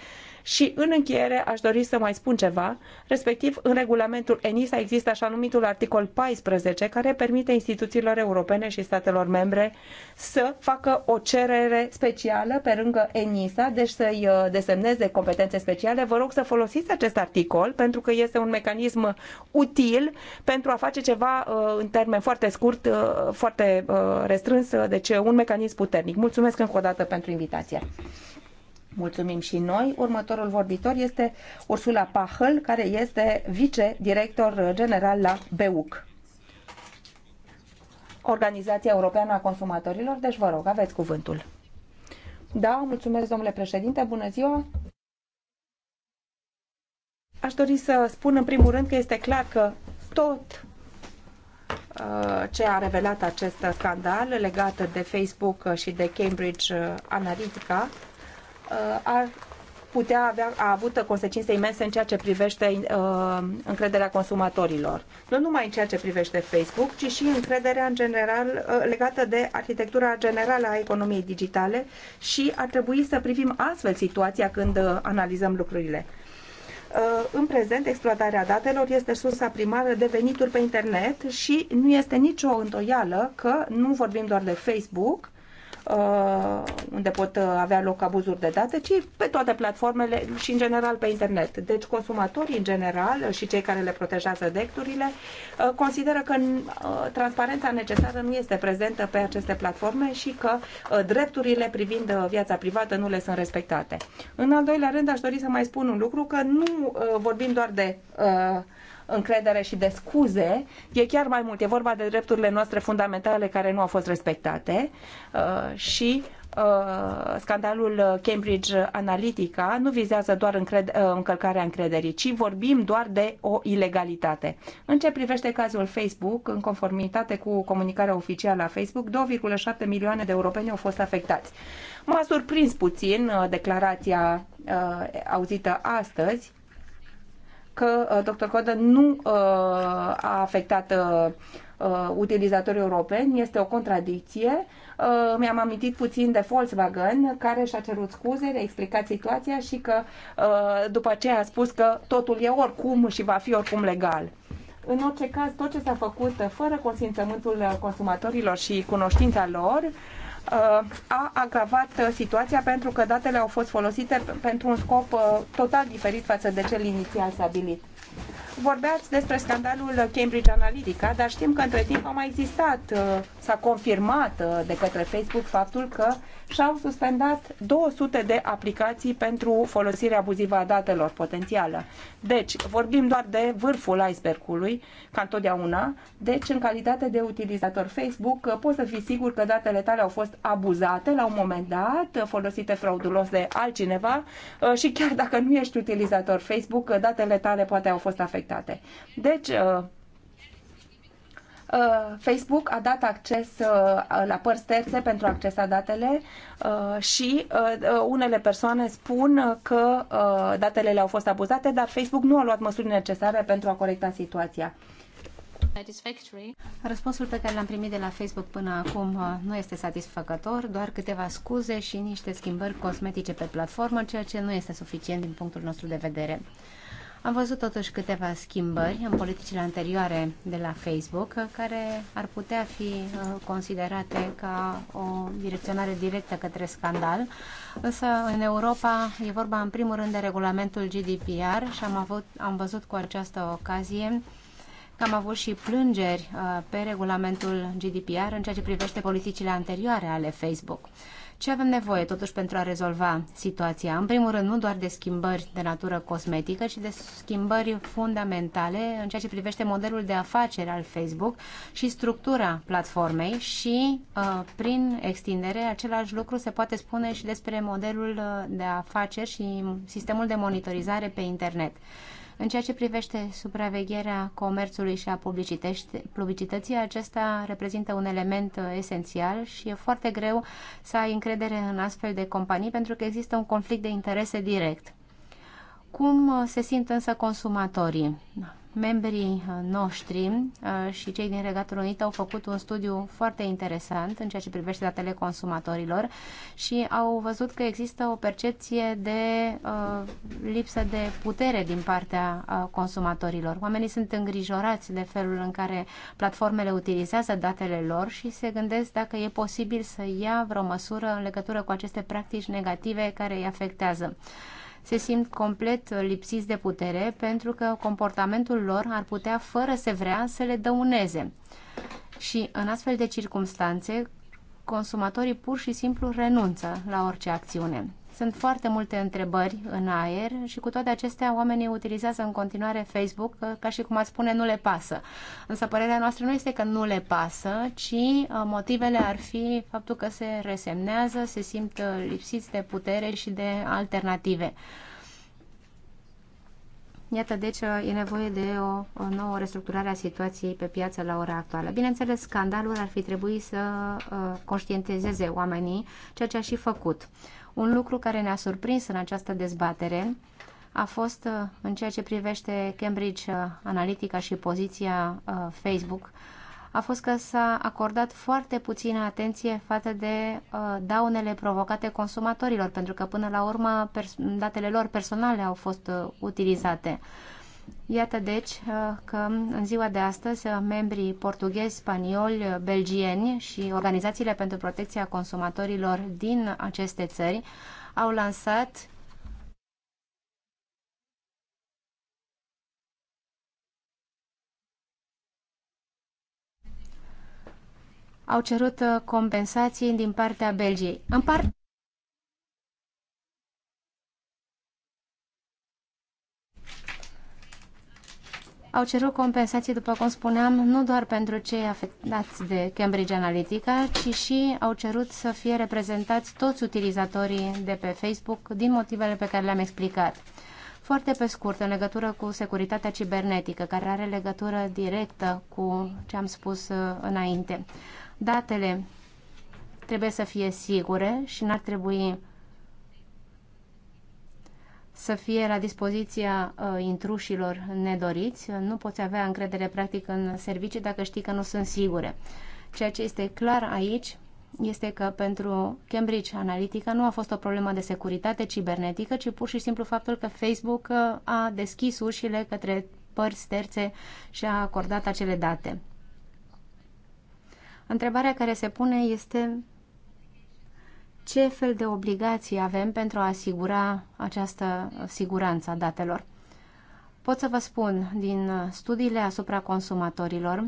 C: și în încheiere aș dori să mai spun ceva, respectiv în regulamentul ENISA există așa numitul articol 14 care permite instituțiilor europene și statelor membre să facă o cerere specială pe lângă ENISA, deci să-i uh, desemneze competențe speciale. Vă rog să folosiți acest articol pentru că este un mecanism util pentru a face ceva uh, în termen foarte scurt, uh, foarte restrâns, deci un mecanism puternic. Mulțumesc încă o dată pentru invitație. Mulțumim și noi. Următorul vorbitor este Ursula Pahăl, care este vice-director general la BEUC, Organizația Europeană a Consumatorilor. Deci vă rog, aveți cuvântul. Da, mulțumesc, domnule președinte. Bună ziua! Aș dori să spun în primul rând că este clar că tot uh, ce a revelat acest scandal legat de Facebook și de Cambridge uh, Analytica Uh, ar putea avea, a avut consecințe imense în ceea ce privește uh, încrederea consumatorilor. Nu numai în ceea ce privește Facebook, ci și încrederea în general uh, legată de arhitectura generală a economiei digitale și ar trebui să privim astfel situația când uh, analizăm lucrurile. Uh, în prezent, exploatarea datelor este sursa primară de venituri pe internet și nu este nicio întoială că nu vorbim doar de Facebook, Uh, unde pot uh, avea loc abuzuri de date, ci pe toate platformele și în general pe internet. Deci consumatorii în general uh, și cei care le protejează drepturile consideră că transparența necesară nu este prezentă pe aceste platforme și că drepturile privind viața privată nu le sunt respectate. În al doilea rând aș dori să mai spun un lucru că nu vorbim doar de uh, încredere și de scuze, e chiar mai mult. E vorba de drepturile noastre fundamentale care nu au fost respectate uh, și uh, scandalul Cambridge Analytica nu vizează doar încred- uh, încălcarea încrederii, ci vorbim doar de o ilegalitate. În ce privește cazul Facebook, în conformitate cu comunicarea oficială a Facebook, 2,7 milioane de europeni au fost afectați. M-a surprins puțin declarația auzită astăzi că uh, dr. Codă nu uh, a afectat uh, utilizatorii europeni, este o contradicție. Mi-am amintit puțin de Volkswagen, care și-a cerut scuze, a explicat situația și că după aceea a spus că totul e oricum și va fi oricum legal. În orice caz, tot ce s-a făcut fără consimțământul consumatorilor și cunoștința lor, uh, a agravat uh, situația pentru că datele au fost folosite pentru un scop uh, total diferit față de cel inițial stabilit. Vorbeați despre scandalul Cambridge Analytica, dar știm că între timp a mai existat, uh, s-a confirmat de către Facebook faptul că și-au suspendat 200 de aplicații pentru folosirea abuzivă a datelor potențială. Deci, vorbim doar de vârful icebergului, ca întotdeauna. Deci, în calitate de utilizator Facebook, poți să fii sigur că datele tale au fost abuzate la un moment dat, folosite fraudulos de altcineva uh, și chiar dacă nu ești utilizator Facebook, datele tale poate au fost afectate. Deci, uh, Uh, Facebook a dat acces uh, la părți terțe pentru a accesa datele uh, și unele persoane spun că datele le-au fost abuzate, dar Facebook nu a luat măsuri necesare pentru a corecta situația.
F: Răspunsul pe care l-am primit de la Facebook până acum nu este satisfăcător, doar câteva scuze și niște schimbări cosmetice pe platformă, ceea ce nu este suficient din punctul nostru de vedere. Am văzut totuși câteva schimbări în politicile anterioare de la Facebook, care ar putea fi uh, considerate ca o direcționare directă către scandal, însă în Europa e vorba în primul rând de regulamentul GDPR și am, avut, am văzut cu această ocazie că am avut și plângeri uh, pe regulamentul GDPR în ceea ce privește politicile anterioare ale Facebook. Ce avem nevoie totuși pentru a rezolva situația? În primul rând, nu doar de schimbări de natură cosmetică, ci de schimbări fundamentale în ceea ce privește modelul de afaceri al Facebook și structura platformei și, uh, prin extindere, același lucru se poate spune și despre modelul uh, de afaceri și sistemul de monitorizare pe internet. În ceea ce privește supravegherea comerțului și a publicității, acesta reprezintă un element uh, esențial și e foarte greu să ai încredere în astfel de companii pentru că există un conflict de interese direct. Cum uh, se simt însă consumatorii? membrii uh, noștri uh, și cei din Regatul Unit au făcut un studiu foarte interesant în ceea ce privește datele consumatorilor și au văzut că există o percepție de uh, lipsă de putere din partea consumatorilor. Oamenii sunt îngrijorați de felul în care platformele utilizează datele lor și se gândesc dacă e posibil să ia vreo măsură în legătură cu aceste practici negative care îi afectează se simt complet uh, lipsiți de putere pentru că comportamentul lor ar putea, fără să vrea, să le dăuneze. Și în astfel de circunstanțe, consumatorii pur și simplu renunță la orice acțiune. Sunt foarte multe întrebări în aer și cu toate acestea oamenii utilizează în continuare Facebook uh, ca și cum ați spune nu le pasă. Însă părerea noastră nu este că nu le pasă, ci uh, motivele ar fi faptul că se resemnează, se simt uh, lipsiți de putere și de alternative. Iată, deci e nevoie de o, o nouă restructurare a situației pe piață la ora actuală. Bineînțeles, scandalul ar fi trebuit să uh, conștientizeze oamenii, ceea ce a și făcut. Uh, un lucru care ne-a surprins în această dezbatere a fost uh, în ceea ce privește Cambridge uh, Analytica și poziția uh, Facebook, a fost că s-a acordat foarte puțină atenție față de uh, daunele provocate consumatorilor, pentru că până la urmă datele lor personale au fost uh, utilizate. Uh, Iată deci uh, că în ziua de astăzi uh, membrii portughezi, spanioli, uh, belgieni și organizațiile pentru protecția consumatorilor din aceste țări au lansat au cerut compensații din partea Belgiei. În part au cerut compensații, după cum spuneam, nu doar pentru cei afectați de Cambridge Analytica, ci și au cerut să fie reprezentați toți utilizatorii de pe Facebook din motivele pe care le-am explicat. Foarte pe scurt, în legătură cu securitatea cibernetică, care are legătură directă cu ce am spus uh, înainte. Datele trebuie să fie sigure și n-ar trebui să fie la dispoziția uh, intrușilor nedoriți. Nu poți avea încredere practic în servicii dacă știi că nu sunt sigure. Ceea ce este clar aici este că pentru Cambridge Analytica nu a fost o problemă de securitate cibernetică, ci pur și simplu faptul că Facebook uh, a deschis ușile către părți terțe și a acordat acele date. Întrebarea care se pune este ce fel de obligații avem pentru a asigura această siguranță a datelor. Pot să vă spun din studiile asupra consumatorilor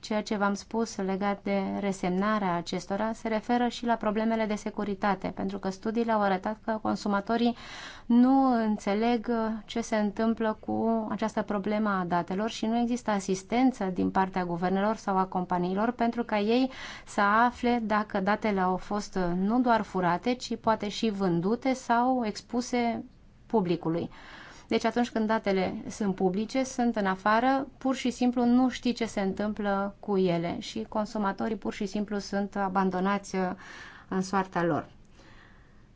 F: ceea ce v-am spus legat de resemnarea acestora se referă și la problemele de securitate, pentru că studiile au arătat că consumatorii nu înțeleg ce se întâmplă cu această problemă a datelor și nu există asistență din partea guvernelor sau a companiilor pentru ca ei să afle dacă datele au fost nu doar furate, ci poate și vândute sau expuse publicului. Deci atunci când datele sunt publice, sunt în afară, pur și simplu nu știi ce se întâmplă cu ele și consumatorii pur și simplu sunt abandonați uh, în soarta lor.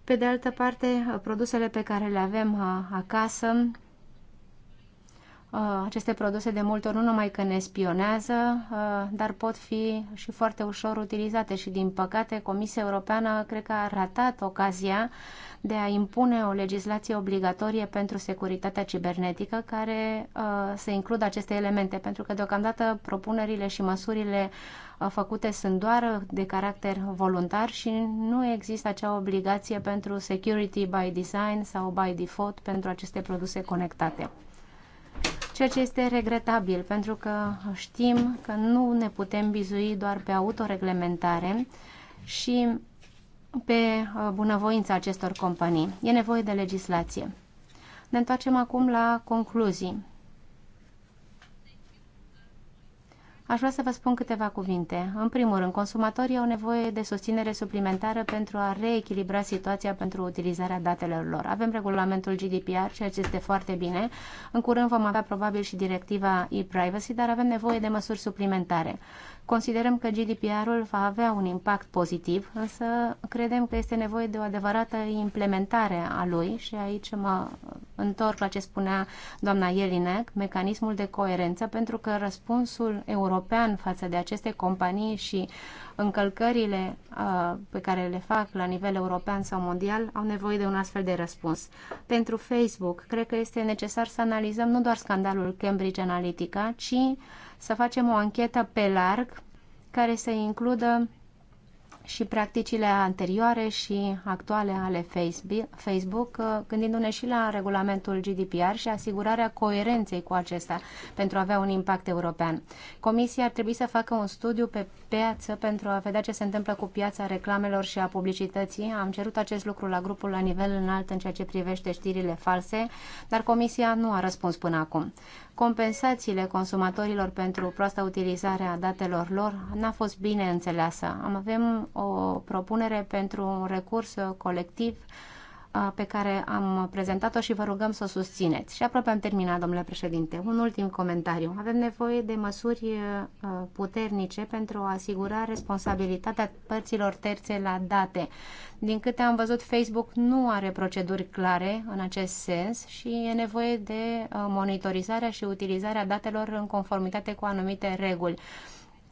F: Pe de altă parte, uh, produsele pe care le avem uh, acasă Uh, aceste produse de multe ori nu numai că ne spionează, uh, dar pot fi și foarte ușor utilizate și din păcate Comisia Europeană cred că a ratat ocazia de a impune o legislație obligatorie pentru securitatea cibernetică care uh, să includă aceste elemente, pentru că deocamdată propunerile și măsurile făcute sunt doar de caracter voluntar și nu există acea obligație pentru security by design sau by default pentru aceste produse conectate ceea ce este regretabil, pentru că știm că nu ne putem bizui doar pe autoreglementare și pe uh, bunăvoința acestor companii. E nevoie de legislație. Ne întoarcem acum la concluzii. Aș vrea să vă spun câteva cuvinte. În primul rând, consumatorii au nevoie de susținere suplimentară pentru a reechilibra situația pentru utilizarea datelor lor. Avem regulamentul GDPR, ceea ce este foarte bine. În curând vom avea probabil și directiva e-privacy, dar avem nevoie de măsuri suplimentare. Considerăm că GDPR-ul va avea un impact pozitiv, însă credem că este nevoie de o adevărată implementare a lui și aici mă întorc la ce spunea doamna Jelinek, mecanismul de coerență, pentru că răspunsul european față de aceste companii și încălcările uh, pe care le fac la nivel european sau mondial au nevoie de un astfel de răspuns. Pentru Facebook, cred că este necesar să analizăm nu doar scandalul Cambridge Analytica, ci să facem o anchetă pe larg care să includă și practicile anterioare și actuale ale Facebook, uh, gândindu-ne și la regulamentul GDPR și asigurarea coerenței cu acesta pentru a avea un impact european. Comisia ar trebui să facă un studiu pe piață pentru a vedea ce se întâmplă cu piața reclamelor și a publicității. Am cerut acest lucru la grupul la nivel înalt în ceea ce privește știrile false, dar Comisia nu a răspuns până acum compensațiile consumatorilor pentru proasta utilizare a datelor lor n-a fost bine înțeleasă. Avem o propunere pentru un recurs colectiv pe care am prezentat-o și vă rugăm să o susțineți. Și aproape am terminat, domnule președinte. Un ultim comentariu. Avem nevoie de măsuri puternice pentru a asigura responsabilitatea părților terțe la date. Din câte am văzut, Facebook nu are proceduri clare în acest sens și e nevoie de monitorizarea și utilizarea datelor în conformitate cu anumite reguli.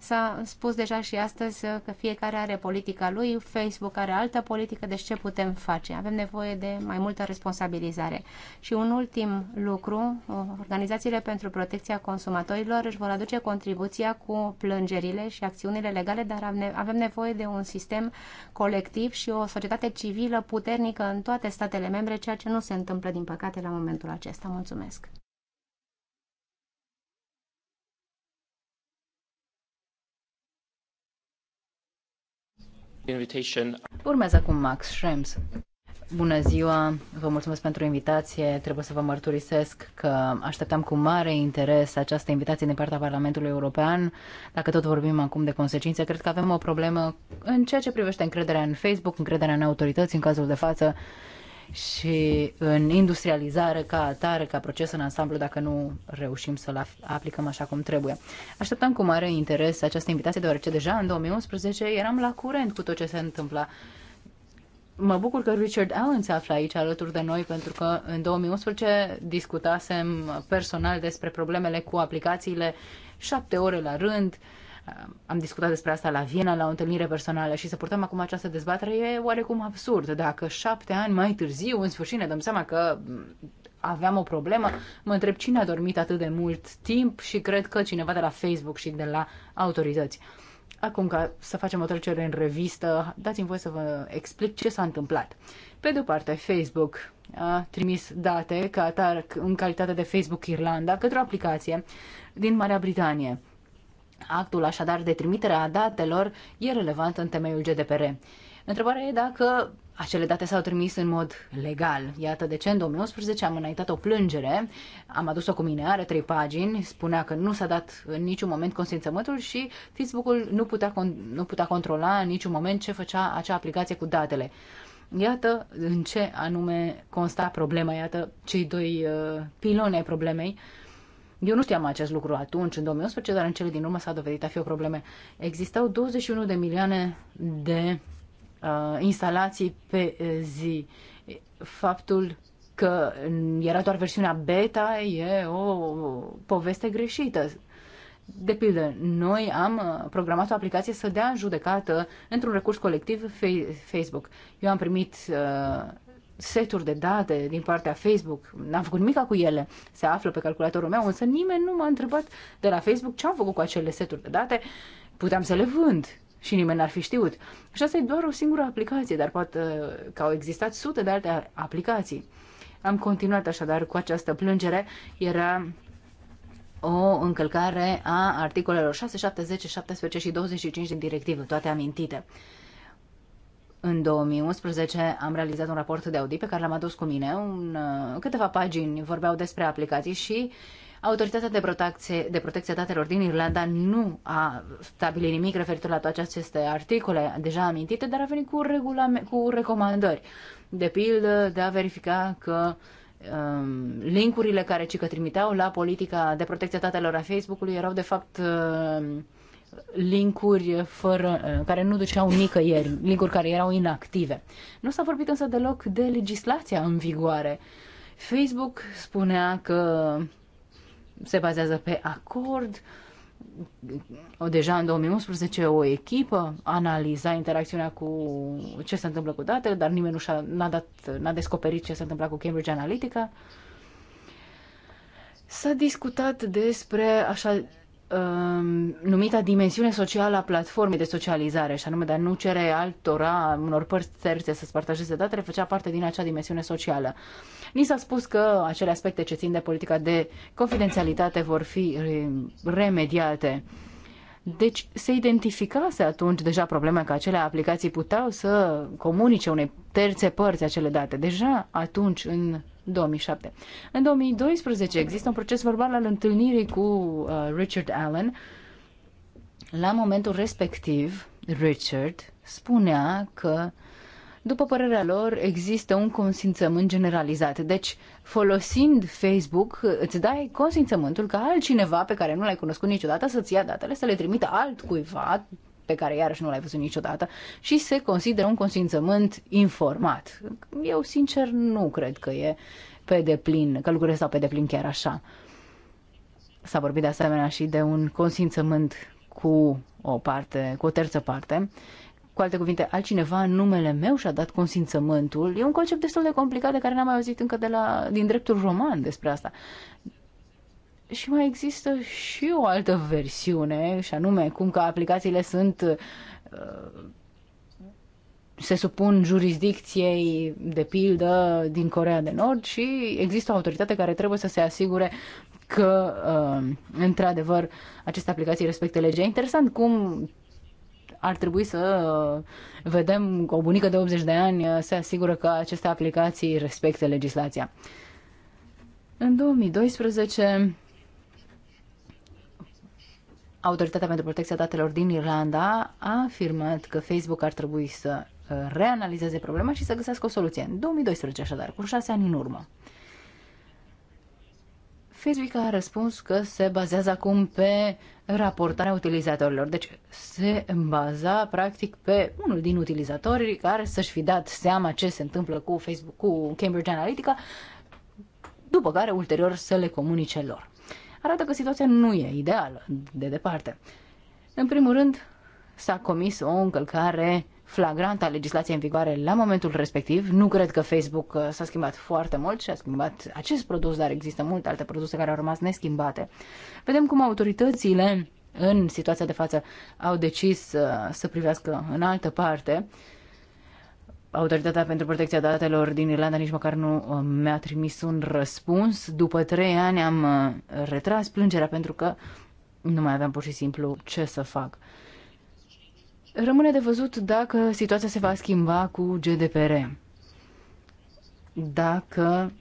F: S-a spus deja și astăzi uh, că fiecare are politica lui, Facebook are altă politică, deci ce putem face? Avem nevoie de mai multă responsabilizare. Și un ultim lucru, uh, organizațiile pentru protecția consumatorilor își vor aduce contribuția cu plângerile și acțiunile legale, dar avem nevoie de un sistem colectiv și o societate civilă puternică în toate statele membre, ceea ce nu se întâmplă, din păcate, la momentul acesta. Mulțumesc!
D: Urmează acum Max Schrems. Bună ziua, vă mulțumesc pentru invitație. Trebuie să vă mărturisesc că așteptam cu mare interes această invitație din partea Parlamentului European. Dacă tot vorbim acum de consecințe, cred că avem o problemă în ceea ce privește încrederea în Facebook, încrederea în autorități în cazul de față și în industrializare ca atare, ca proces în ansamblu, dacă nu reușim să-l aplicăm așa cum trebuie. Așteptam cu mare interes această invitație, deoarece deja în 2011 eram la curent cu tot ce se întâmpla. Mă bucur că Richard Allen se află aici alături de noi, pentru că în 2011 discutasem personal despre problemele cu aplicațiile șapte ore la rând, uh, am discutat despre asta la Viena, la o întâlnire personală și să purtăm acum această dezbatere e oarecum absurd. Dacă șapte ani mai târziu, în sfârșit, ne dăm seama că mm, aveam o problemă, mă întreb cine a dormit atât de mult timp și cred că cineva de la Facebook și de la autorități. Acum ca să facem o trecere în revistă, dați-mi voie să vă explic ce s-a întâmplat. Pe de-o parte, Facebook a trimis date ca atar în calitate de Facebook Irlanda către o aplicație din Marea Britanie Actul așadar de trimitere a datelor e relevant în temeiul GDPR. Întrebarea e dacă acele date s-au trimis în mod legal. Iată de ce în 2011 am înaintat o plângere, am adus-o cu mine, are trei pagini, spunea că nu s-a dat în niciun moment consimțământul și Facebook-ul nu putea, nu putea controla în niciun moment ce făcea acea aplicație cu datele. Iată în ce anume consta problema, iată cei doi uh, piloni ai problemei. Uh, eu nu știam acest lucru atunci, în 2011, dar în cele din urmă s-a dovedit a fi o problemă. Existau 21 de milioane de uh, instalații pe uh, zi. Faptul că era doar versiunea beta e o poveste greșită. De pildă, noi am uh, programat o aplicație să dea în judecată într-un recurs colectiv Facebook. Eu am primit uh, seturi de date din partea Facebook, n-am făcut nimic cu ele, se află pe calculatorul meu, însă nimeni nu m-a întrebat de la Facebook ce am făcut cu acele seturi de date, puteam să le vând și nimeni n-ar fi știut. Și asta e doar o singură aplicație, dar poate uh, că au existat sute de alte aplicații. Am continuat așadar cu această plângere, era o încălcare a articolelor 6, 7, 10, 17 și 25 din directivă, toate amintite. În 2011 am realizat un raport de audit pe care l-am adus cu mine. Un, uh, câteva pagini vorbeau despre aplicații și Autoritatea de protecție, de protecție a datelor din Irlanda nu a stabilit nimic referitor la toate aceste articole deja amintite, dar a venit cu, regulament cu recomandări. De pildă, de a verifica că um, linkurile care cică trimiteau la politica de protecție a datelor a Facebook-ului erau de fapt uh, linkuri fără, eh, care nu duceau nicăieri, linkuri care erau inactive. Nu s-a vorbit însă deloc de legislația în vigoare. Facebook spunea că se bazează pe acord. O, deja în 2011 o echipă analiza interacțiunea cu ce se întâmplă cu datele, dar nimeni nu și-a, n-a, dat, n-a descoperit ce se întâmplă cu Cambridge Analytica. S-a discutat despre așa Um, numită dimensiune socială a platformei de socializare, și anume de a nu cere altora, unor părți terțe să spartajeze partajeze datele, făcea parte din acea dimensiune socială. Ni s-a spus că acele aspecte ce țin de politica de confidențialitate vor fi remediate. Uh, deci se identificase atunci deja problema că acele aplicații puteau să comunice unei terțe părți acele date. Deja atunci, în 2007. În 2012 există un proces verbal al întâlnirii cu uh, Richard Allen. La momentul respectiv, Richard spunea că uh, după părerea lor, există un consimțământ generalizat. Deci, folosind Facebook, îți dai consimțământul ca altcineva pe care nu l-ai cunoscut niciodată să-ți ia datele, să le trimită altcuiva pe care iarăși nu l-ai văzut niciodată și se consideră un consimțământ informat. Eu, sincer, nu cred că e pe deplin, că lucrurile stau pe deplin chiar așa. S-a vorbit de asemenea și de un consimțământ cu o parte, cu o terță parte. Uh, cu alte cuvinte, altcineva în numele meu și-a dat consimțământul. E un concept destul de complicat de care n-am mai auzit încă de la, din dreptul roman despre asta. Și mai există și o altă versiune, și anume cum că aplicațiile sunt uh, se supun jurisdicției, de pildă, din Corea de Nord și există o autoritate care trebuie să se asigure că, uh, într-adevăr, aceste aplicații respectă legea. Interesant cum ar trebui să uh, vedem că o bunică de 80 de ani uh, se asigură că aceste aplicații respectă legislația. În 2012, Autoritatea pentru Protecția Datelor din Irlanda a afirmat că Facebook ar trebui să uh, reanalizeze problema și să găsească o soluție. În 2012, așadar, cu șase ani în urmă. Facebook a răspuns că se bazează acum pe raportarea utilizatorilor. Deci se baza practic pe unul din utilizatori care să-și fi dat seama ce se întâmplă cu Facebook, cu Cambridge Analytica, după care ulterior să le comunice lor. Arată că situația nu e ideală, de departe. În primul rând, s-a comis o încălcare uh, flagrant a legislației în vigoare la momentul respectiv. Nu cred că Facebook uh, s-a schimbat foarte mult și a schimbat acest produs, dar există multe alte produse care au rămas neschimbate. Vedem cum autoritățile în situația de față au decis uh, să, privească în altă parte. Autoritatea pentru Protecția Datelor din Irlanda nici măcar nu uh, mi-a trimis un răspuns. După trei ani am retras plângerea pentru că nu mai aveam pur și simplu ce să fac. Rămâne de văzut dacă situația se va schimba cu GDPR. Dacă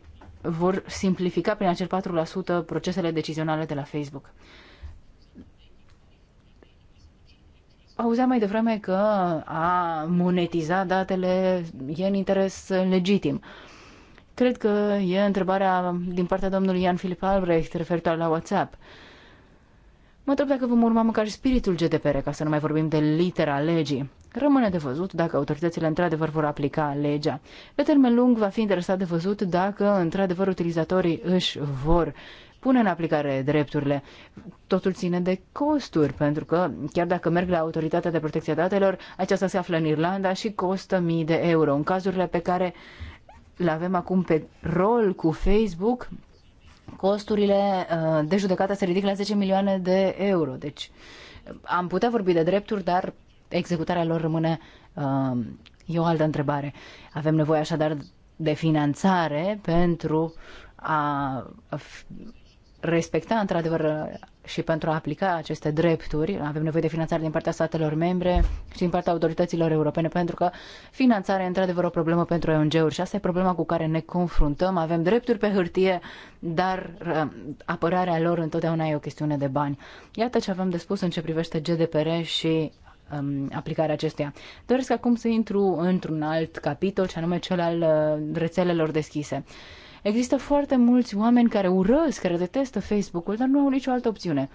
D: vor simplifica prin acel 4% procesele decizionale de la Facebook. Auzeam mai devreme că a monetiza datele e în interes legitim. Cred că e întrebarea din partea domnului Ian Filip Albrecht referitoare la WhatsApp. Uh, Mă întreb dacă vom urma măcar spiritul GDPR, ca să nu mai vorbim de litera legii. Rămâne de văzut dacă autoritățile într-adevăr vor aplica legea. Pe termen lung va fi interesat de văzut dacă într-adevăr utilizatorii își vor pune în aplicare drepturile. Totul ține de costuri, pentru că chiar dacă merg la Autoritatea de Protecție a Datelor, aceasta se află în Irlanda și costă mii de euro. În cazurile pe care le avem acum pe rol cu Facebook, costurile uh, de judecată se ridică la 10 milioane de euro. Deci uh, am putea vorbi de drepturi, dar executarea lor rămâne uh, e o altă întrebare. Avem nevoie așadar de finanțare pentru a respecta într-adevăr și pentru a aplica aceste drepturi avem nevoie de finanțare din partea statelor membre și din partea autorităților europene, pentru că finanțarea e într-adevăr o problemă pentru ONG-uri și asta e problema cu care ne confruntăm. Avem drepturi pe hârtie, dar uh, apărarea lor întotdeauna e o chestiune de bani. Iată ce avem de spus în ce privește GDPR și um, aplicarea acesteia. Doresc acum să intru într-un alt capitol, și anume cel al uh, rețelelor deschise. Există foarte mulți oameni care urăsc, care detestă Facebook-ul, dar nu au nicio altă opțiune.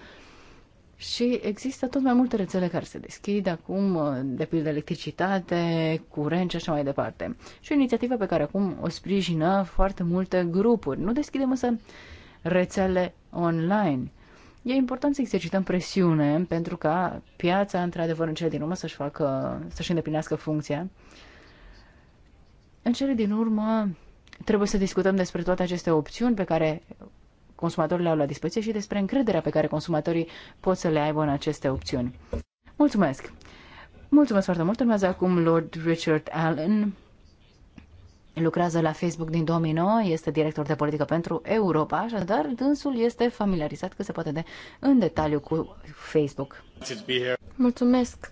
D: Și există tot mai multe rețele care se deschid acum, de pildă electricitate, curent și așa mai departe. Și o inițiativă pe care acum o sprijină foarte multe grupuri. Nu deschidem însă rețele online. E important să exercităm presiune pentru ca piața, într-adevăr, în cele din urmă să-și facă, să-și îndeplinească funcția. În cele din urmă, Trebuie să discutăm despre toate aceste opțiuni pe care consumatorii le au la dispoziție și despre încrederea pe care consumatorii pot să le aibă în aceste opțiuni. Mulțumesc! Mulțumesc foarte mult! Urmează acum Lord Richard Allen. Lucrează la Facebook din 2009, este director de politică pentru Europa, așadar dânsul este familiarizat
E: cât se poate de în detaliu cu Facebook. Mulțumesc!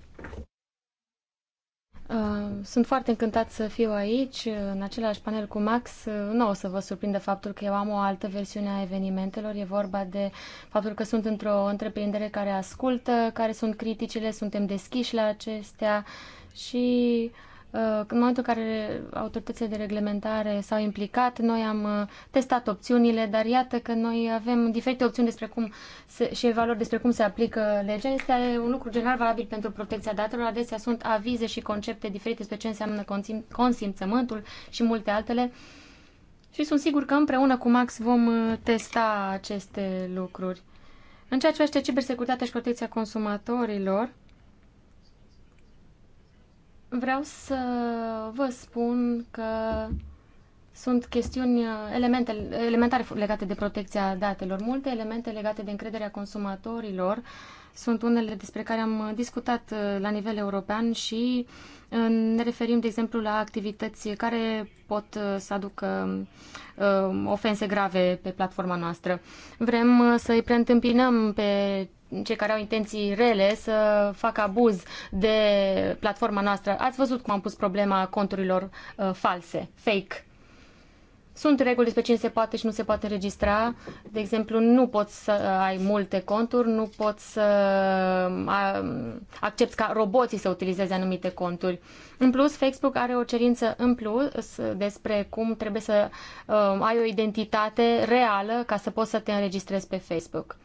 E: Uh, sunt foarte încântat să fiu aici, în același panel cu Max. Uh, nu o să vă surprindă faptul că eu am o altă versiune a evenimentelor. E vorba de faptul că sunt într-o întreprindere care ascultă, care sunt criticile, suntem deschiși la acestea și uh, în momentul în care autoritățile de reglementare s-au implicat, noi am uh, testat opțiunile, dar iată că noi avem diferite opțiuni despre cum se, și evaluări despre cum se aplică legea. Este un lucru general valabil pentru protecția datelor. Adesea sunt avize și concepte diferite despre ce înseamnă consimțământul și multe altele. Și sunt sigur că împreună cu Max vom uh, testa aceste lucruri. În ceea ce privește cibersecuritatea și protecția consumatorilor, Vreau să vă spun că sunt chestiuni, elemente elementare legate de protecția datelor, multe elemente legate de încrederea consumatorilor, sunt unele despre care am discutat uh, la nivel european și uh, ne referim, de exemplu, la activități care pot uh, să aducă ofense grave pe platforma noastră. Vrem să îi preîntâmpinăm pe cei care au intenții rele să facă abuz de platforma noastră. Ați văzut cum am pus problema conturilor uh, false, fake. Sunt reguli despre cine se poate și nu se poate registra. De exemplu, nu poți să ai multe conturi, nu poți să um, accepti ca roboții să utilizeze anumite conturi. În plus, Facebook are o cerință în plus despre cum trebuie să um, ai o identitate reală ca să poți să te înregistrezi pe Facebook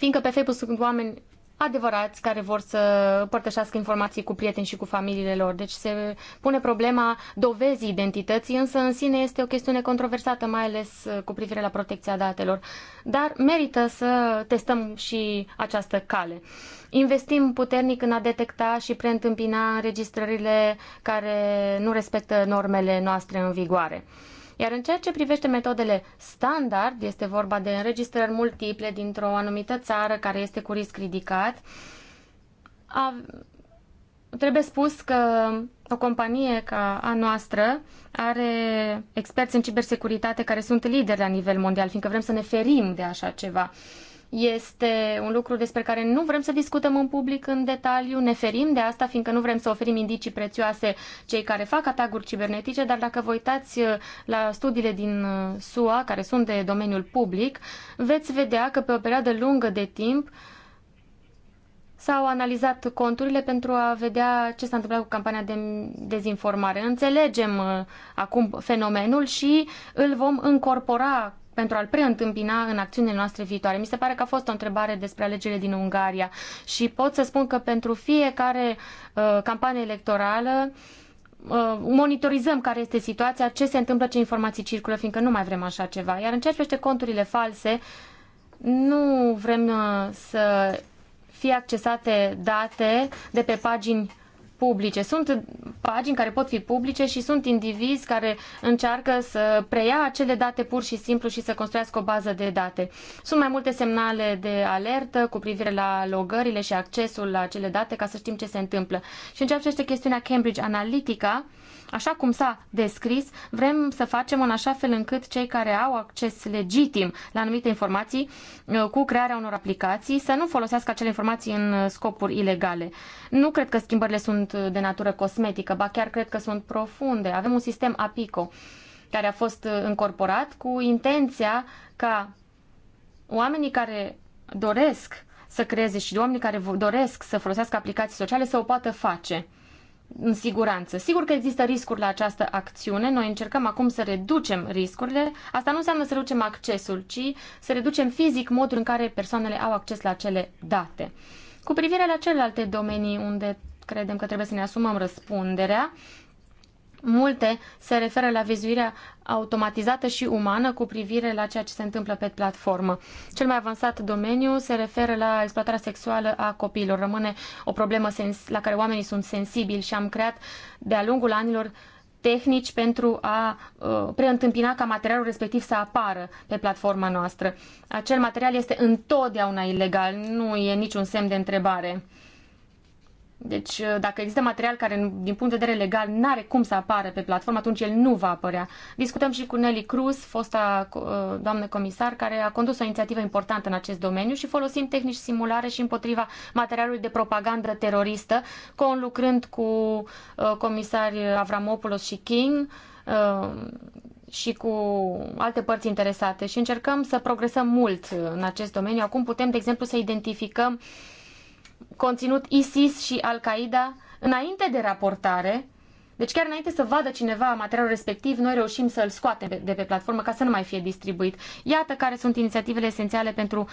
E: fiindcă pe Facebook sunt oameni adevărați care vor să împărtășească informații cu prieteni și cu familiile lor. Deci se pune problema dovezii identității, însă în sine este o chestiune controversată, mai ales uh, cu privire la protecția datelor. Dar merită să testăm și această cale. Investim puternic în a detecta și preîntâmpina înregistrările care nu respectă normele noastre în vigoare. Iar în ceea ce privește metodele standard, este vorba de înregistrări multiple dintr-o anumită țară care este cu risc ridicat, a, trebuie spus că o companie ca a noastră are experți în cibersecuritate care sunt lideri la nivel mondial, fiindcă vrem să ne ferim de așa ceva. Uh, este un lucru despre care nu vrem să discutăm în public în detaliu, ne ferim de asta, fiindcă nu vrem să oferim indicii prețioase cei care fac ataguri cibernetice, dar dacă vă uitați uh, la studiile din uh, SUA, care sunt de domeniul public, veți vedea că pe o perioadă lungă de timp s-au analizat conturile pentru a vedea ce s-a întâmplat cu campania de dezinformare. Înțelegem uh, acum fenomenul și îl vom încorpora pentru a-l preîntâmpina în acțiunile noastre viitoare. Mi se pare că a fost o întrebare despre alegerile din Ungaria și pot să spun că pentru fiecare uh, campanie electorală uh, monitorizăm care este situația, ce se întâmplă, ce informații circulă, fiindcă nu mai vrem așa ceva. Iar în ceea ce privește conturile false, nu vrem uh, să fie accesate date de pe pagini publice. Sunt pagini care pot fi publice și sunt indivizi care încearcă să preia acele date pur și simplu și să construiască o bază de date. Sunt mai multe semnale de alertă cu privire la logările și accesul la acele date ca să știm ce se întâmplă. Și în ceea ce chestiunea Cambridge Analytica, uh, Așa cum s-a descris, vrem să facem în așa fel încât cei care au acces legitim la anumite informații uh, cu crearea unor aplicații să nu folosească acele informații în scopuri ilegale. Nu cred că schimbările sunt de natură cosmetică, ba chiar cred că sunt profunde. Avem un sistem APICO care a fost uh, încorporat cu intenția ca oamenii care doresc să creeze și oamenii care doresc să folosească aplicații sociale să o poată face în siguranță. Sigur că există riscuri la această acțiune, noi încercăm acum să reducem riscurile. Asta nu înseamnă să reducem accesul, ci să reducem fizic modul în care persoanele au acces la acele date. Cu privire la celelalte domenii unde credem că trebuie să ne asumăm răspunderea, Multe se referă la vizuirea automatizată și umană cu privire la ceea ce se întâmplă pe platformă. Cel mai avansat domeniu se referă la exploatarea sexuală a copiilor. Rămâne o problemă la care oamenii sunt sensibili și am creat de-a lungul anilor tehnici pentru a uh, preîntâmpina ca materialul respectiv să apară pe platforma noastră. Acel material este întotdeauna ilegal, nu e niciun semn de întrebare. Deci, uh, dacă există material care, din punct de vedere legal, nu are cum să apară pe platformă, atunci el nu va apărea. Discutăm și cu Nelly Cruz, fosta uh, doamnă comisar, care a condus o inițiativă importantă în acest domeniu și folosim tehnici simulare și împotriva materialului de propagandă teroristă, conlucrând cu uh, comisari Avramopoulos și King și cu alte părți interesate și încercăm să progresăm mult în acest domeniu. Acum putem, de exemplu, să identificăm uh, conținut ISIS și Al-Qaeda înainte de raportare, deci chiar înainte să vadă cineva materialul respectiv, noi reușim să-l scoatem de pe platformă ca să nu mai fie distribuit. Iată care sunt inițiativele esențiale pentru uh,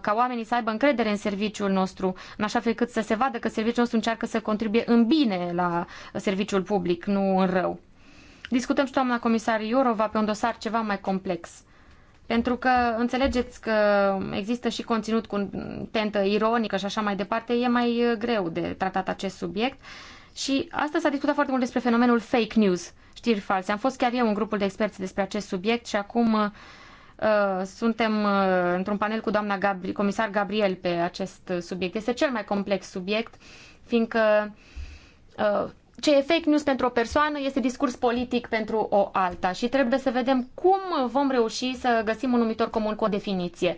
E: ca oamenii să aibă încredere în serviciul nostru, în așa fel cât să se vadă că serviciul nostru încearcă să contribuie în bine la serviciul public, nu în rău. Discutăm și doamna comisar Iorova pe un dosar ceva mai complex. Pentru că înțelegeți că există și conținut cu tentă ironică și așa mai departe, e mai uh, greu de tratat acest subiect. Și asta s-a discutat foarte mult despre fenomenul fake news, știri false. Am fost chiar eu un grupul de experți despre acest subiect și acum uh, uh, suntem uh, într-un panel cu doamna Gabri- comisar Gabriel pe acest subiect. Este cel mai complex subiect, fiindcă uh, ce e fake news pentru o persoană este discurs politic pentru o alta și trebuie să vedem cum vom reuși să găsim un numitor comun cu o definiție.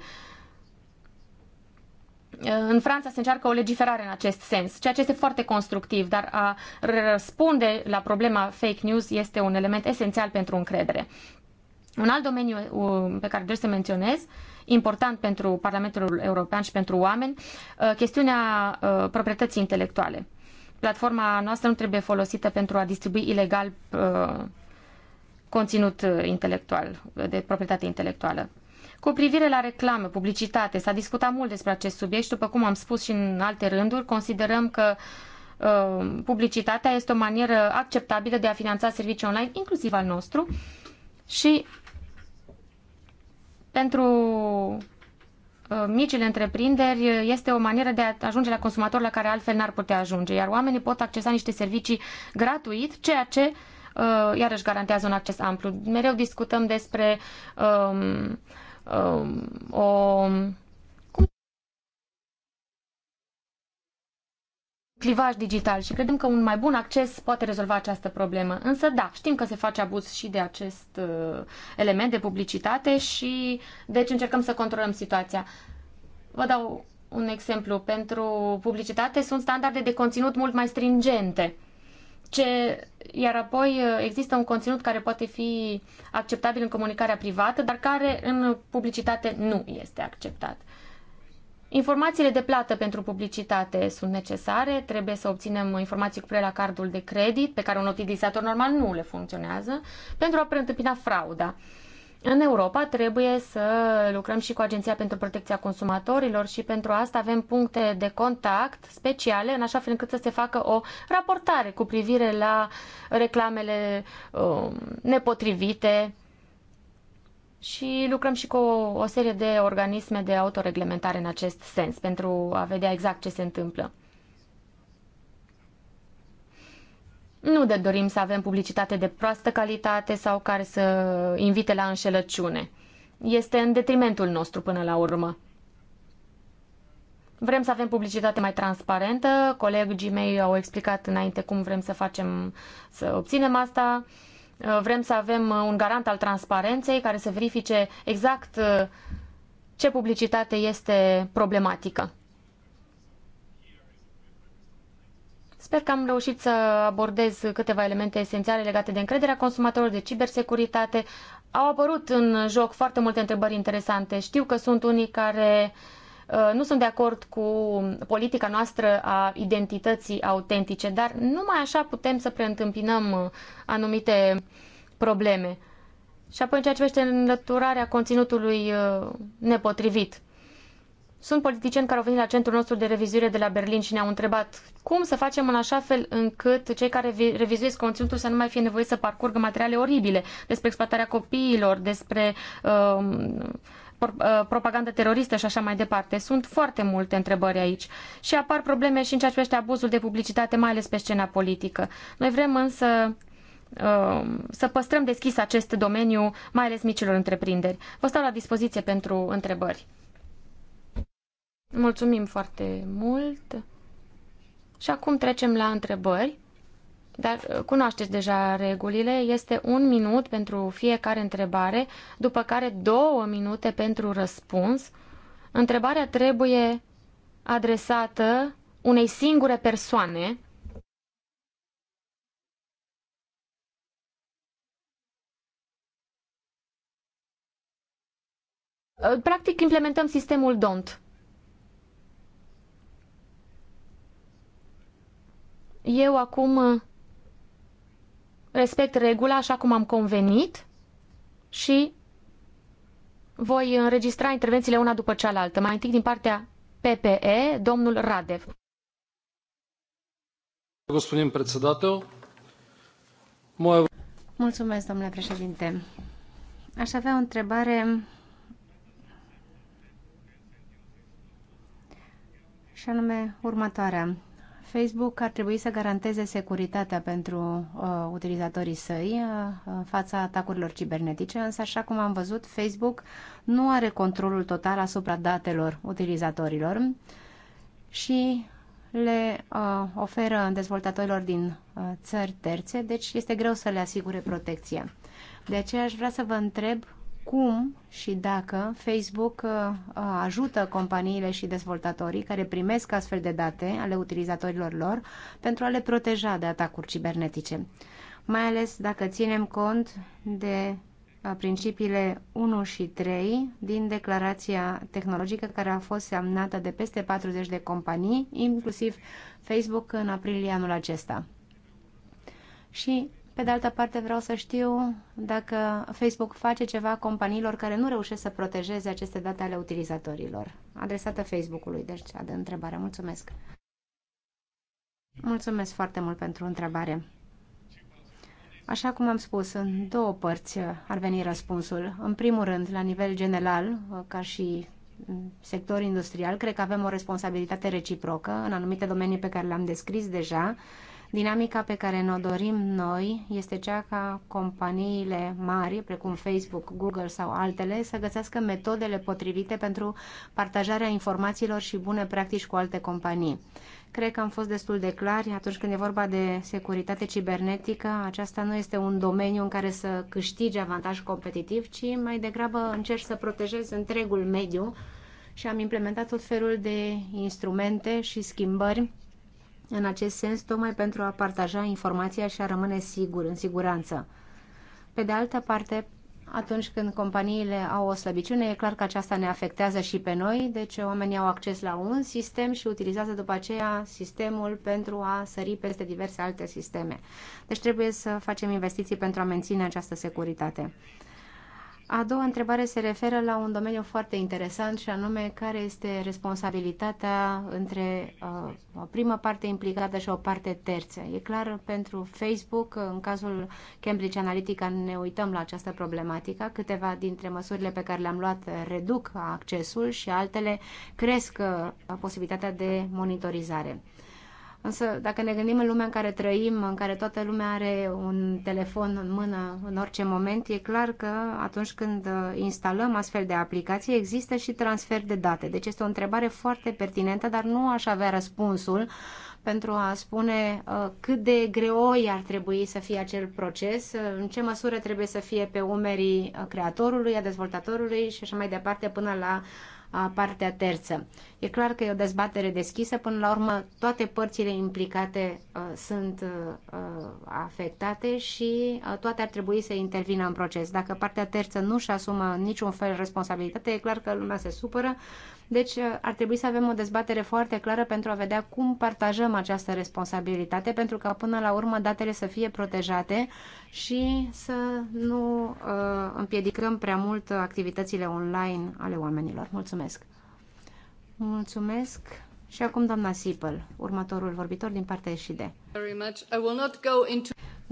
E: În Franța se încearcă o legiferare în acest sens, ceea ce este foarte constructiv, dar a răspunde la problema fake news este un element esențial pentru încredere. Un alt domeniu uh, pe care trebuie să menționez, important pentru Parlamentul European și pentru oameni, uh, chestiunea uh, proprietății intelectuale. Platforma noastră nu trebuie folosită pentru a distribui ilegal uh, conținut uh, intelectual, de proprietate intelectuală. Cu privire la reclamă, publicitate, s-a discutat mult despre acest subiect și, după cum am spus și în alte rânduri, considerăm că uh, publicitatea este o manieră acceptabilă de a finanța servicii online, inclusiv al nostru, și pentru Uh, micile întreprinderi uh, este o manieră de a ajunge la consumator la care altfel n-ar putea ajunge, iar oamenii pot accesa niște servicii gratuit, ceea ce uh, iarăși garantează un acces amplu. Mereu discutăm despre um, um, o clivaj digital și credem că un mai bun acces poate rezolva această problemă. Însă, da, știm că se face abuz și de acest uh, element de publicitate și deci încercăm să controlăm situația. Vă dau un exemplu. Pentru publicitate sunt standarde de conținut mult mai stringente. Ce, iar apoi uh, există un conținut care poate fi acceptabil în comunicarea privată, dar care în publicitate nu este acceptat. Informațiile de plată pentru publicitate sunt necesare, trebuie să obținem informații cu privire la cardul de credit, pe care un utilizator normal nu le funcționează, pentru a preîntâmpina frauda. În Europa trebuie să lucrăm și cu Agenția pentru Protecția Consumatorilor și pentru asta avem puncte de contact speciale, în așa fel încât să se facă o raportare cu privire la reclamele uh, nepotrivite, și lucrăm și cu o, o serie de organisme de autoreglementare în acest sens, pentru a vedea exact ce se întâmplă. Nu de dorim să avem publicitate de proastă calitate sau care să invite la înșelăciune. Este în detrimentul nostru până la urmă. Vrem să avem publicitate mai transparentă, colegii mei au explicat înainte cum vrem să facem, să obținem asta. Uh, Uh, vrem să avem uh, un garant al transparenței care să verifice exact uh, ce publicitate este problematică. Sper că am reușit să abordez câteva elemente esențiale legate de încrederea consumatorilor, de cibersecuritate. Au apărut în joc foarte multe întrebări interesante. Știu că sunt unii care uh, Uh, nu sunt de acord cu politica noastră a identității autentice, dar numai așa putem să preîntâmpinăm uh, anumite probleme. Și apoi în ceea ce vește înlăturarea conținutului uh, nepotrivit. Sunt politicieni care au venit la centrul nostru de revizuire de la Berlin și ne-au întrebat cum să facem în așa fel încât cei care revizuiesc conținutul să nu mai fie nevoie să parcurgă materiale oribile despre exploatarea copiilor, despre uh, Uh, propagandă teroristă și așa mai departe. Sunt foarte multe întrebări aici și apar probleme și în ceea ce privește abuzul de publicitate, mai ales pe scena politică. Noi vrem însă uh, să păstrăm deschis acest domeniu, mai ales micilor întreprinderi. Vă stau la dispoziție pentru întrebări. Mulțumim foarte mult. Și acum trecem la întrebări dar uh, cunoașteți deja regulile, este un minut pentru fiecare întrebare, după care două minute pentru răspuns. Întrebarea trebuie adresată unei singure persoane. Uh, practic implementăm sistemul DONT. Eu acum uh, respect regula așa cum am convenit și voi înregistra intervențiile una după cealaltă. Mai întâi din partea PPE, domnul Radev. Mulțumesc, domnule
F: președinte. Aș avea o întrebare și anume următoarea. Facebook ar trebui să garanteze securitatea pentru uh, utilizatorii săi uh, în fața atacurilor cibernetice, însă, așa cum am văzut, Facebook nu are controlul total asupra datelor utilizatorilor și le uh, oferă dezvoltatorilor din uh, țări terțe, deci este greu să le asigure protecție. De aceea aș vrea să vă întreb cum și dacă Facebook uh, uh, ajută companiile și dezvoltatorii care primesc astfel de date ale utilizatorilor lor pentru a le proteja de atacuri cibernetice, mai ales dacă ținem cont de uh, principiile 1 și 3 din declarația tehnologică care a fost semnată de peste 40 de companii, inclusiv Facebook, în aprilie anul acesta. Și pe de altă parte, vreau să știu dacă Facebook face ceva companiilor care nu reușesc să protejeze aceste date ale utilizatorilor. Adresată Facebook-ului, deci cea de întrebare. Mulțumesc. Mulțumesc foarte mult pentru întrebare. Așa cum am spus, în două părți ar veni răspunsul. În primul rând, la nivel general, ca și sector industrial, cred că avem o responsabilitate reciprocă în anumite domenii pe care le-am descris deja Dinamica pe care ne-o dorim noi este cea ca companiile mari, precum Facebook, Google sau altele, să găsească metodele potrivite pentru partajarea informațiilor și bune practici cu alte companii. Cred că am fost destul de clari atunci când e vorba de securitate cibernetică. Aceasta nu este un domeniu în care să câștigi avantaj competitiv, ci mai degrabă încerci să protejezi întregul mediu și am implementat tot felul de instrumente și schimbări în acest sens tocmai pentru a partaja informația și a rămâne sigur, în siguranță. Pe de altă parte, atunci când companiile au o slăbiciune, e clar că aceasta ne afectează și pe noi, deci oamenii au acces la un sistem și utilizează după aceea sistemul pentru a sări peste diverse alte sisteme. Deci trebuie să facem investiții pentru a menține această securitate. A doua întrebare se referă la un domeniu foarte interesant și anume care este responsabilitatea între uh, o primă parte implicată și o parte terță. E clar pentru Facebook, în cazul Cambridge Analytica ne uităm la această problematică. Câteva dintre măsurile pe care le-am luat reduc accesul și altele cresc uh, posibilitatea de monitorizare. Însă, dacă ne gândim în lumea în care trăim, în care toată lumea are un telefon în mână în orice moment, e clar că atunci când uh, instalăm astfel de aplicații, există și transfer de date. Deci este o întrebare foarte pertinentă, dar nu aș avea răspunsul pentru a spune uh, cât de greoi ar trebui să fie acel proces, uh, în ce măsură trebuie să fie pe umerii creatorului, a dezvoltatorului și așa mai departe până la a partea terță. E clar că e o dezbatere deschisă, până la urmă toate părțile implicate uh, sunt uh, uh afectate și uh, toate ar trebui să intervină în proces. Dacă partea terță nu-și asumă niciun fel responsabilitate, e clar că lumea se supără, deci uh, ar trebui să avem o dezbatere foarte clară pentru a vedea cum partajăm această responsabilitate, pentru ca până la urmă datele să fie protejate și să nu uh, împiedicăm prea mult activitățile online ale oamenilor. Mulțumesc! Mulțumesc! Și acum doamna Sipăl, următorul vorbitor din partea ESHIDE.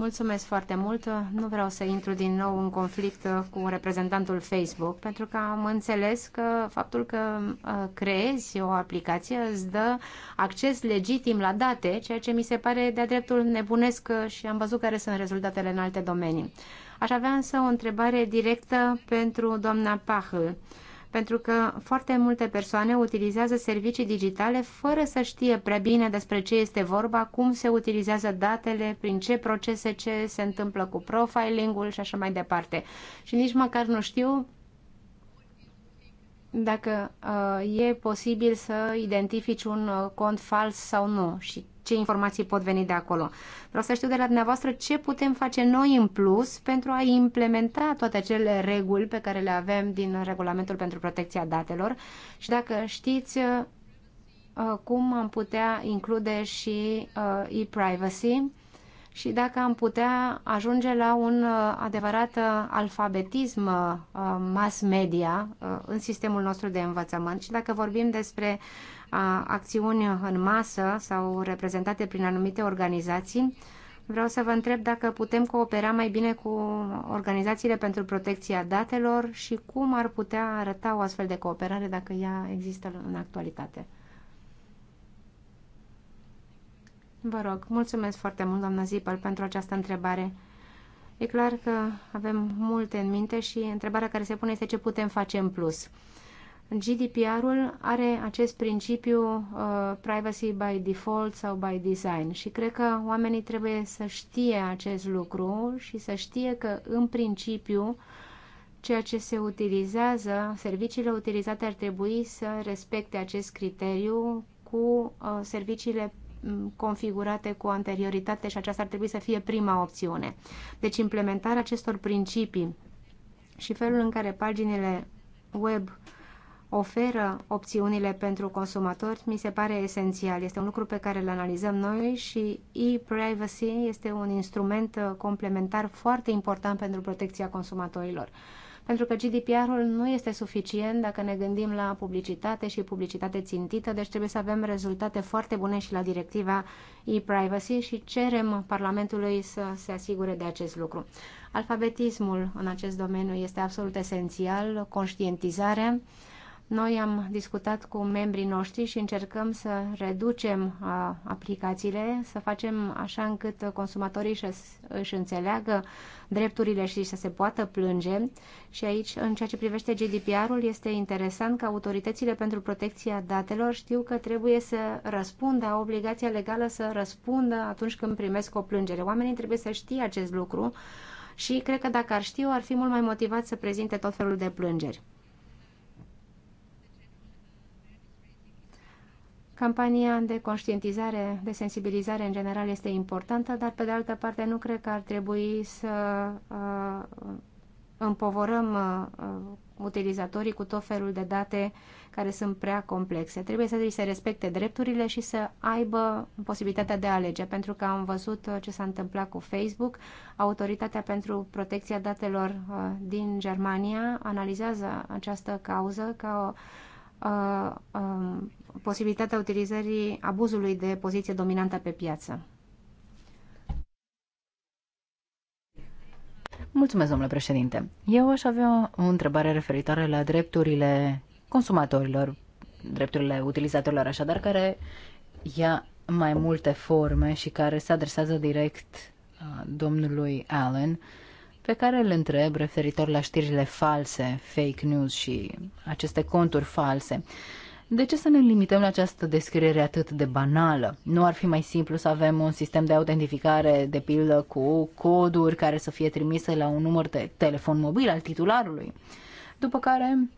F: Mulțumesc foarte mult. Nu vreau să intru din nou în conflict uh, cu reprezentantul Facebook, pentru că am înțeles că faptul că uh, creezi o aplicație îți dă acces legitim la date, ceea ce mi se pare de-a dreptul nebunesc uh, și am văzut care sunt rezultatele în alte domenii. Aș avea însă o întrebare directă pentru doamna Pahă pentru că foarte multe persoane utilizează servicii digitale fără să știe prea bine despre ce este vorba, cum se utilizează datele, prin ce procese, ce se întâmplă cu profiling-ul și așa mai departe. Și nici măcar nu știu dacă uh, e posibil să identifici un uh, cont fals sau nu și ce informații pot veni de acolo. Vreau să știu de la dumneavoastră ce putem face noi în plus pentru a implementa toate acele reguli pe care le avem din regulamentul pentru protecția datelor și dacă știți uh, uh, cum am putea include și uh, e-privacy și dacă am putea ajunge la un adevărat alfabetism mass media în sistemul nostru de învățământ și dacă vorbim despre acțiuni în masă sau reprezentate prin anumite organizații, vreau să vă întreb dacă putem coopera mai bine cu organizațiile pentru protecția datelor și cum ar putea arăta o astfel de cooperare dacă ea există în actualitate. Vă rog, mulțumesc foarte mult, doamna Zipăl, pentru această întrebare. E clar că avem multe în minte și întrebarea care se pune este ce putem face în plus. GDPR-ul are acest principiu uh, privacy by default sau by design și cred că oamenii trebuie să știe acest lucru și să știe că în principiu ceea ce se utilizează, serviciile utilizate ar trebui să respecte acest criteriu cu uh, serviciile mm, configurate cu anterioritate și aceasta ar trebui să fie prima opțiune. Deci implementarea acestor principii și felul în care paginile web oferă opțiunile pentru consumatori mi se pare esențial. Este un lucru pe care îl analizăm noi și e-privacy este un instrument uh, complementar foarte important pentru protecția consumatorilor. Pentru că GDPR-ul nu este suficient dacă ne gândim la publicitate și publicitate țintită, deci trebuie să avem rezultate foarte bune și la directiva e-privacy și cerem Parlamentului să se asigure de acest lucru. Alfabetismul în acest domeniu este absolut esențial, conștientizarea, noi am discutat cu membrii noștri și încercăm să reducem uh, aplicațiile, să facem așa încât consumatorii să își înțeleagă drepturile și să se poată plânge. Și aici, în ceea ce privește GDPR-ul, este interesant că autoritățile pentru protecția datelor știu că trebuie să răspundă, au obligația legală să răspundă atunci când primesc o plângere. Oamenii trebuie să știe acest lucru și cred că dacă ar știu, ar fi mult mai motivat să prezinte tot felul de plângeri. Campania de conștientizare, de sensibilizare în general este importantă, dar pe de altă parte nu cred că ar trebui să uh, împovorăm uh, uh, utilizatorii cu tot felul de date care sunt prea complexe. Trebuie să se respecte drepturile și să aibă posibilitatea de a alege, pentru că am văzut uh, ce s-a întâmplat cu Facebook. Autoritatea pentru protecția datelor uh, din Germania analizează această cauză ca o uh, um, posibilitatea utilizării abuzului de poziție dominantă pe piață.
D: Mulțumesc, domnule președinte. Eu aș avea o întrebare referitoare la drepturile consumatorilor, drepturile utilizatorilor, așadar, care ia mai multe forme și care se adresează direct uh, domnului Allen, pe care îl întreb referitor la știrile false, fake news și aceste conturi false. De ce să ne limităm la această descriere atât de banală? Nu ar fi mai simplu să avem un sistem de autentificare, de pildă, cu coduri care să fie trimise la un număr de telefon mobil al titularului? După care,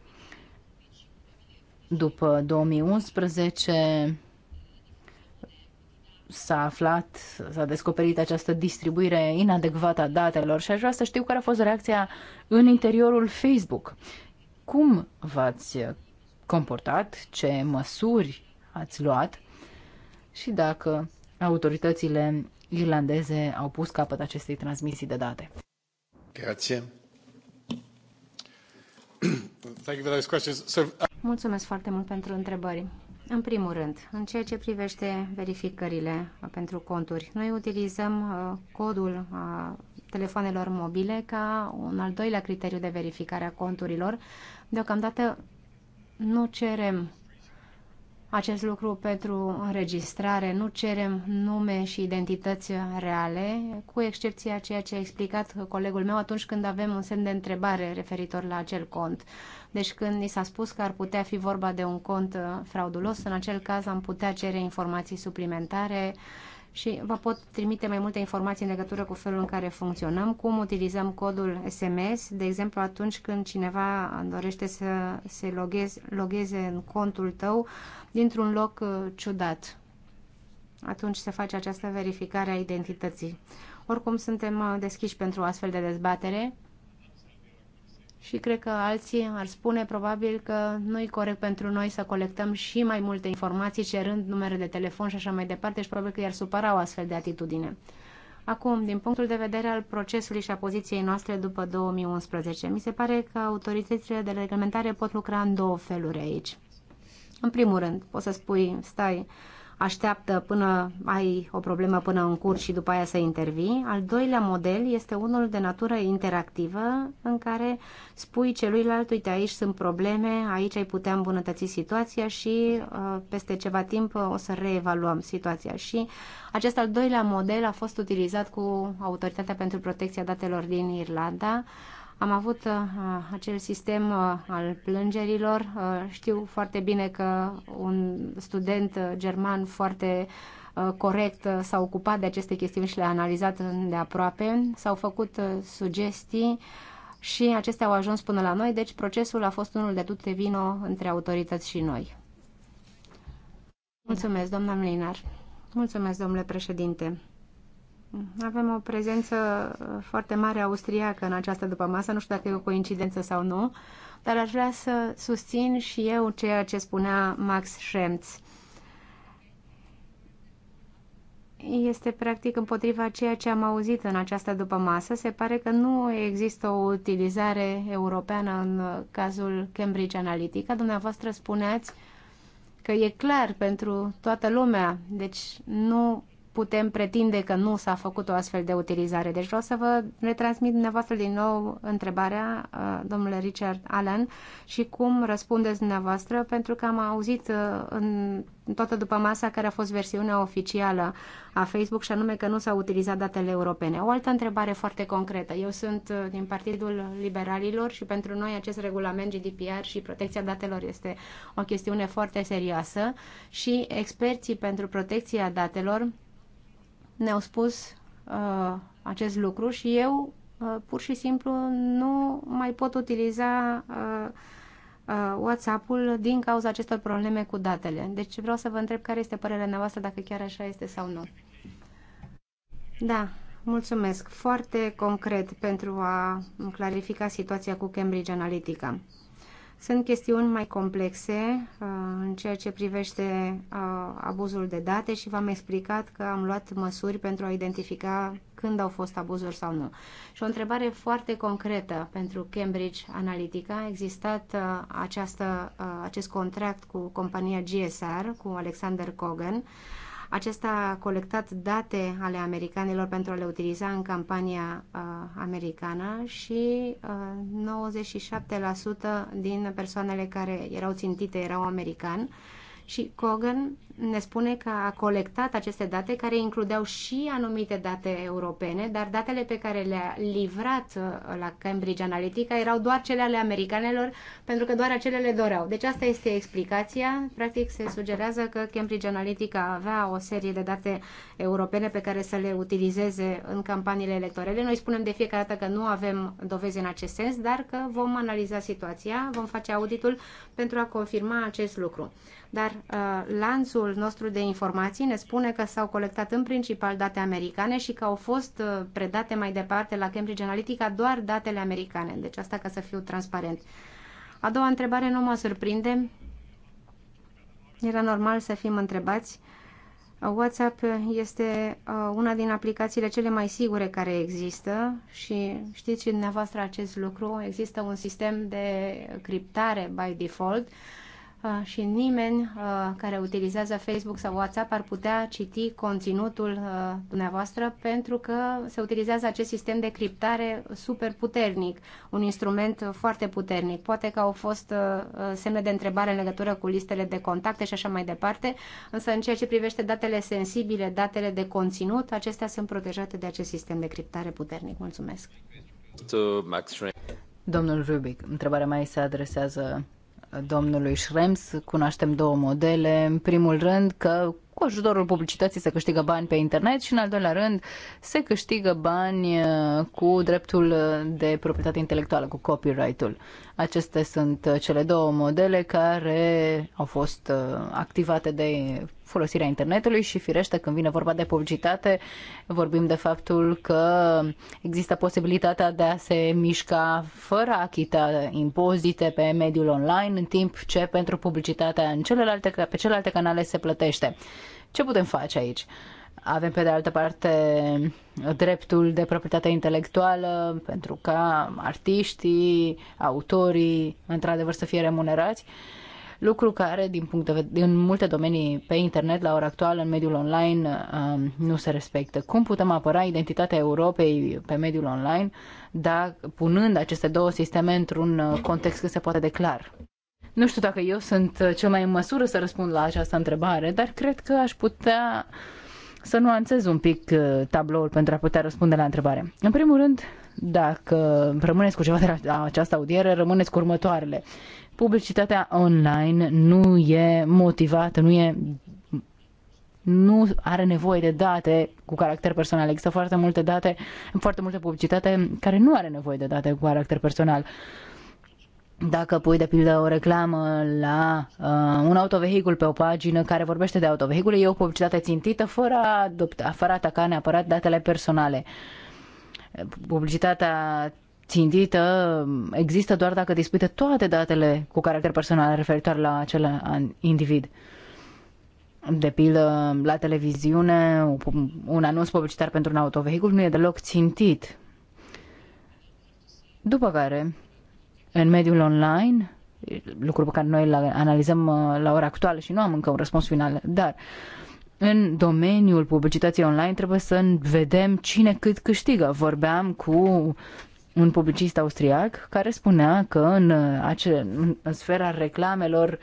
D: după 2011, s-a aflat, s-a descoperit această distribuire inadecvată a datelor și aș vrea să știu care a fost reacția în interiorul Facebook. Cum v-ați comportat, ce măsuri ați luat și dacă autoritățile irlandeze au pus capăt acestei transmisii de date. Grazie. Uh, Mulțumesc foarte mult
F: pentru întrebări. În primul rând, în ceea ce privește verificările pentru conturi, noi utilizăm uh, codul uh, telefonelor mobile ca un al doilea criteriu de verificare a conturilor. Deocamdată nu cerem acest lucru pentru înregistrare, nu cerem nume și identități reale, cu excepția ceea ce a explicat colegul meu atunci când avem un semn de întrebare referitor la acel cont. Deci când ni s-a spus că ar putea fi vorba de un cont fraudulos, în acel caz am putea cere informații suplimentare, uh, și vă pot trimite mai multe informații în legătură cu felul în care funcționăm, cum utilizăm codul SMS, de exemplu atunci când cineva dorește să se logheze, logheze în contul tău dintr-un loc uh, ciudat. Atunci se face această verificare a identității. Oricum suntem uh, deschiși pentru astfel de dezbatere și cred că alții ar spune probabil că nu e corect pentru noi să colectăm și mai multe informații cerând numere de telefon și așa mai departe și probabil că i-ar supăra o astfel de atitudine. Acum, din punctul de vedere al procesului și a poziției noastre după 2011, mi se pare că autoritățile de reglementare pot lucra în două feluri aici. În primul rând, poți să spui, stai, așteaptă până ai o problemă până în curs și după aia să intervii. Al doilea model este unul de natură interactivă în care spui celuilalt, uite aici sunt probleme, aici ai putea îmbunătăți situația și uh, peste ceva timp uh, o să reevaluăm situația. Și acest al doilea model a fost utilizat cu Autoritatea pentru Protecția Datelor din Irlanda am avut uh, acel sistem uh, al plângerilor. Uh, știu foarte bine că un student german foarte corect s-a ocupat de aceste chestiuni și le-a analizat de aproape. S-au făcut sugestii și acestea au ajuns până la noi, deci procesul a fost unul de tute vino între autorități și noi. Mulțumesc, doamna Mlinar. Mulțumesc, domnule președinte. Avem o prezență uh, foarte mare austriacă în această dupămasă, nu știu dacă e o coincidență sau nu, dar aș vrea să susțin și eu ceea ce spunea Max Schemz. Este practic împotriva ceea ce am auzit în această dupămasă. Se pare că nu există o utilizare europeană în cazul Cambridge Analytica. Dumneavoastră spuneați că e clar pentru toată lumea, deci nu putem pretinde că nu s-a făcut o astfel de utilizare. Deci vreau să vă retransmit dumneavoastră din nou întrebarea, uh, domnule Richard Allen, și cum răspundeți dumneavoastră, pentru că am auzit uh, în toată după masa care a fost versiunea oficială a Facebook și anume că nu s-au utilizat datele europene. O altă întrebare foarte concretă. Eu sunt uh, din Partidul Liberalilor și pentru noi acest regulament GDPR și protecția datelor este o chestiune foarte serioasă și experții pentru protecția datelor ne-au spus uh, acest lucru și eu uh, pur și simplu nu mai pot utiliza uh, uh, WhatsApp-ul din cauza acestor probleme cu datele. Deci vreau să vă întreb care este părerea noastră, dacă chiar așa este sau nu. Da, mulțumesc. Foarte concret pentru a clarifica situația cu Cambridge Analytica. Sunt chestiuni mai complexe uh, în ceea ce privește uh, abuzul de date și v-am explicat că am luat măsuri pentru a identifica când au fost abuzuri sau nu. Și o întrebare foarte concretă pentru Cambridge Analytica. A existat uh, această, acest contract cu compania GSR, cu Alexander Kogan, acesta a colectat date ale americanilor pentru a le utiliza în campania uh, americană și uh, 97% din persoanele care erau țintite erau americani și Cogan ne spune că a colectat aceste date care includeau și anumite date europene, dar datele pe care le-a livrat uh, la Cambridge Analytica erau doar cele ale americanelor, pentru că doar acele le doreau. Deci asta este explicația. Practic se sugerează că Cambridge Analytica avea o serie de date europene pe care să le utilizeze în campaniile electorale. Noi spunem de fiecare dată că nu avem dovezi în acest sens, dar că vom analiza situația, vom face auditul pentru a confirma acest lucru. Dar uh, lanțul serviciul nostru de informații ne spune că s-au colectat în principal date americane și că au fost uh, predate mai departe la Cambridge Analytica doar datele americane. Deci asta ca să fiu transparent. A doua întrebare nu mă surprinde. Era normal să fim întrebați. Uh, WhatsApp este uh, una din aplicațiile cele mai sigure care există și știți și dumneavoastră acest lucru. Există un sistem de criptare by default și nimeni care utilizează Facebook sau WhatsApp ar putea citi conținutul dumneavoastră pentru că se utilizează acest sistem de criptare super puternic, un instrument foarte puternic. Poate că au fost semne de întrebare în legătură cu listele de contacte și așa mai departe, însă în ceea ce privește datele sensibile, datele de conținut,
D: acestea sunt protejate de acest sistem de criptare puternic. Mulțumesc! Domnul Rubic, întrebarea mai se adresează domnului Schrems. Cunoaștem două modele. În primul rând că cu ajutorul publicității se câștigă bani pe internet și în al doilea rând se câștigă bani uh, cu dreptul de proprietate intelectuală, cu copyright-ul. Acestea sunt uh, cele două modele care au fost uh, activate de folosirea internetului și firește când vine vorba de publicitate vorbim de faptul că există posibilitatea de a se mișca fără a achita impozite pe mediul online în timp ce pentru publicitatea în celelalte, pe celelalte canale se plătește. Ce putem face aici? Avem pe de altă parte dreptul de proprietate intelectuală pentru ca artiștii, autorii, într-adevăr să fie remunerați. Uh, lucru care, din punct de vedere, în multe domenii pe internet, la ora actuală, în mediul online, um, nu se respectă. Cum putem apăra identitatea Europei pe mediul online, da, punând aceste două sisteme într-un uh, context cât se poate de clar? Nu știu dacă eu sunt uh, cel mai în măsură să răspund la această întrebare, dar cred că aș putea să nuanțez un pic uh, tabloul pentru a putea răspunde la întrebare. În primul rând, dacă rămâneți cu ceva de la această audiere, rămâneți cu următoarele publicitatea online nu e motivată, nu e nu are nevoie de date cu caracter personal. Există foarte multe date, foarte multe publicitate care nu are nevoie de date cu caracter personal. Dacă pui, de pildă, o reclamă la uh, un autovehicul pe o pagină care vorbește de autovehicule, e o publicitate țintită fără a, fără a ataca neapărat datele personale. Publicitatea țintită există doar dacă dispui de toate datele cu caracter personal referitor la acel individ. De pildă, la televiziune, un anunț publicitar pentru un autovehicul nu e deloc țintit. După care, în mediul online, lucru pe care noi îl analizăm uh, la ora actuală și nu am încă un răspuns final, dar în domeniul publicității online trebuie să vedem cine cât câștigă. Vorbeam cu un publicist austriac care spunea că în, ace- în sfera reclamelor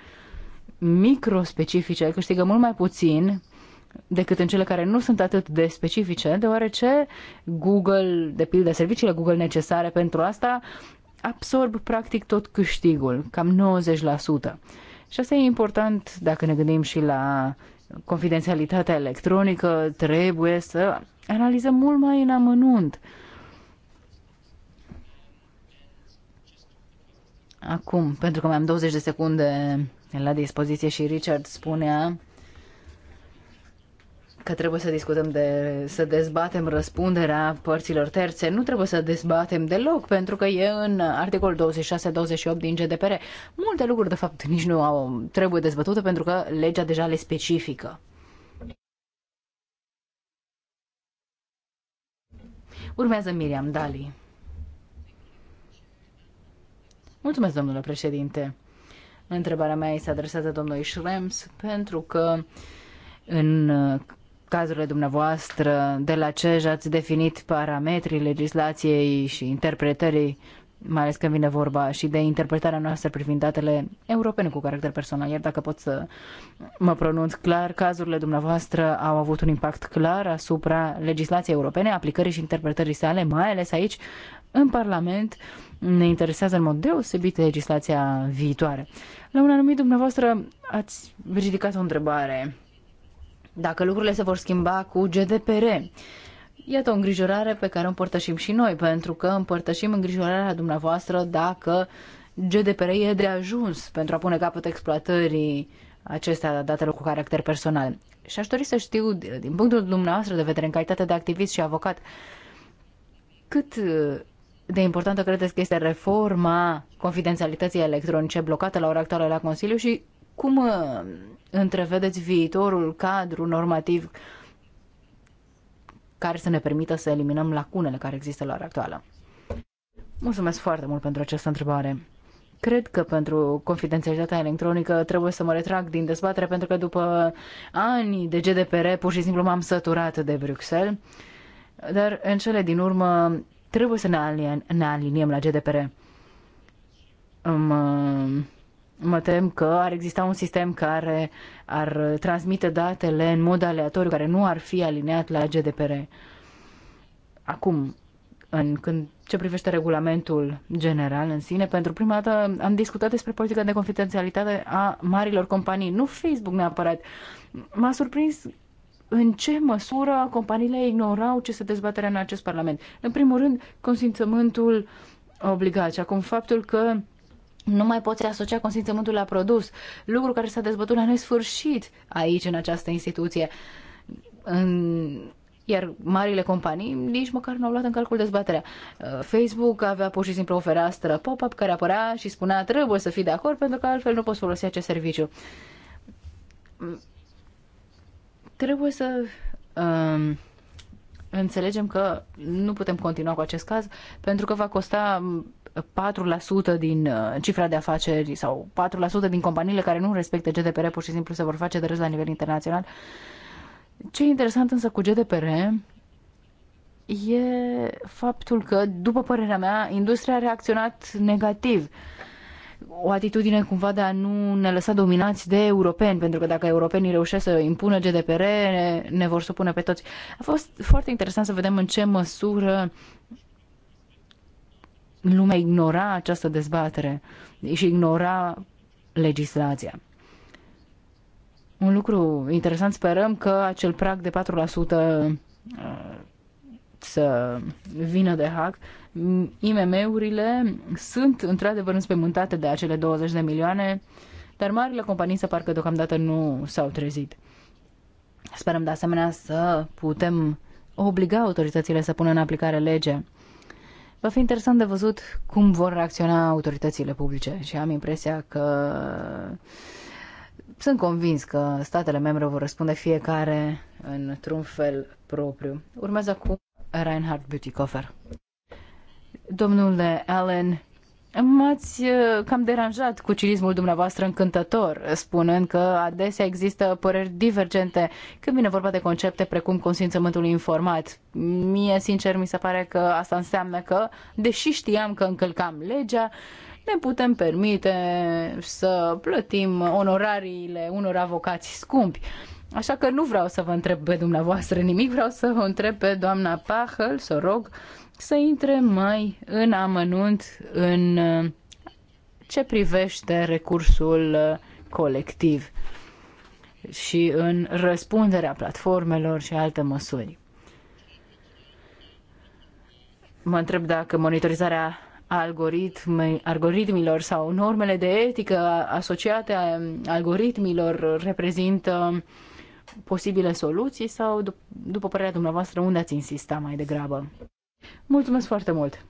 D: microspecifice câștigă mult mai puțin decât în cele care nu sunt atât de specifice, deoarece Google, de pildă, serviciile Google necesare pentru asta absorb practic tot câștigul, cam 90%. Și asta e important dacă ne gândim și la confidențialitatea electronică, trebuie să analizăm mult mai în amănunt Acum, pentru că mai am 20 de secunde la dispoziție și Richard spunea că trebuie să discutăm de, să dezbatem răspunderea părților terțe. Nu trebuie să dezbatem deloc, pentru că e în articolul 26-28 din GDPR. Multe lucruri, de fapt, nici nu au, trebuie dezbătute, pentru că legea deja le specifică. Urmează Miriam Dali. Mulțumesc, domnule președinte. Întrebarea mea este adresată domnului Schrems pentru că în uh, cazurile dumneavoastră de la ce ați definit parametrii legislației și interpretării mai ales când vine vorba și de interpretarea noastră privind datele europene cu caracter personal. Iar dacă pot să mă pronunț clar, cazurile dumneavoastră au avut un impact clar asupra legislației europene, aplicării și interpretării sale, mai ales aici, în Parlament, ne interesează în mod deosebit legislația viitoare. La un anumit dumneavoastră ați ridicat o întrebare. Dacă lucrurile se vor schimba cu GDPR, Iată o îngrijorare pe care o împărtășim și noi, pentru că împărtășim îngrijorarea dumneavoastră dacă GDPR e de ajuns pentru a pune capăt exploatării acestea datelor cu caracter personal. Și aș dori să știu, din punctul dumneavoastră de vedere, în calitate de activist și avocat, cât de importantă credeți că este reforma confidențialității electronice blocată la ora actuală la Consiliu și cum uh, întrevedeți viitorul cadru normativ care să ne permită să eliminăm lacunele care există la ora actuală? Mulțumesc foarte mult pentru această întrebare. Cred că pentru confidențialitatea electronică trebuie să mă retrag din dezbatere pentru că după ani de GDPR pur și simplu m-am săturat de Bruxelles. Dar în cele din urmă Trebuie să ne, alien, ne aliniem la GDPR. Mă, uh, mă tem că ar exista un sistem care ar transmite datele în mod aleatoriu, care nu ar fi aliniat la GDPR. Acum, în când ce privește regulamentul general în sine, pentru prima dată am discutat despre politica de confidențialitate a marilor companii, nu Facebook neapărat. M-a surprins în ce măsură companiile ignorau ce se dezbaterea în acest Parlament. În primul rând, consimțământul obligat și acum faptul că nu mai poți asocia consimțământul la produs, lucru care s-a dezbătut la nesfârșit aici, în această instituție. În... Iar marile companii nici măcar nu au luat în calcul dezbaterea. Uh, Facebook avea pur și simplu o fereastră pop-up care apărea și spunea trebuie să fii de acord pentru că altfel nu poți folosi acest serviciu Trebuie să um, înțelegem că nu putem continua cu acest caz pentru că va costa 4% din uh, cifra de afaceri sau 4% din companiile care nu respectă GDPR pur și simplu se vor face de râs la nivel internațional. Ce e interesant însă cu GDPR e faptul că, după părerea mea, industria a reacționat negativ. Uh, o atitudine cumva de a nu ne lăsa dominați de europeni, pentru că dacă europenii reușesc să impună GDPR, ne, ne vor supune pe toți. A fost foarte interesant să vedem în ce măsură lumea ignora această dezbatere și ignora legislația. Un lucru interesant, sperăm că acel prag de 4% să vină de hack. IMM-urile sunt într-adevăr înspemântate de acele 20 de milioane, dar marile companii se parcă deocamdată nu s-au trezit. Sperăm de asemenea să putem obliga autoritățile să pună în aplicare legea. Va fi interesant de văzut cum vor reacționa autoritățile publice și am impresia că sunt convins că statele membre vor răspunde fiecare într-un fel propriu. Urmează acum Reinhard Butikofer. Domnule Allen, M-ați uh, cam deranjat cu cinismul dumneavoastră încântător, spunând că adesea există păreri divergente când vine vorba de concepte precum consimțământul informat. Mie, sincer, mi se pare că asta înseamnă că, deși știam că încălcam legea, ne putem permite să plătim onorariile unor avocați scumpi. Așa că nu vreau să vă întreb pe dumneavoastră nimic, vreau să vă întreb pe doamna Pahăl, să rog, să intre mai în amănunt în uh, ce privește recursul uh, colectiv și în răspunderea platformelor și alte măsuri. Mă întreb dacă monitorizarea algoritmilor sau normele de etică asociate um, algoritmilor reprezintă posibile soluții sau, după părerea dumneavoastră, unde ați insista mai degrabă? Mulțumesc foarte mult!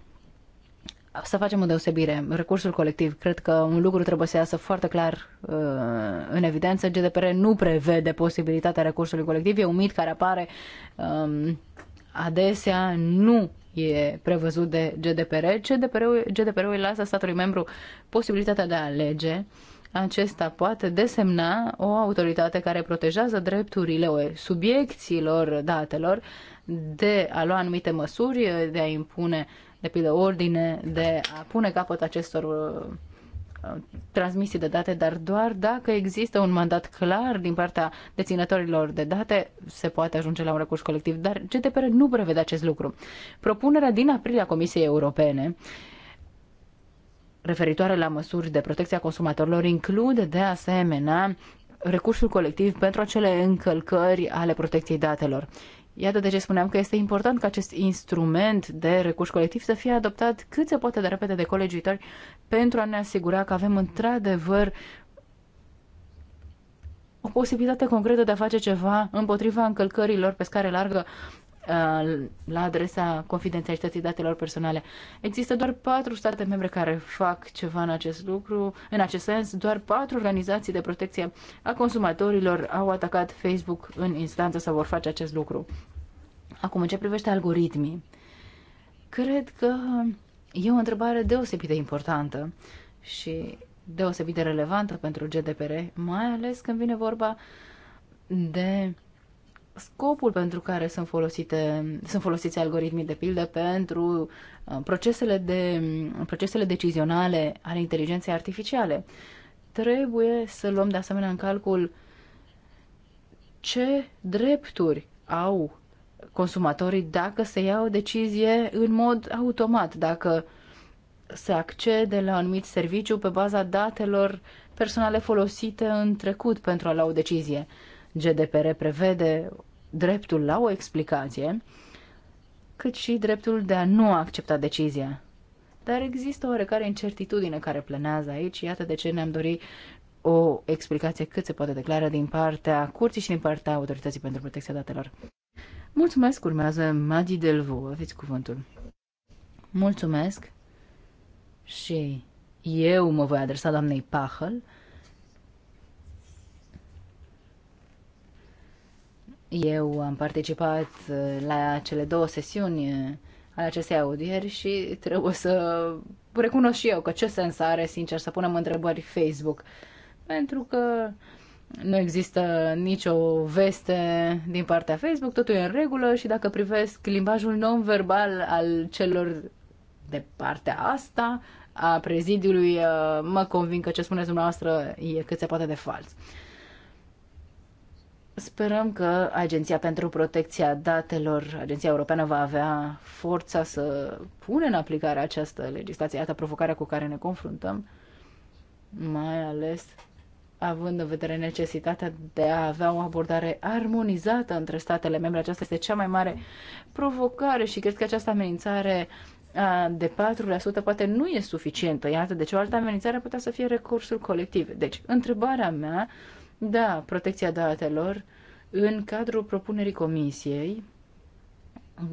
D: Să facem o deosebire. Recursul colectiv. Cred că un lucru trebuie să iasă foarte clar uh, în evidență. GDPR nu prevede posibilitatea recursului colectiv. E un mit care apare um, adesea. Nu e prevăzut de GDPR. GDPR-ul, gdpr lasă statului membru posibilitatea de a alege uh, acesta poate desemna o autoritate care protejează drepturile subiecțiilor datelor de a lua anumite măsuri, de a impune, de pildă, ordine, de a pune capăt acestor uh, transmisii de date, dar doar dacă există un mandat clar din partea deținătorilor de date, se poate ajunge la un recurs colectiv, dar GDPR nu prevede acest lucru. Propunerea din aprilie a Comisiei Europene uh, referitoare la măsuri de protecție a consumatorilor include de asemenea recursul colectiv pentru acele încălcări ale protecției datelor. Iată de ce spuneam că este important ca acest instrument de recurs colectiv să fie adoptat cât se poate de repede de colegiuitori pentru a ne asigura că avem într-adevăr o posibilitate concretă de a face ceva împotriva încălcărilor pe scară largă Uh, la adresa confidențialității datelor personale. Există doar patru state membre care fac ceva în acest lucru, în acest sens, doar patru organizații de protecție a consumatorilor au atacat Facebook în instanță sau vor face acest lucru. Acum, în ce privește algoritmii, cred că e o întrebare deosebit de importantă și deosebit de relevantă pentru GDPR, mai ales când vine vorba de scopul pentru care sunt, folosite, sunt folosiți algoritmii de pildă pentru uh, procesele, de, mm, procesele decizionale ale inteligenței artificiale. Trebuie să luăm de asemenea în calcul ce drepturi au consumatorii dacă se ia o decizie în mod automat, dacă se accede la anumit serviciu pe baza datelor personale folosite în trecut pentru a lua o decizie. GDPR prevede dreptul la o explicație, cât și dreptul de a nu accepta decizia. Dar există oarecare incertitudine care plenează aici, iată de ce ne-am dorit o explicație cât se poate declara din partea curții și din partea Autorității pentru Protecția Datelor. Mulțumesc, urmează Madi Delvo, aveți cuvântul. Mulțumesc și eu mă voi adresa doamnei Pahăl, Eu am participat uh, la cele două sesiuni uh, ale acestei audieri și trebuie să recunosc și eu că ce sens are, sincer, să punem întrebări Facebook. Pentru că nu există nicio veste din partea Facebook, totul e în regulă și dacă privesc limbajul non-verbal al celor de partea asta a prezidiului, uh, mă convin că ce spuneți dumneavoastră e cât se poate de fals. Sperăm că Agenția pentru Protecția Datelor, Agenția Europeană, va avea forța să pună în aplicare această legislație. Iată provocarea cu care ne confruntăm, mai ales având în vedere necesitatea de a avea o abordare armonizată între statele membre. Aceasta este cea mai mare provocare și cred că această amenințare de 4% poate nu e suficientă. Iată, deci o altă amenințare putea să fie recursul colectiv. Deci, întrebarea mea da, protecția datelor în cadrul propunerii comisiei,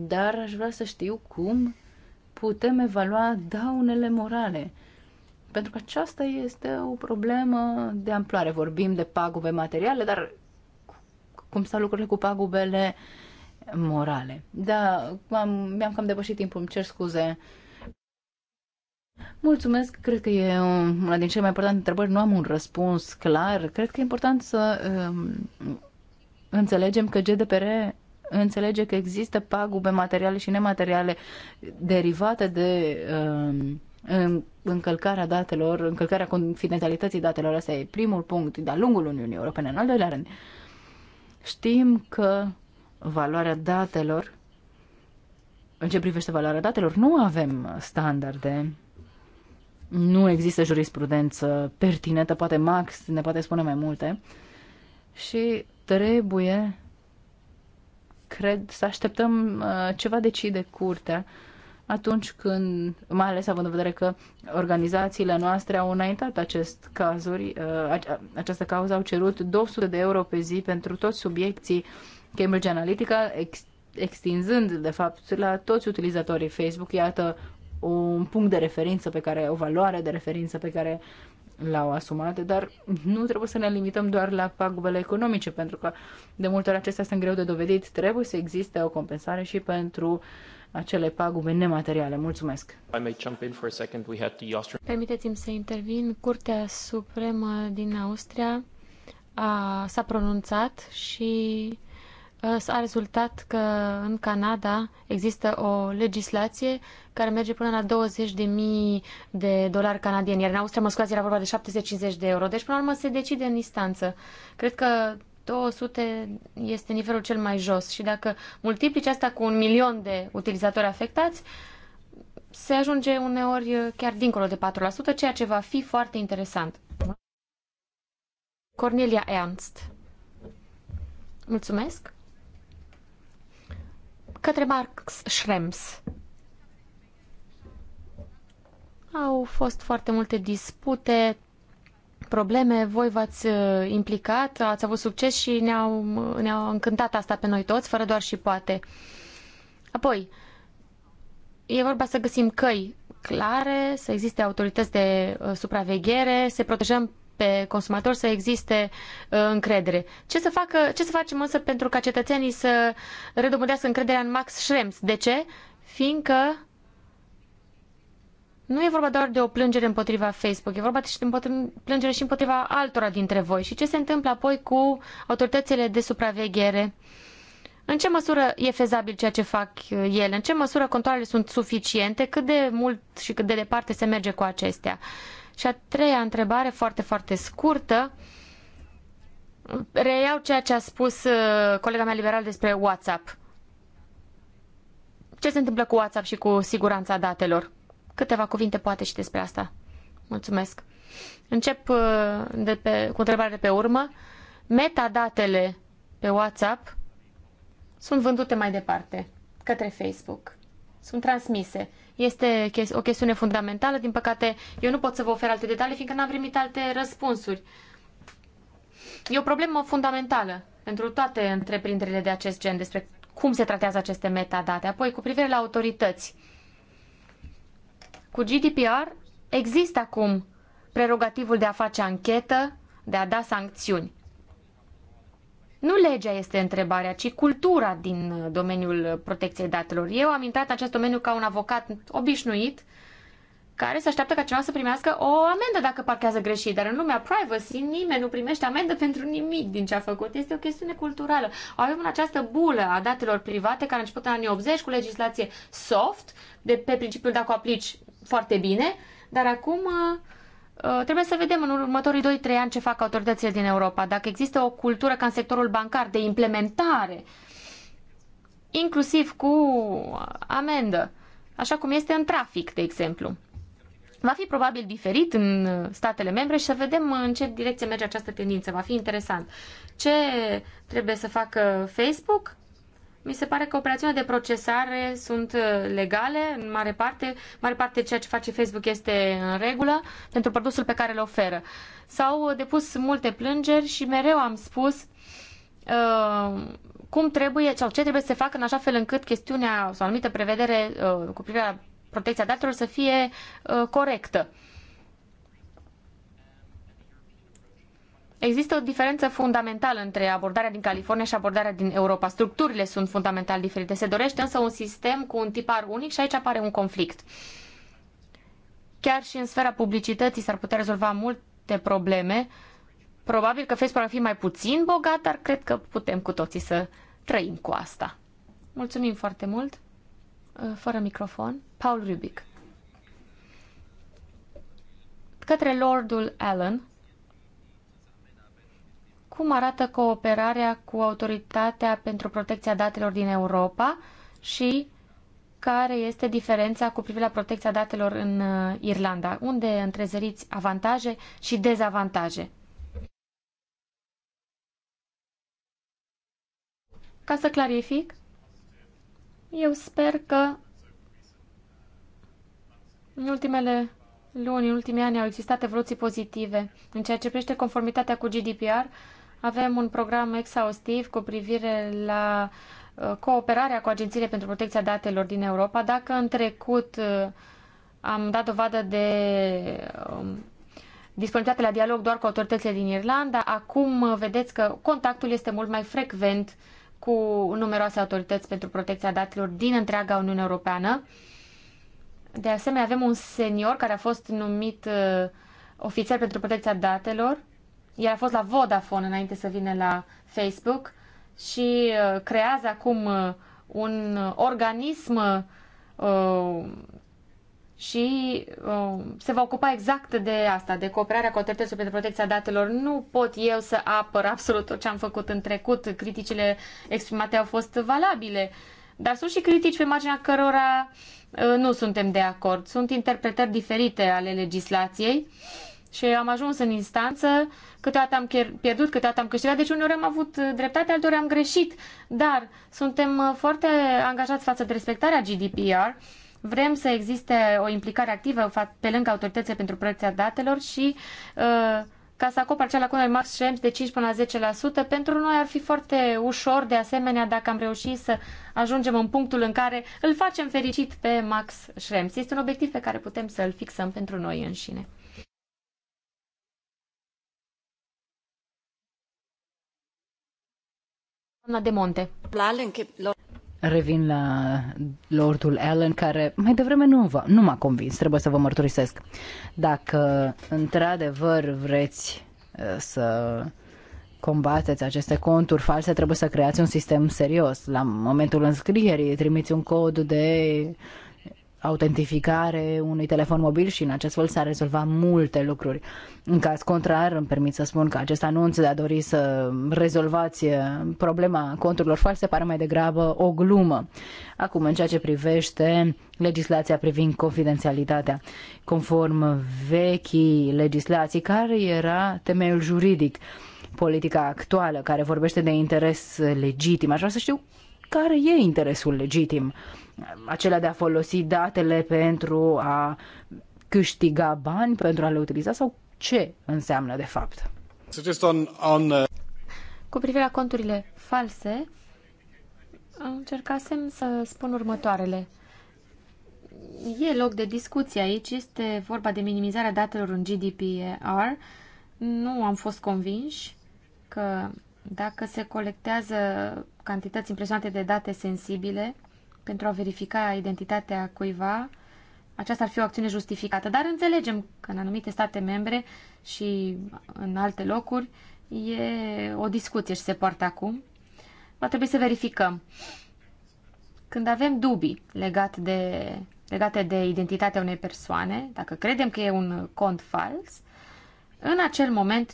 D: dar aș vrea să știu cum putem evalua daunele morale. Pentru că aceasta este o problemă de amploare. Vorbim de pagube materiale, dar cum stau lucrurile cu pagubele morale? Da, mi-am cam depășit timpul, îmi cer scuze. Mulțumesc, cred că e una din cele mai importante întrebări. Nu am un răspuns clar. Cred că e important să um, înțelegem că GDPR înțelege că există pagube materiale și nemateriale derivate de um, încălcarea datelor, încălcarea confidențialității datelor. Asta e primul punct de-a lungul Uniunii Europene. În al doilea rând, știm că valoarea datelor, în ce privește valoarea datelor, nu avem standarde nu există jurisprudență pertinentă, poate Max ne poate spune mai multe, și trebuie, cred, să așteptăm uh, ce va decide curtea atunci când, mai ales având în vedere că organizațiile noastre au înaintat acest cazuri, uh, această cauză, au cerut 200 de euro pe zi pentru toți subiecții Cambridge Analytica, ex, extinzând, de fapt, la toți utilizatorii Facebook. Iată un punct de referință pe care, o valoare de referință pe care l-au asumat, dar nu trebuie să ne limităm doar la pagubele economice, pentru că de multe ori acestea sunt greu de dovedit. Trebuie să existe o compensare și pentru acele pagube nemateriale. Mulțumesc!
E: Permiteți-mi să intervin. Curtea Supremă din Austria a, s-a pronunțat și s a rezultat că în Canada există o legislație care merge până la 20.000 de dolari canadieni, iar în Austria, mă scuzați, era vorba de 750 de euro. Deci, până la urmă, se decide în instanță. Cred că 200 este nivelul cel mai jos și dacă multiplici asta cu un milion de utilizatori afectați, se ajunge uneori chiar dincolo de 4%, ceea ce va fi foarte interesant. Cornelia Ernst. Mulțumesc! către Marx, Schrems. Au fost foarte multe dispute, probleme, voi v-ați uh, implicat, ați avut succes și ne-au, ne încântat asta pe noi toți, fără doar și poate. Apoi, e vorba să găsim căi clare, să existe autorități de uh, supraveghere, să protejăm pe consumator să existe uh, încredere. Ce să, facă, ce să facem însă pentru ca cetățenii să redobândească încrederea în Max Schrems? De ce? Fiindcă nu e vorba doar de o plângere împotriva Facebook, e vorba și de plângere și împotriva altora dintre voi. Și ce se întâmplă apoi cu autoritățile de supraveghere? În ce măsură e fezabil ceea ce fac uh, ele? În ce măsură controlele sunt suficiente? Cât de mult și cât de departe se merge cu acestea? Uh, și a treia întrebare, foarte, foarte scurtă, reiau ceea ce a spus uh, colega mea liberal despre WhatsApp. Ce se întâmplă cu WhatsApp și cu siguranța datelor? Câteva cuvinte poate și despre asta. Mulțumesc. Încep uh, de pe, cu întrebarea de pe urmă. Metadatele pe WhatsApp sunt vândute mai departe, către Facebook. Sunt transmise. Este o chestiune fundamentală. Din păcate, eu nu pot să vă ofer alte detalii, fiindcă n-am primit alte răspunsuri. E o problemă fundamentală pentru toate întreprinderile de acest gen despre cum se tratează aceste metadate. Apoi, cu privire la autorități. Cu GDPR există acum prerogativul de a face anchetă, de a da sancțiuni. Nu legea este întrebarea, ci cultura din uh, domeniul protecției datelor. Eu am intrat în acest domeniu ca un avocat obișnuit, care se așteaptă ca cineva să primească o amendă dacă parchează greșit, dar în lumea privacy nimeni nu primește amendă pentru nimic din ce a făcut. Este o chestiune culturală. Avem în această bulă a datelor private care a început în anii 80 cu legislație soft, de pe principiul dacă o aplici foarte bine, dar acum uh, Uh, trebuie să vedem în următorii 2-3 ani ce fac autoritățile din Europa. Dacă există o cultură ca în sectorul bancar de implementare, inclusiv cu amendă, așa cum este în trafic, de exemplu. Va fi probabil diferit în statele membre și să vedem în ce direcție merge această tendință. Va fi interesant. Ce trebuie să facă Facebook? Mi se pare că operațiunile de procesare sunt uh, legale în mare parte. mare parte ceea ce face Facebook este în regulă pentru produsul pe care îl oferă. S-au uh, depus multe plângeri și mereu am spus uh, cum trebuie sau ce trebuie să se facă în așa fel încât chestiunea sau anumită prevedere uh, cu privire la protecția datelor să fie uh, corectă. Uh, Există o diferență fundamentală între abordarea din California și abordarea din Europa. Structurile sunt fundamental diferite. Se dorește însă un sistem cu un tipar unic și aici apare un conflict. Chiar și în sfera publicității s-ar putea rezolva multe probleme. Probabil că Facebook ar fi mai puțin bogat, dar cred că putem cu toții să trăim cu asta. Mulțumim foarte mult. Uh, fără microfon, Paul Rubic. Către Lordul Allen, cum arată cooperarea cu Autoritatea pentru Protecția Datelor din Europa și care este diferența cu privire la protecția datelor în uh, Irlanda? Unde întrezăriți avantaje și dezavantaje? Ca să clarific, eu sper că în ultimele luni, în ultimii ani au existat evoluții pozitive în ceea ce privește conformitatea cu GDPR, avem un program exhaustiv cu privire la uh, cooperarea cu agențiile pentru protecția datelor din Europa. Dacă în trecut uh, am dat dovadă de um, disponibilitate la dialog doar cu autoritățile din Irlanda, acum uh, vedeți că contactul este mult mai frecvent cu numeroase autorități pentru protecția datelor din întreaga Uniune Europeană. De asemenea, avem un senior care a fost numit ofițer pentru protecția datelor el a fost la Vodafone înainte să vină la Facebook și uh, creează acum uh, un organism uh, și se va ocupa exact de asta, de cooperarea cu autoritățile pentru protecția datelor. Nu pot eu să apăr absolut tot ce am făcut în trecut. Criticile exprimate au fost valabile, dar sunt și critici pe marginea cărora nu suntem de acord. Sunt interpretări diferite ale legislației și am ajuns în instanță, câteodată am pierdut, câteodată am câștigat, deci uneori am avut dreptate, alteori am greșit, dar suntem uh, foarte angajați față de respectarea GDPR, vrem să existe o implicare activă pe lângă autoritățile pentru protecția datelor și uh, ca să acopăr acea lacună max Schrems de 5 până la 10%, pentru noi ar fi foarte ușor, de asemenea, dacă am reușit să ajungem în punctul în care îl facem fericit pe Max Schrems. Este un obiectiv pe care putem să-l fixăm pentru noi înșine. de Monte.
D: Revin la Lordul Allen, care mai devreme nu, va, nu m-a convins, trebuie să vă mărturisesc. Dacă într-adevăr vreți uh, să combateți aceste conturi false, trebuie să creați un sistem serios. La momentul înscrierii trimiți un cod de autentificare unui telefon mobil și în acest fel s-ar rezolva multe lucruri. În caz contrar, îmi permit să spun că acest anunț de a dori să rezolvați eh, problema conturilor false pare mai degrabă o glumă. Acum, în ceea ce privește legislația privind confidențialitatea, conform vechii legislații, care era temeiul juridic? Politica actuală, care vorbește de interes legitim, aș vrea să știu care e interesul legitim acelea de a folosi datele pentru a câștiga bani, pentru a le utiliza sau ce înseamnă de fapt? Uh,
E: Cu privire la conturile false, încercasem să spun următoarele. E loc de discuție aici, este vorba de minimizarea datelor în GDPR. Nu am fost convinși că dacă se colectează cantități impresionante de date sensibile, pentru a verifica identitatea cuiva, aceasta ar fi o acțiune justificată. Dar înțelegem că în anumite state membre și în alte locuri e o discuție și se poartă acum. Va trebui să verificăm. Când avem dubii legat de, legate de identitatea unei persoane, dacă credem că e un cont fals, în acel moment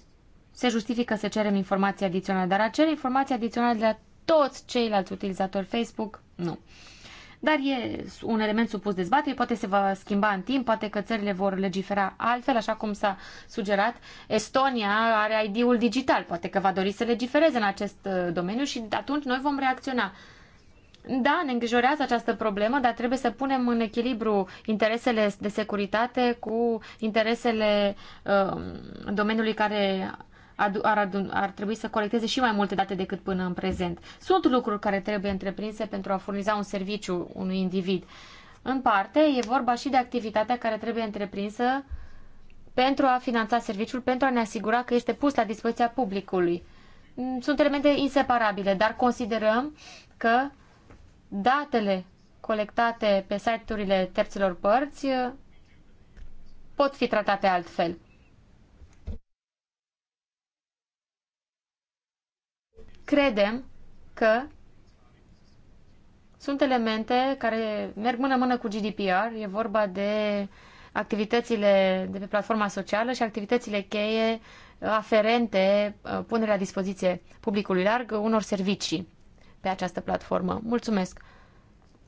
E: se justifică să cerem informații adiționale, dar acele informații adiționale de la toți ceilalți utilizatori Facebook, nu dar e un element supus dezbatere, poate se va schimba în timp, poate că țările vor legifera altfel, așa cum s-a sugerat. Estonia are ID-ul digital, poate că va dori să legifereze în acest uh, domeniu și atunci noi vom reacționa. Da, ne îngrijorează această problemă, dar trebuie să punem în echilibru interesele de securitate cu interesele uh, domeniului care ar, ar trebui să colecteze și mai multe date decât până în prezent. Sunt lucruri care trebuie întreprinse pentru a furniza un serviciu unui individ. În parte, e vorba și de activitatea care trebuie întreprinsă pentru a finanța serviciul, pentru a ne asigura că este pus la dispoziția publicului. Mm, sunt elemente inseparabile, dar considerăm că datele colectate pe site-urile terților părți eh, pot fi tratate altfel. Credem că sunt elemente care merg mână-mână cu GDPR. E vorba de activitățile de pe platforma socială și activitățile cheie uh, aferente uh, punerea la dispoziție publicului larg uh, unor servicii pe această platformă. Mulțumesc!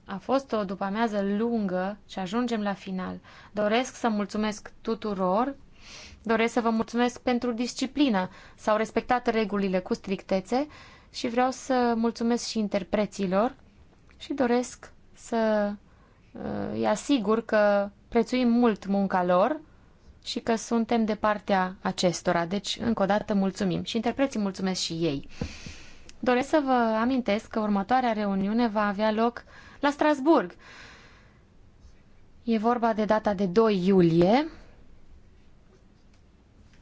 E: A fost o după-amiază lungă și ajungem la final. Doresc să mulțumesc tuturor, doresc să vă mulțumesc pentru disciplină. S-au respectat regulile cu strictețe și vreau să mulțumesc și interpreților și doresc să uh, îi asigur că prețuim mult munca lor și că suntem de partea acestora. Deci, încă o dată, mulțumim. Și interpreții mulțumesc și ei. Doresc să vă amintesc că următoarea reuniune va avea loc la Strasburg. E vorba de data de 2 iulie.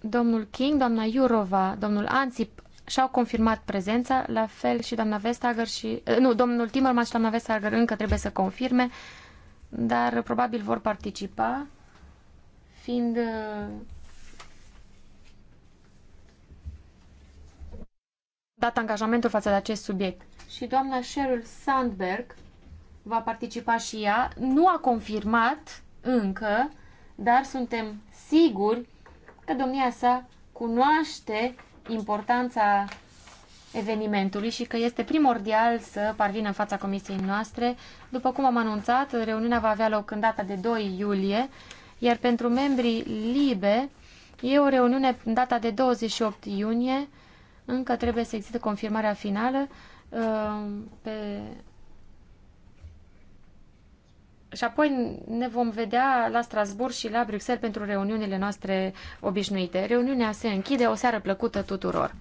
E: Domnul King, doamna Iurova, domnul Ansip și-au confirmat prezența, la fel și doamna Vestager și... Eh, nu, domnul Timmermans și doamna Vestager încă trebuie să confirme, dar probabil vor participa, fiind... Eh, dat angajamentul față de acest subiect. Și doamna Sheryl Sandberg va participa și ea. Nu a confirmat încă, dar suntem siguri că domnia sa cunoaște importanța evenimentului și că este primordial să parvină în fața comisiei noastre. După cum am anunțat, reuniunea va avea loc în data de 2 iulie, iar pentru membrii LIBE e o reuniune în data de 28 iunie, încă trebuie să existe confirmarea finală uh, pe și apoi ne vom vedea la Strasburg și la Bruxelles pentru reuniunile noastre obișnuite. Reuniunea se închide. O seară plăcută tuturor!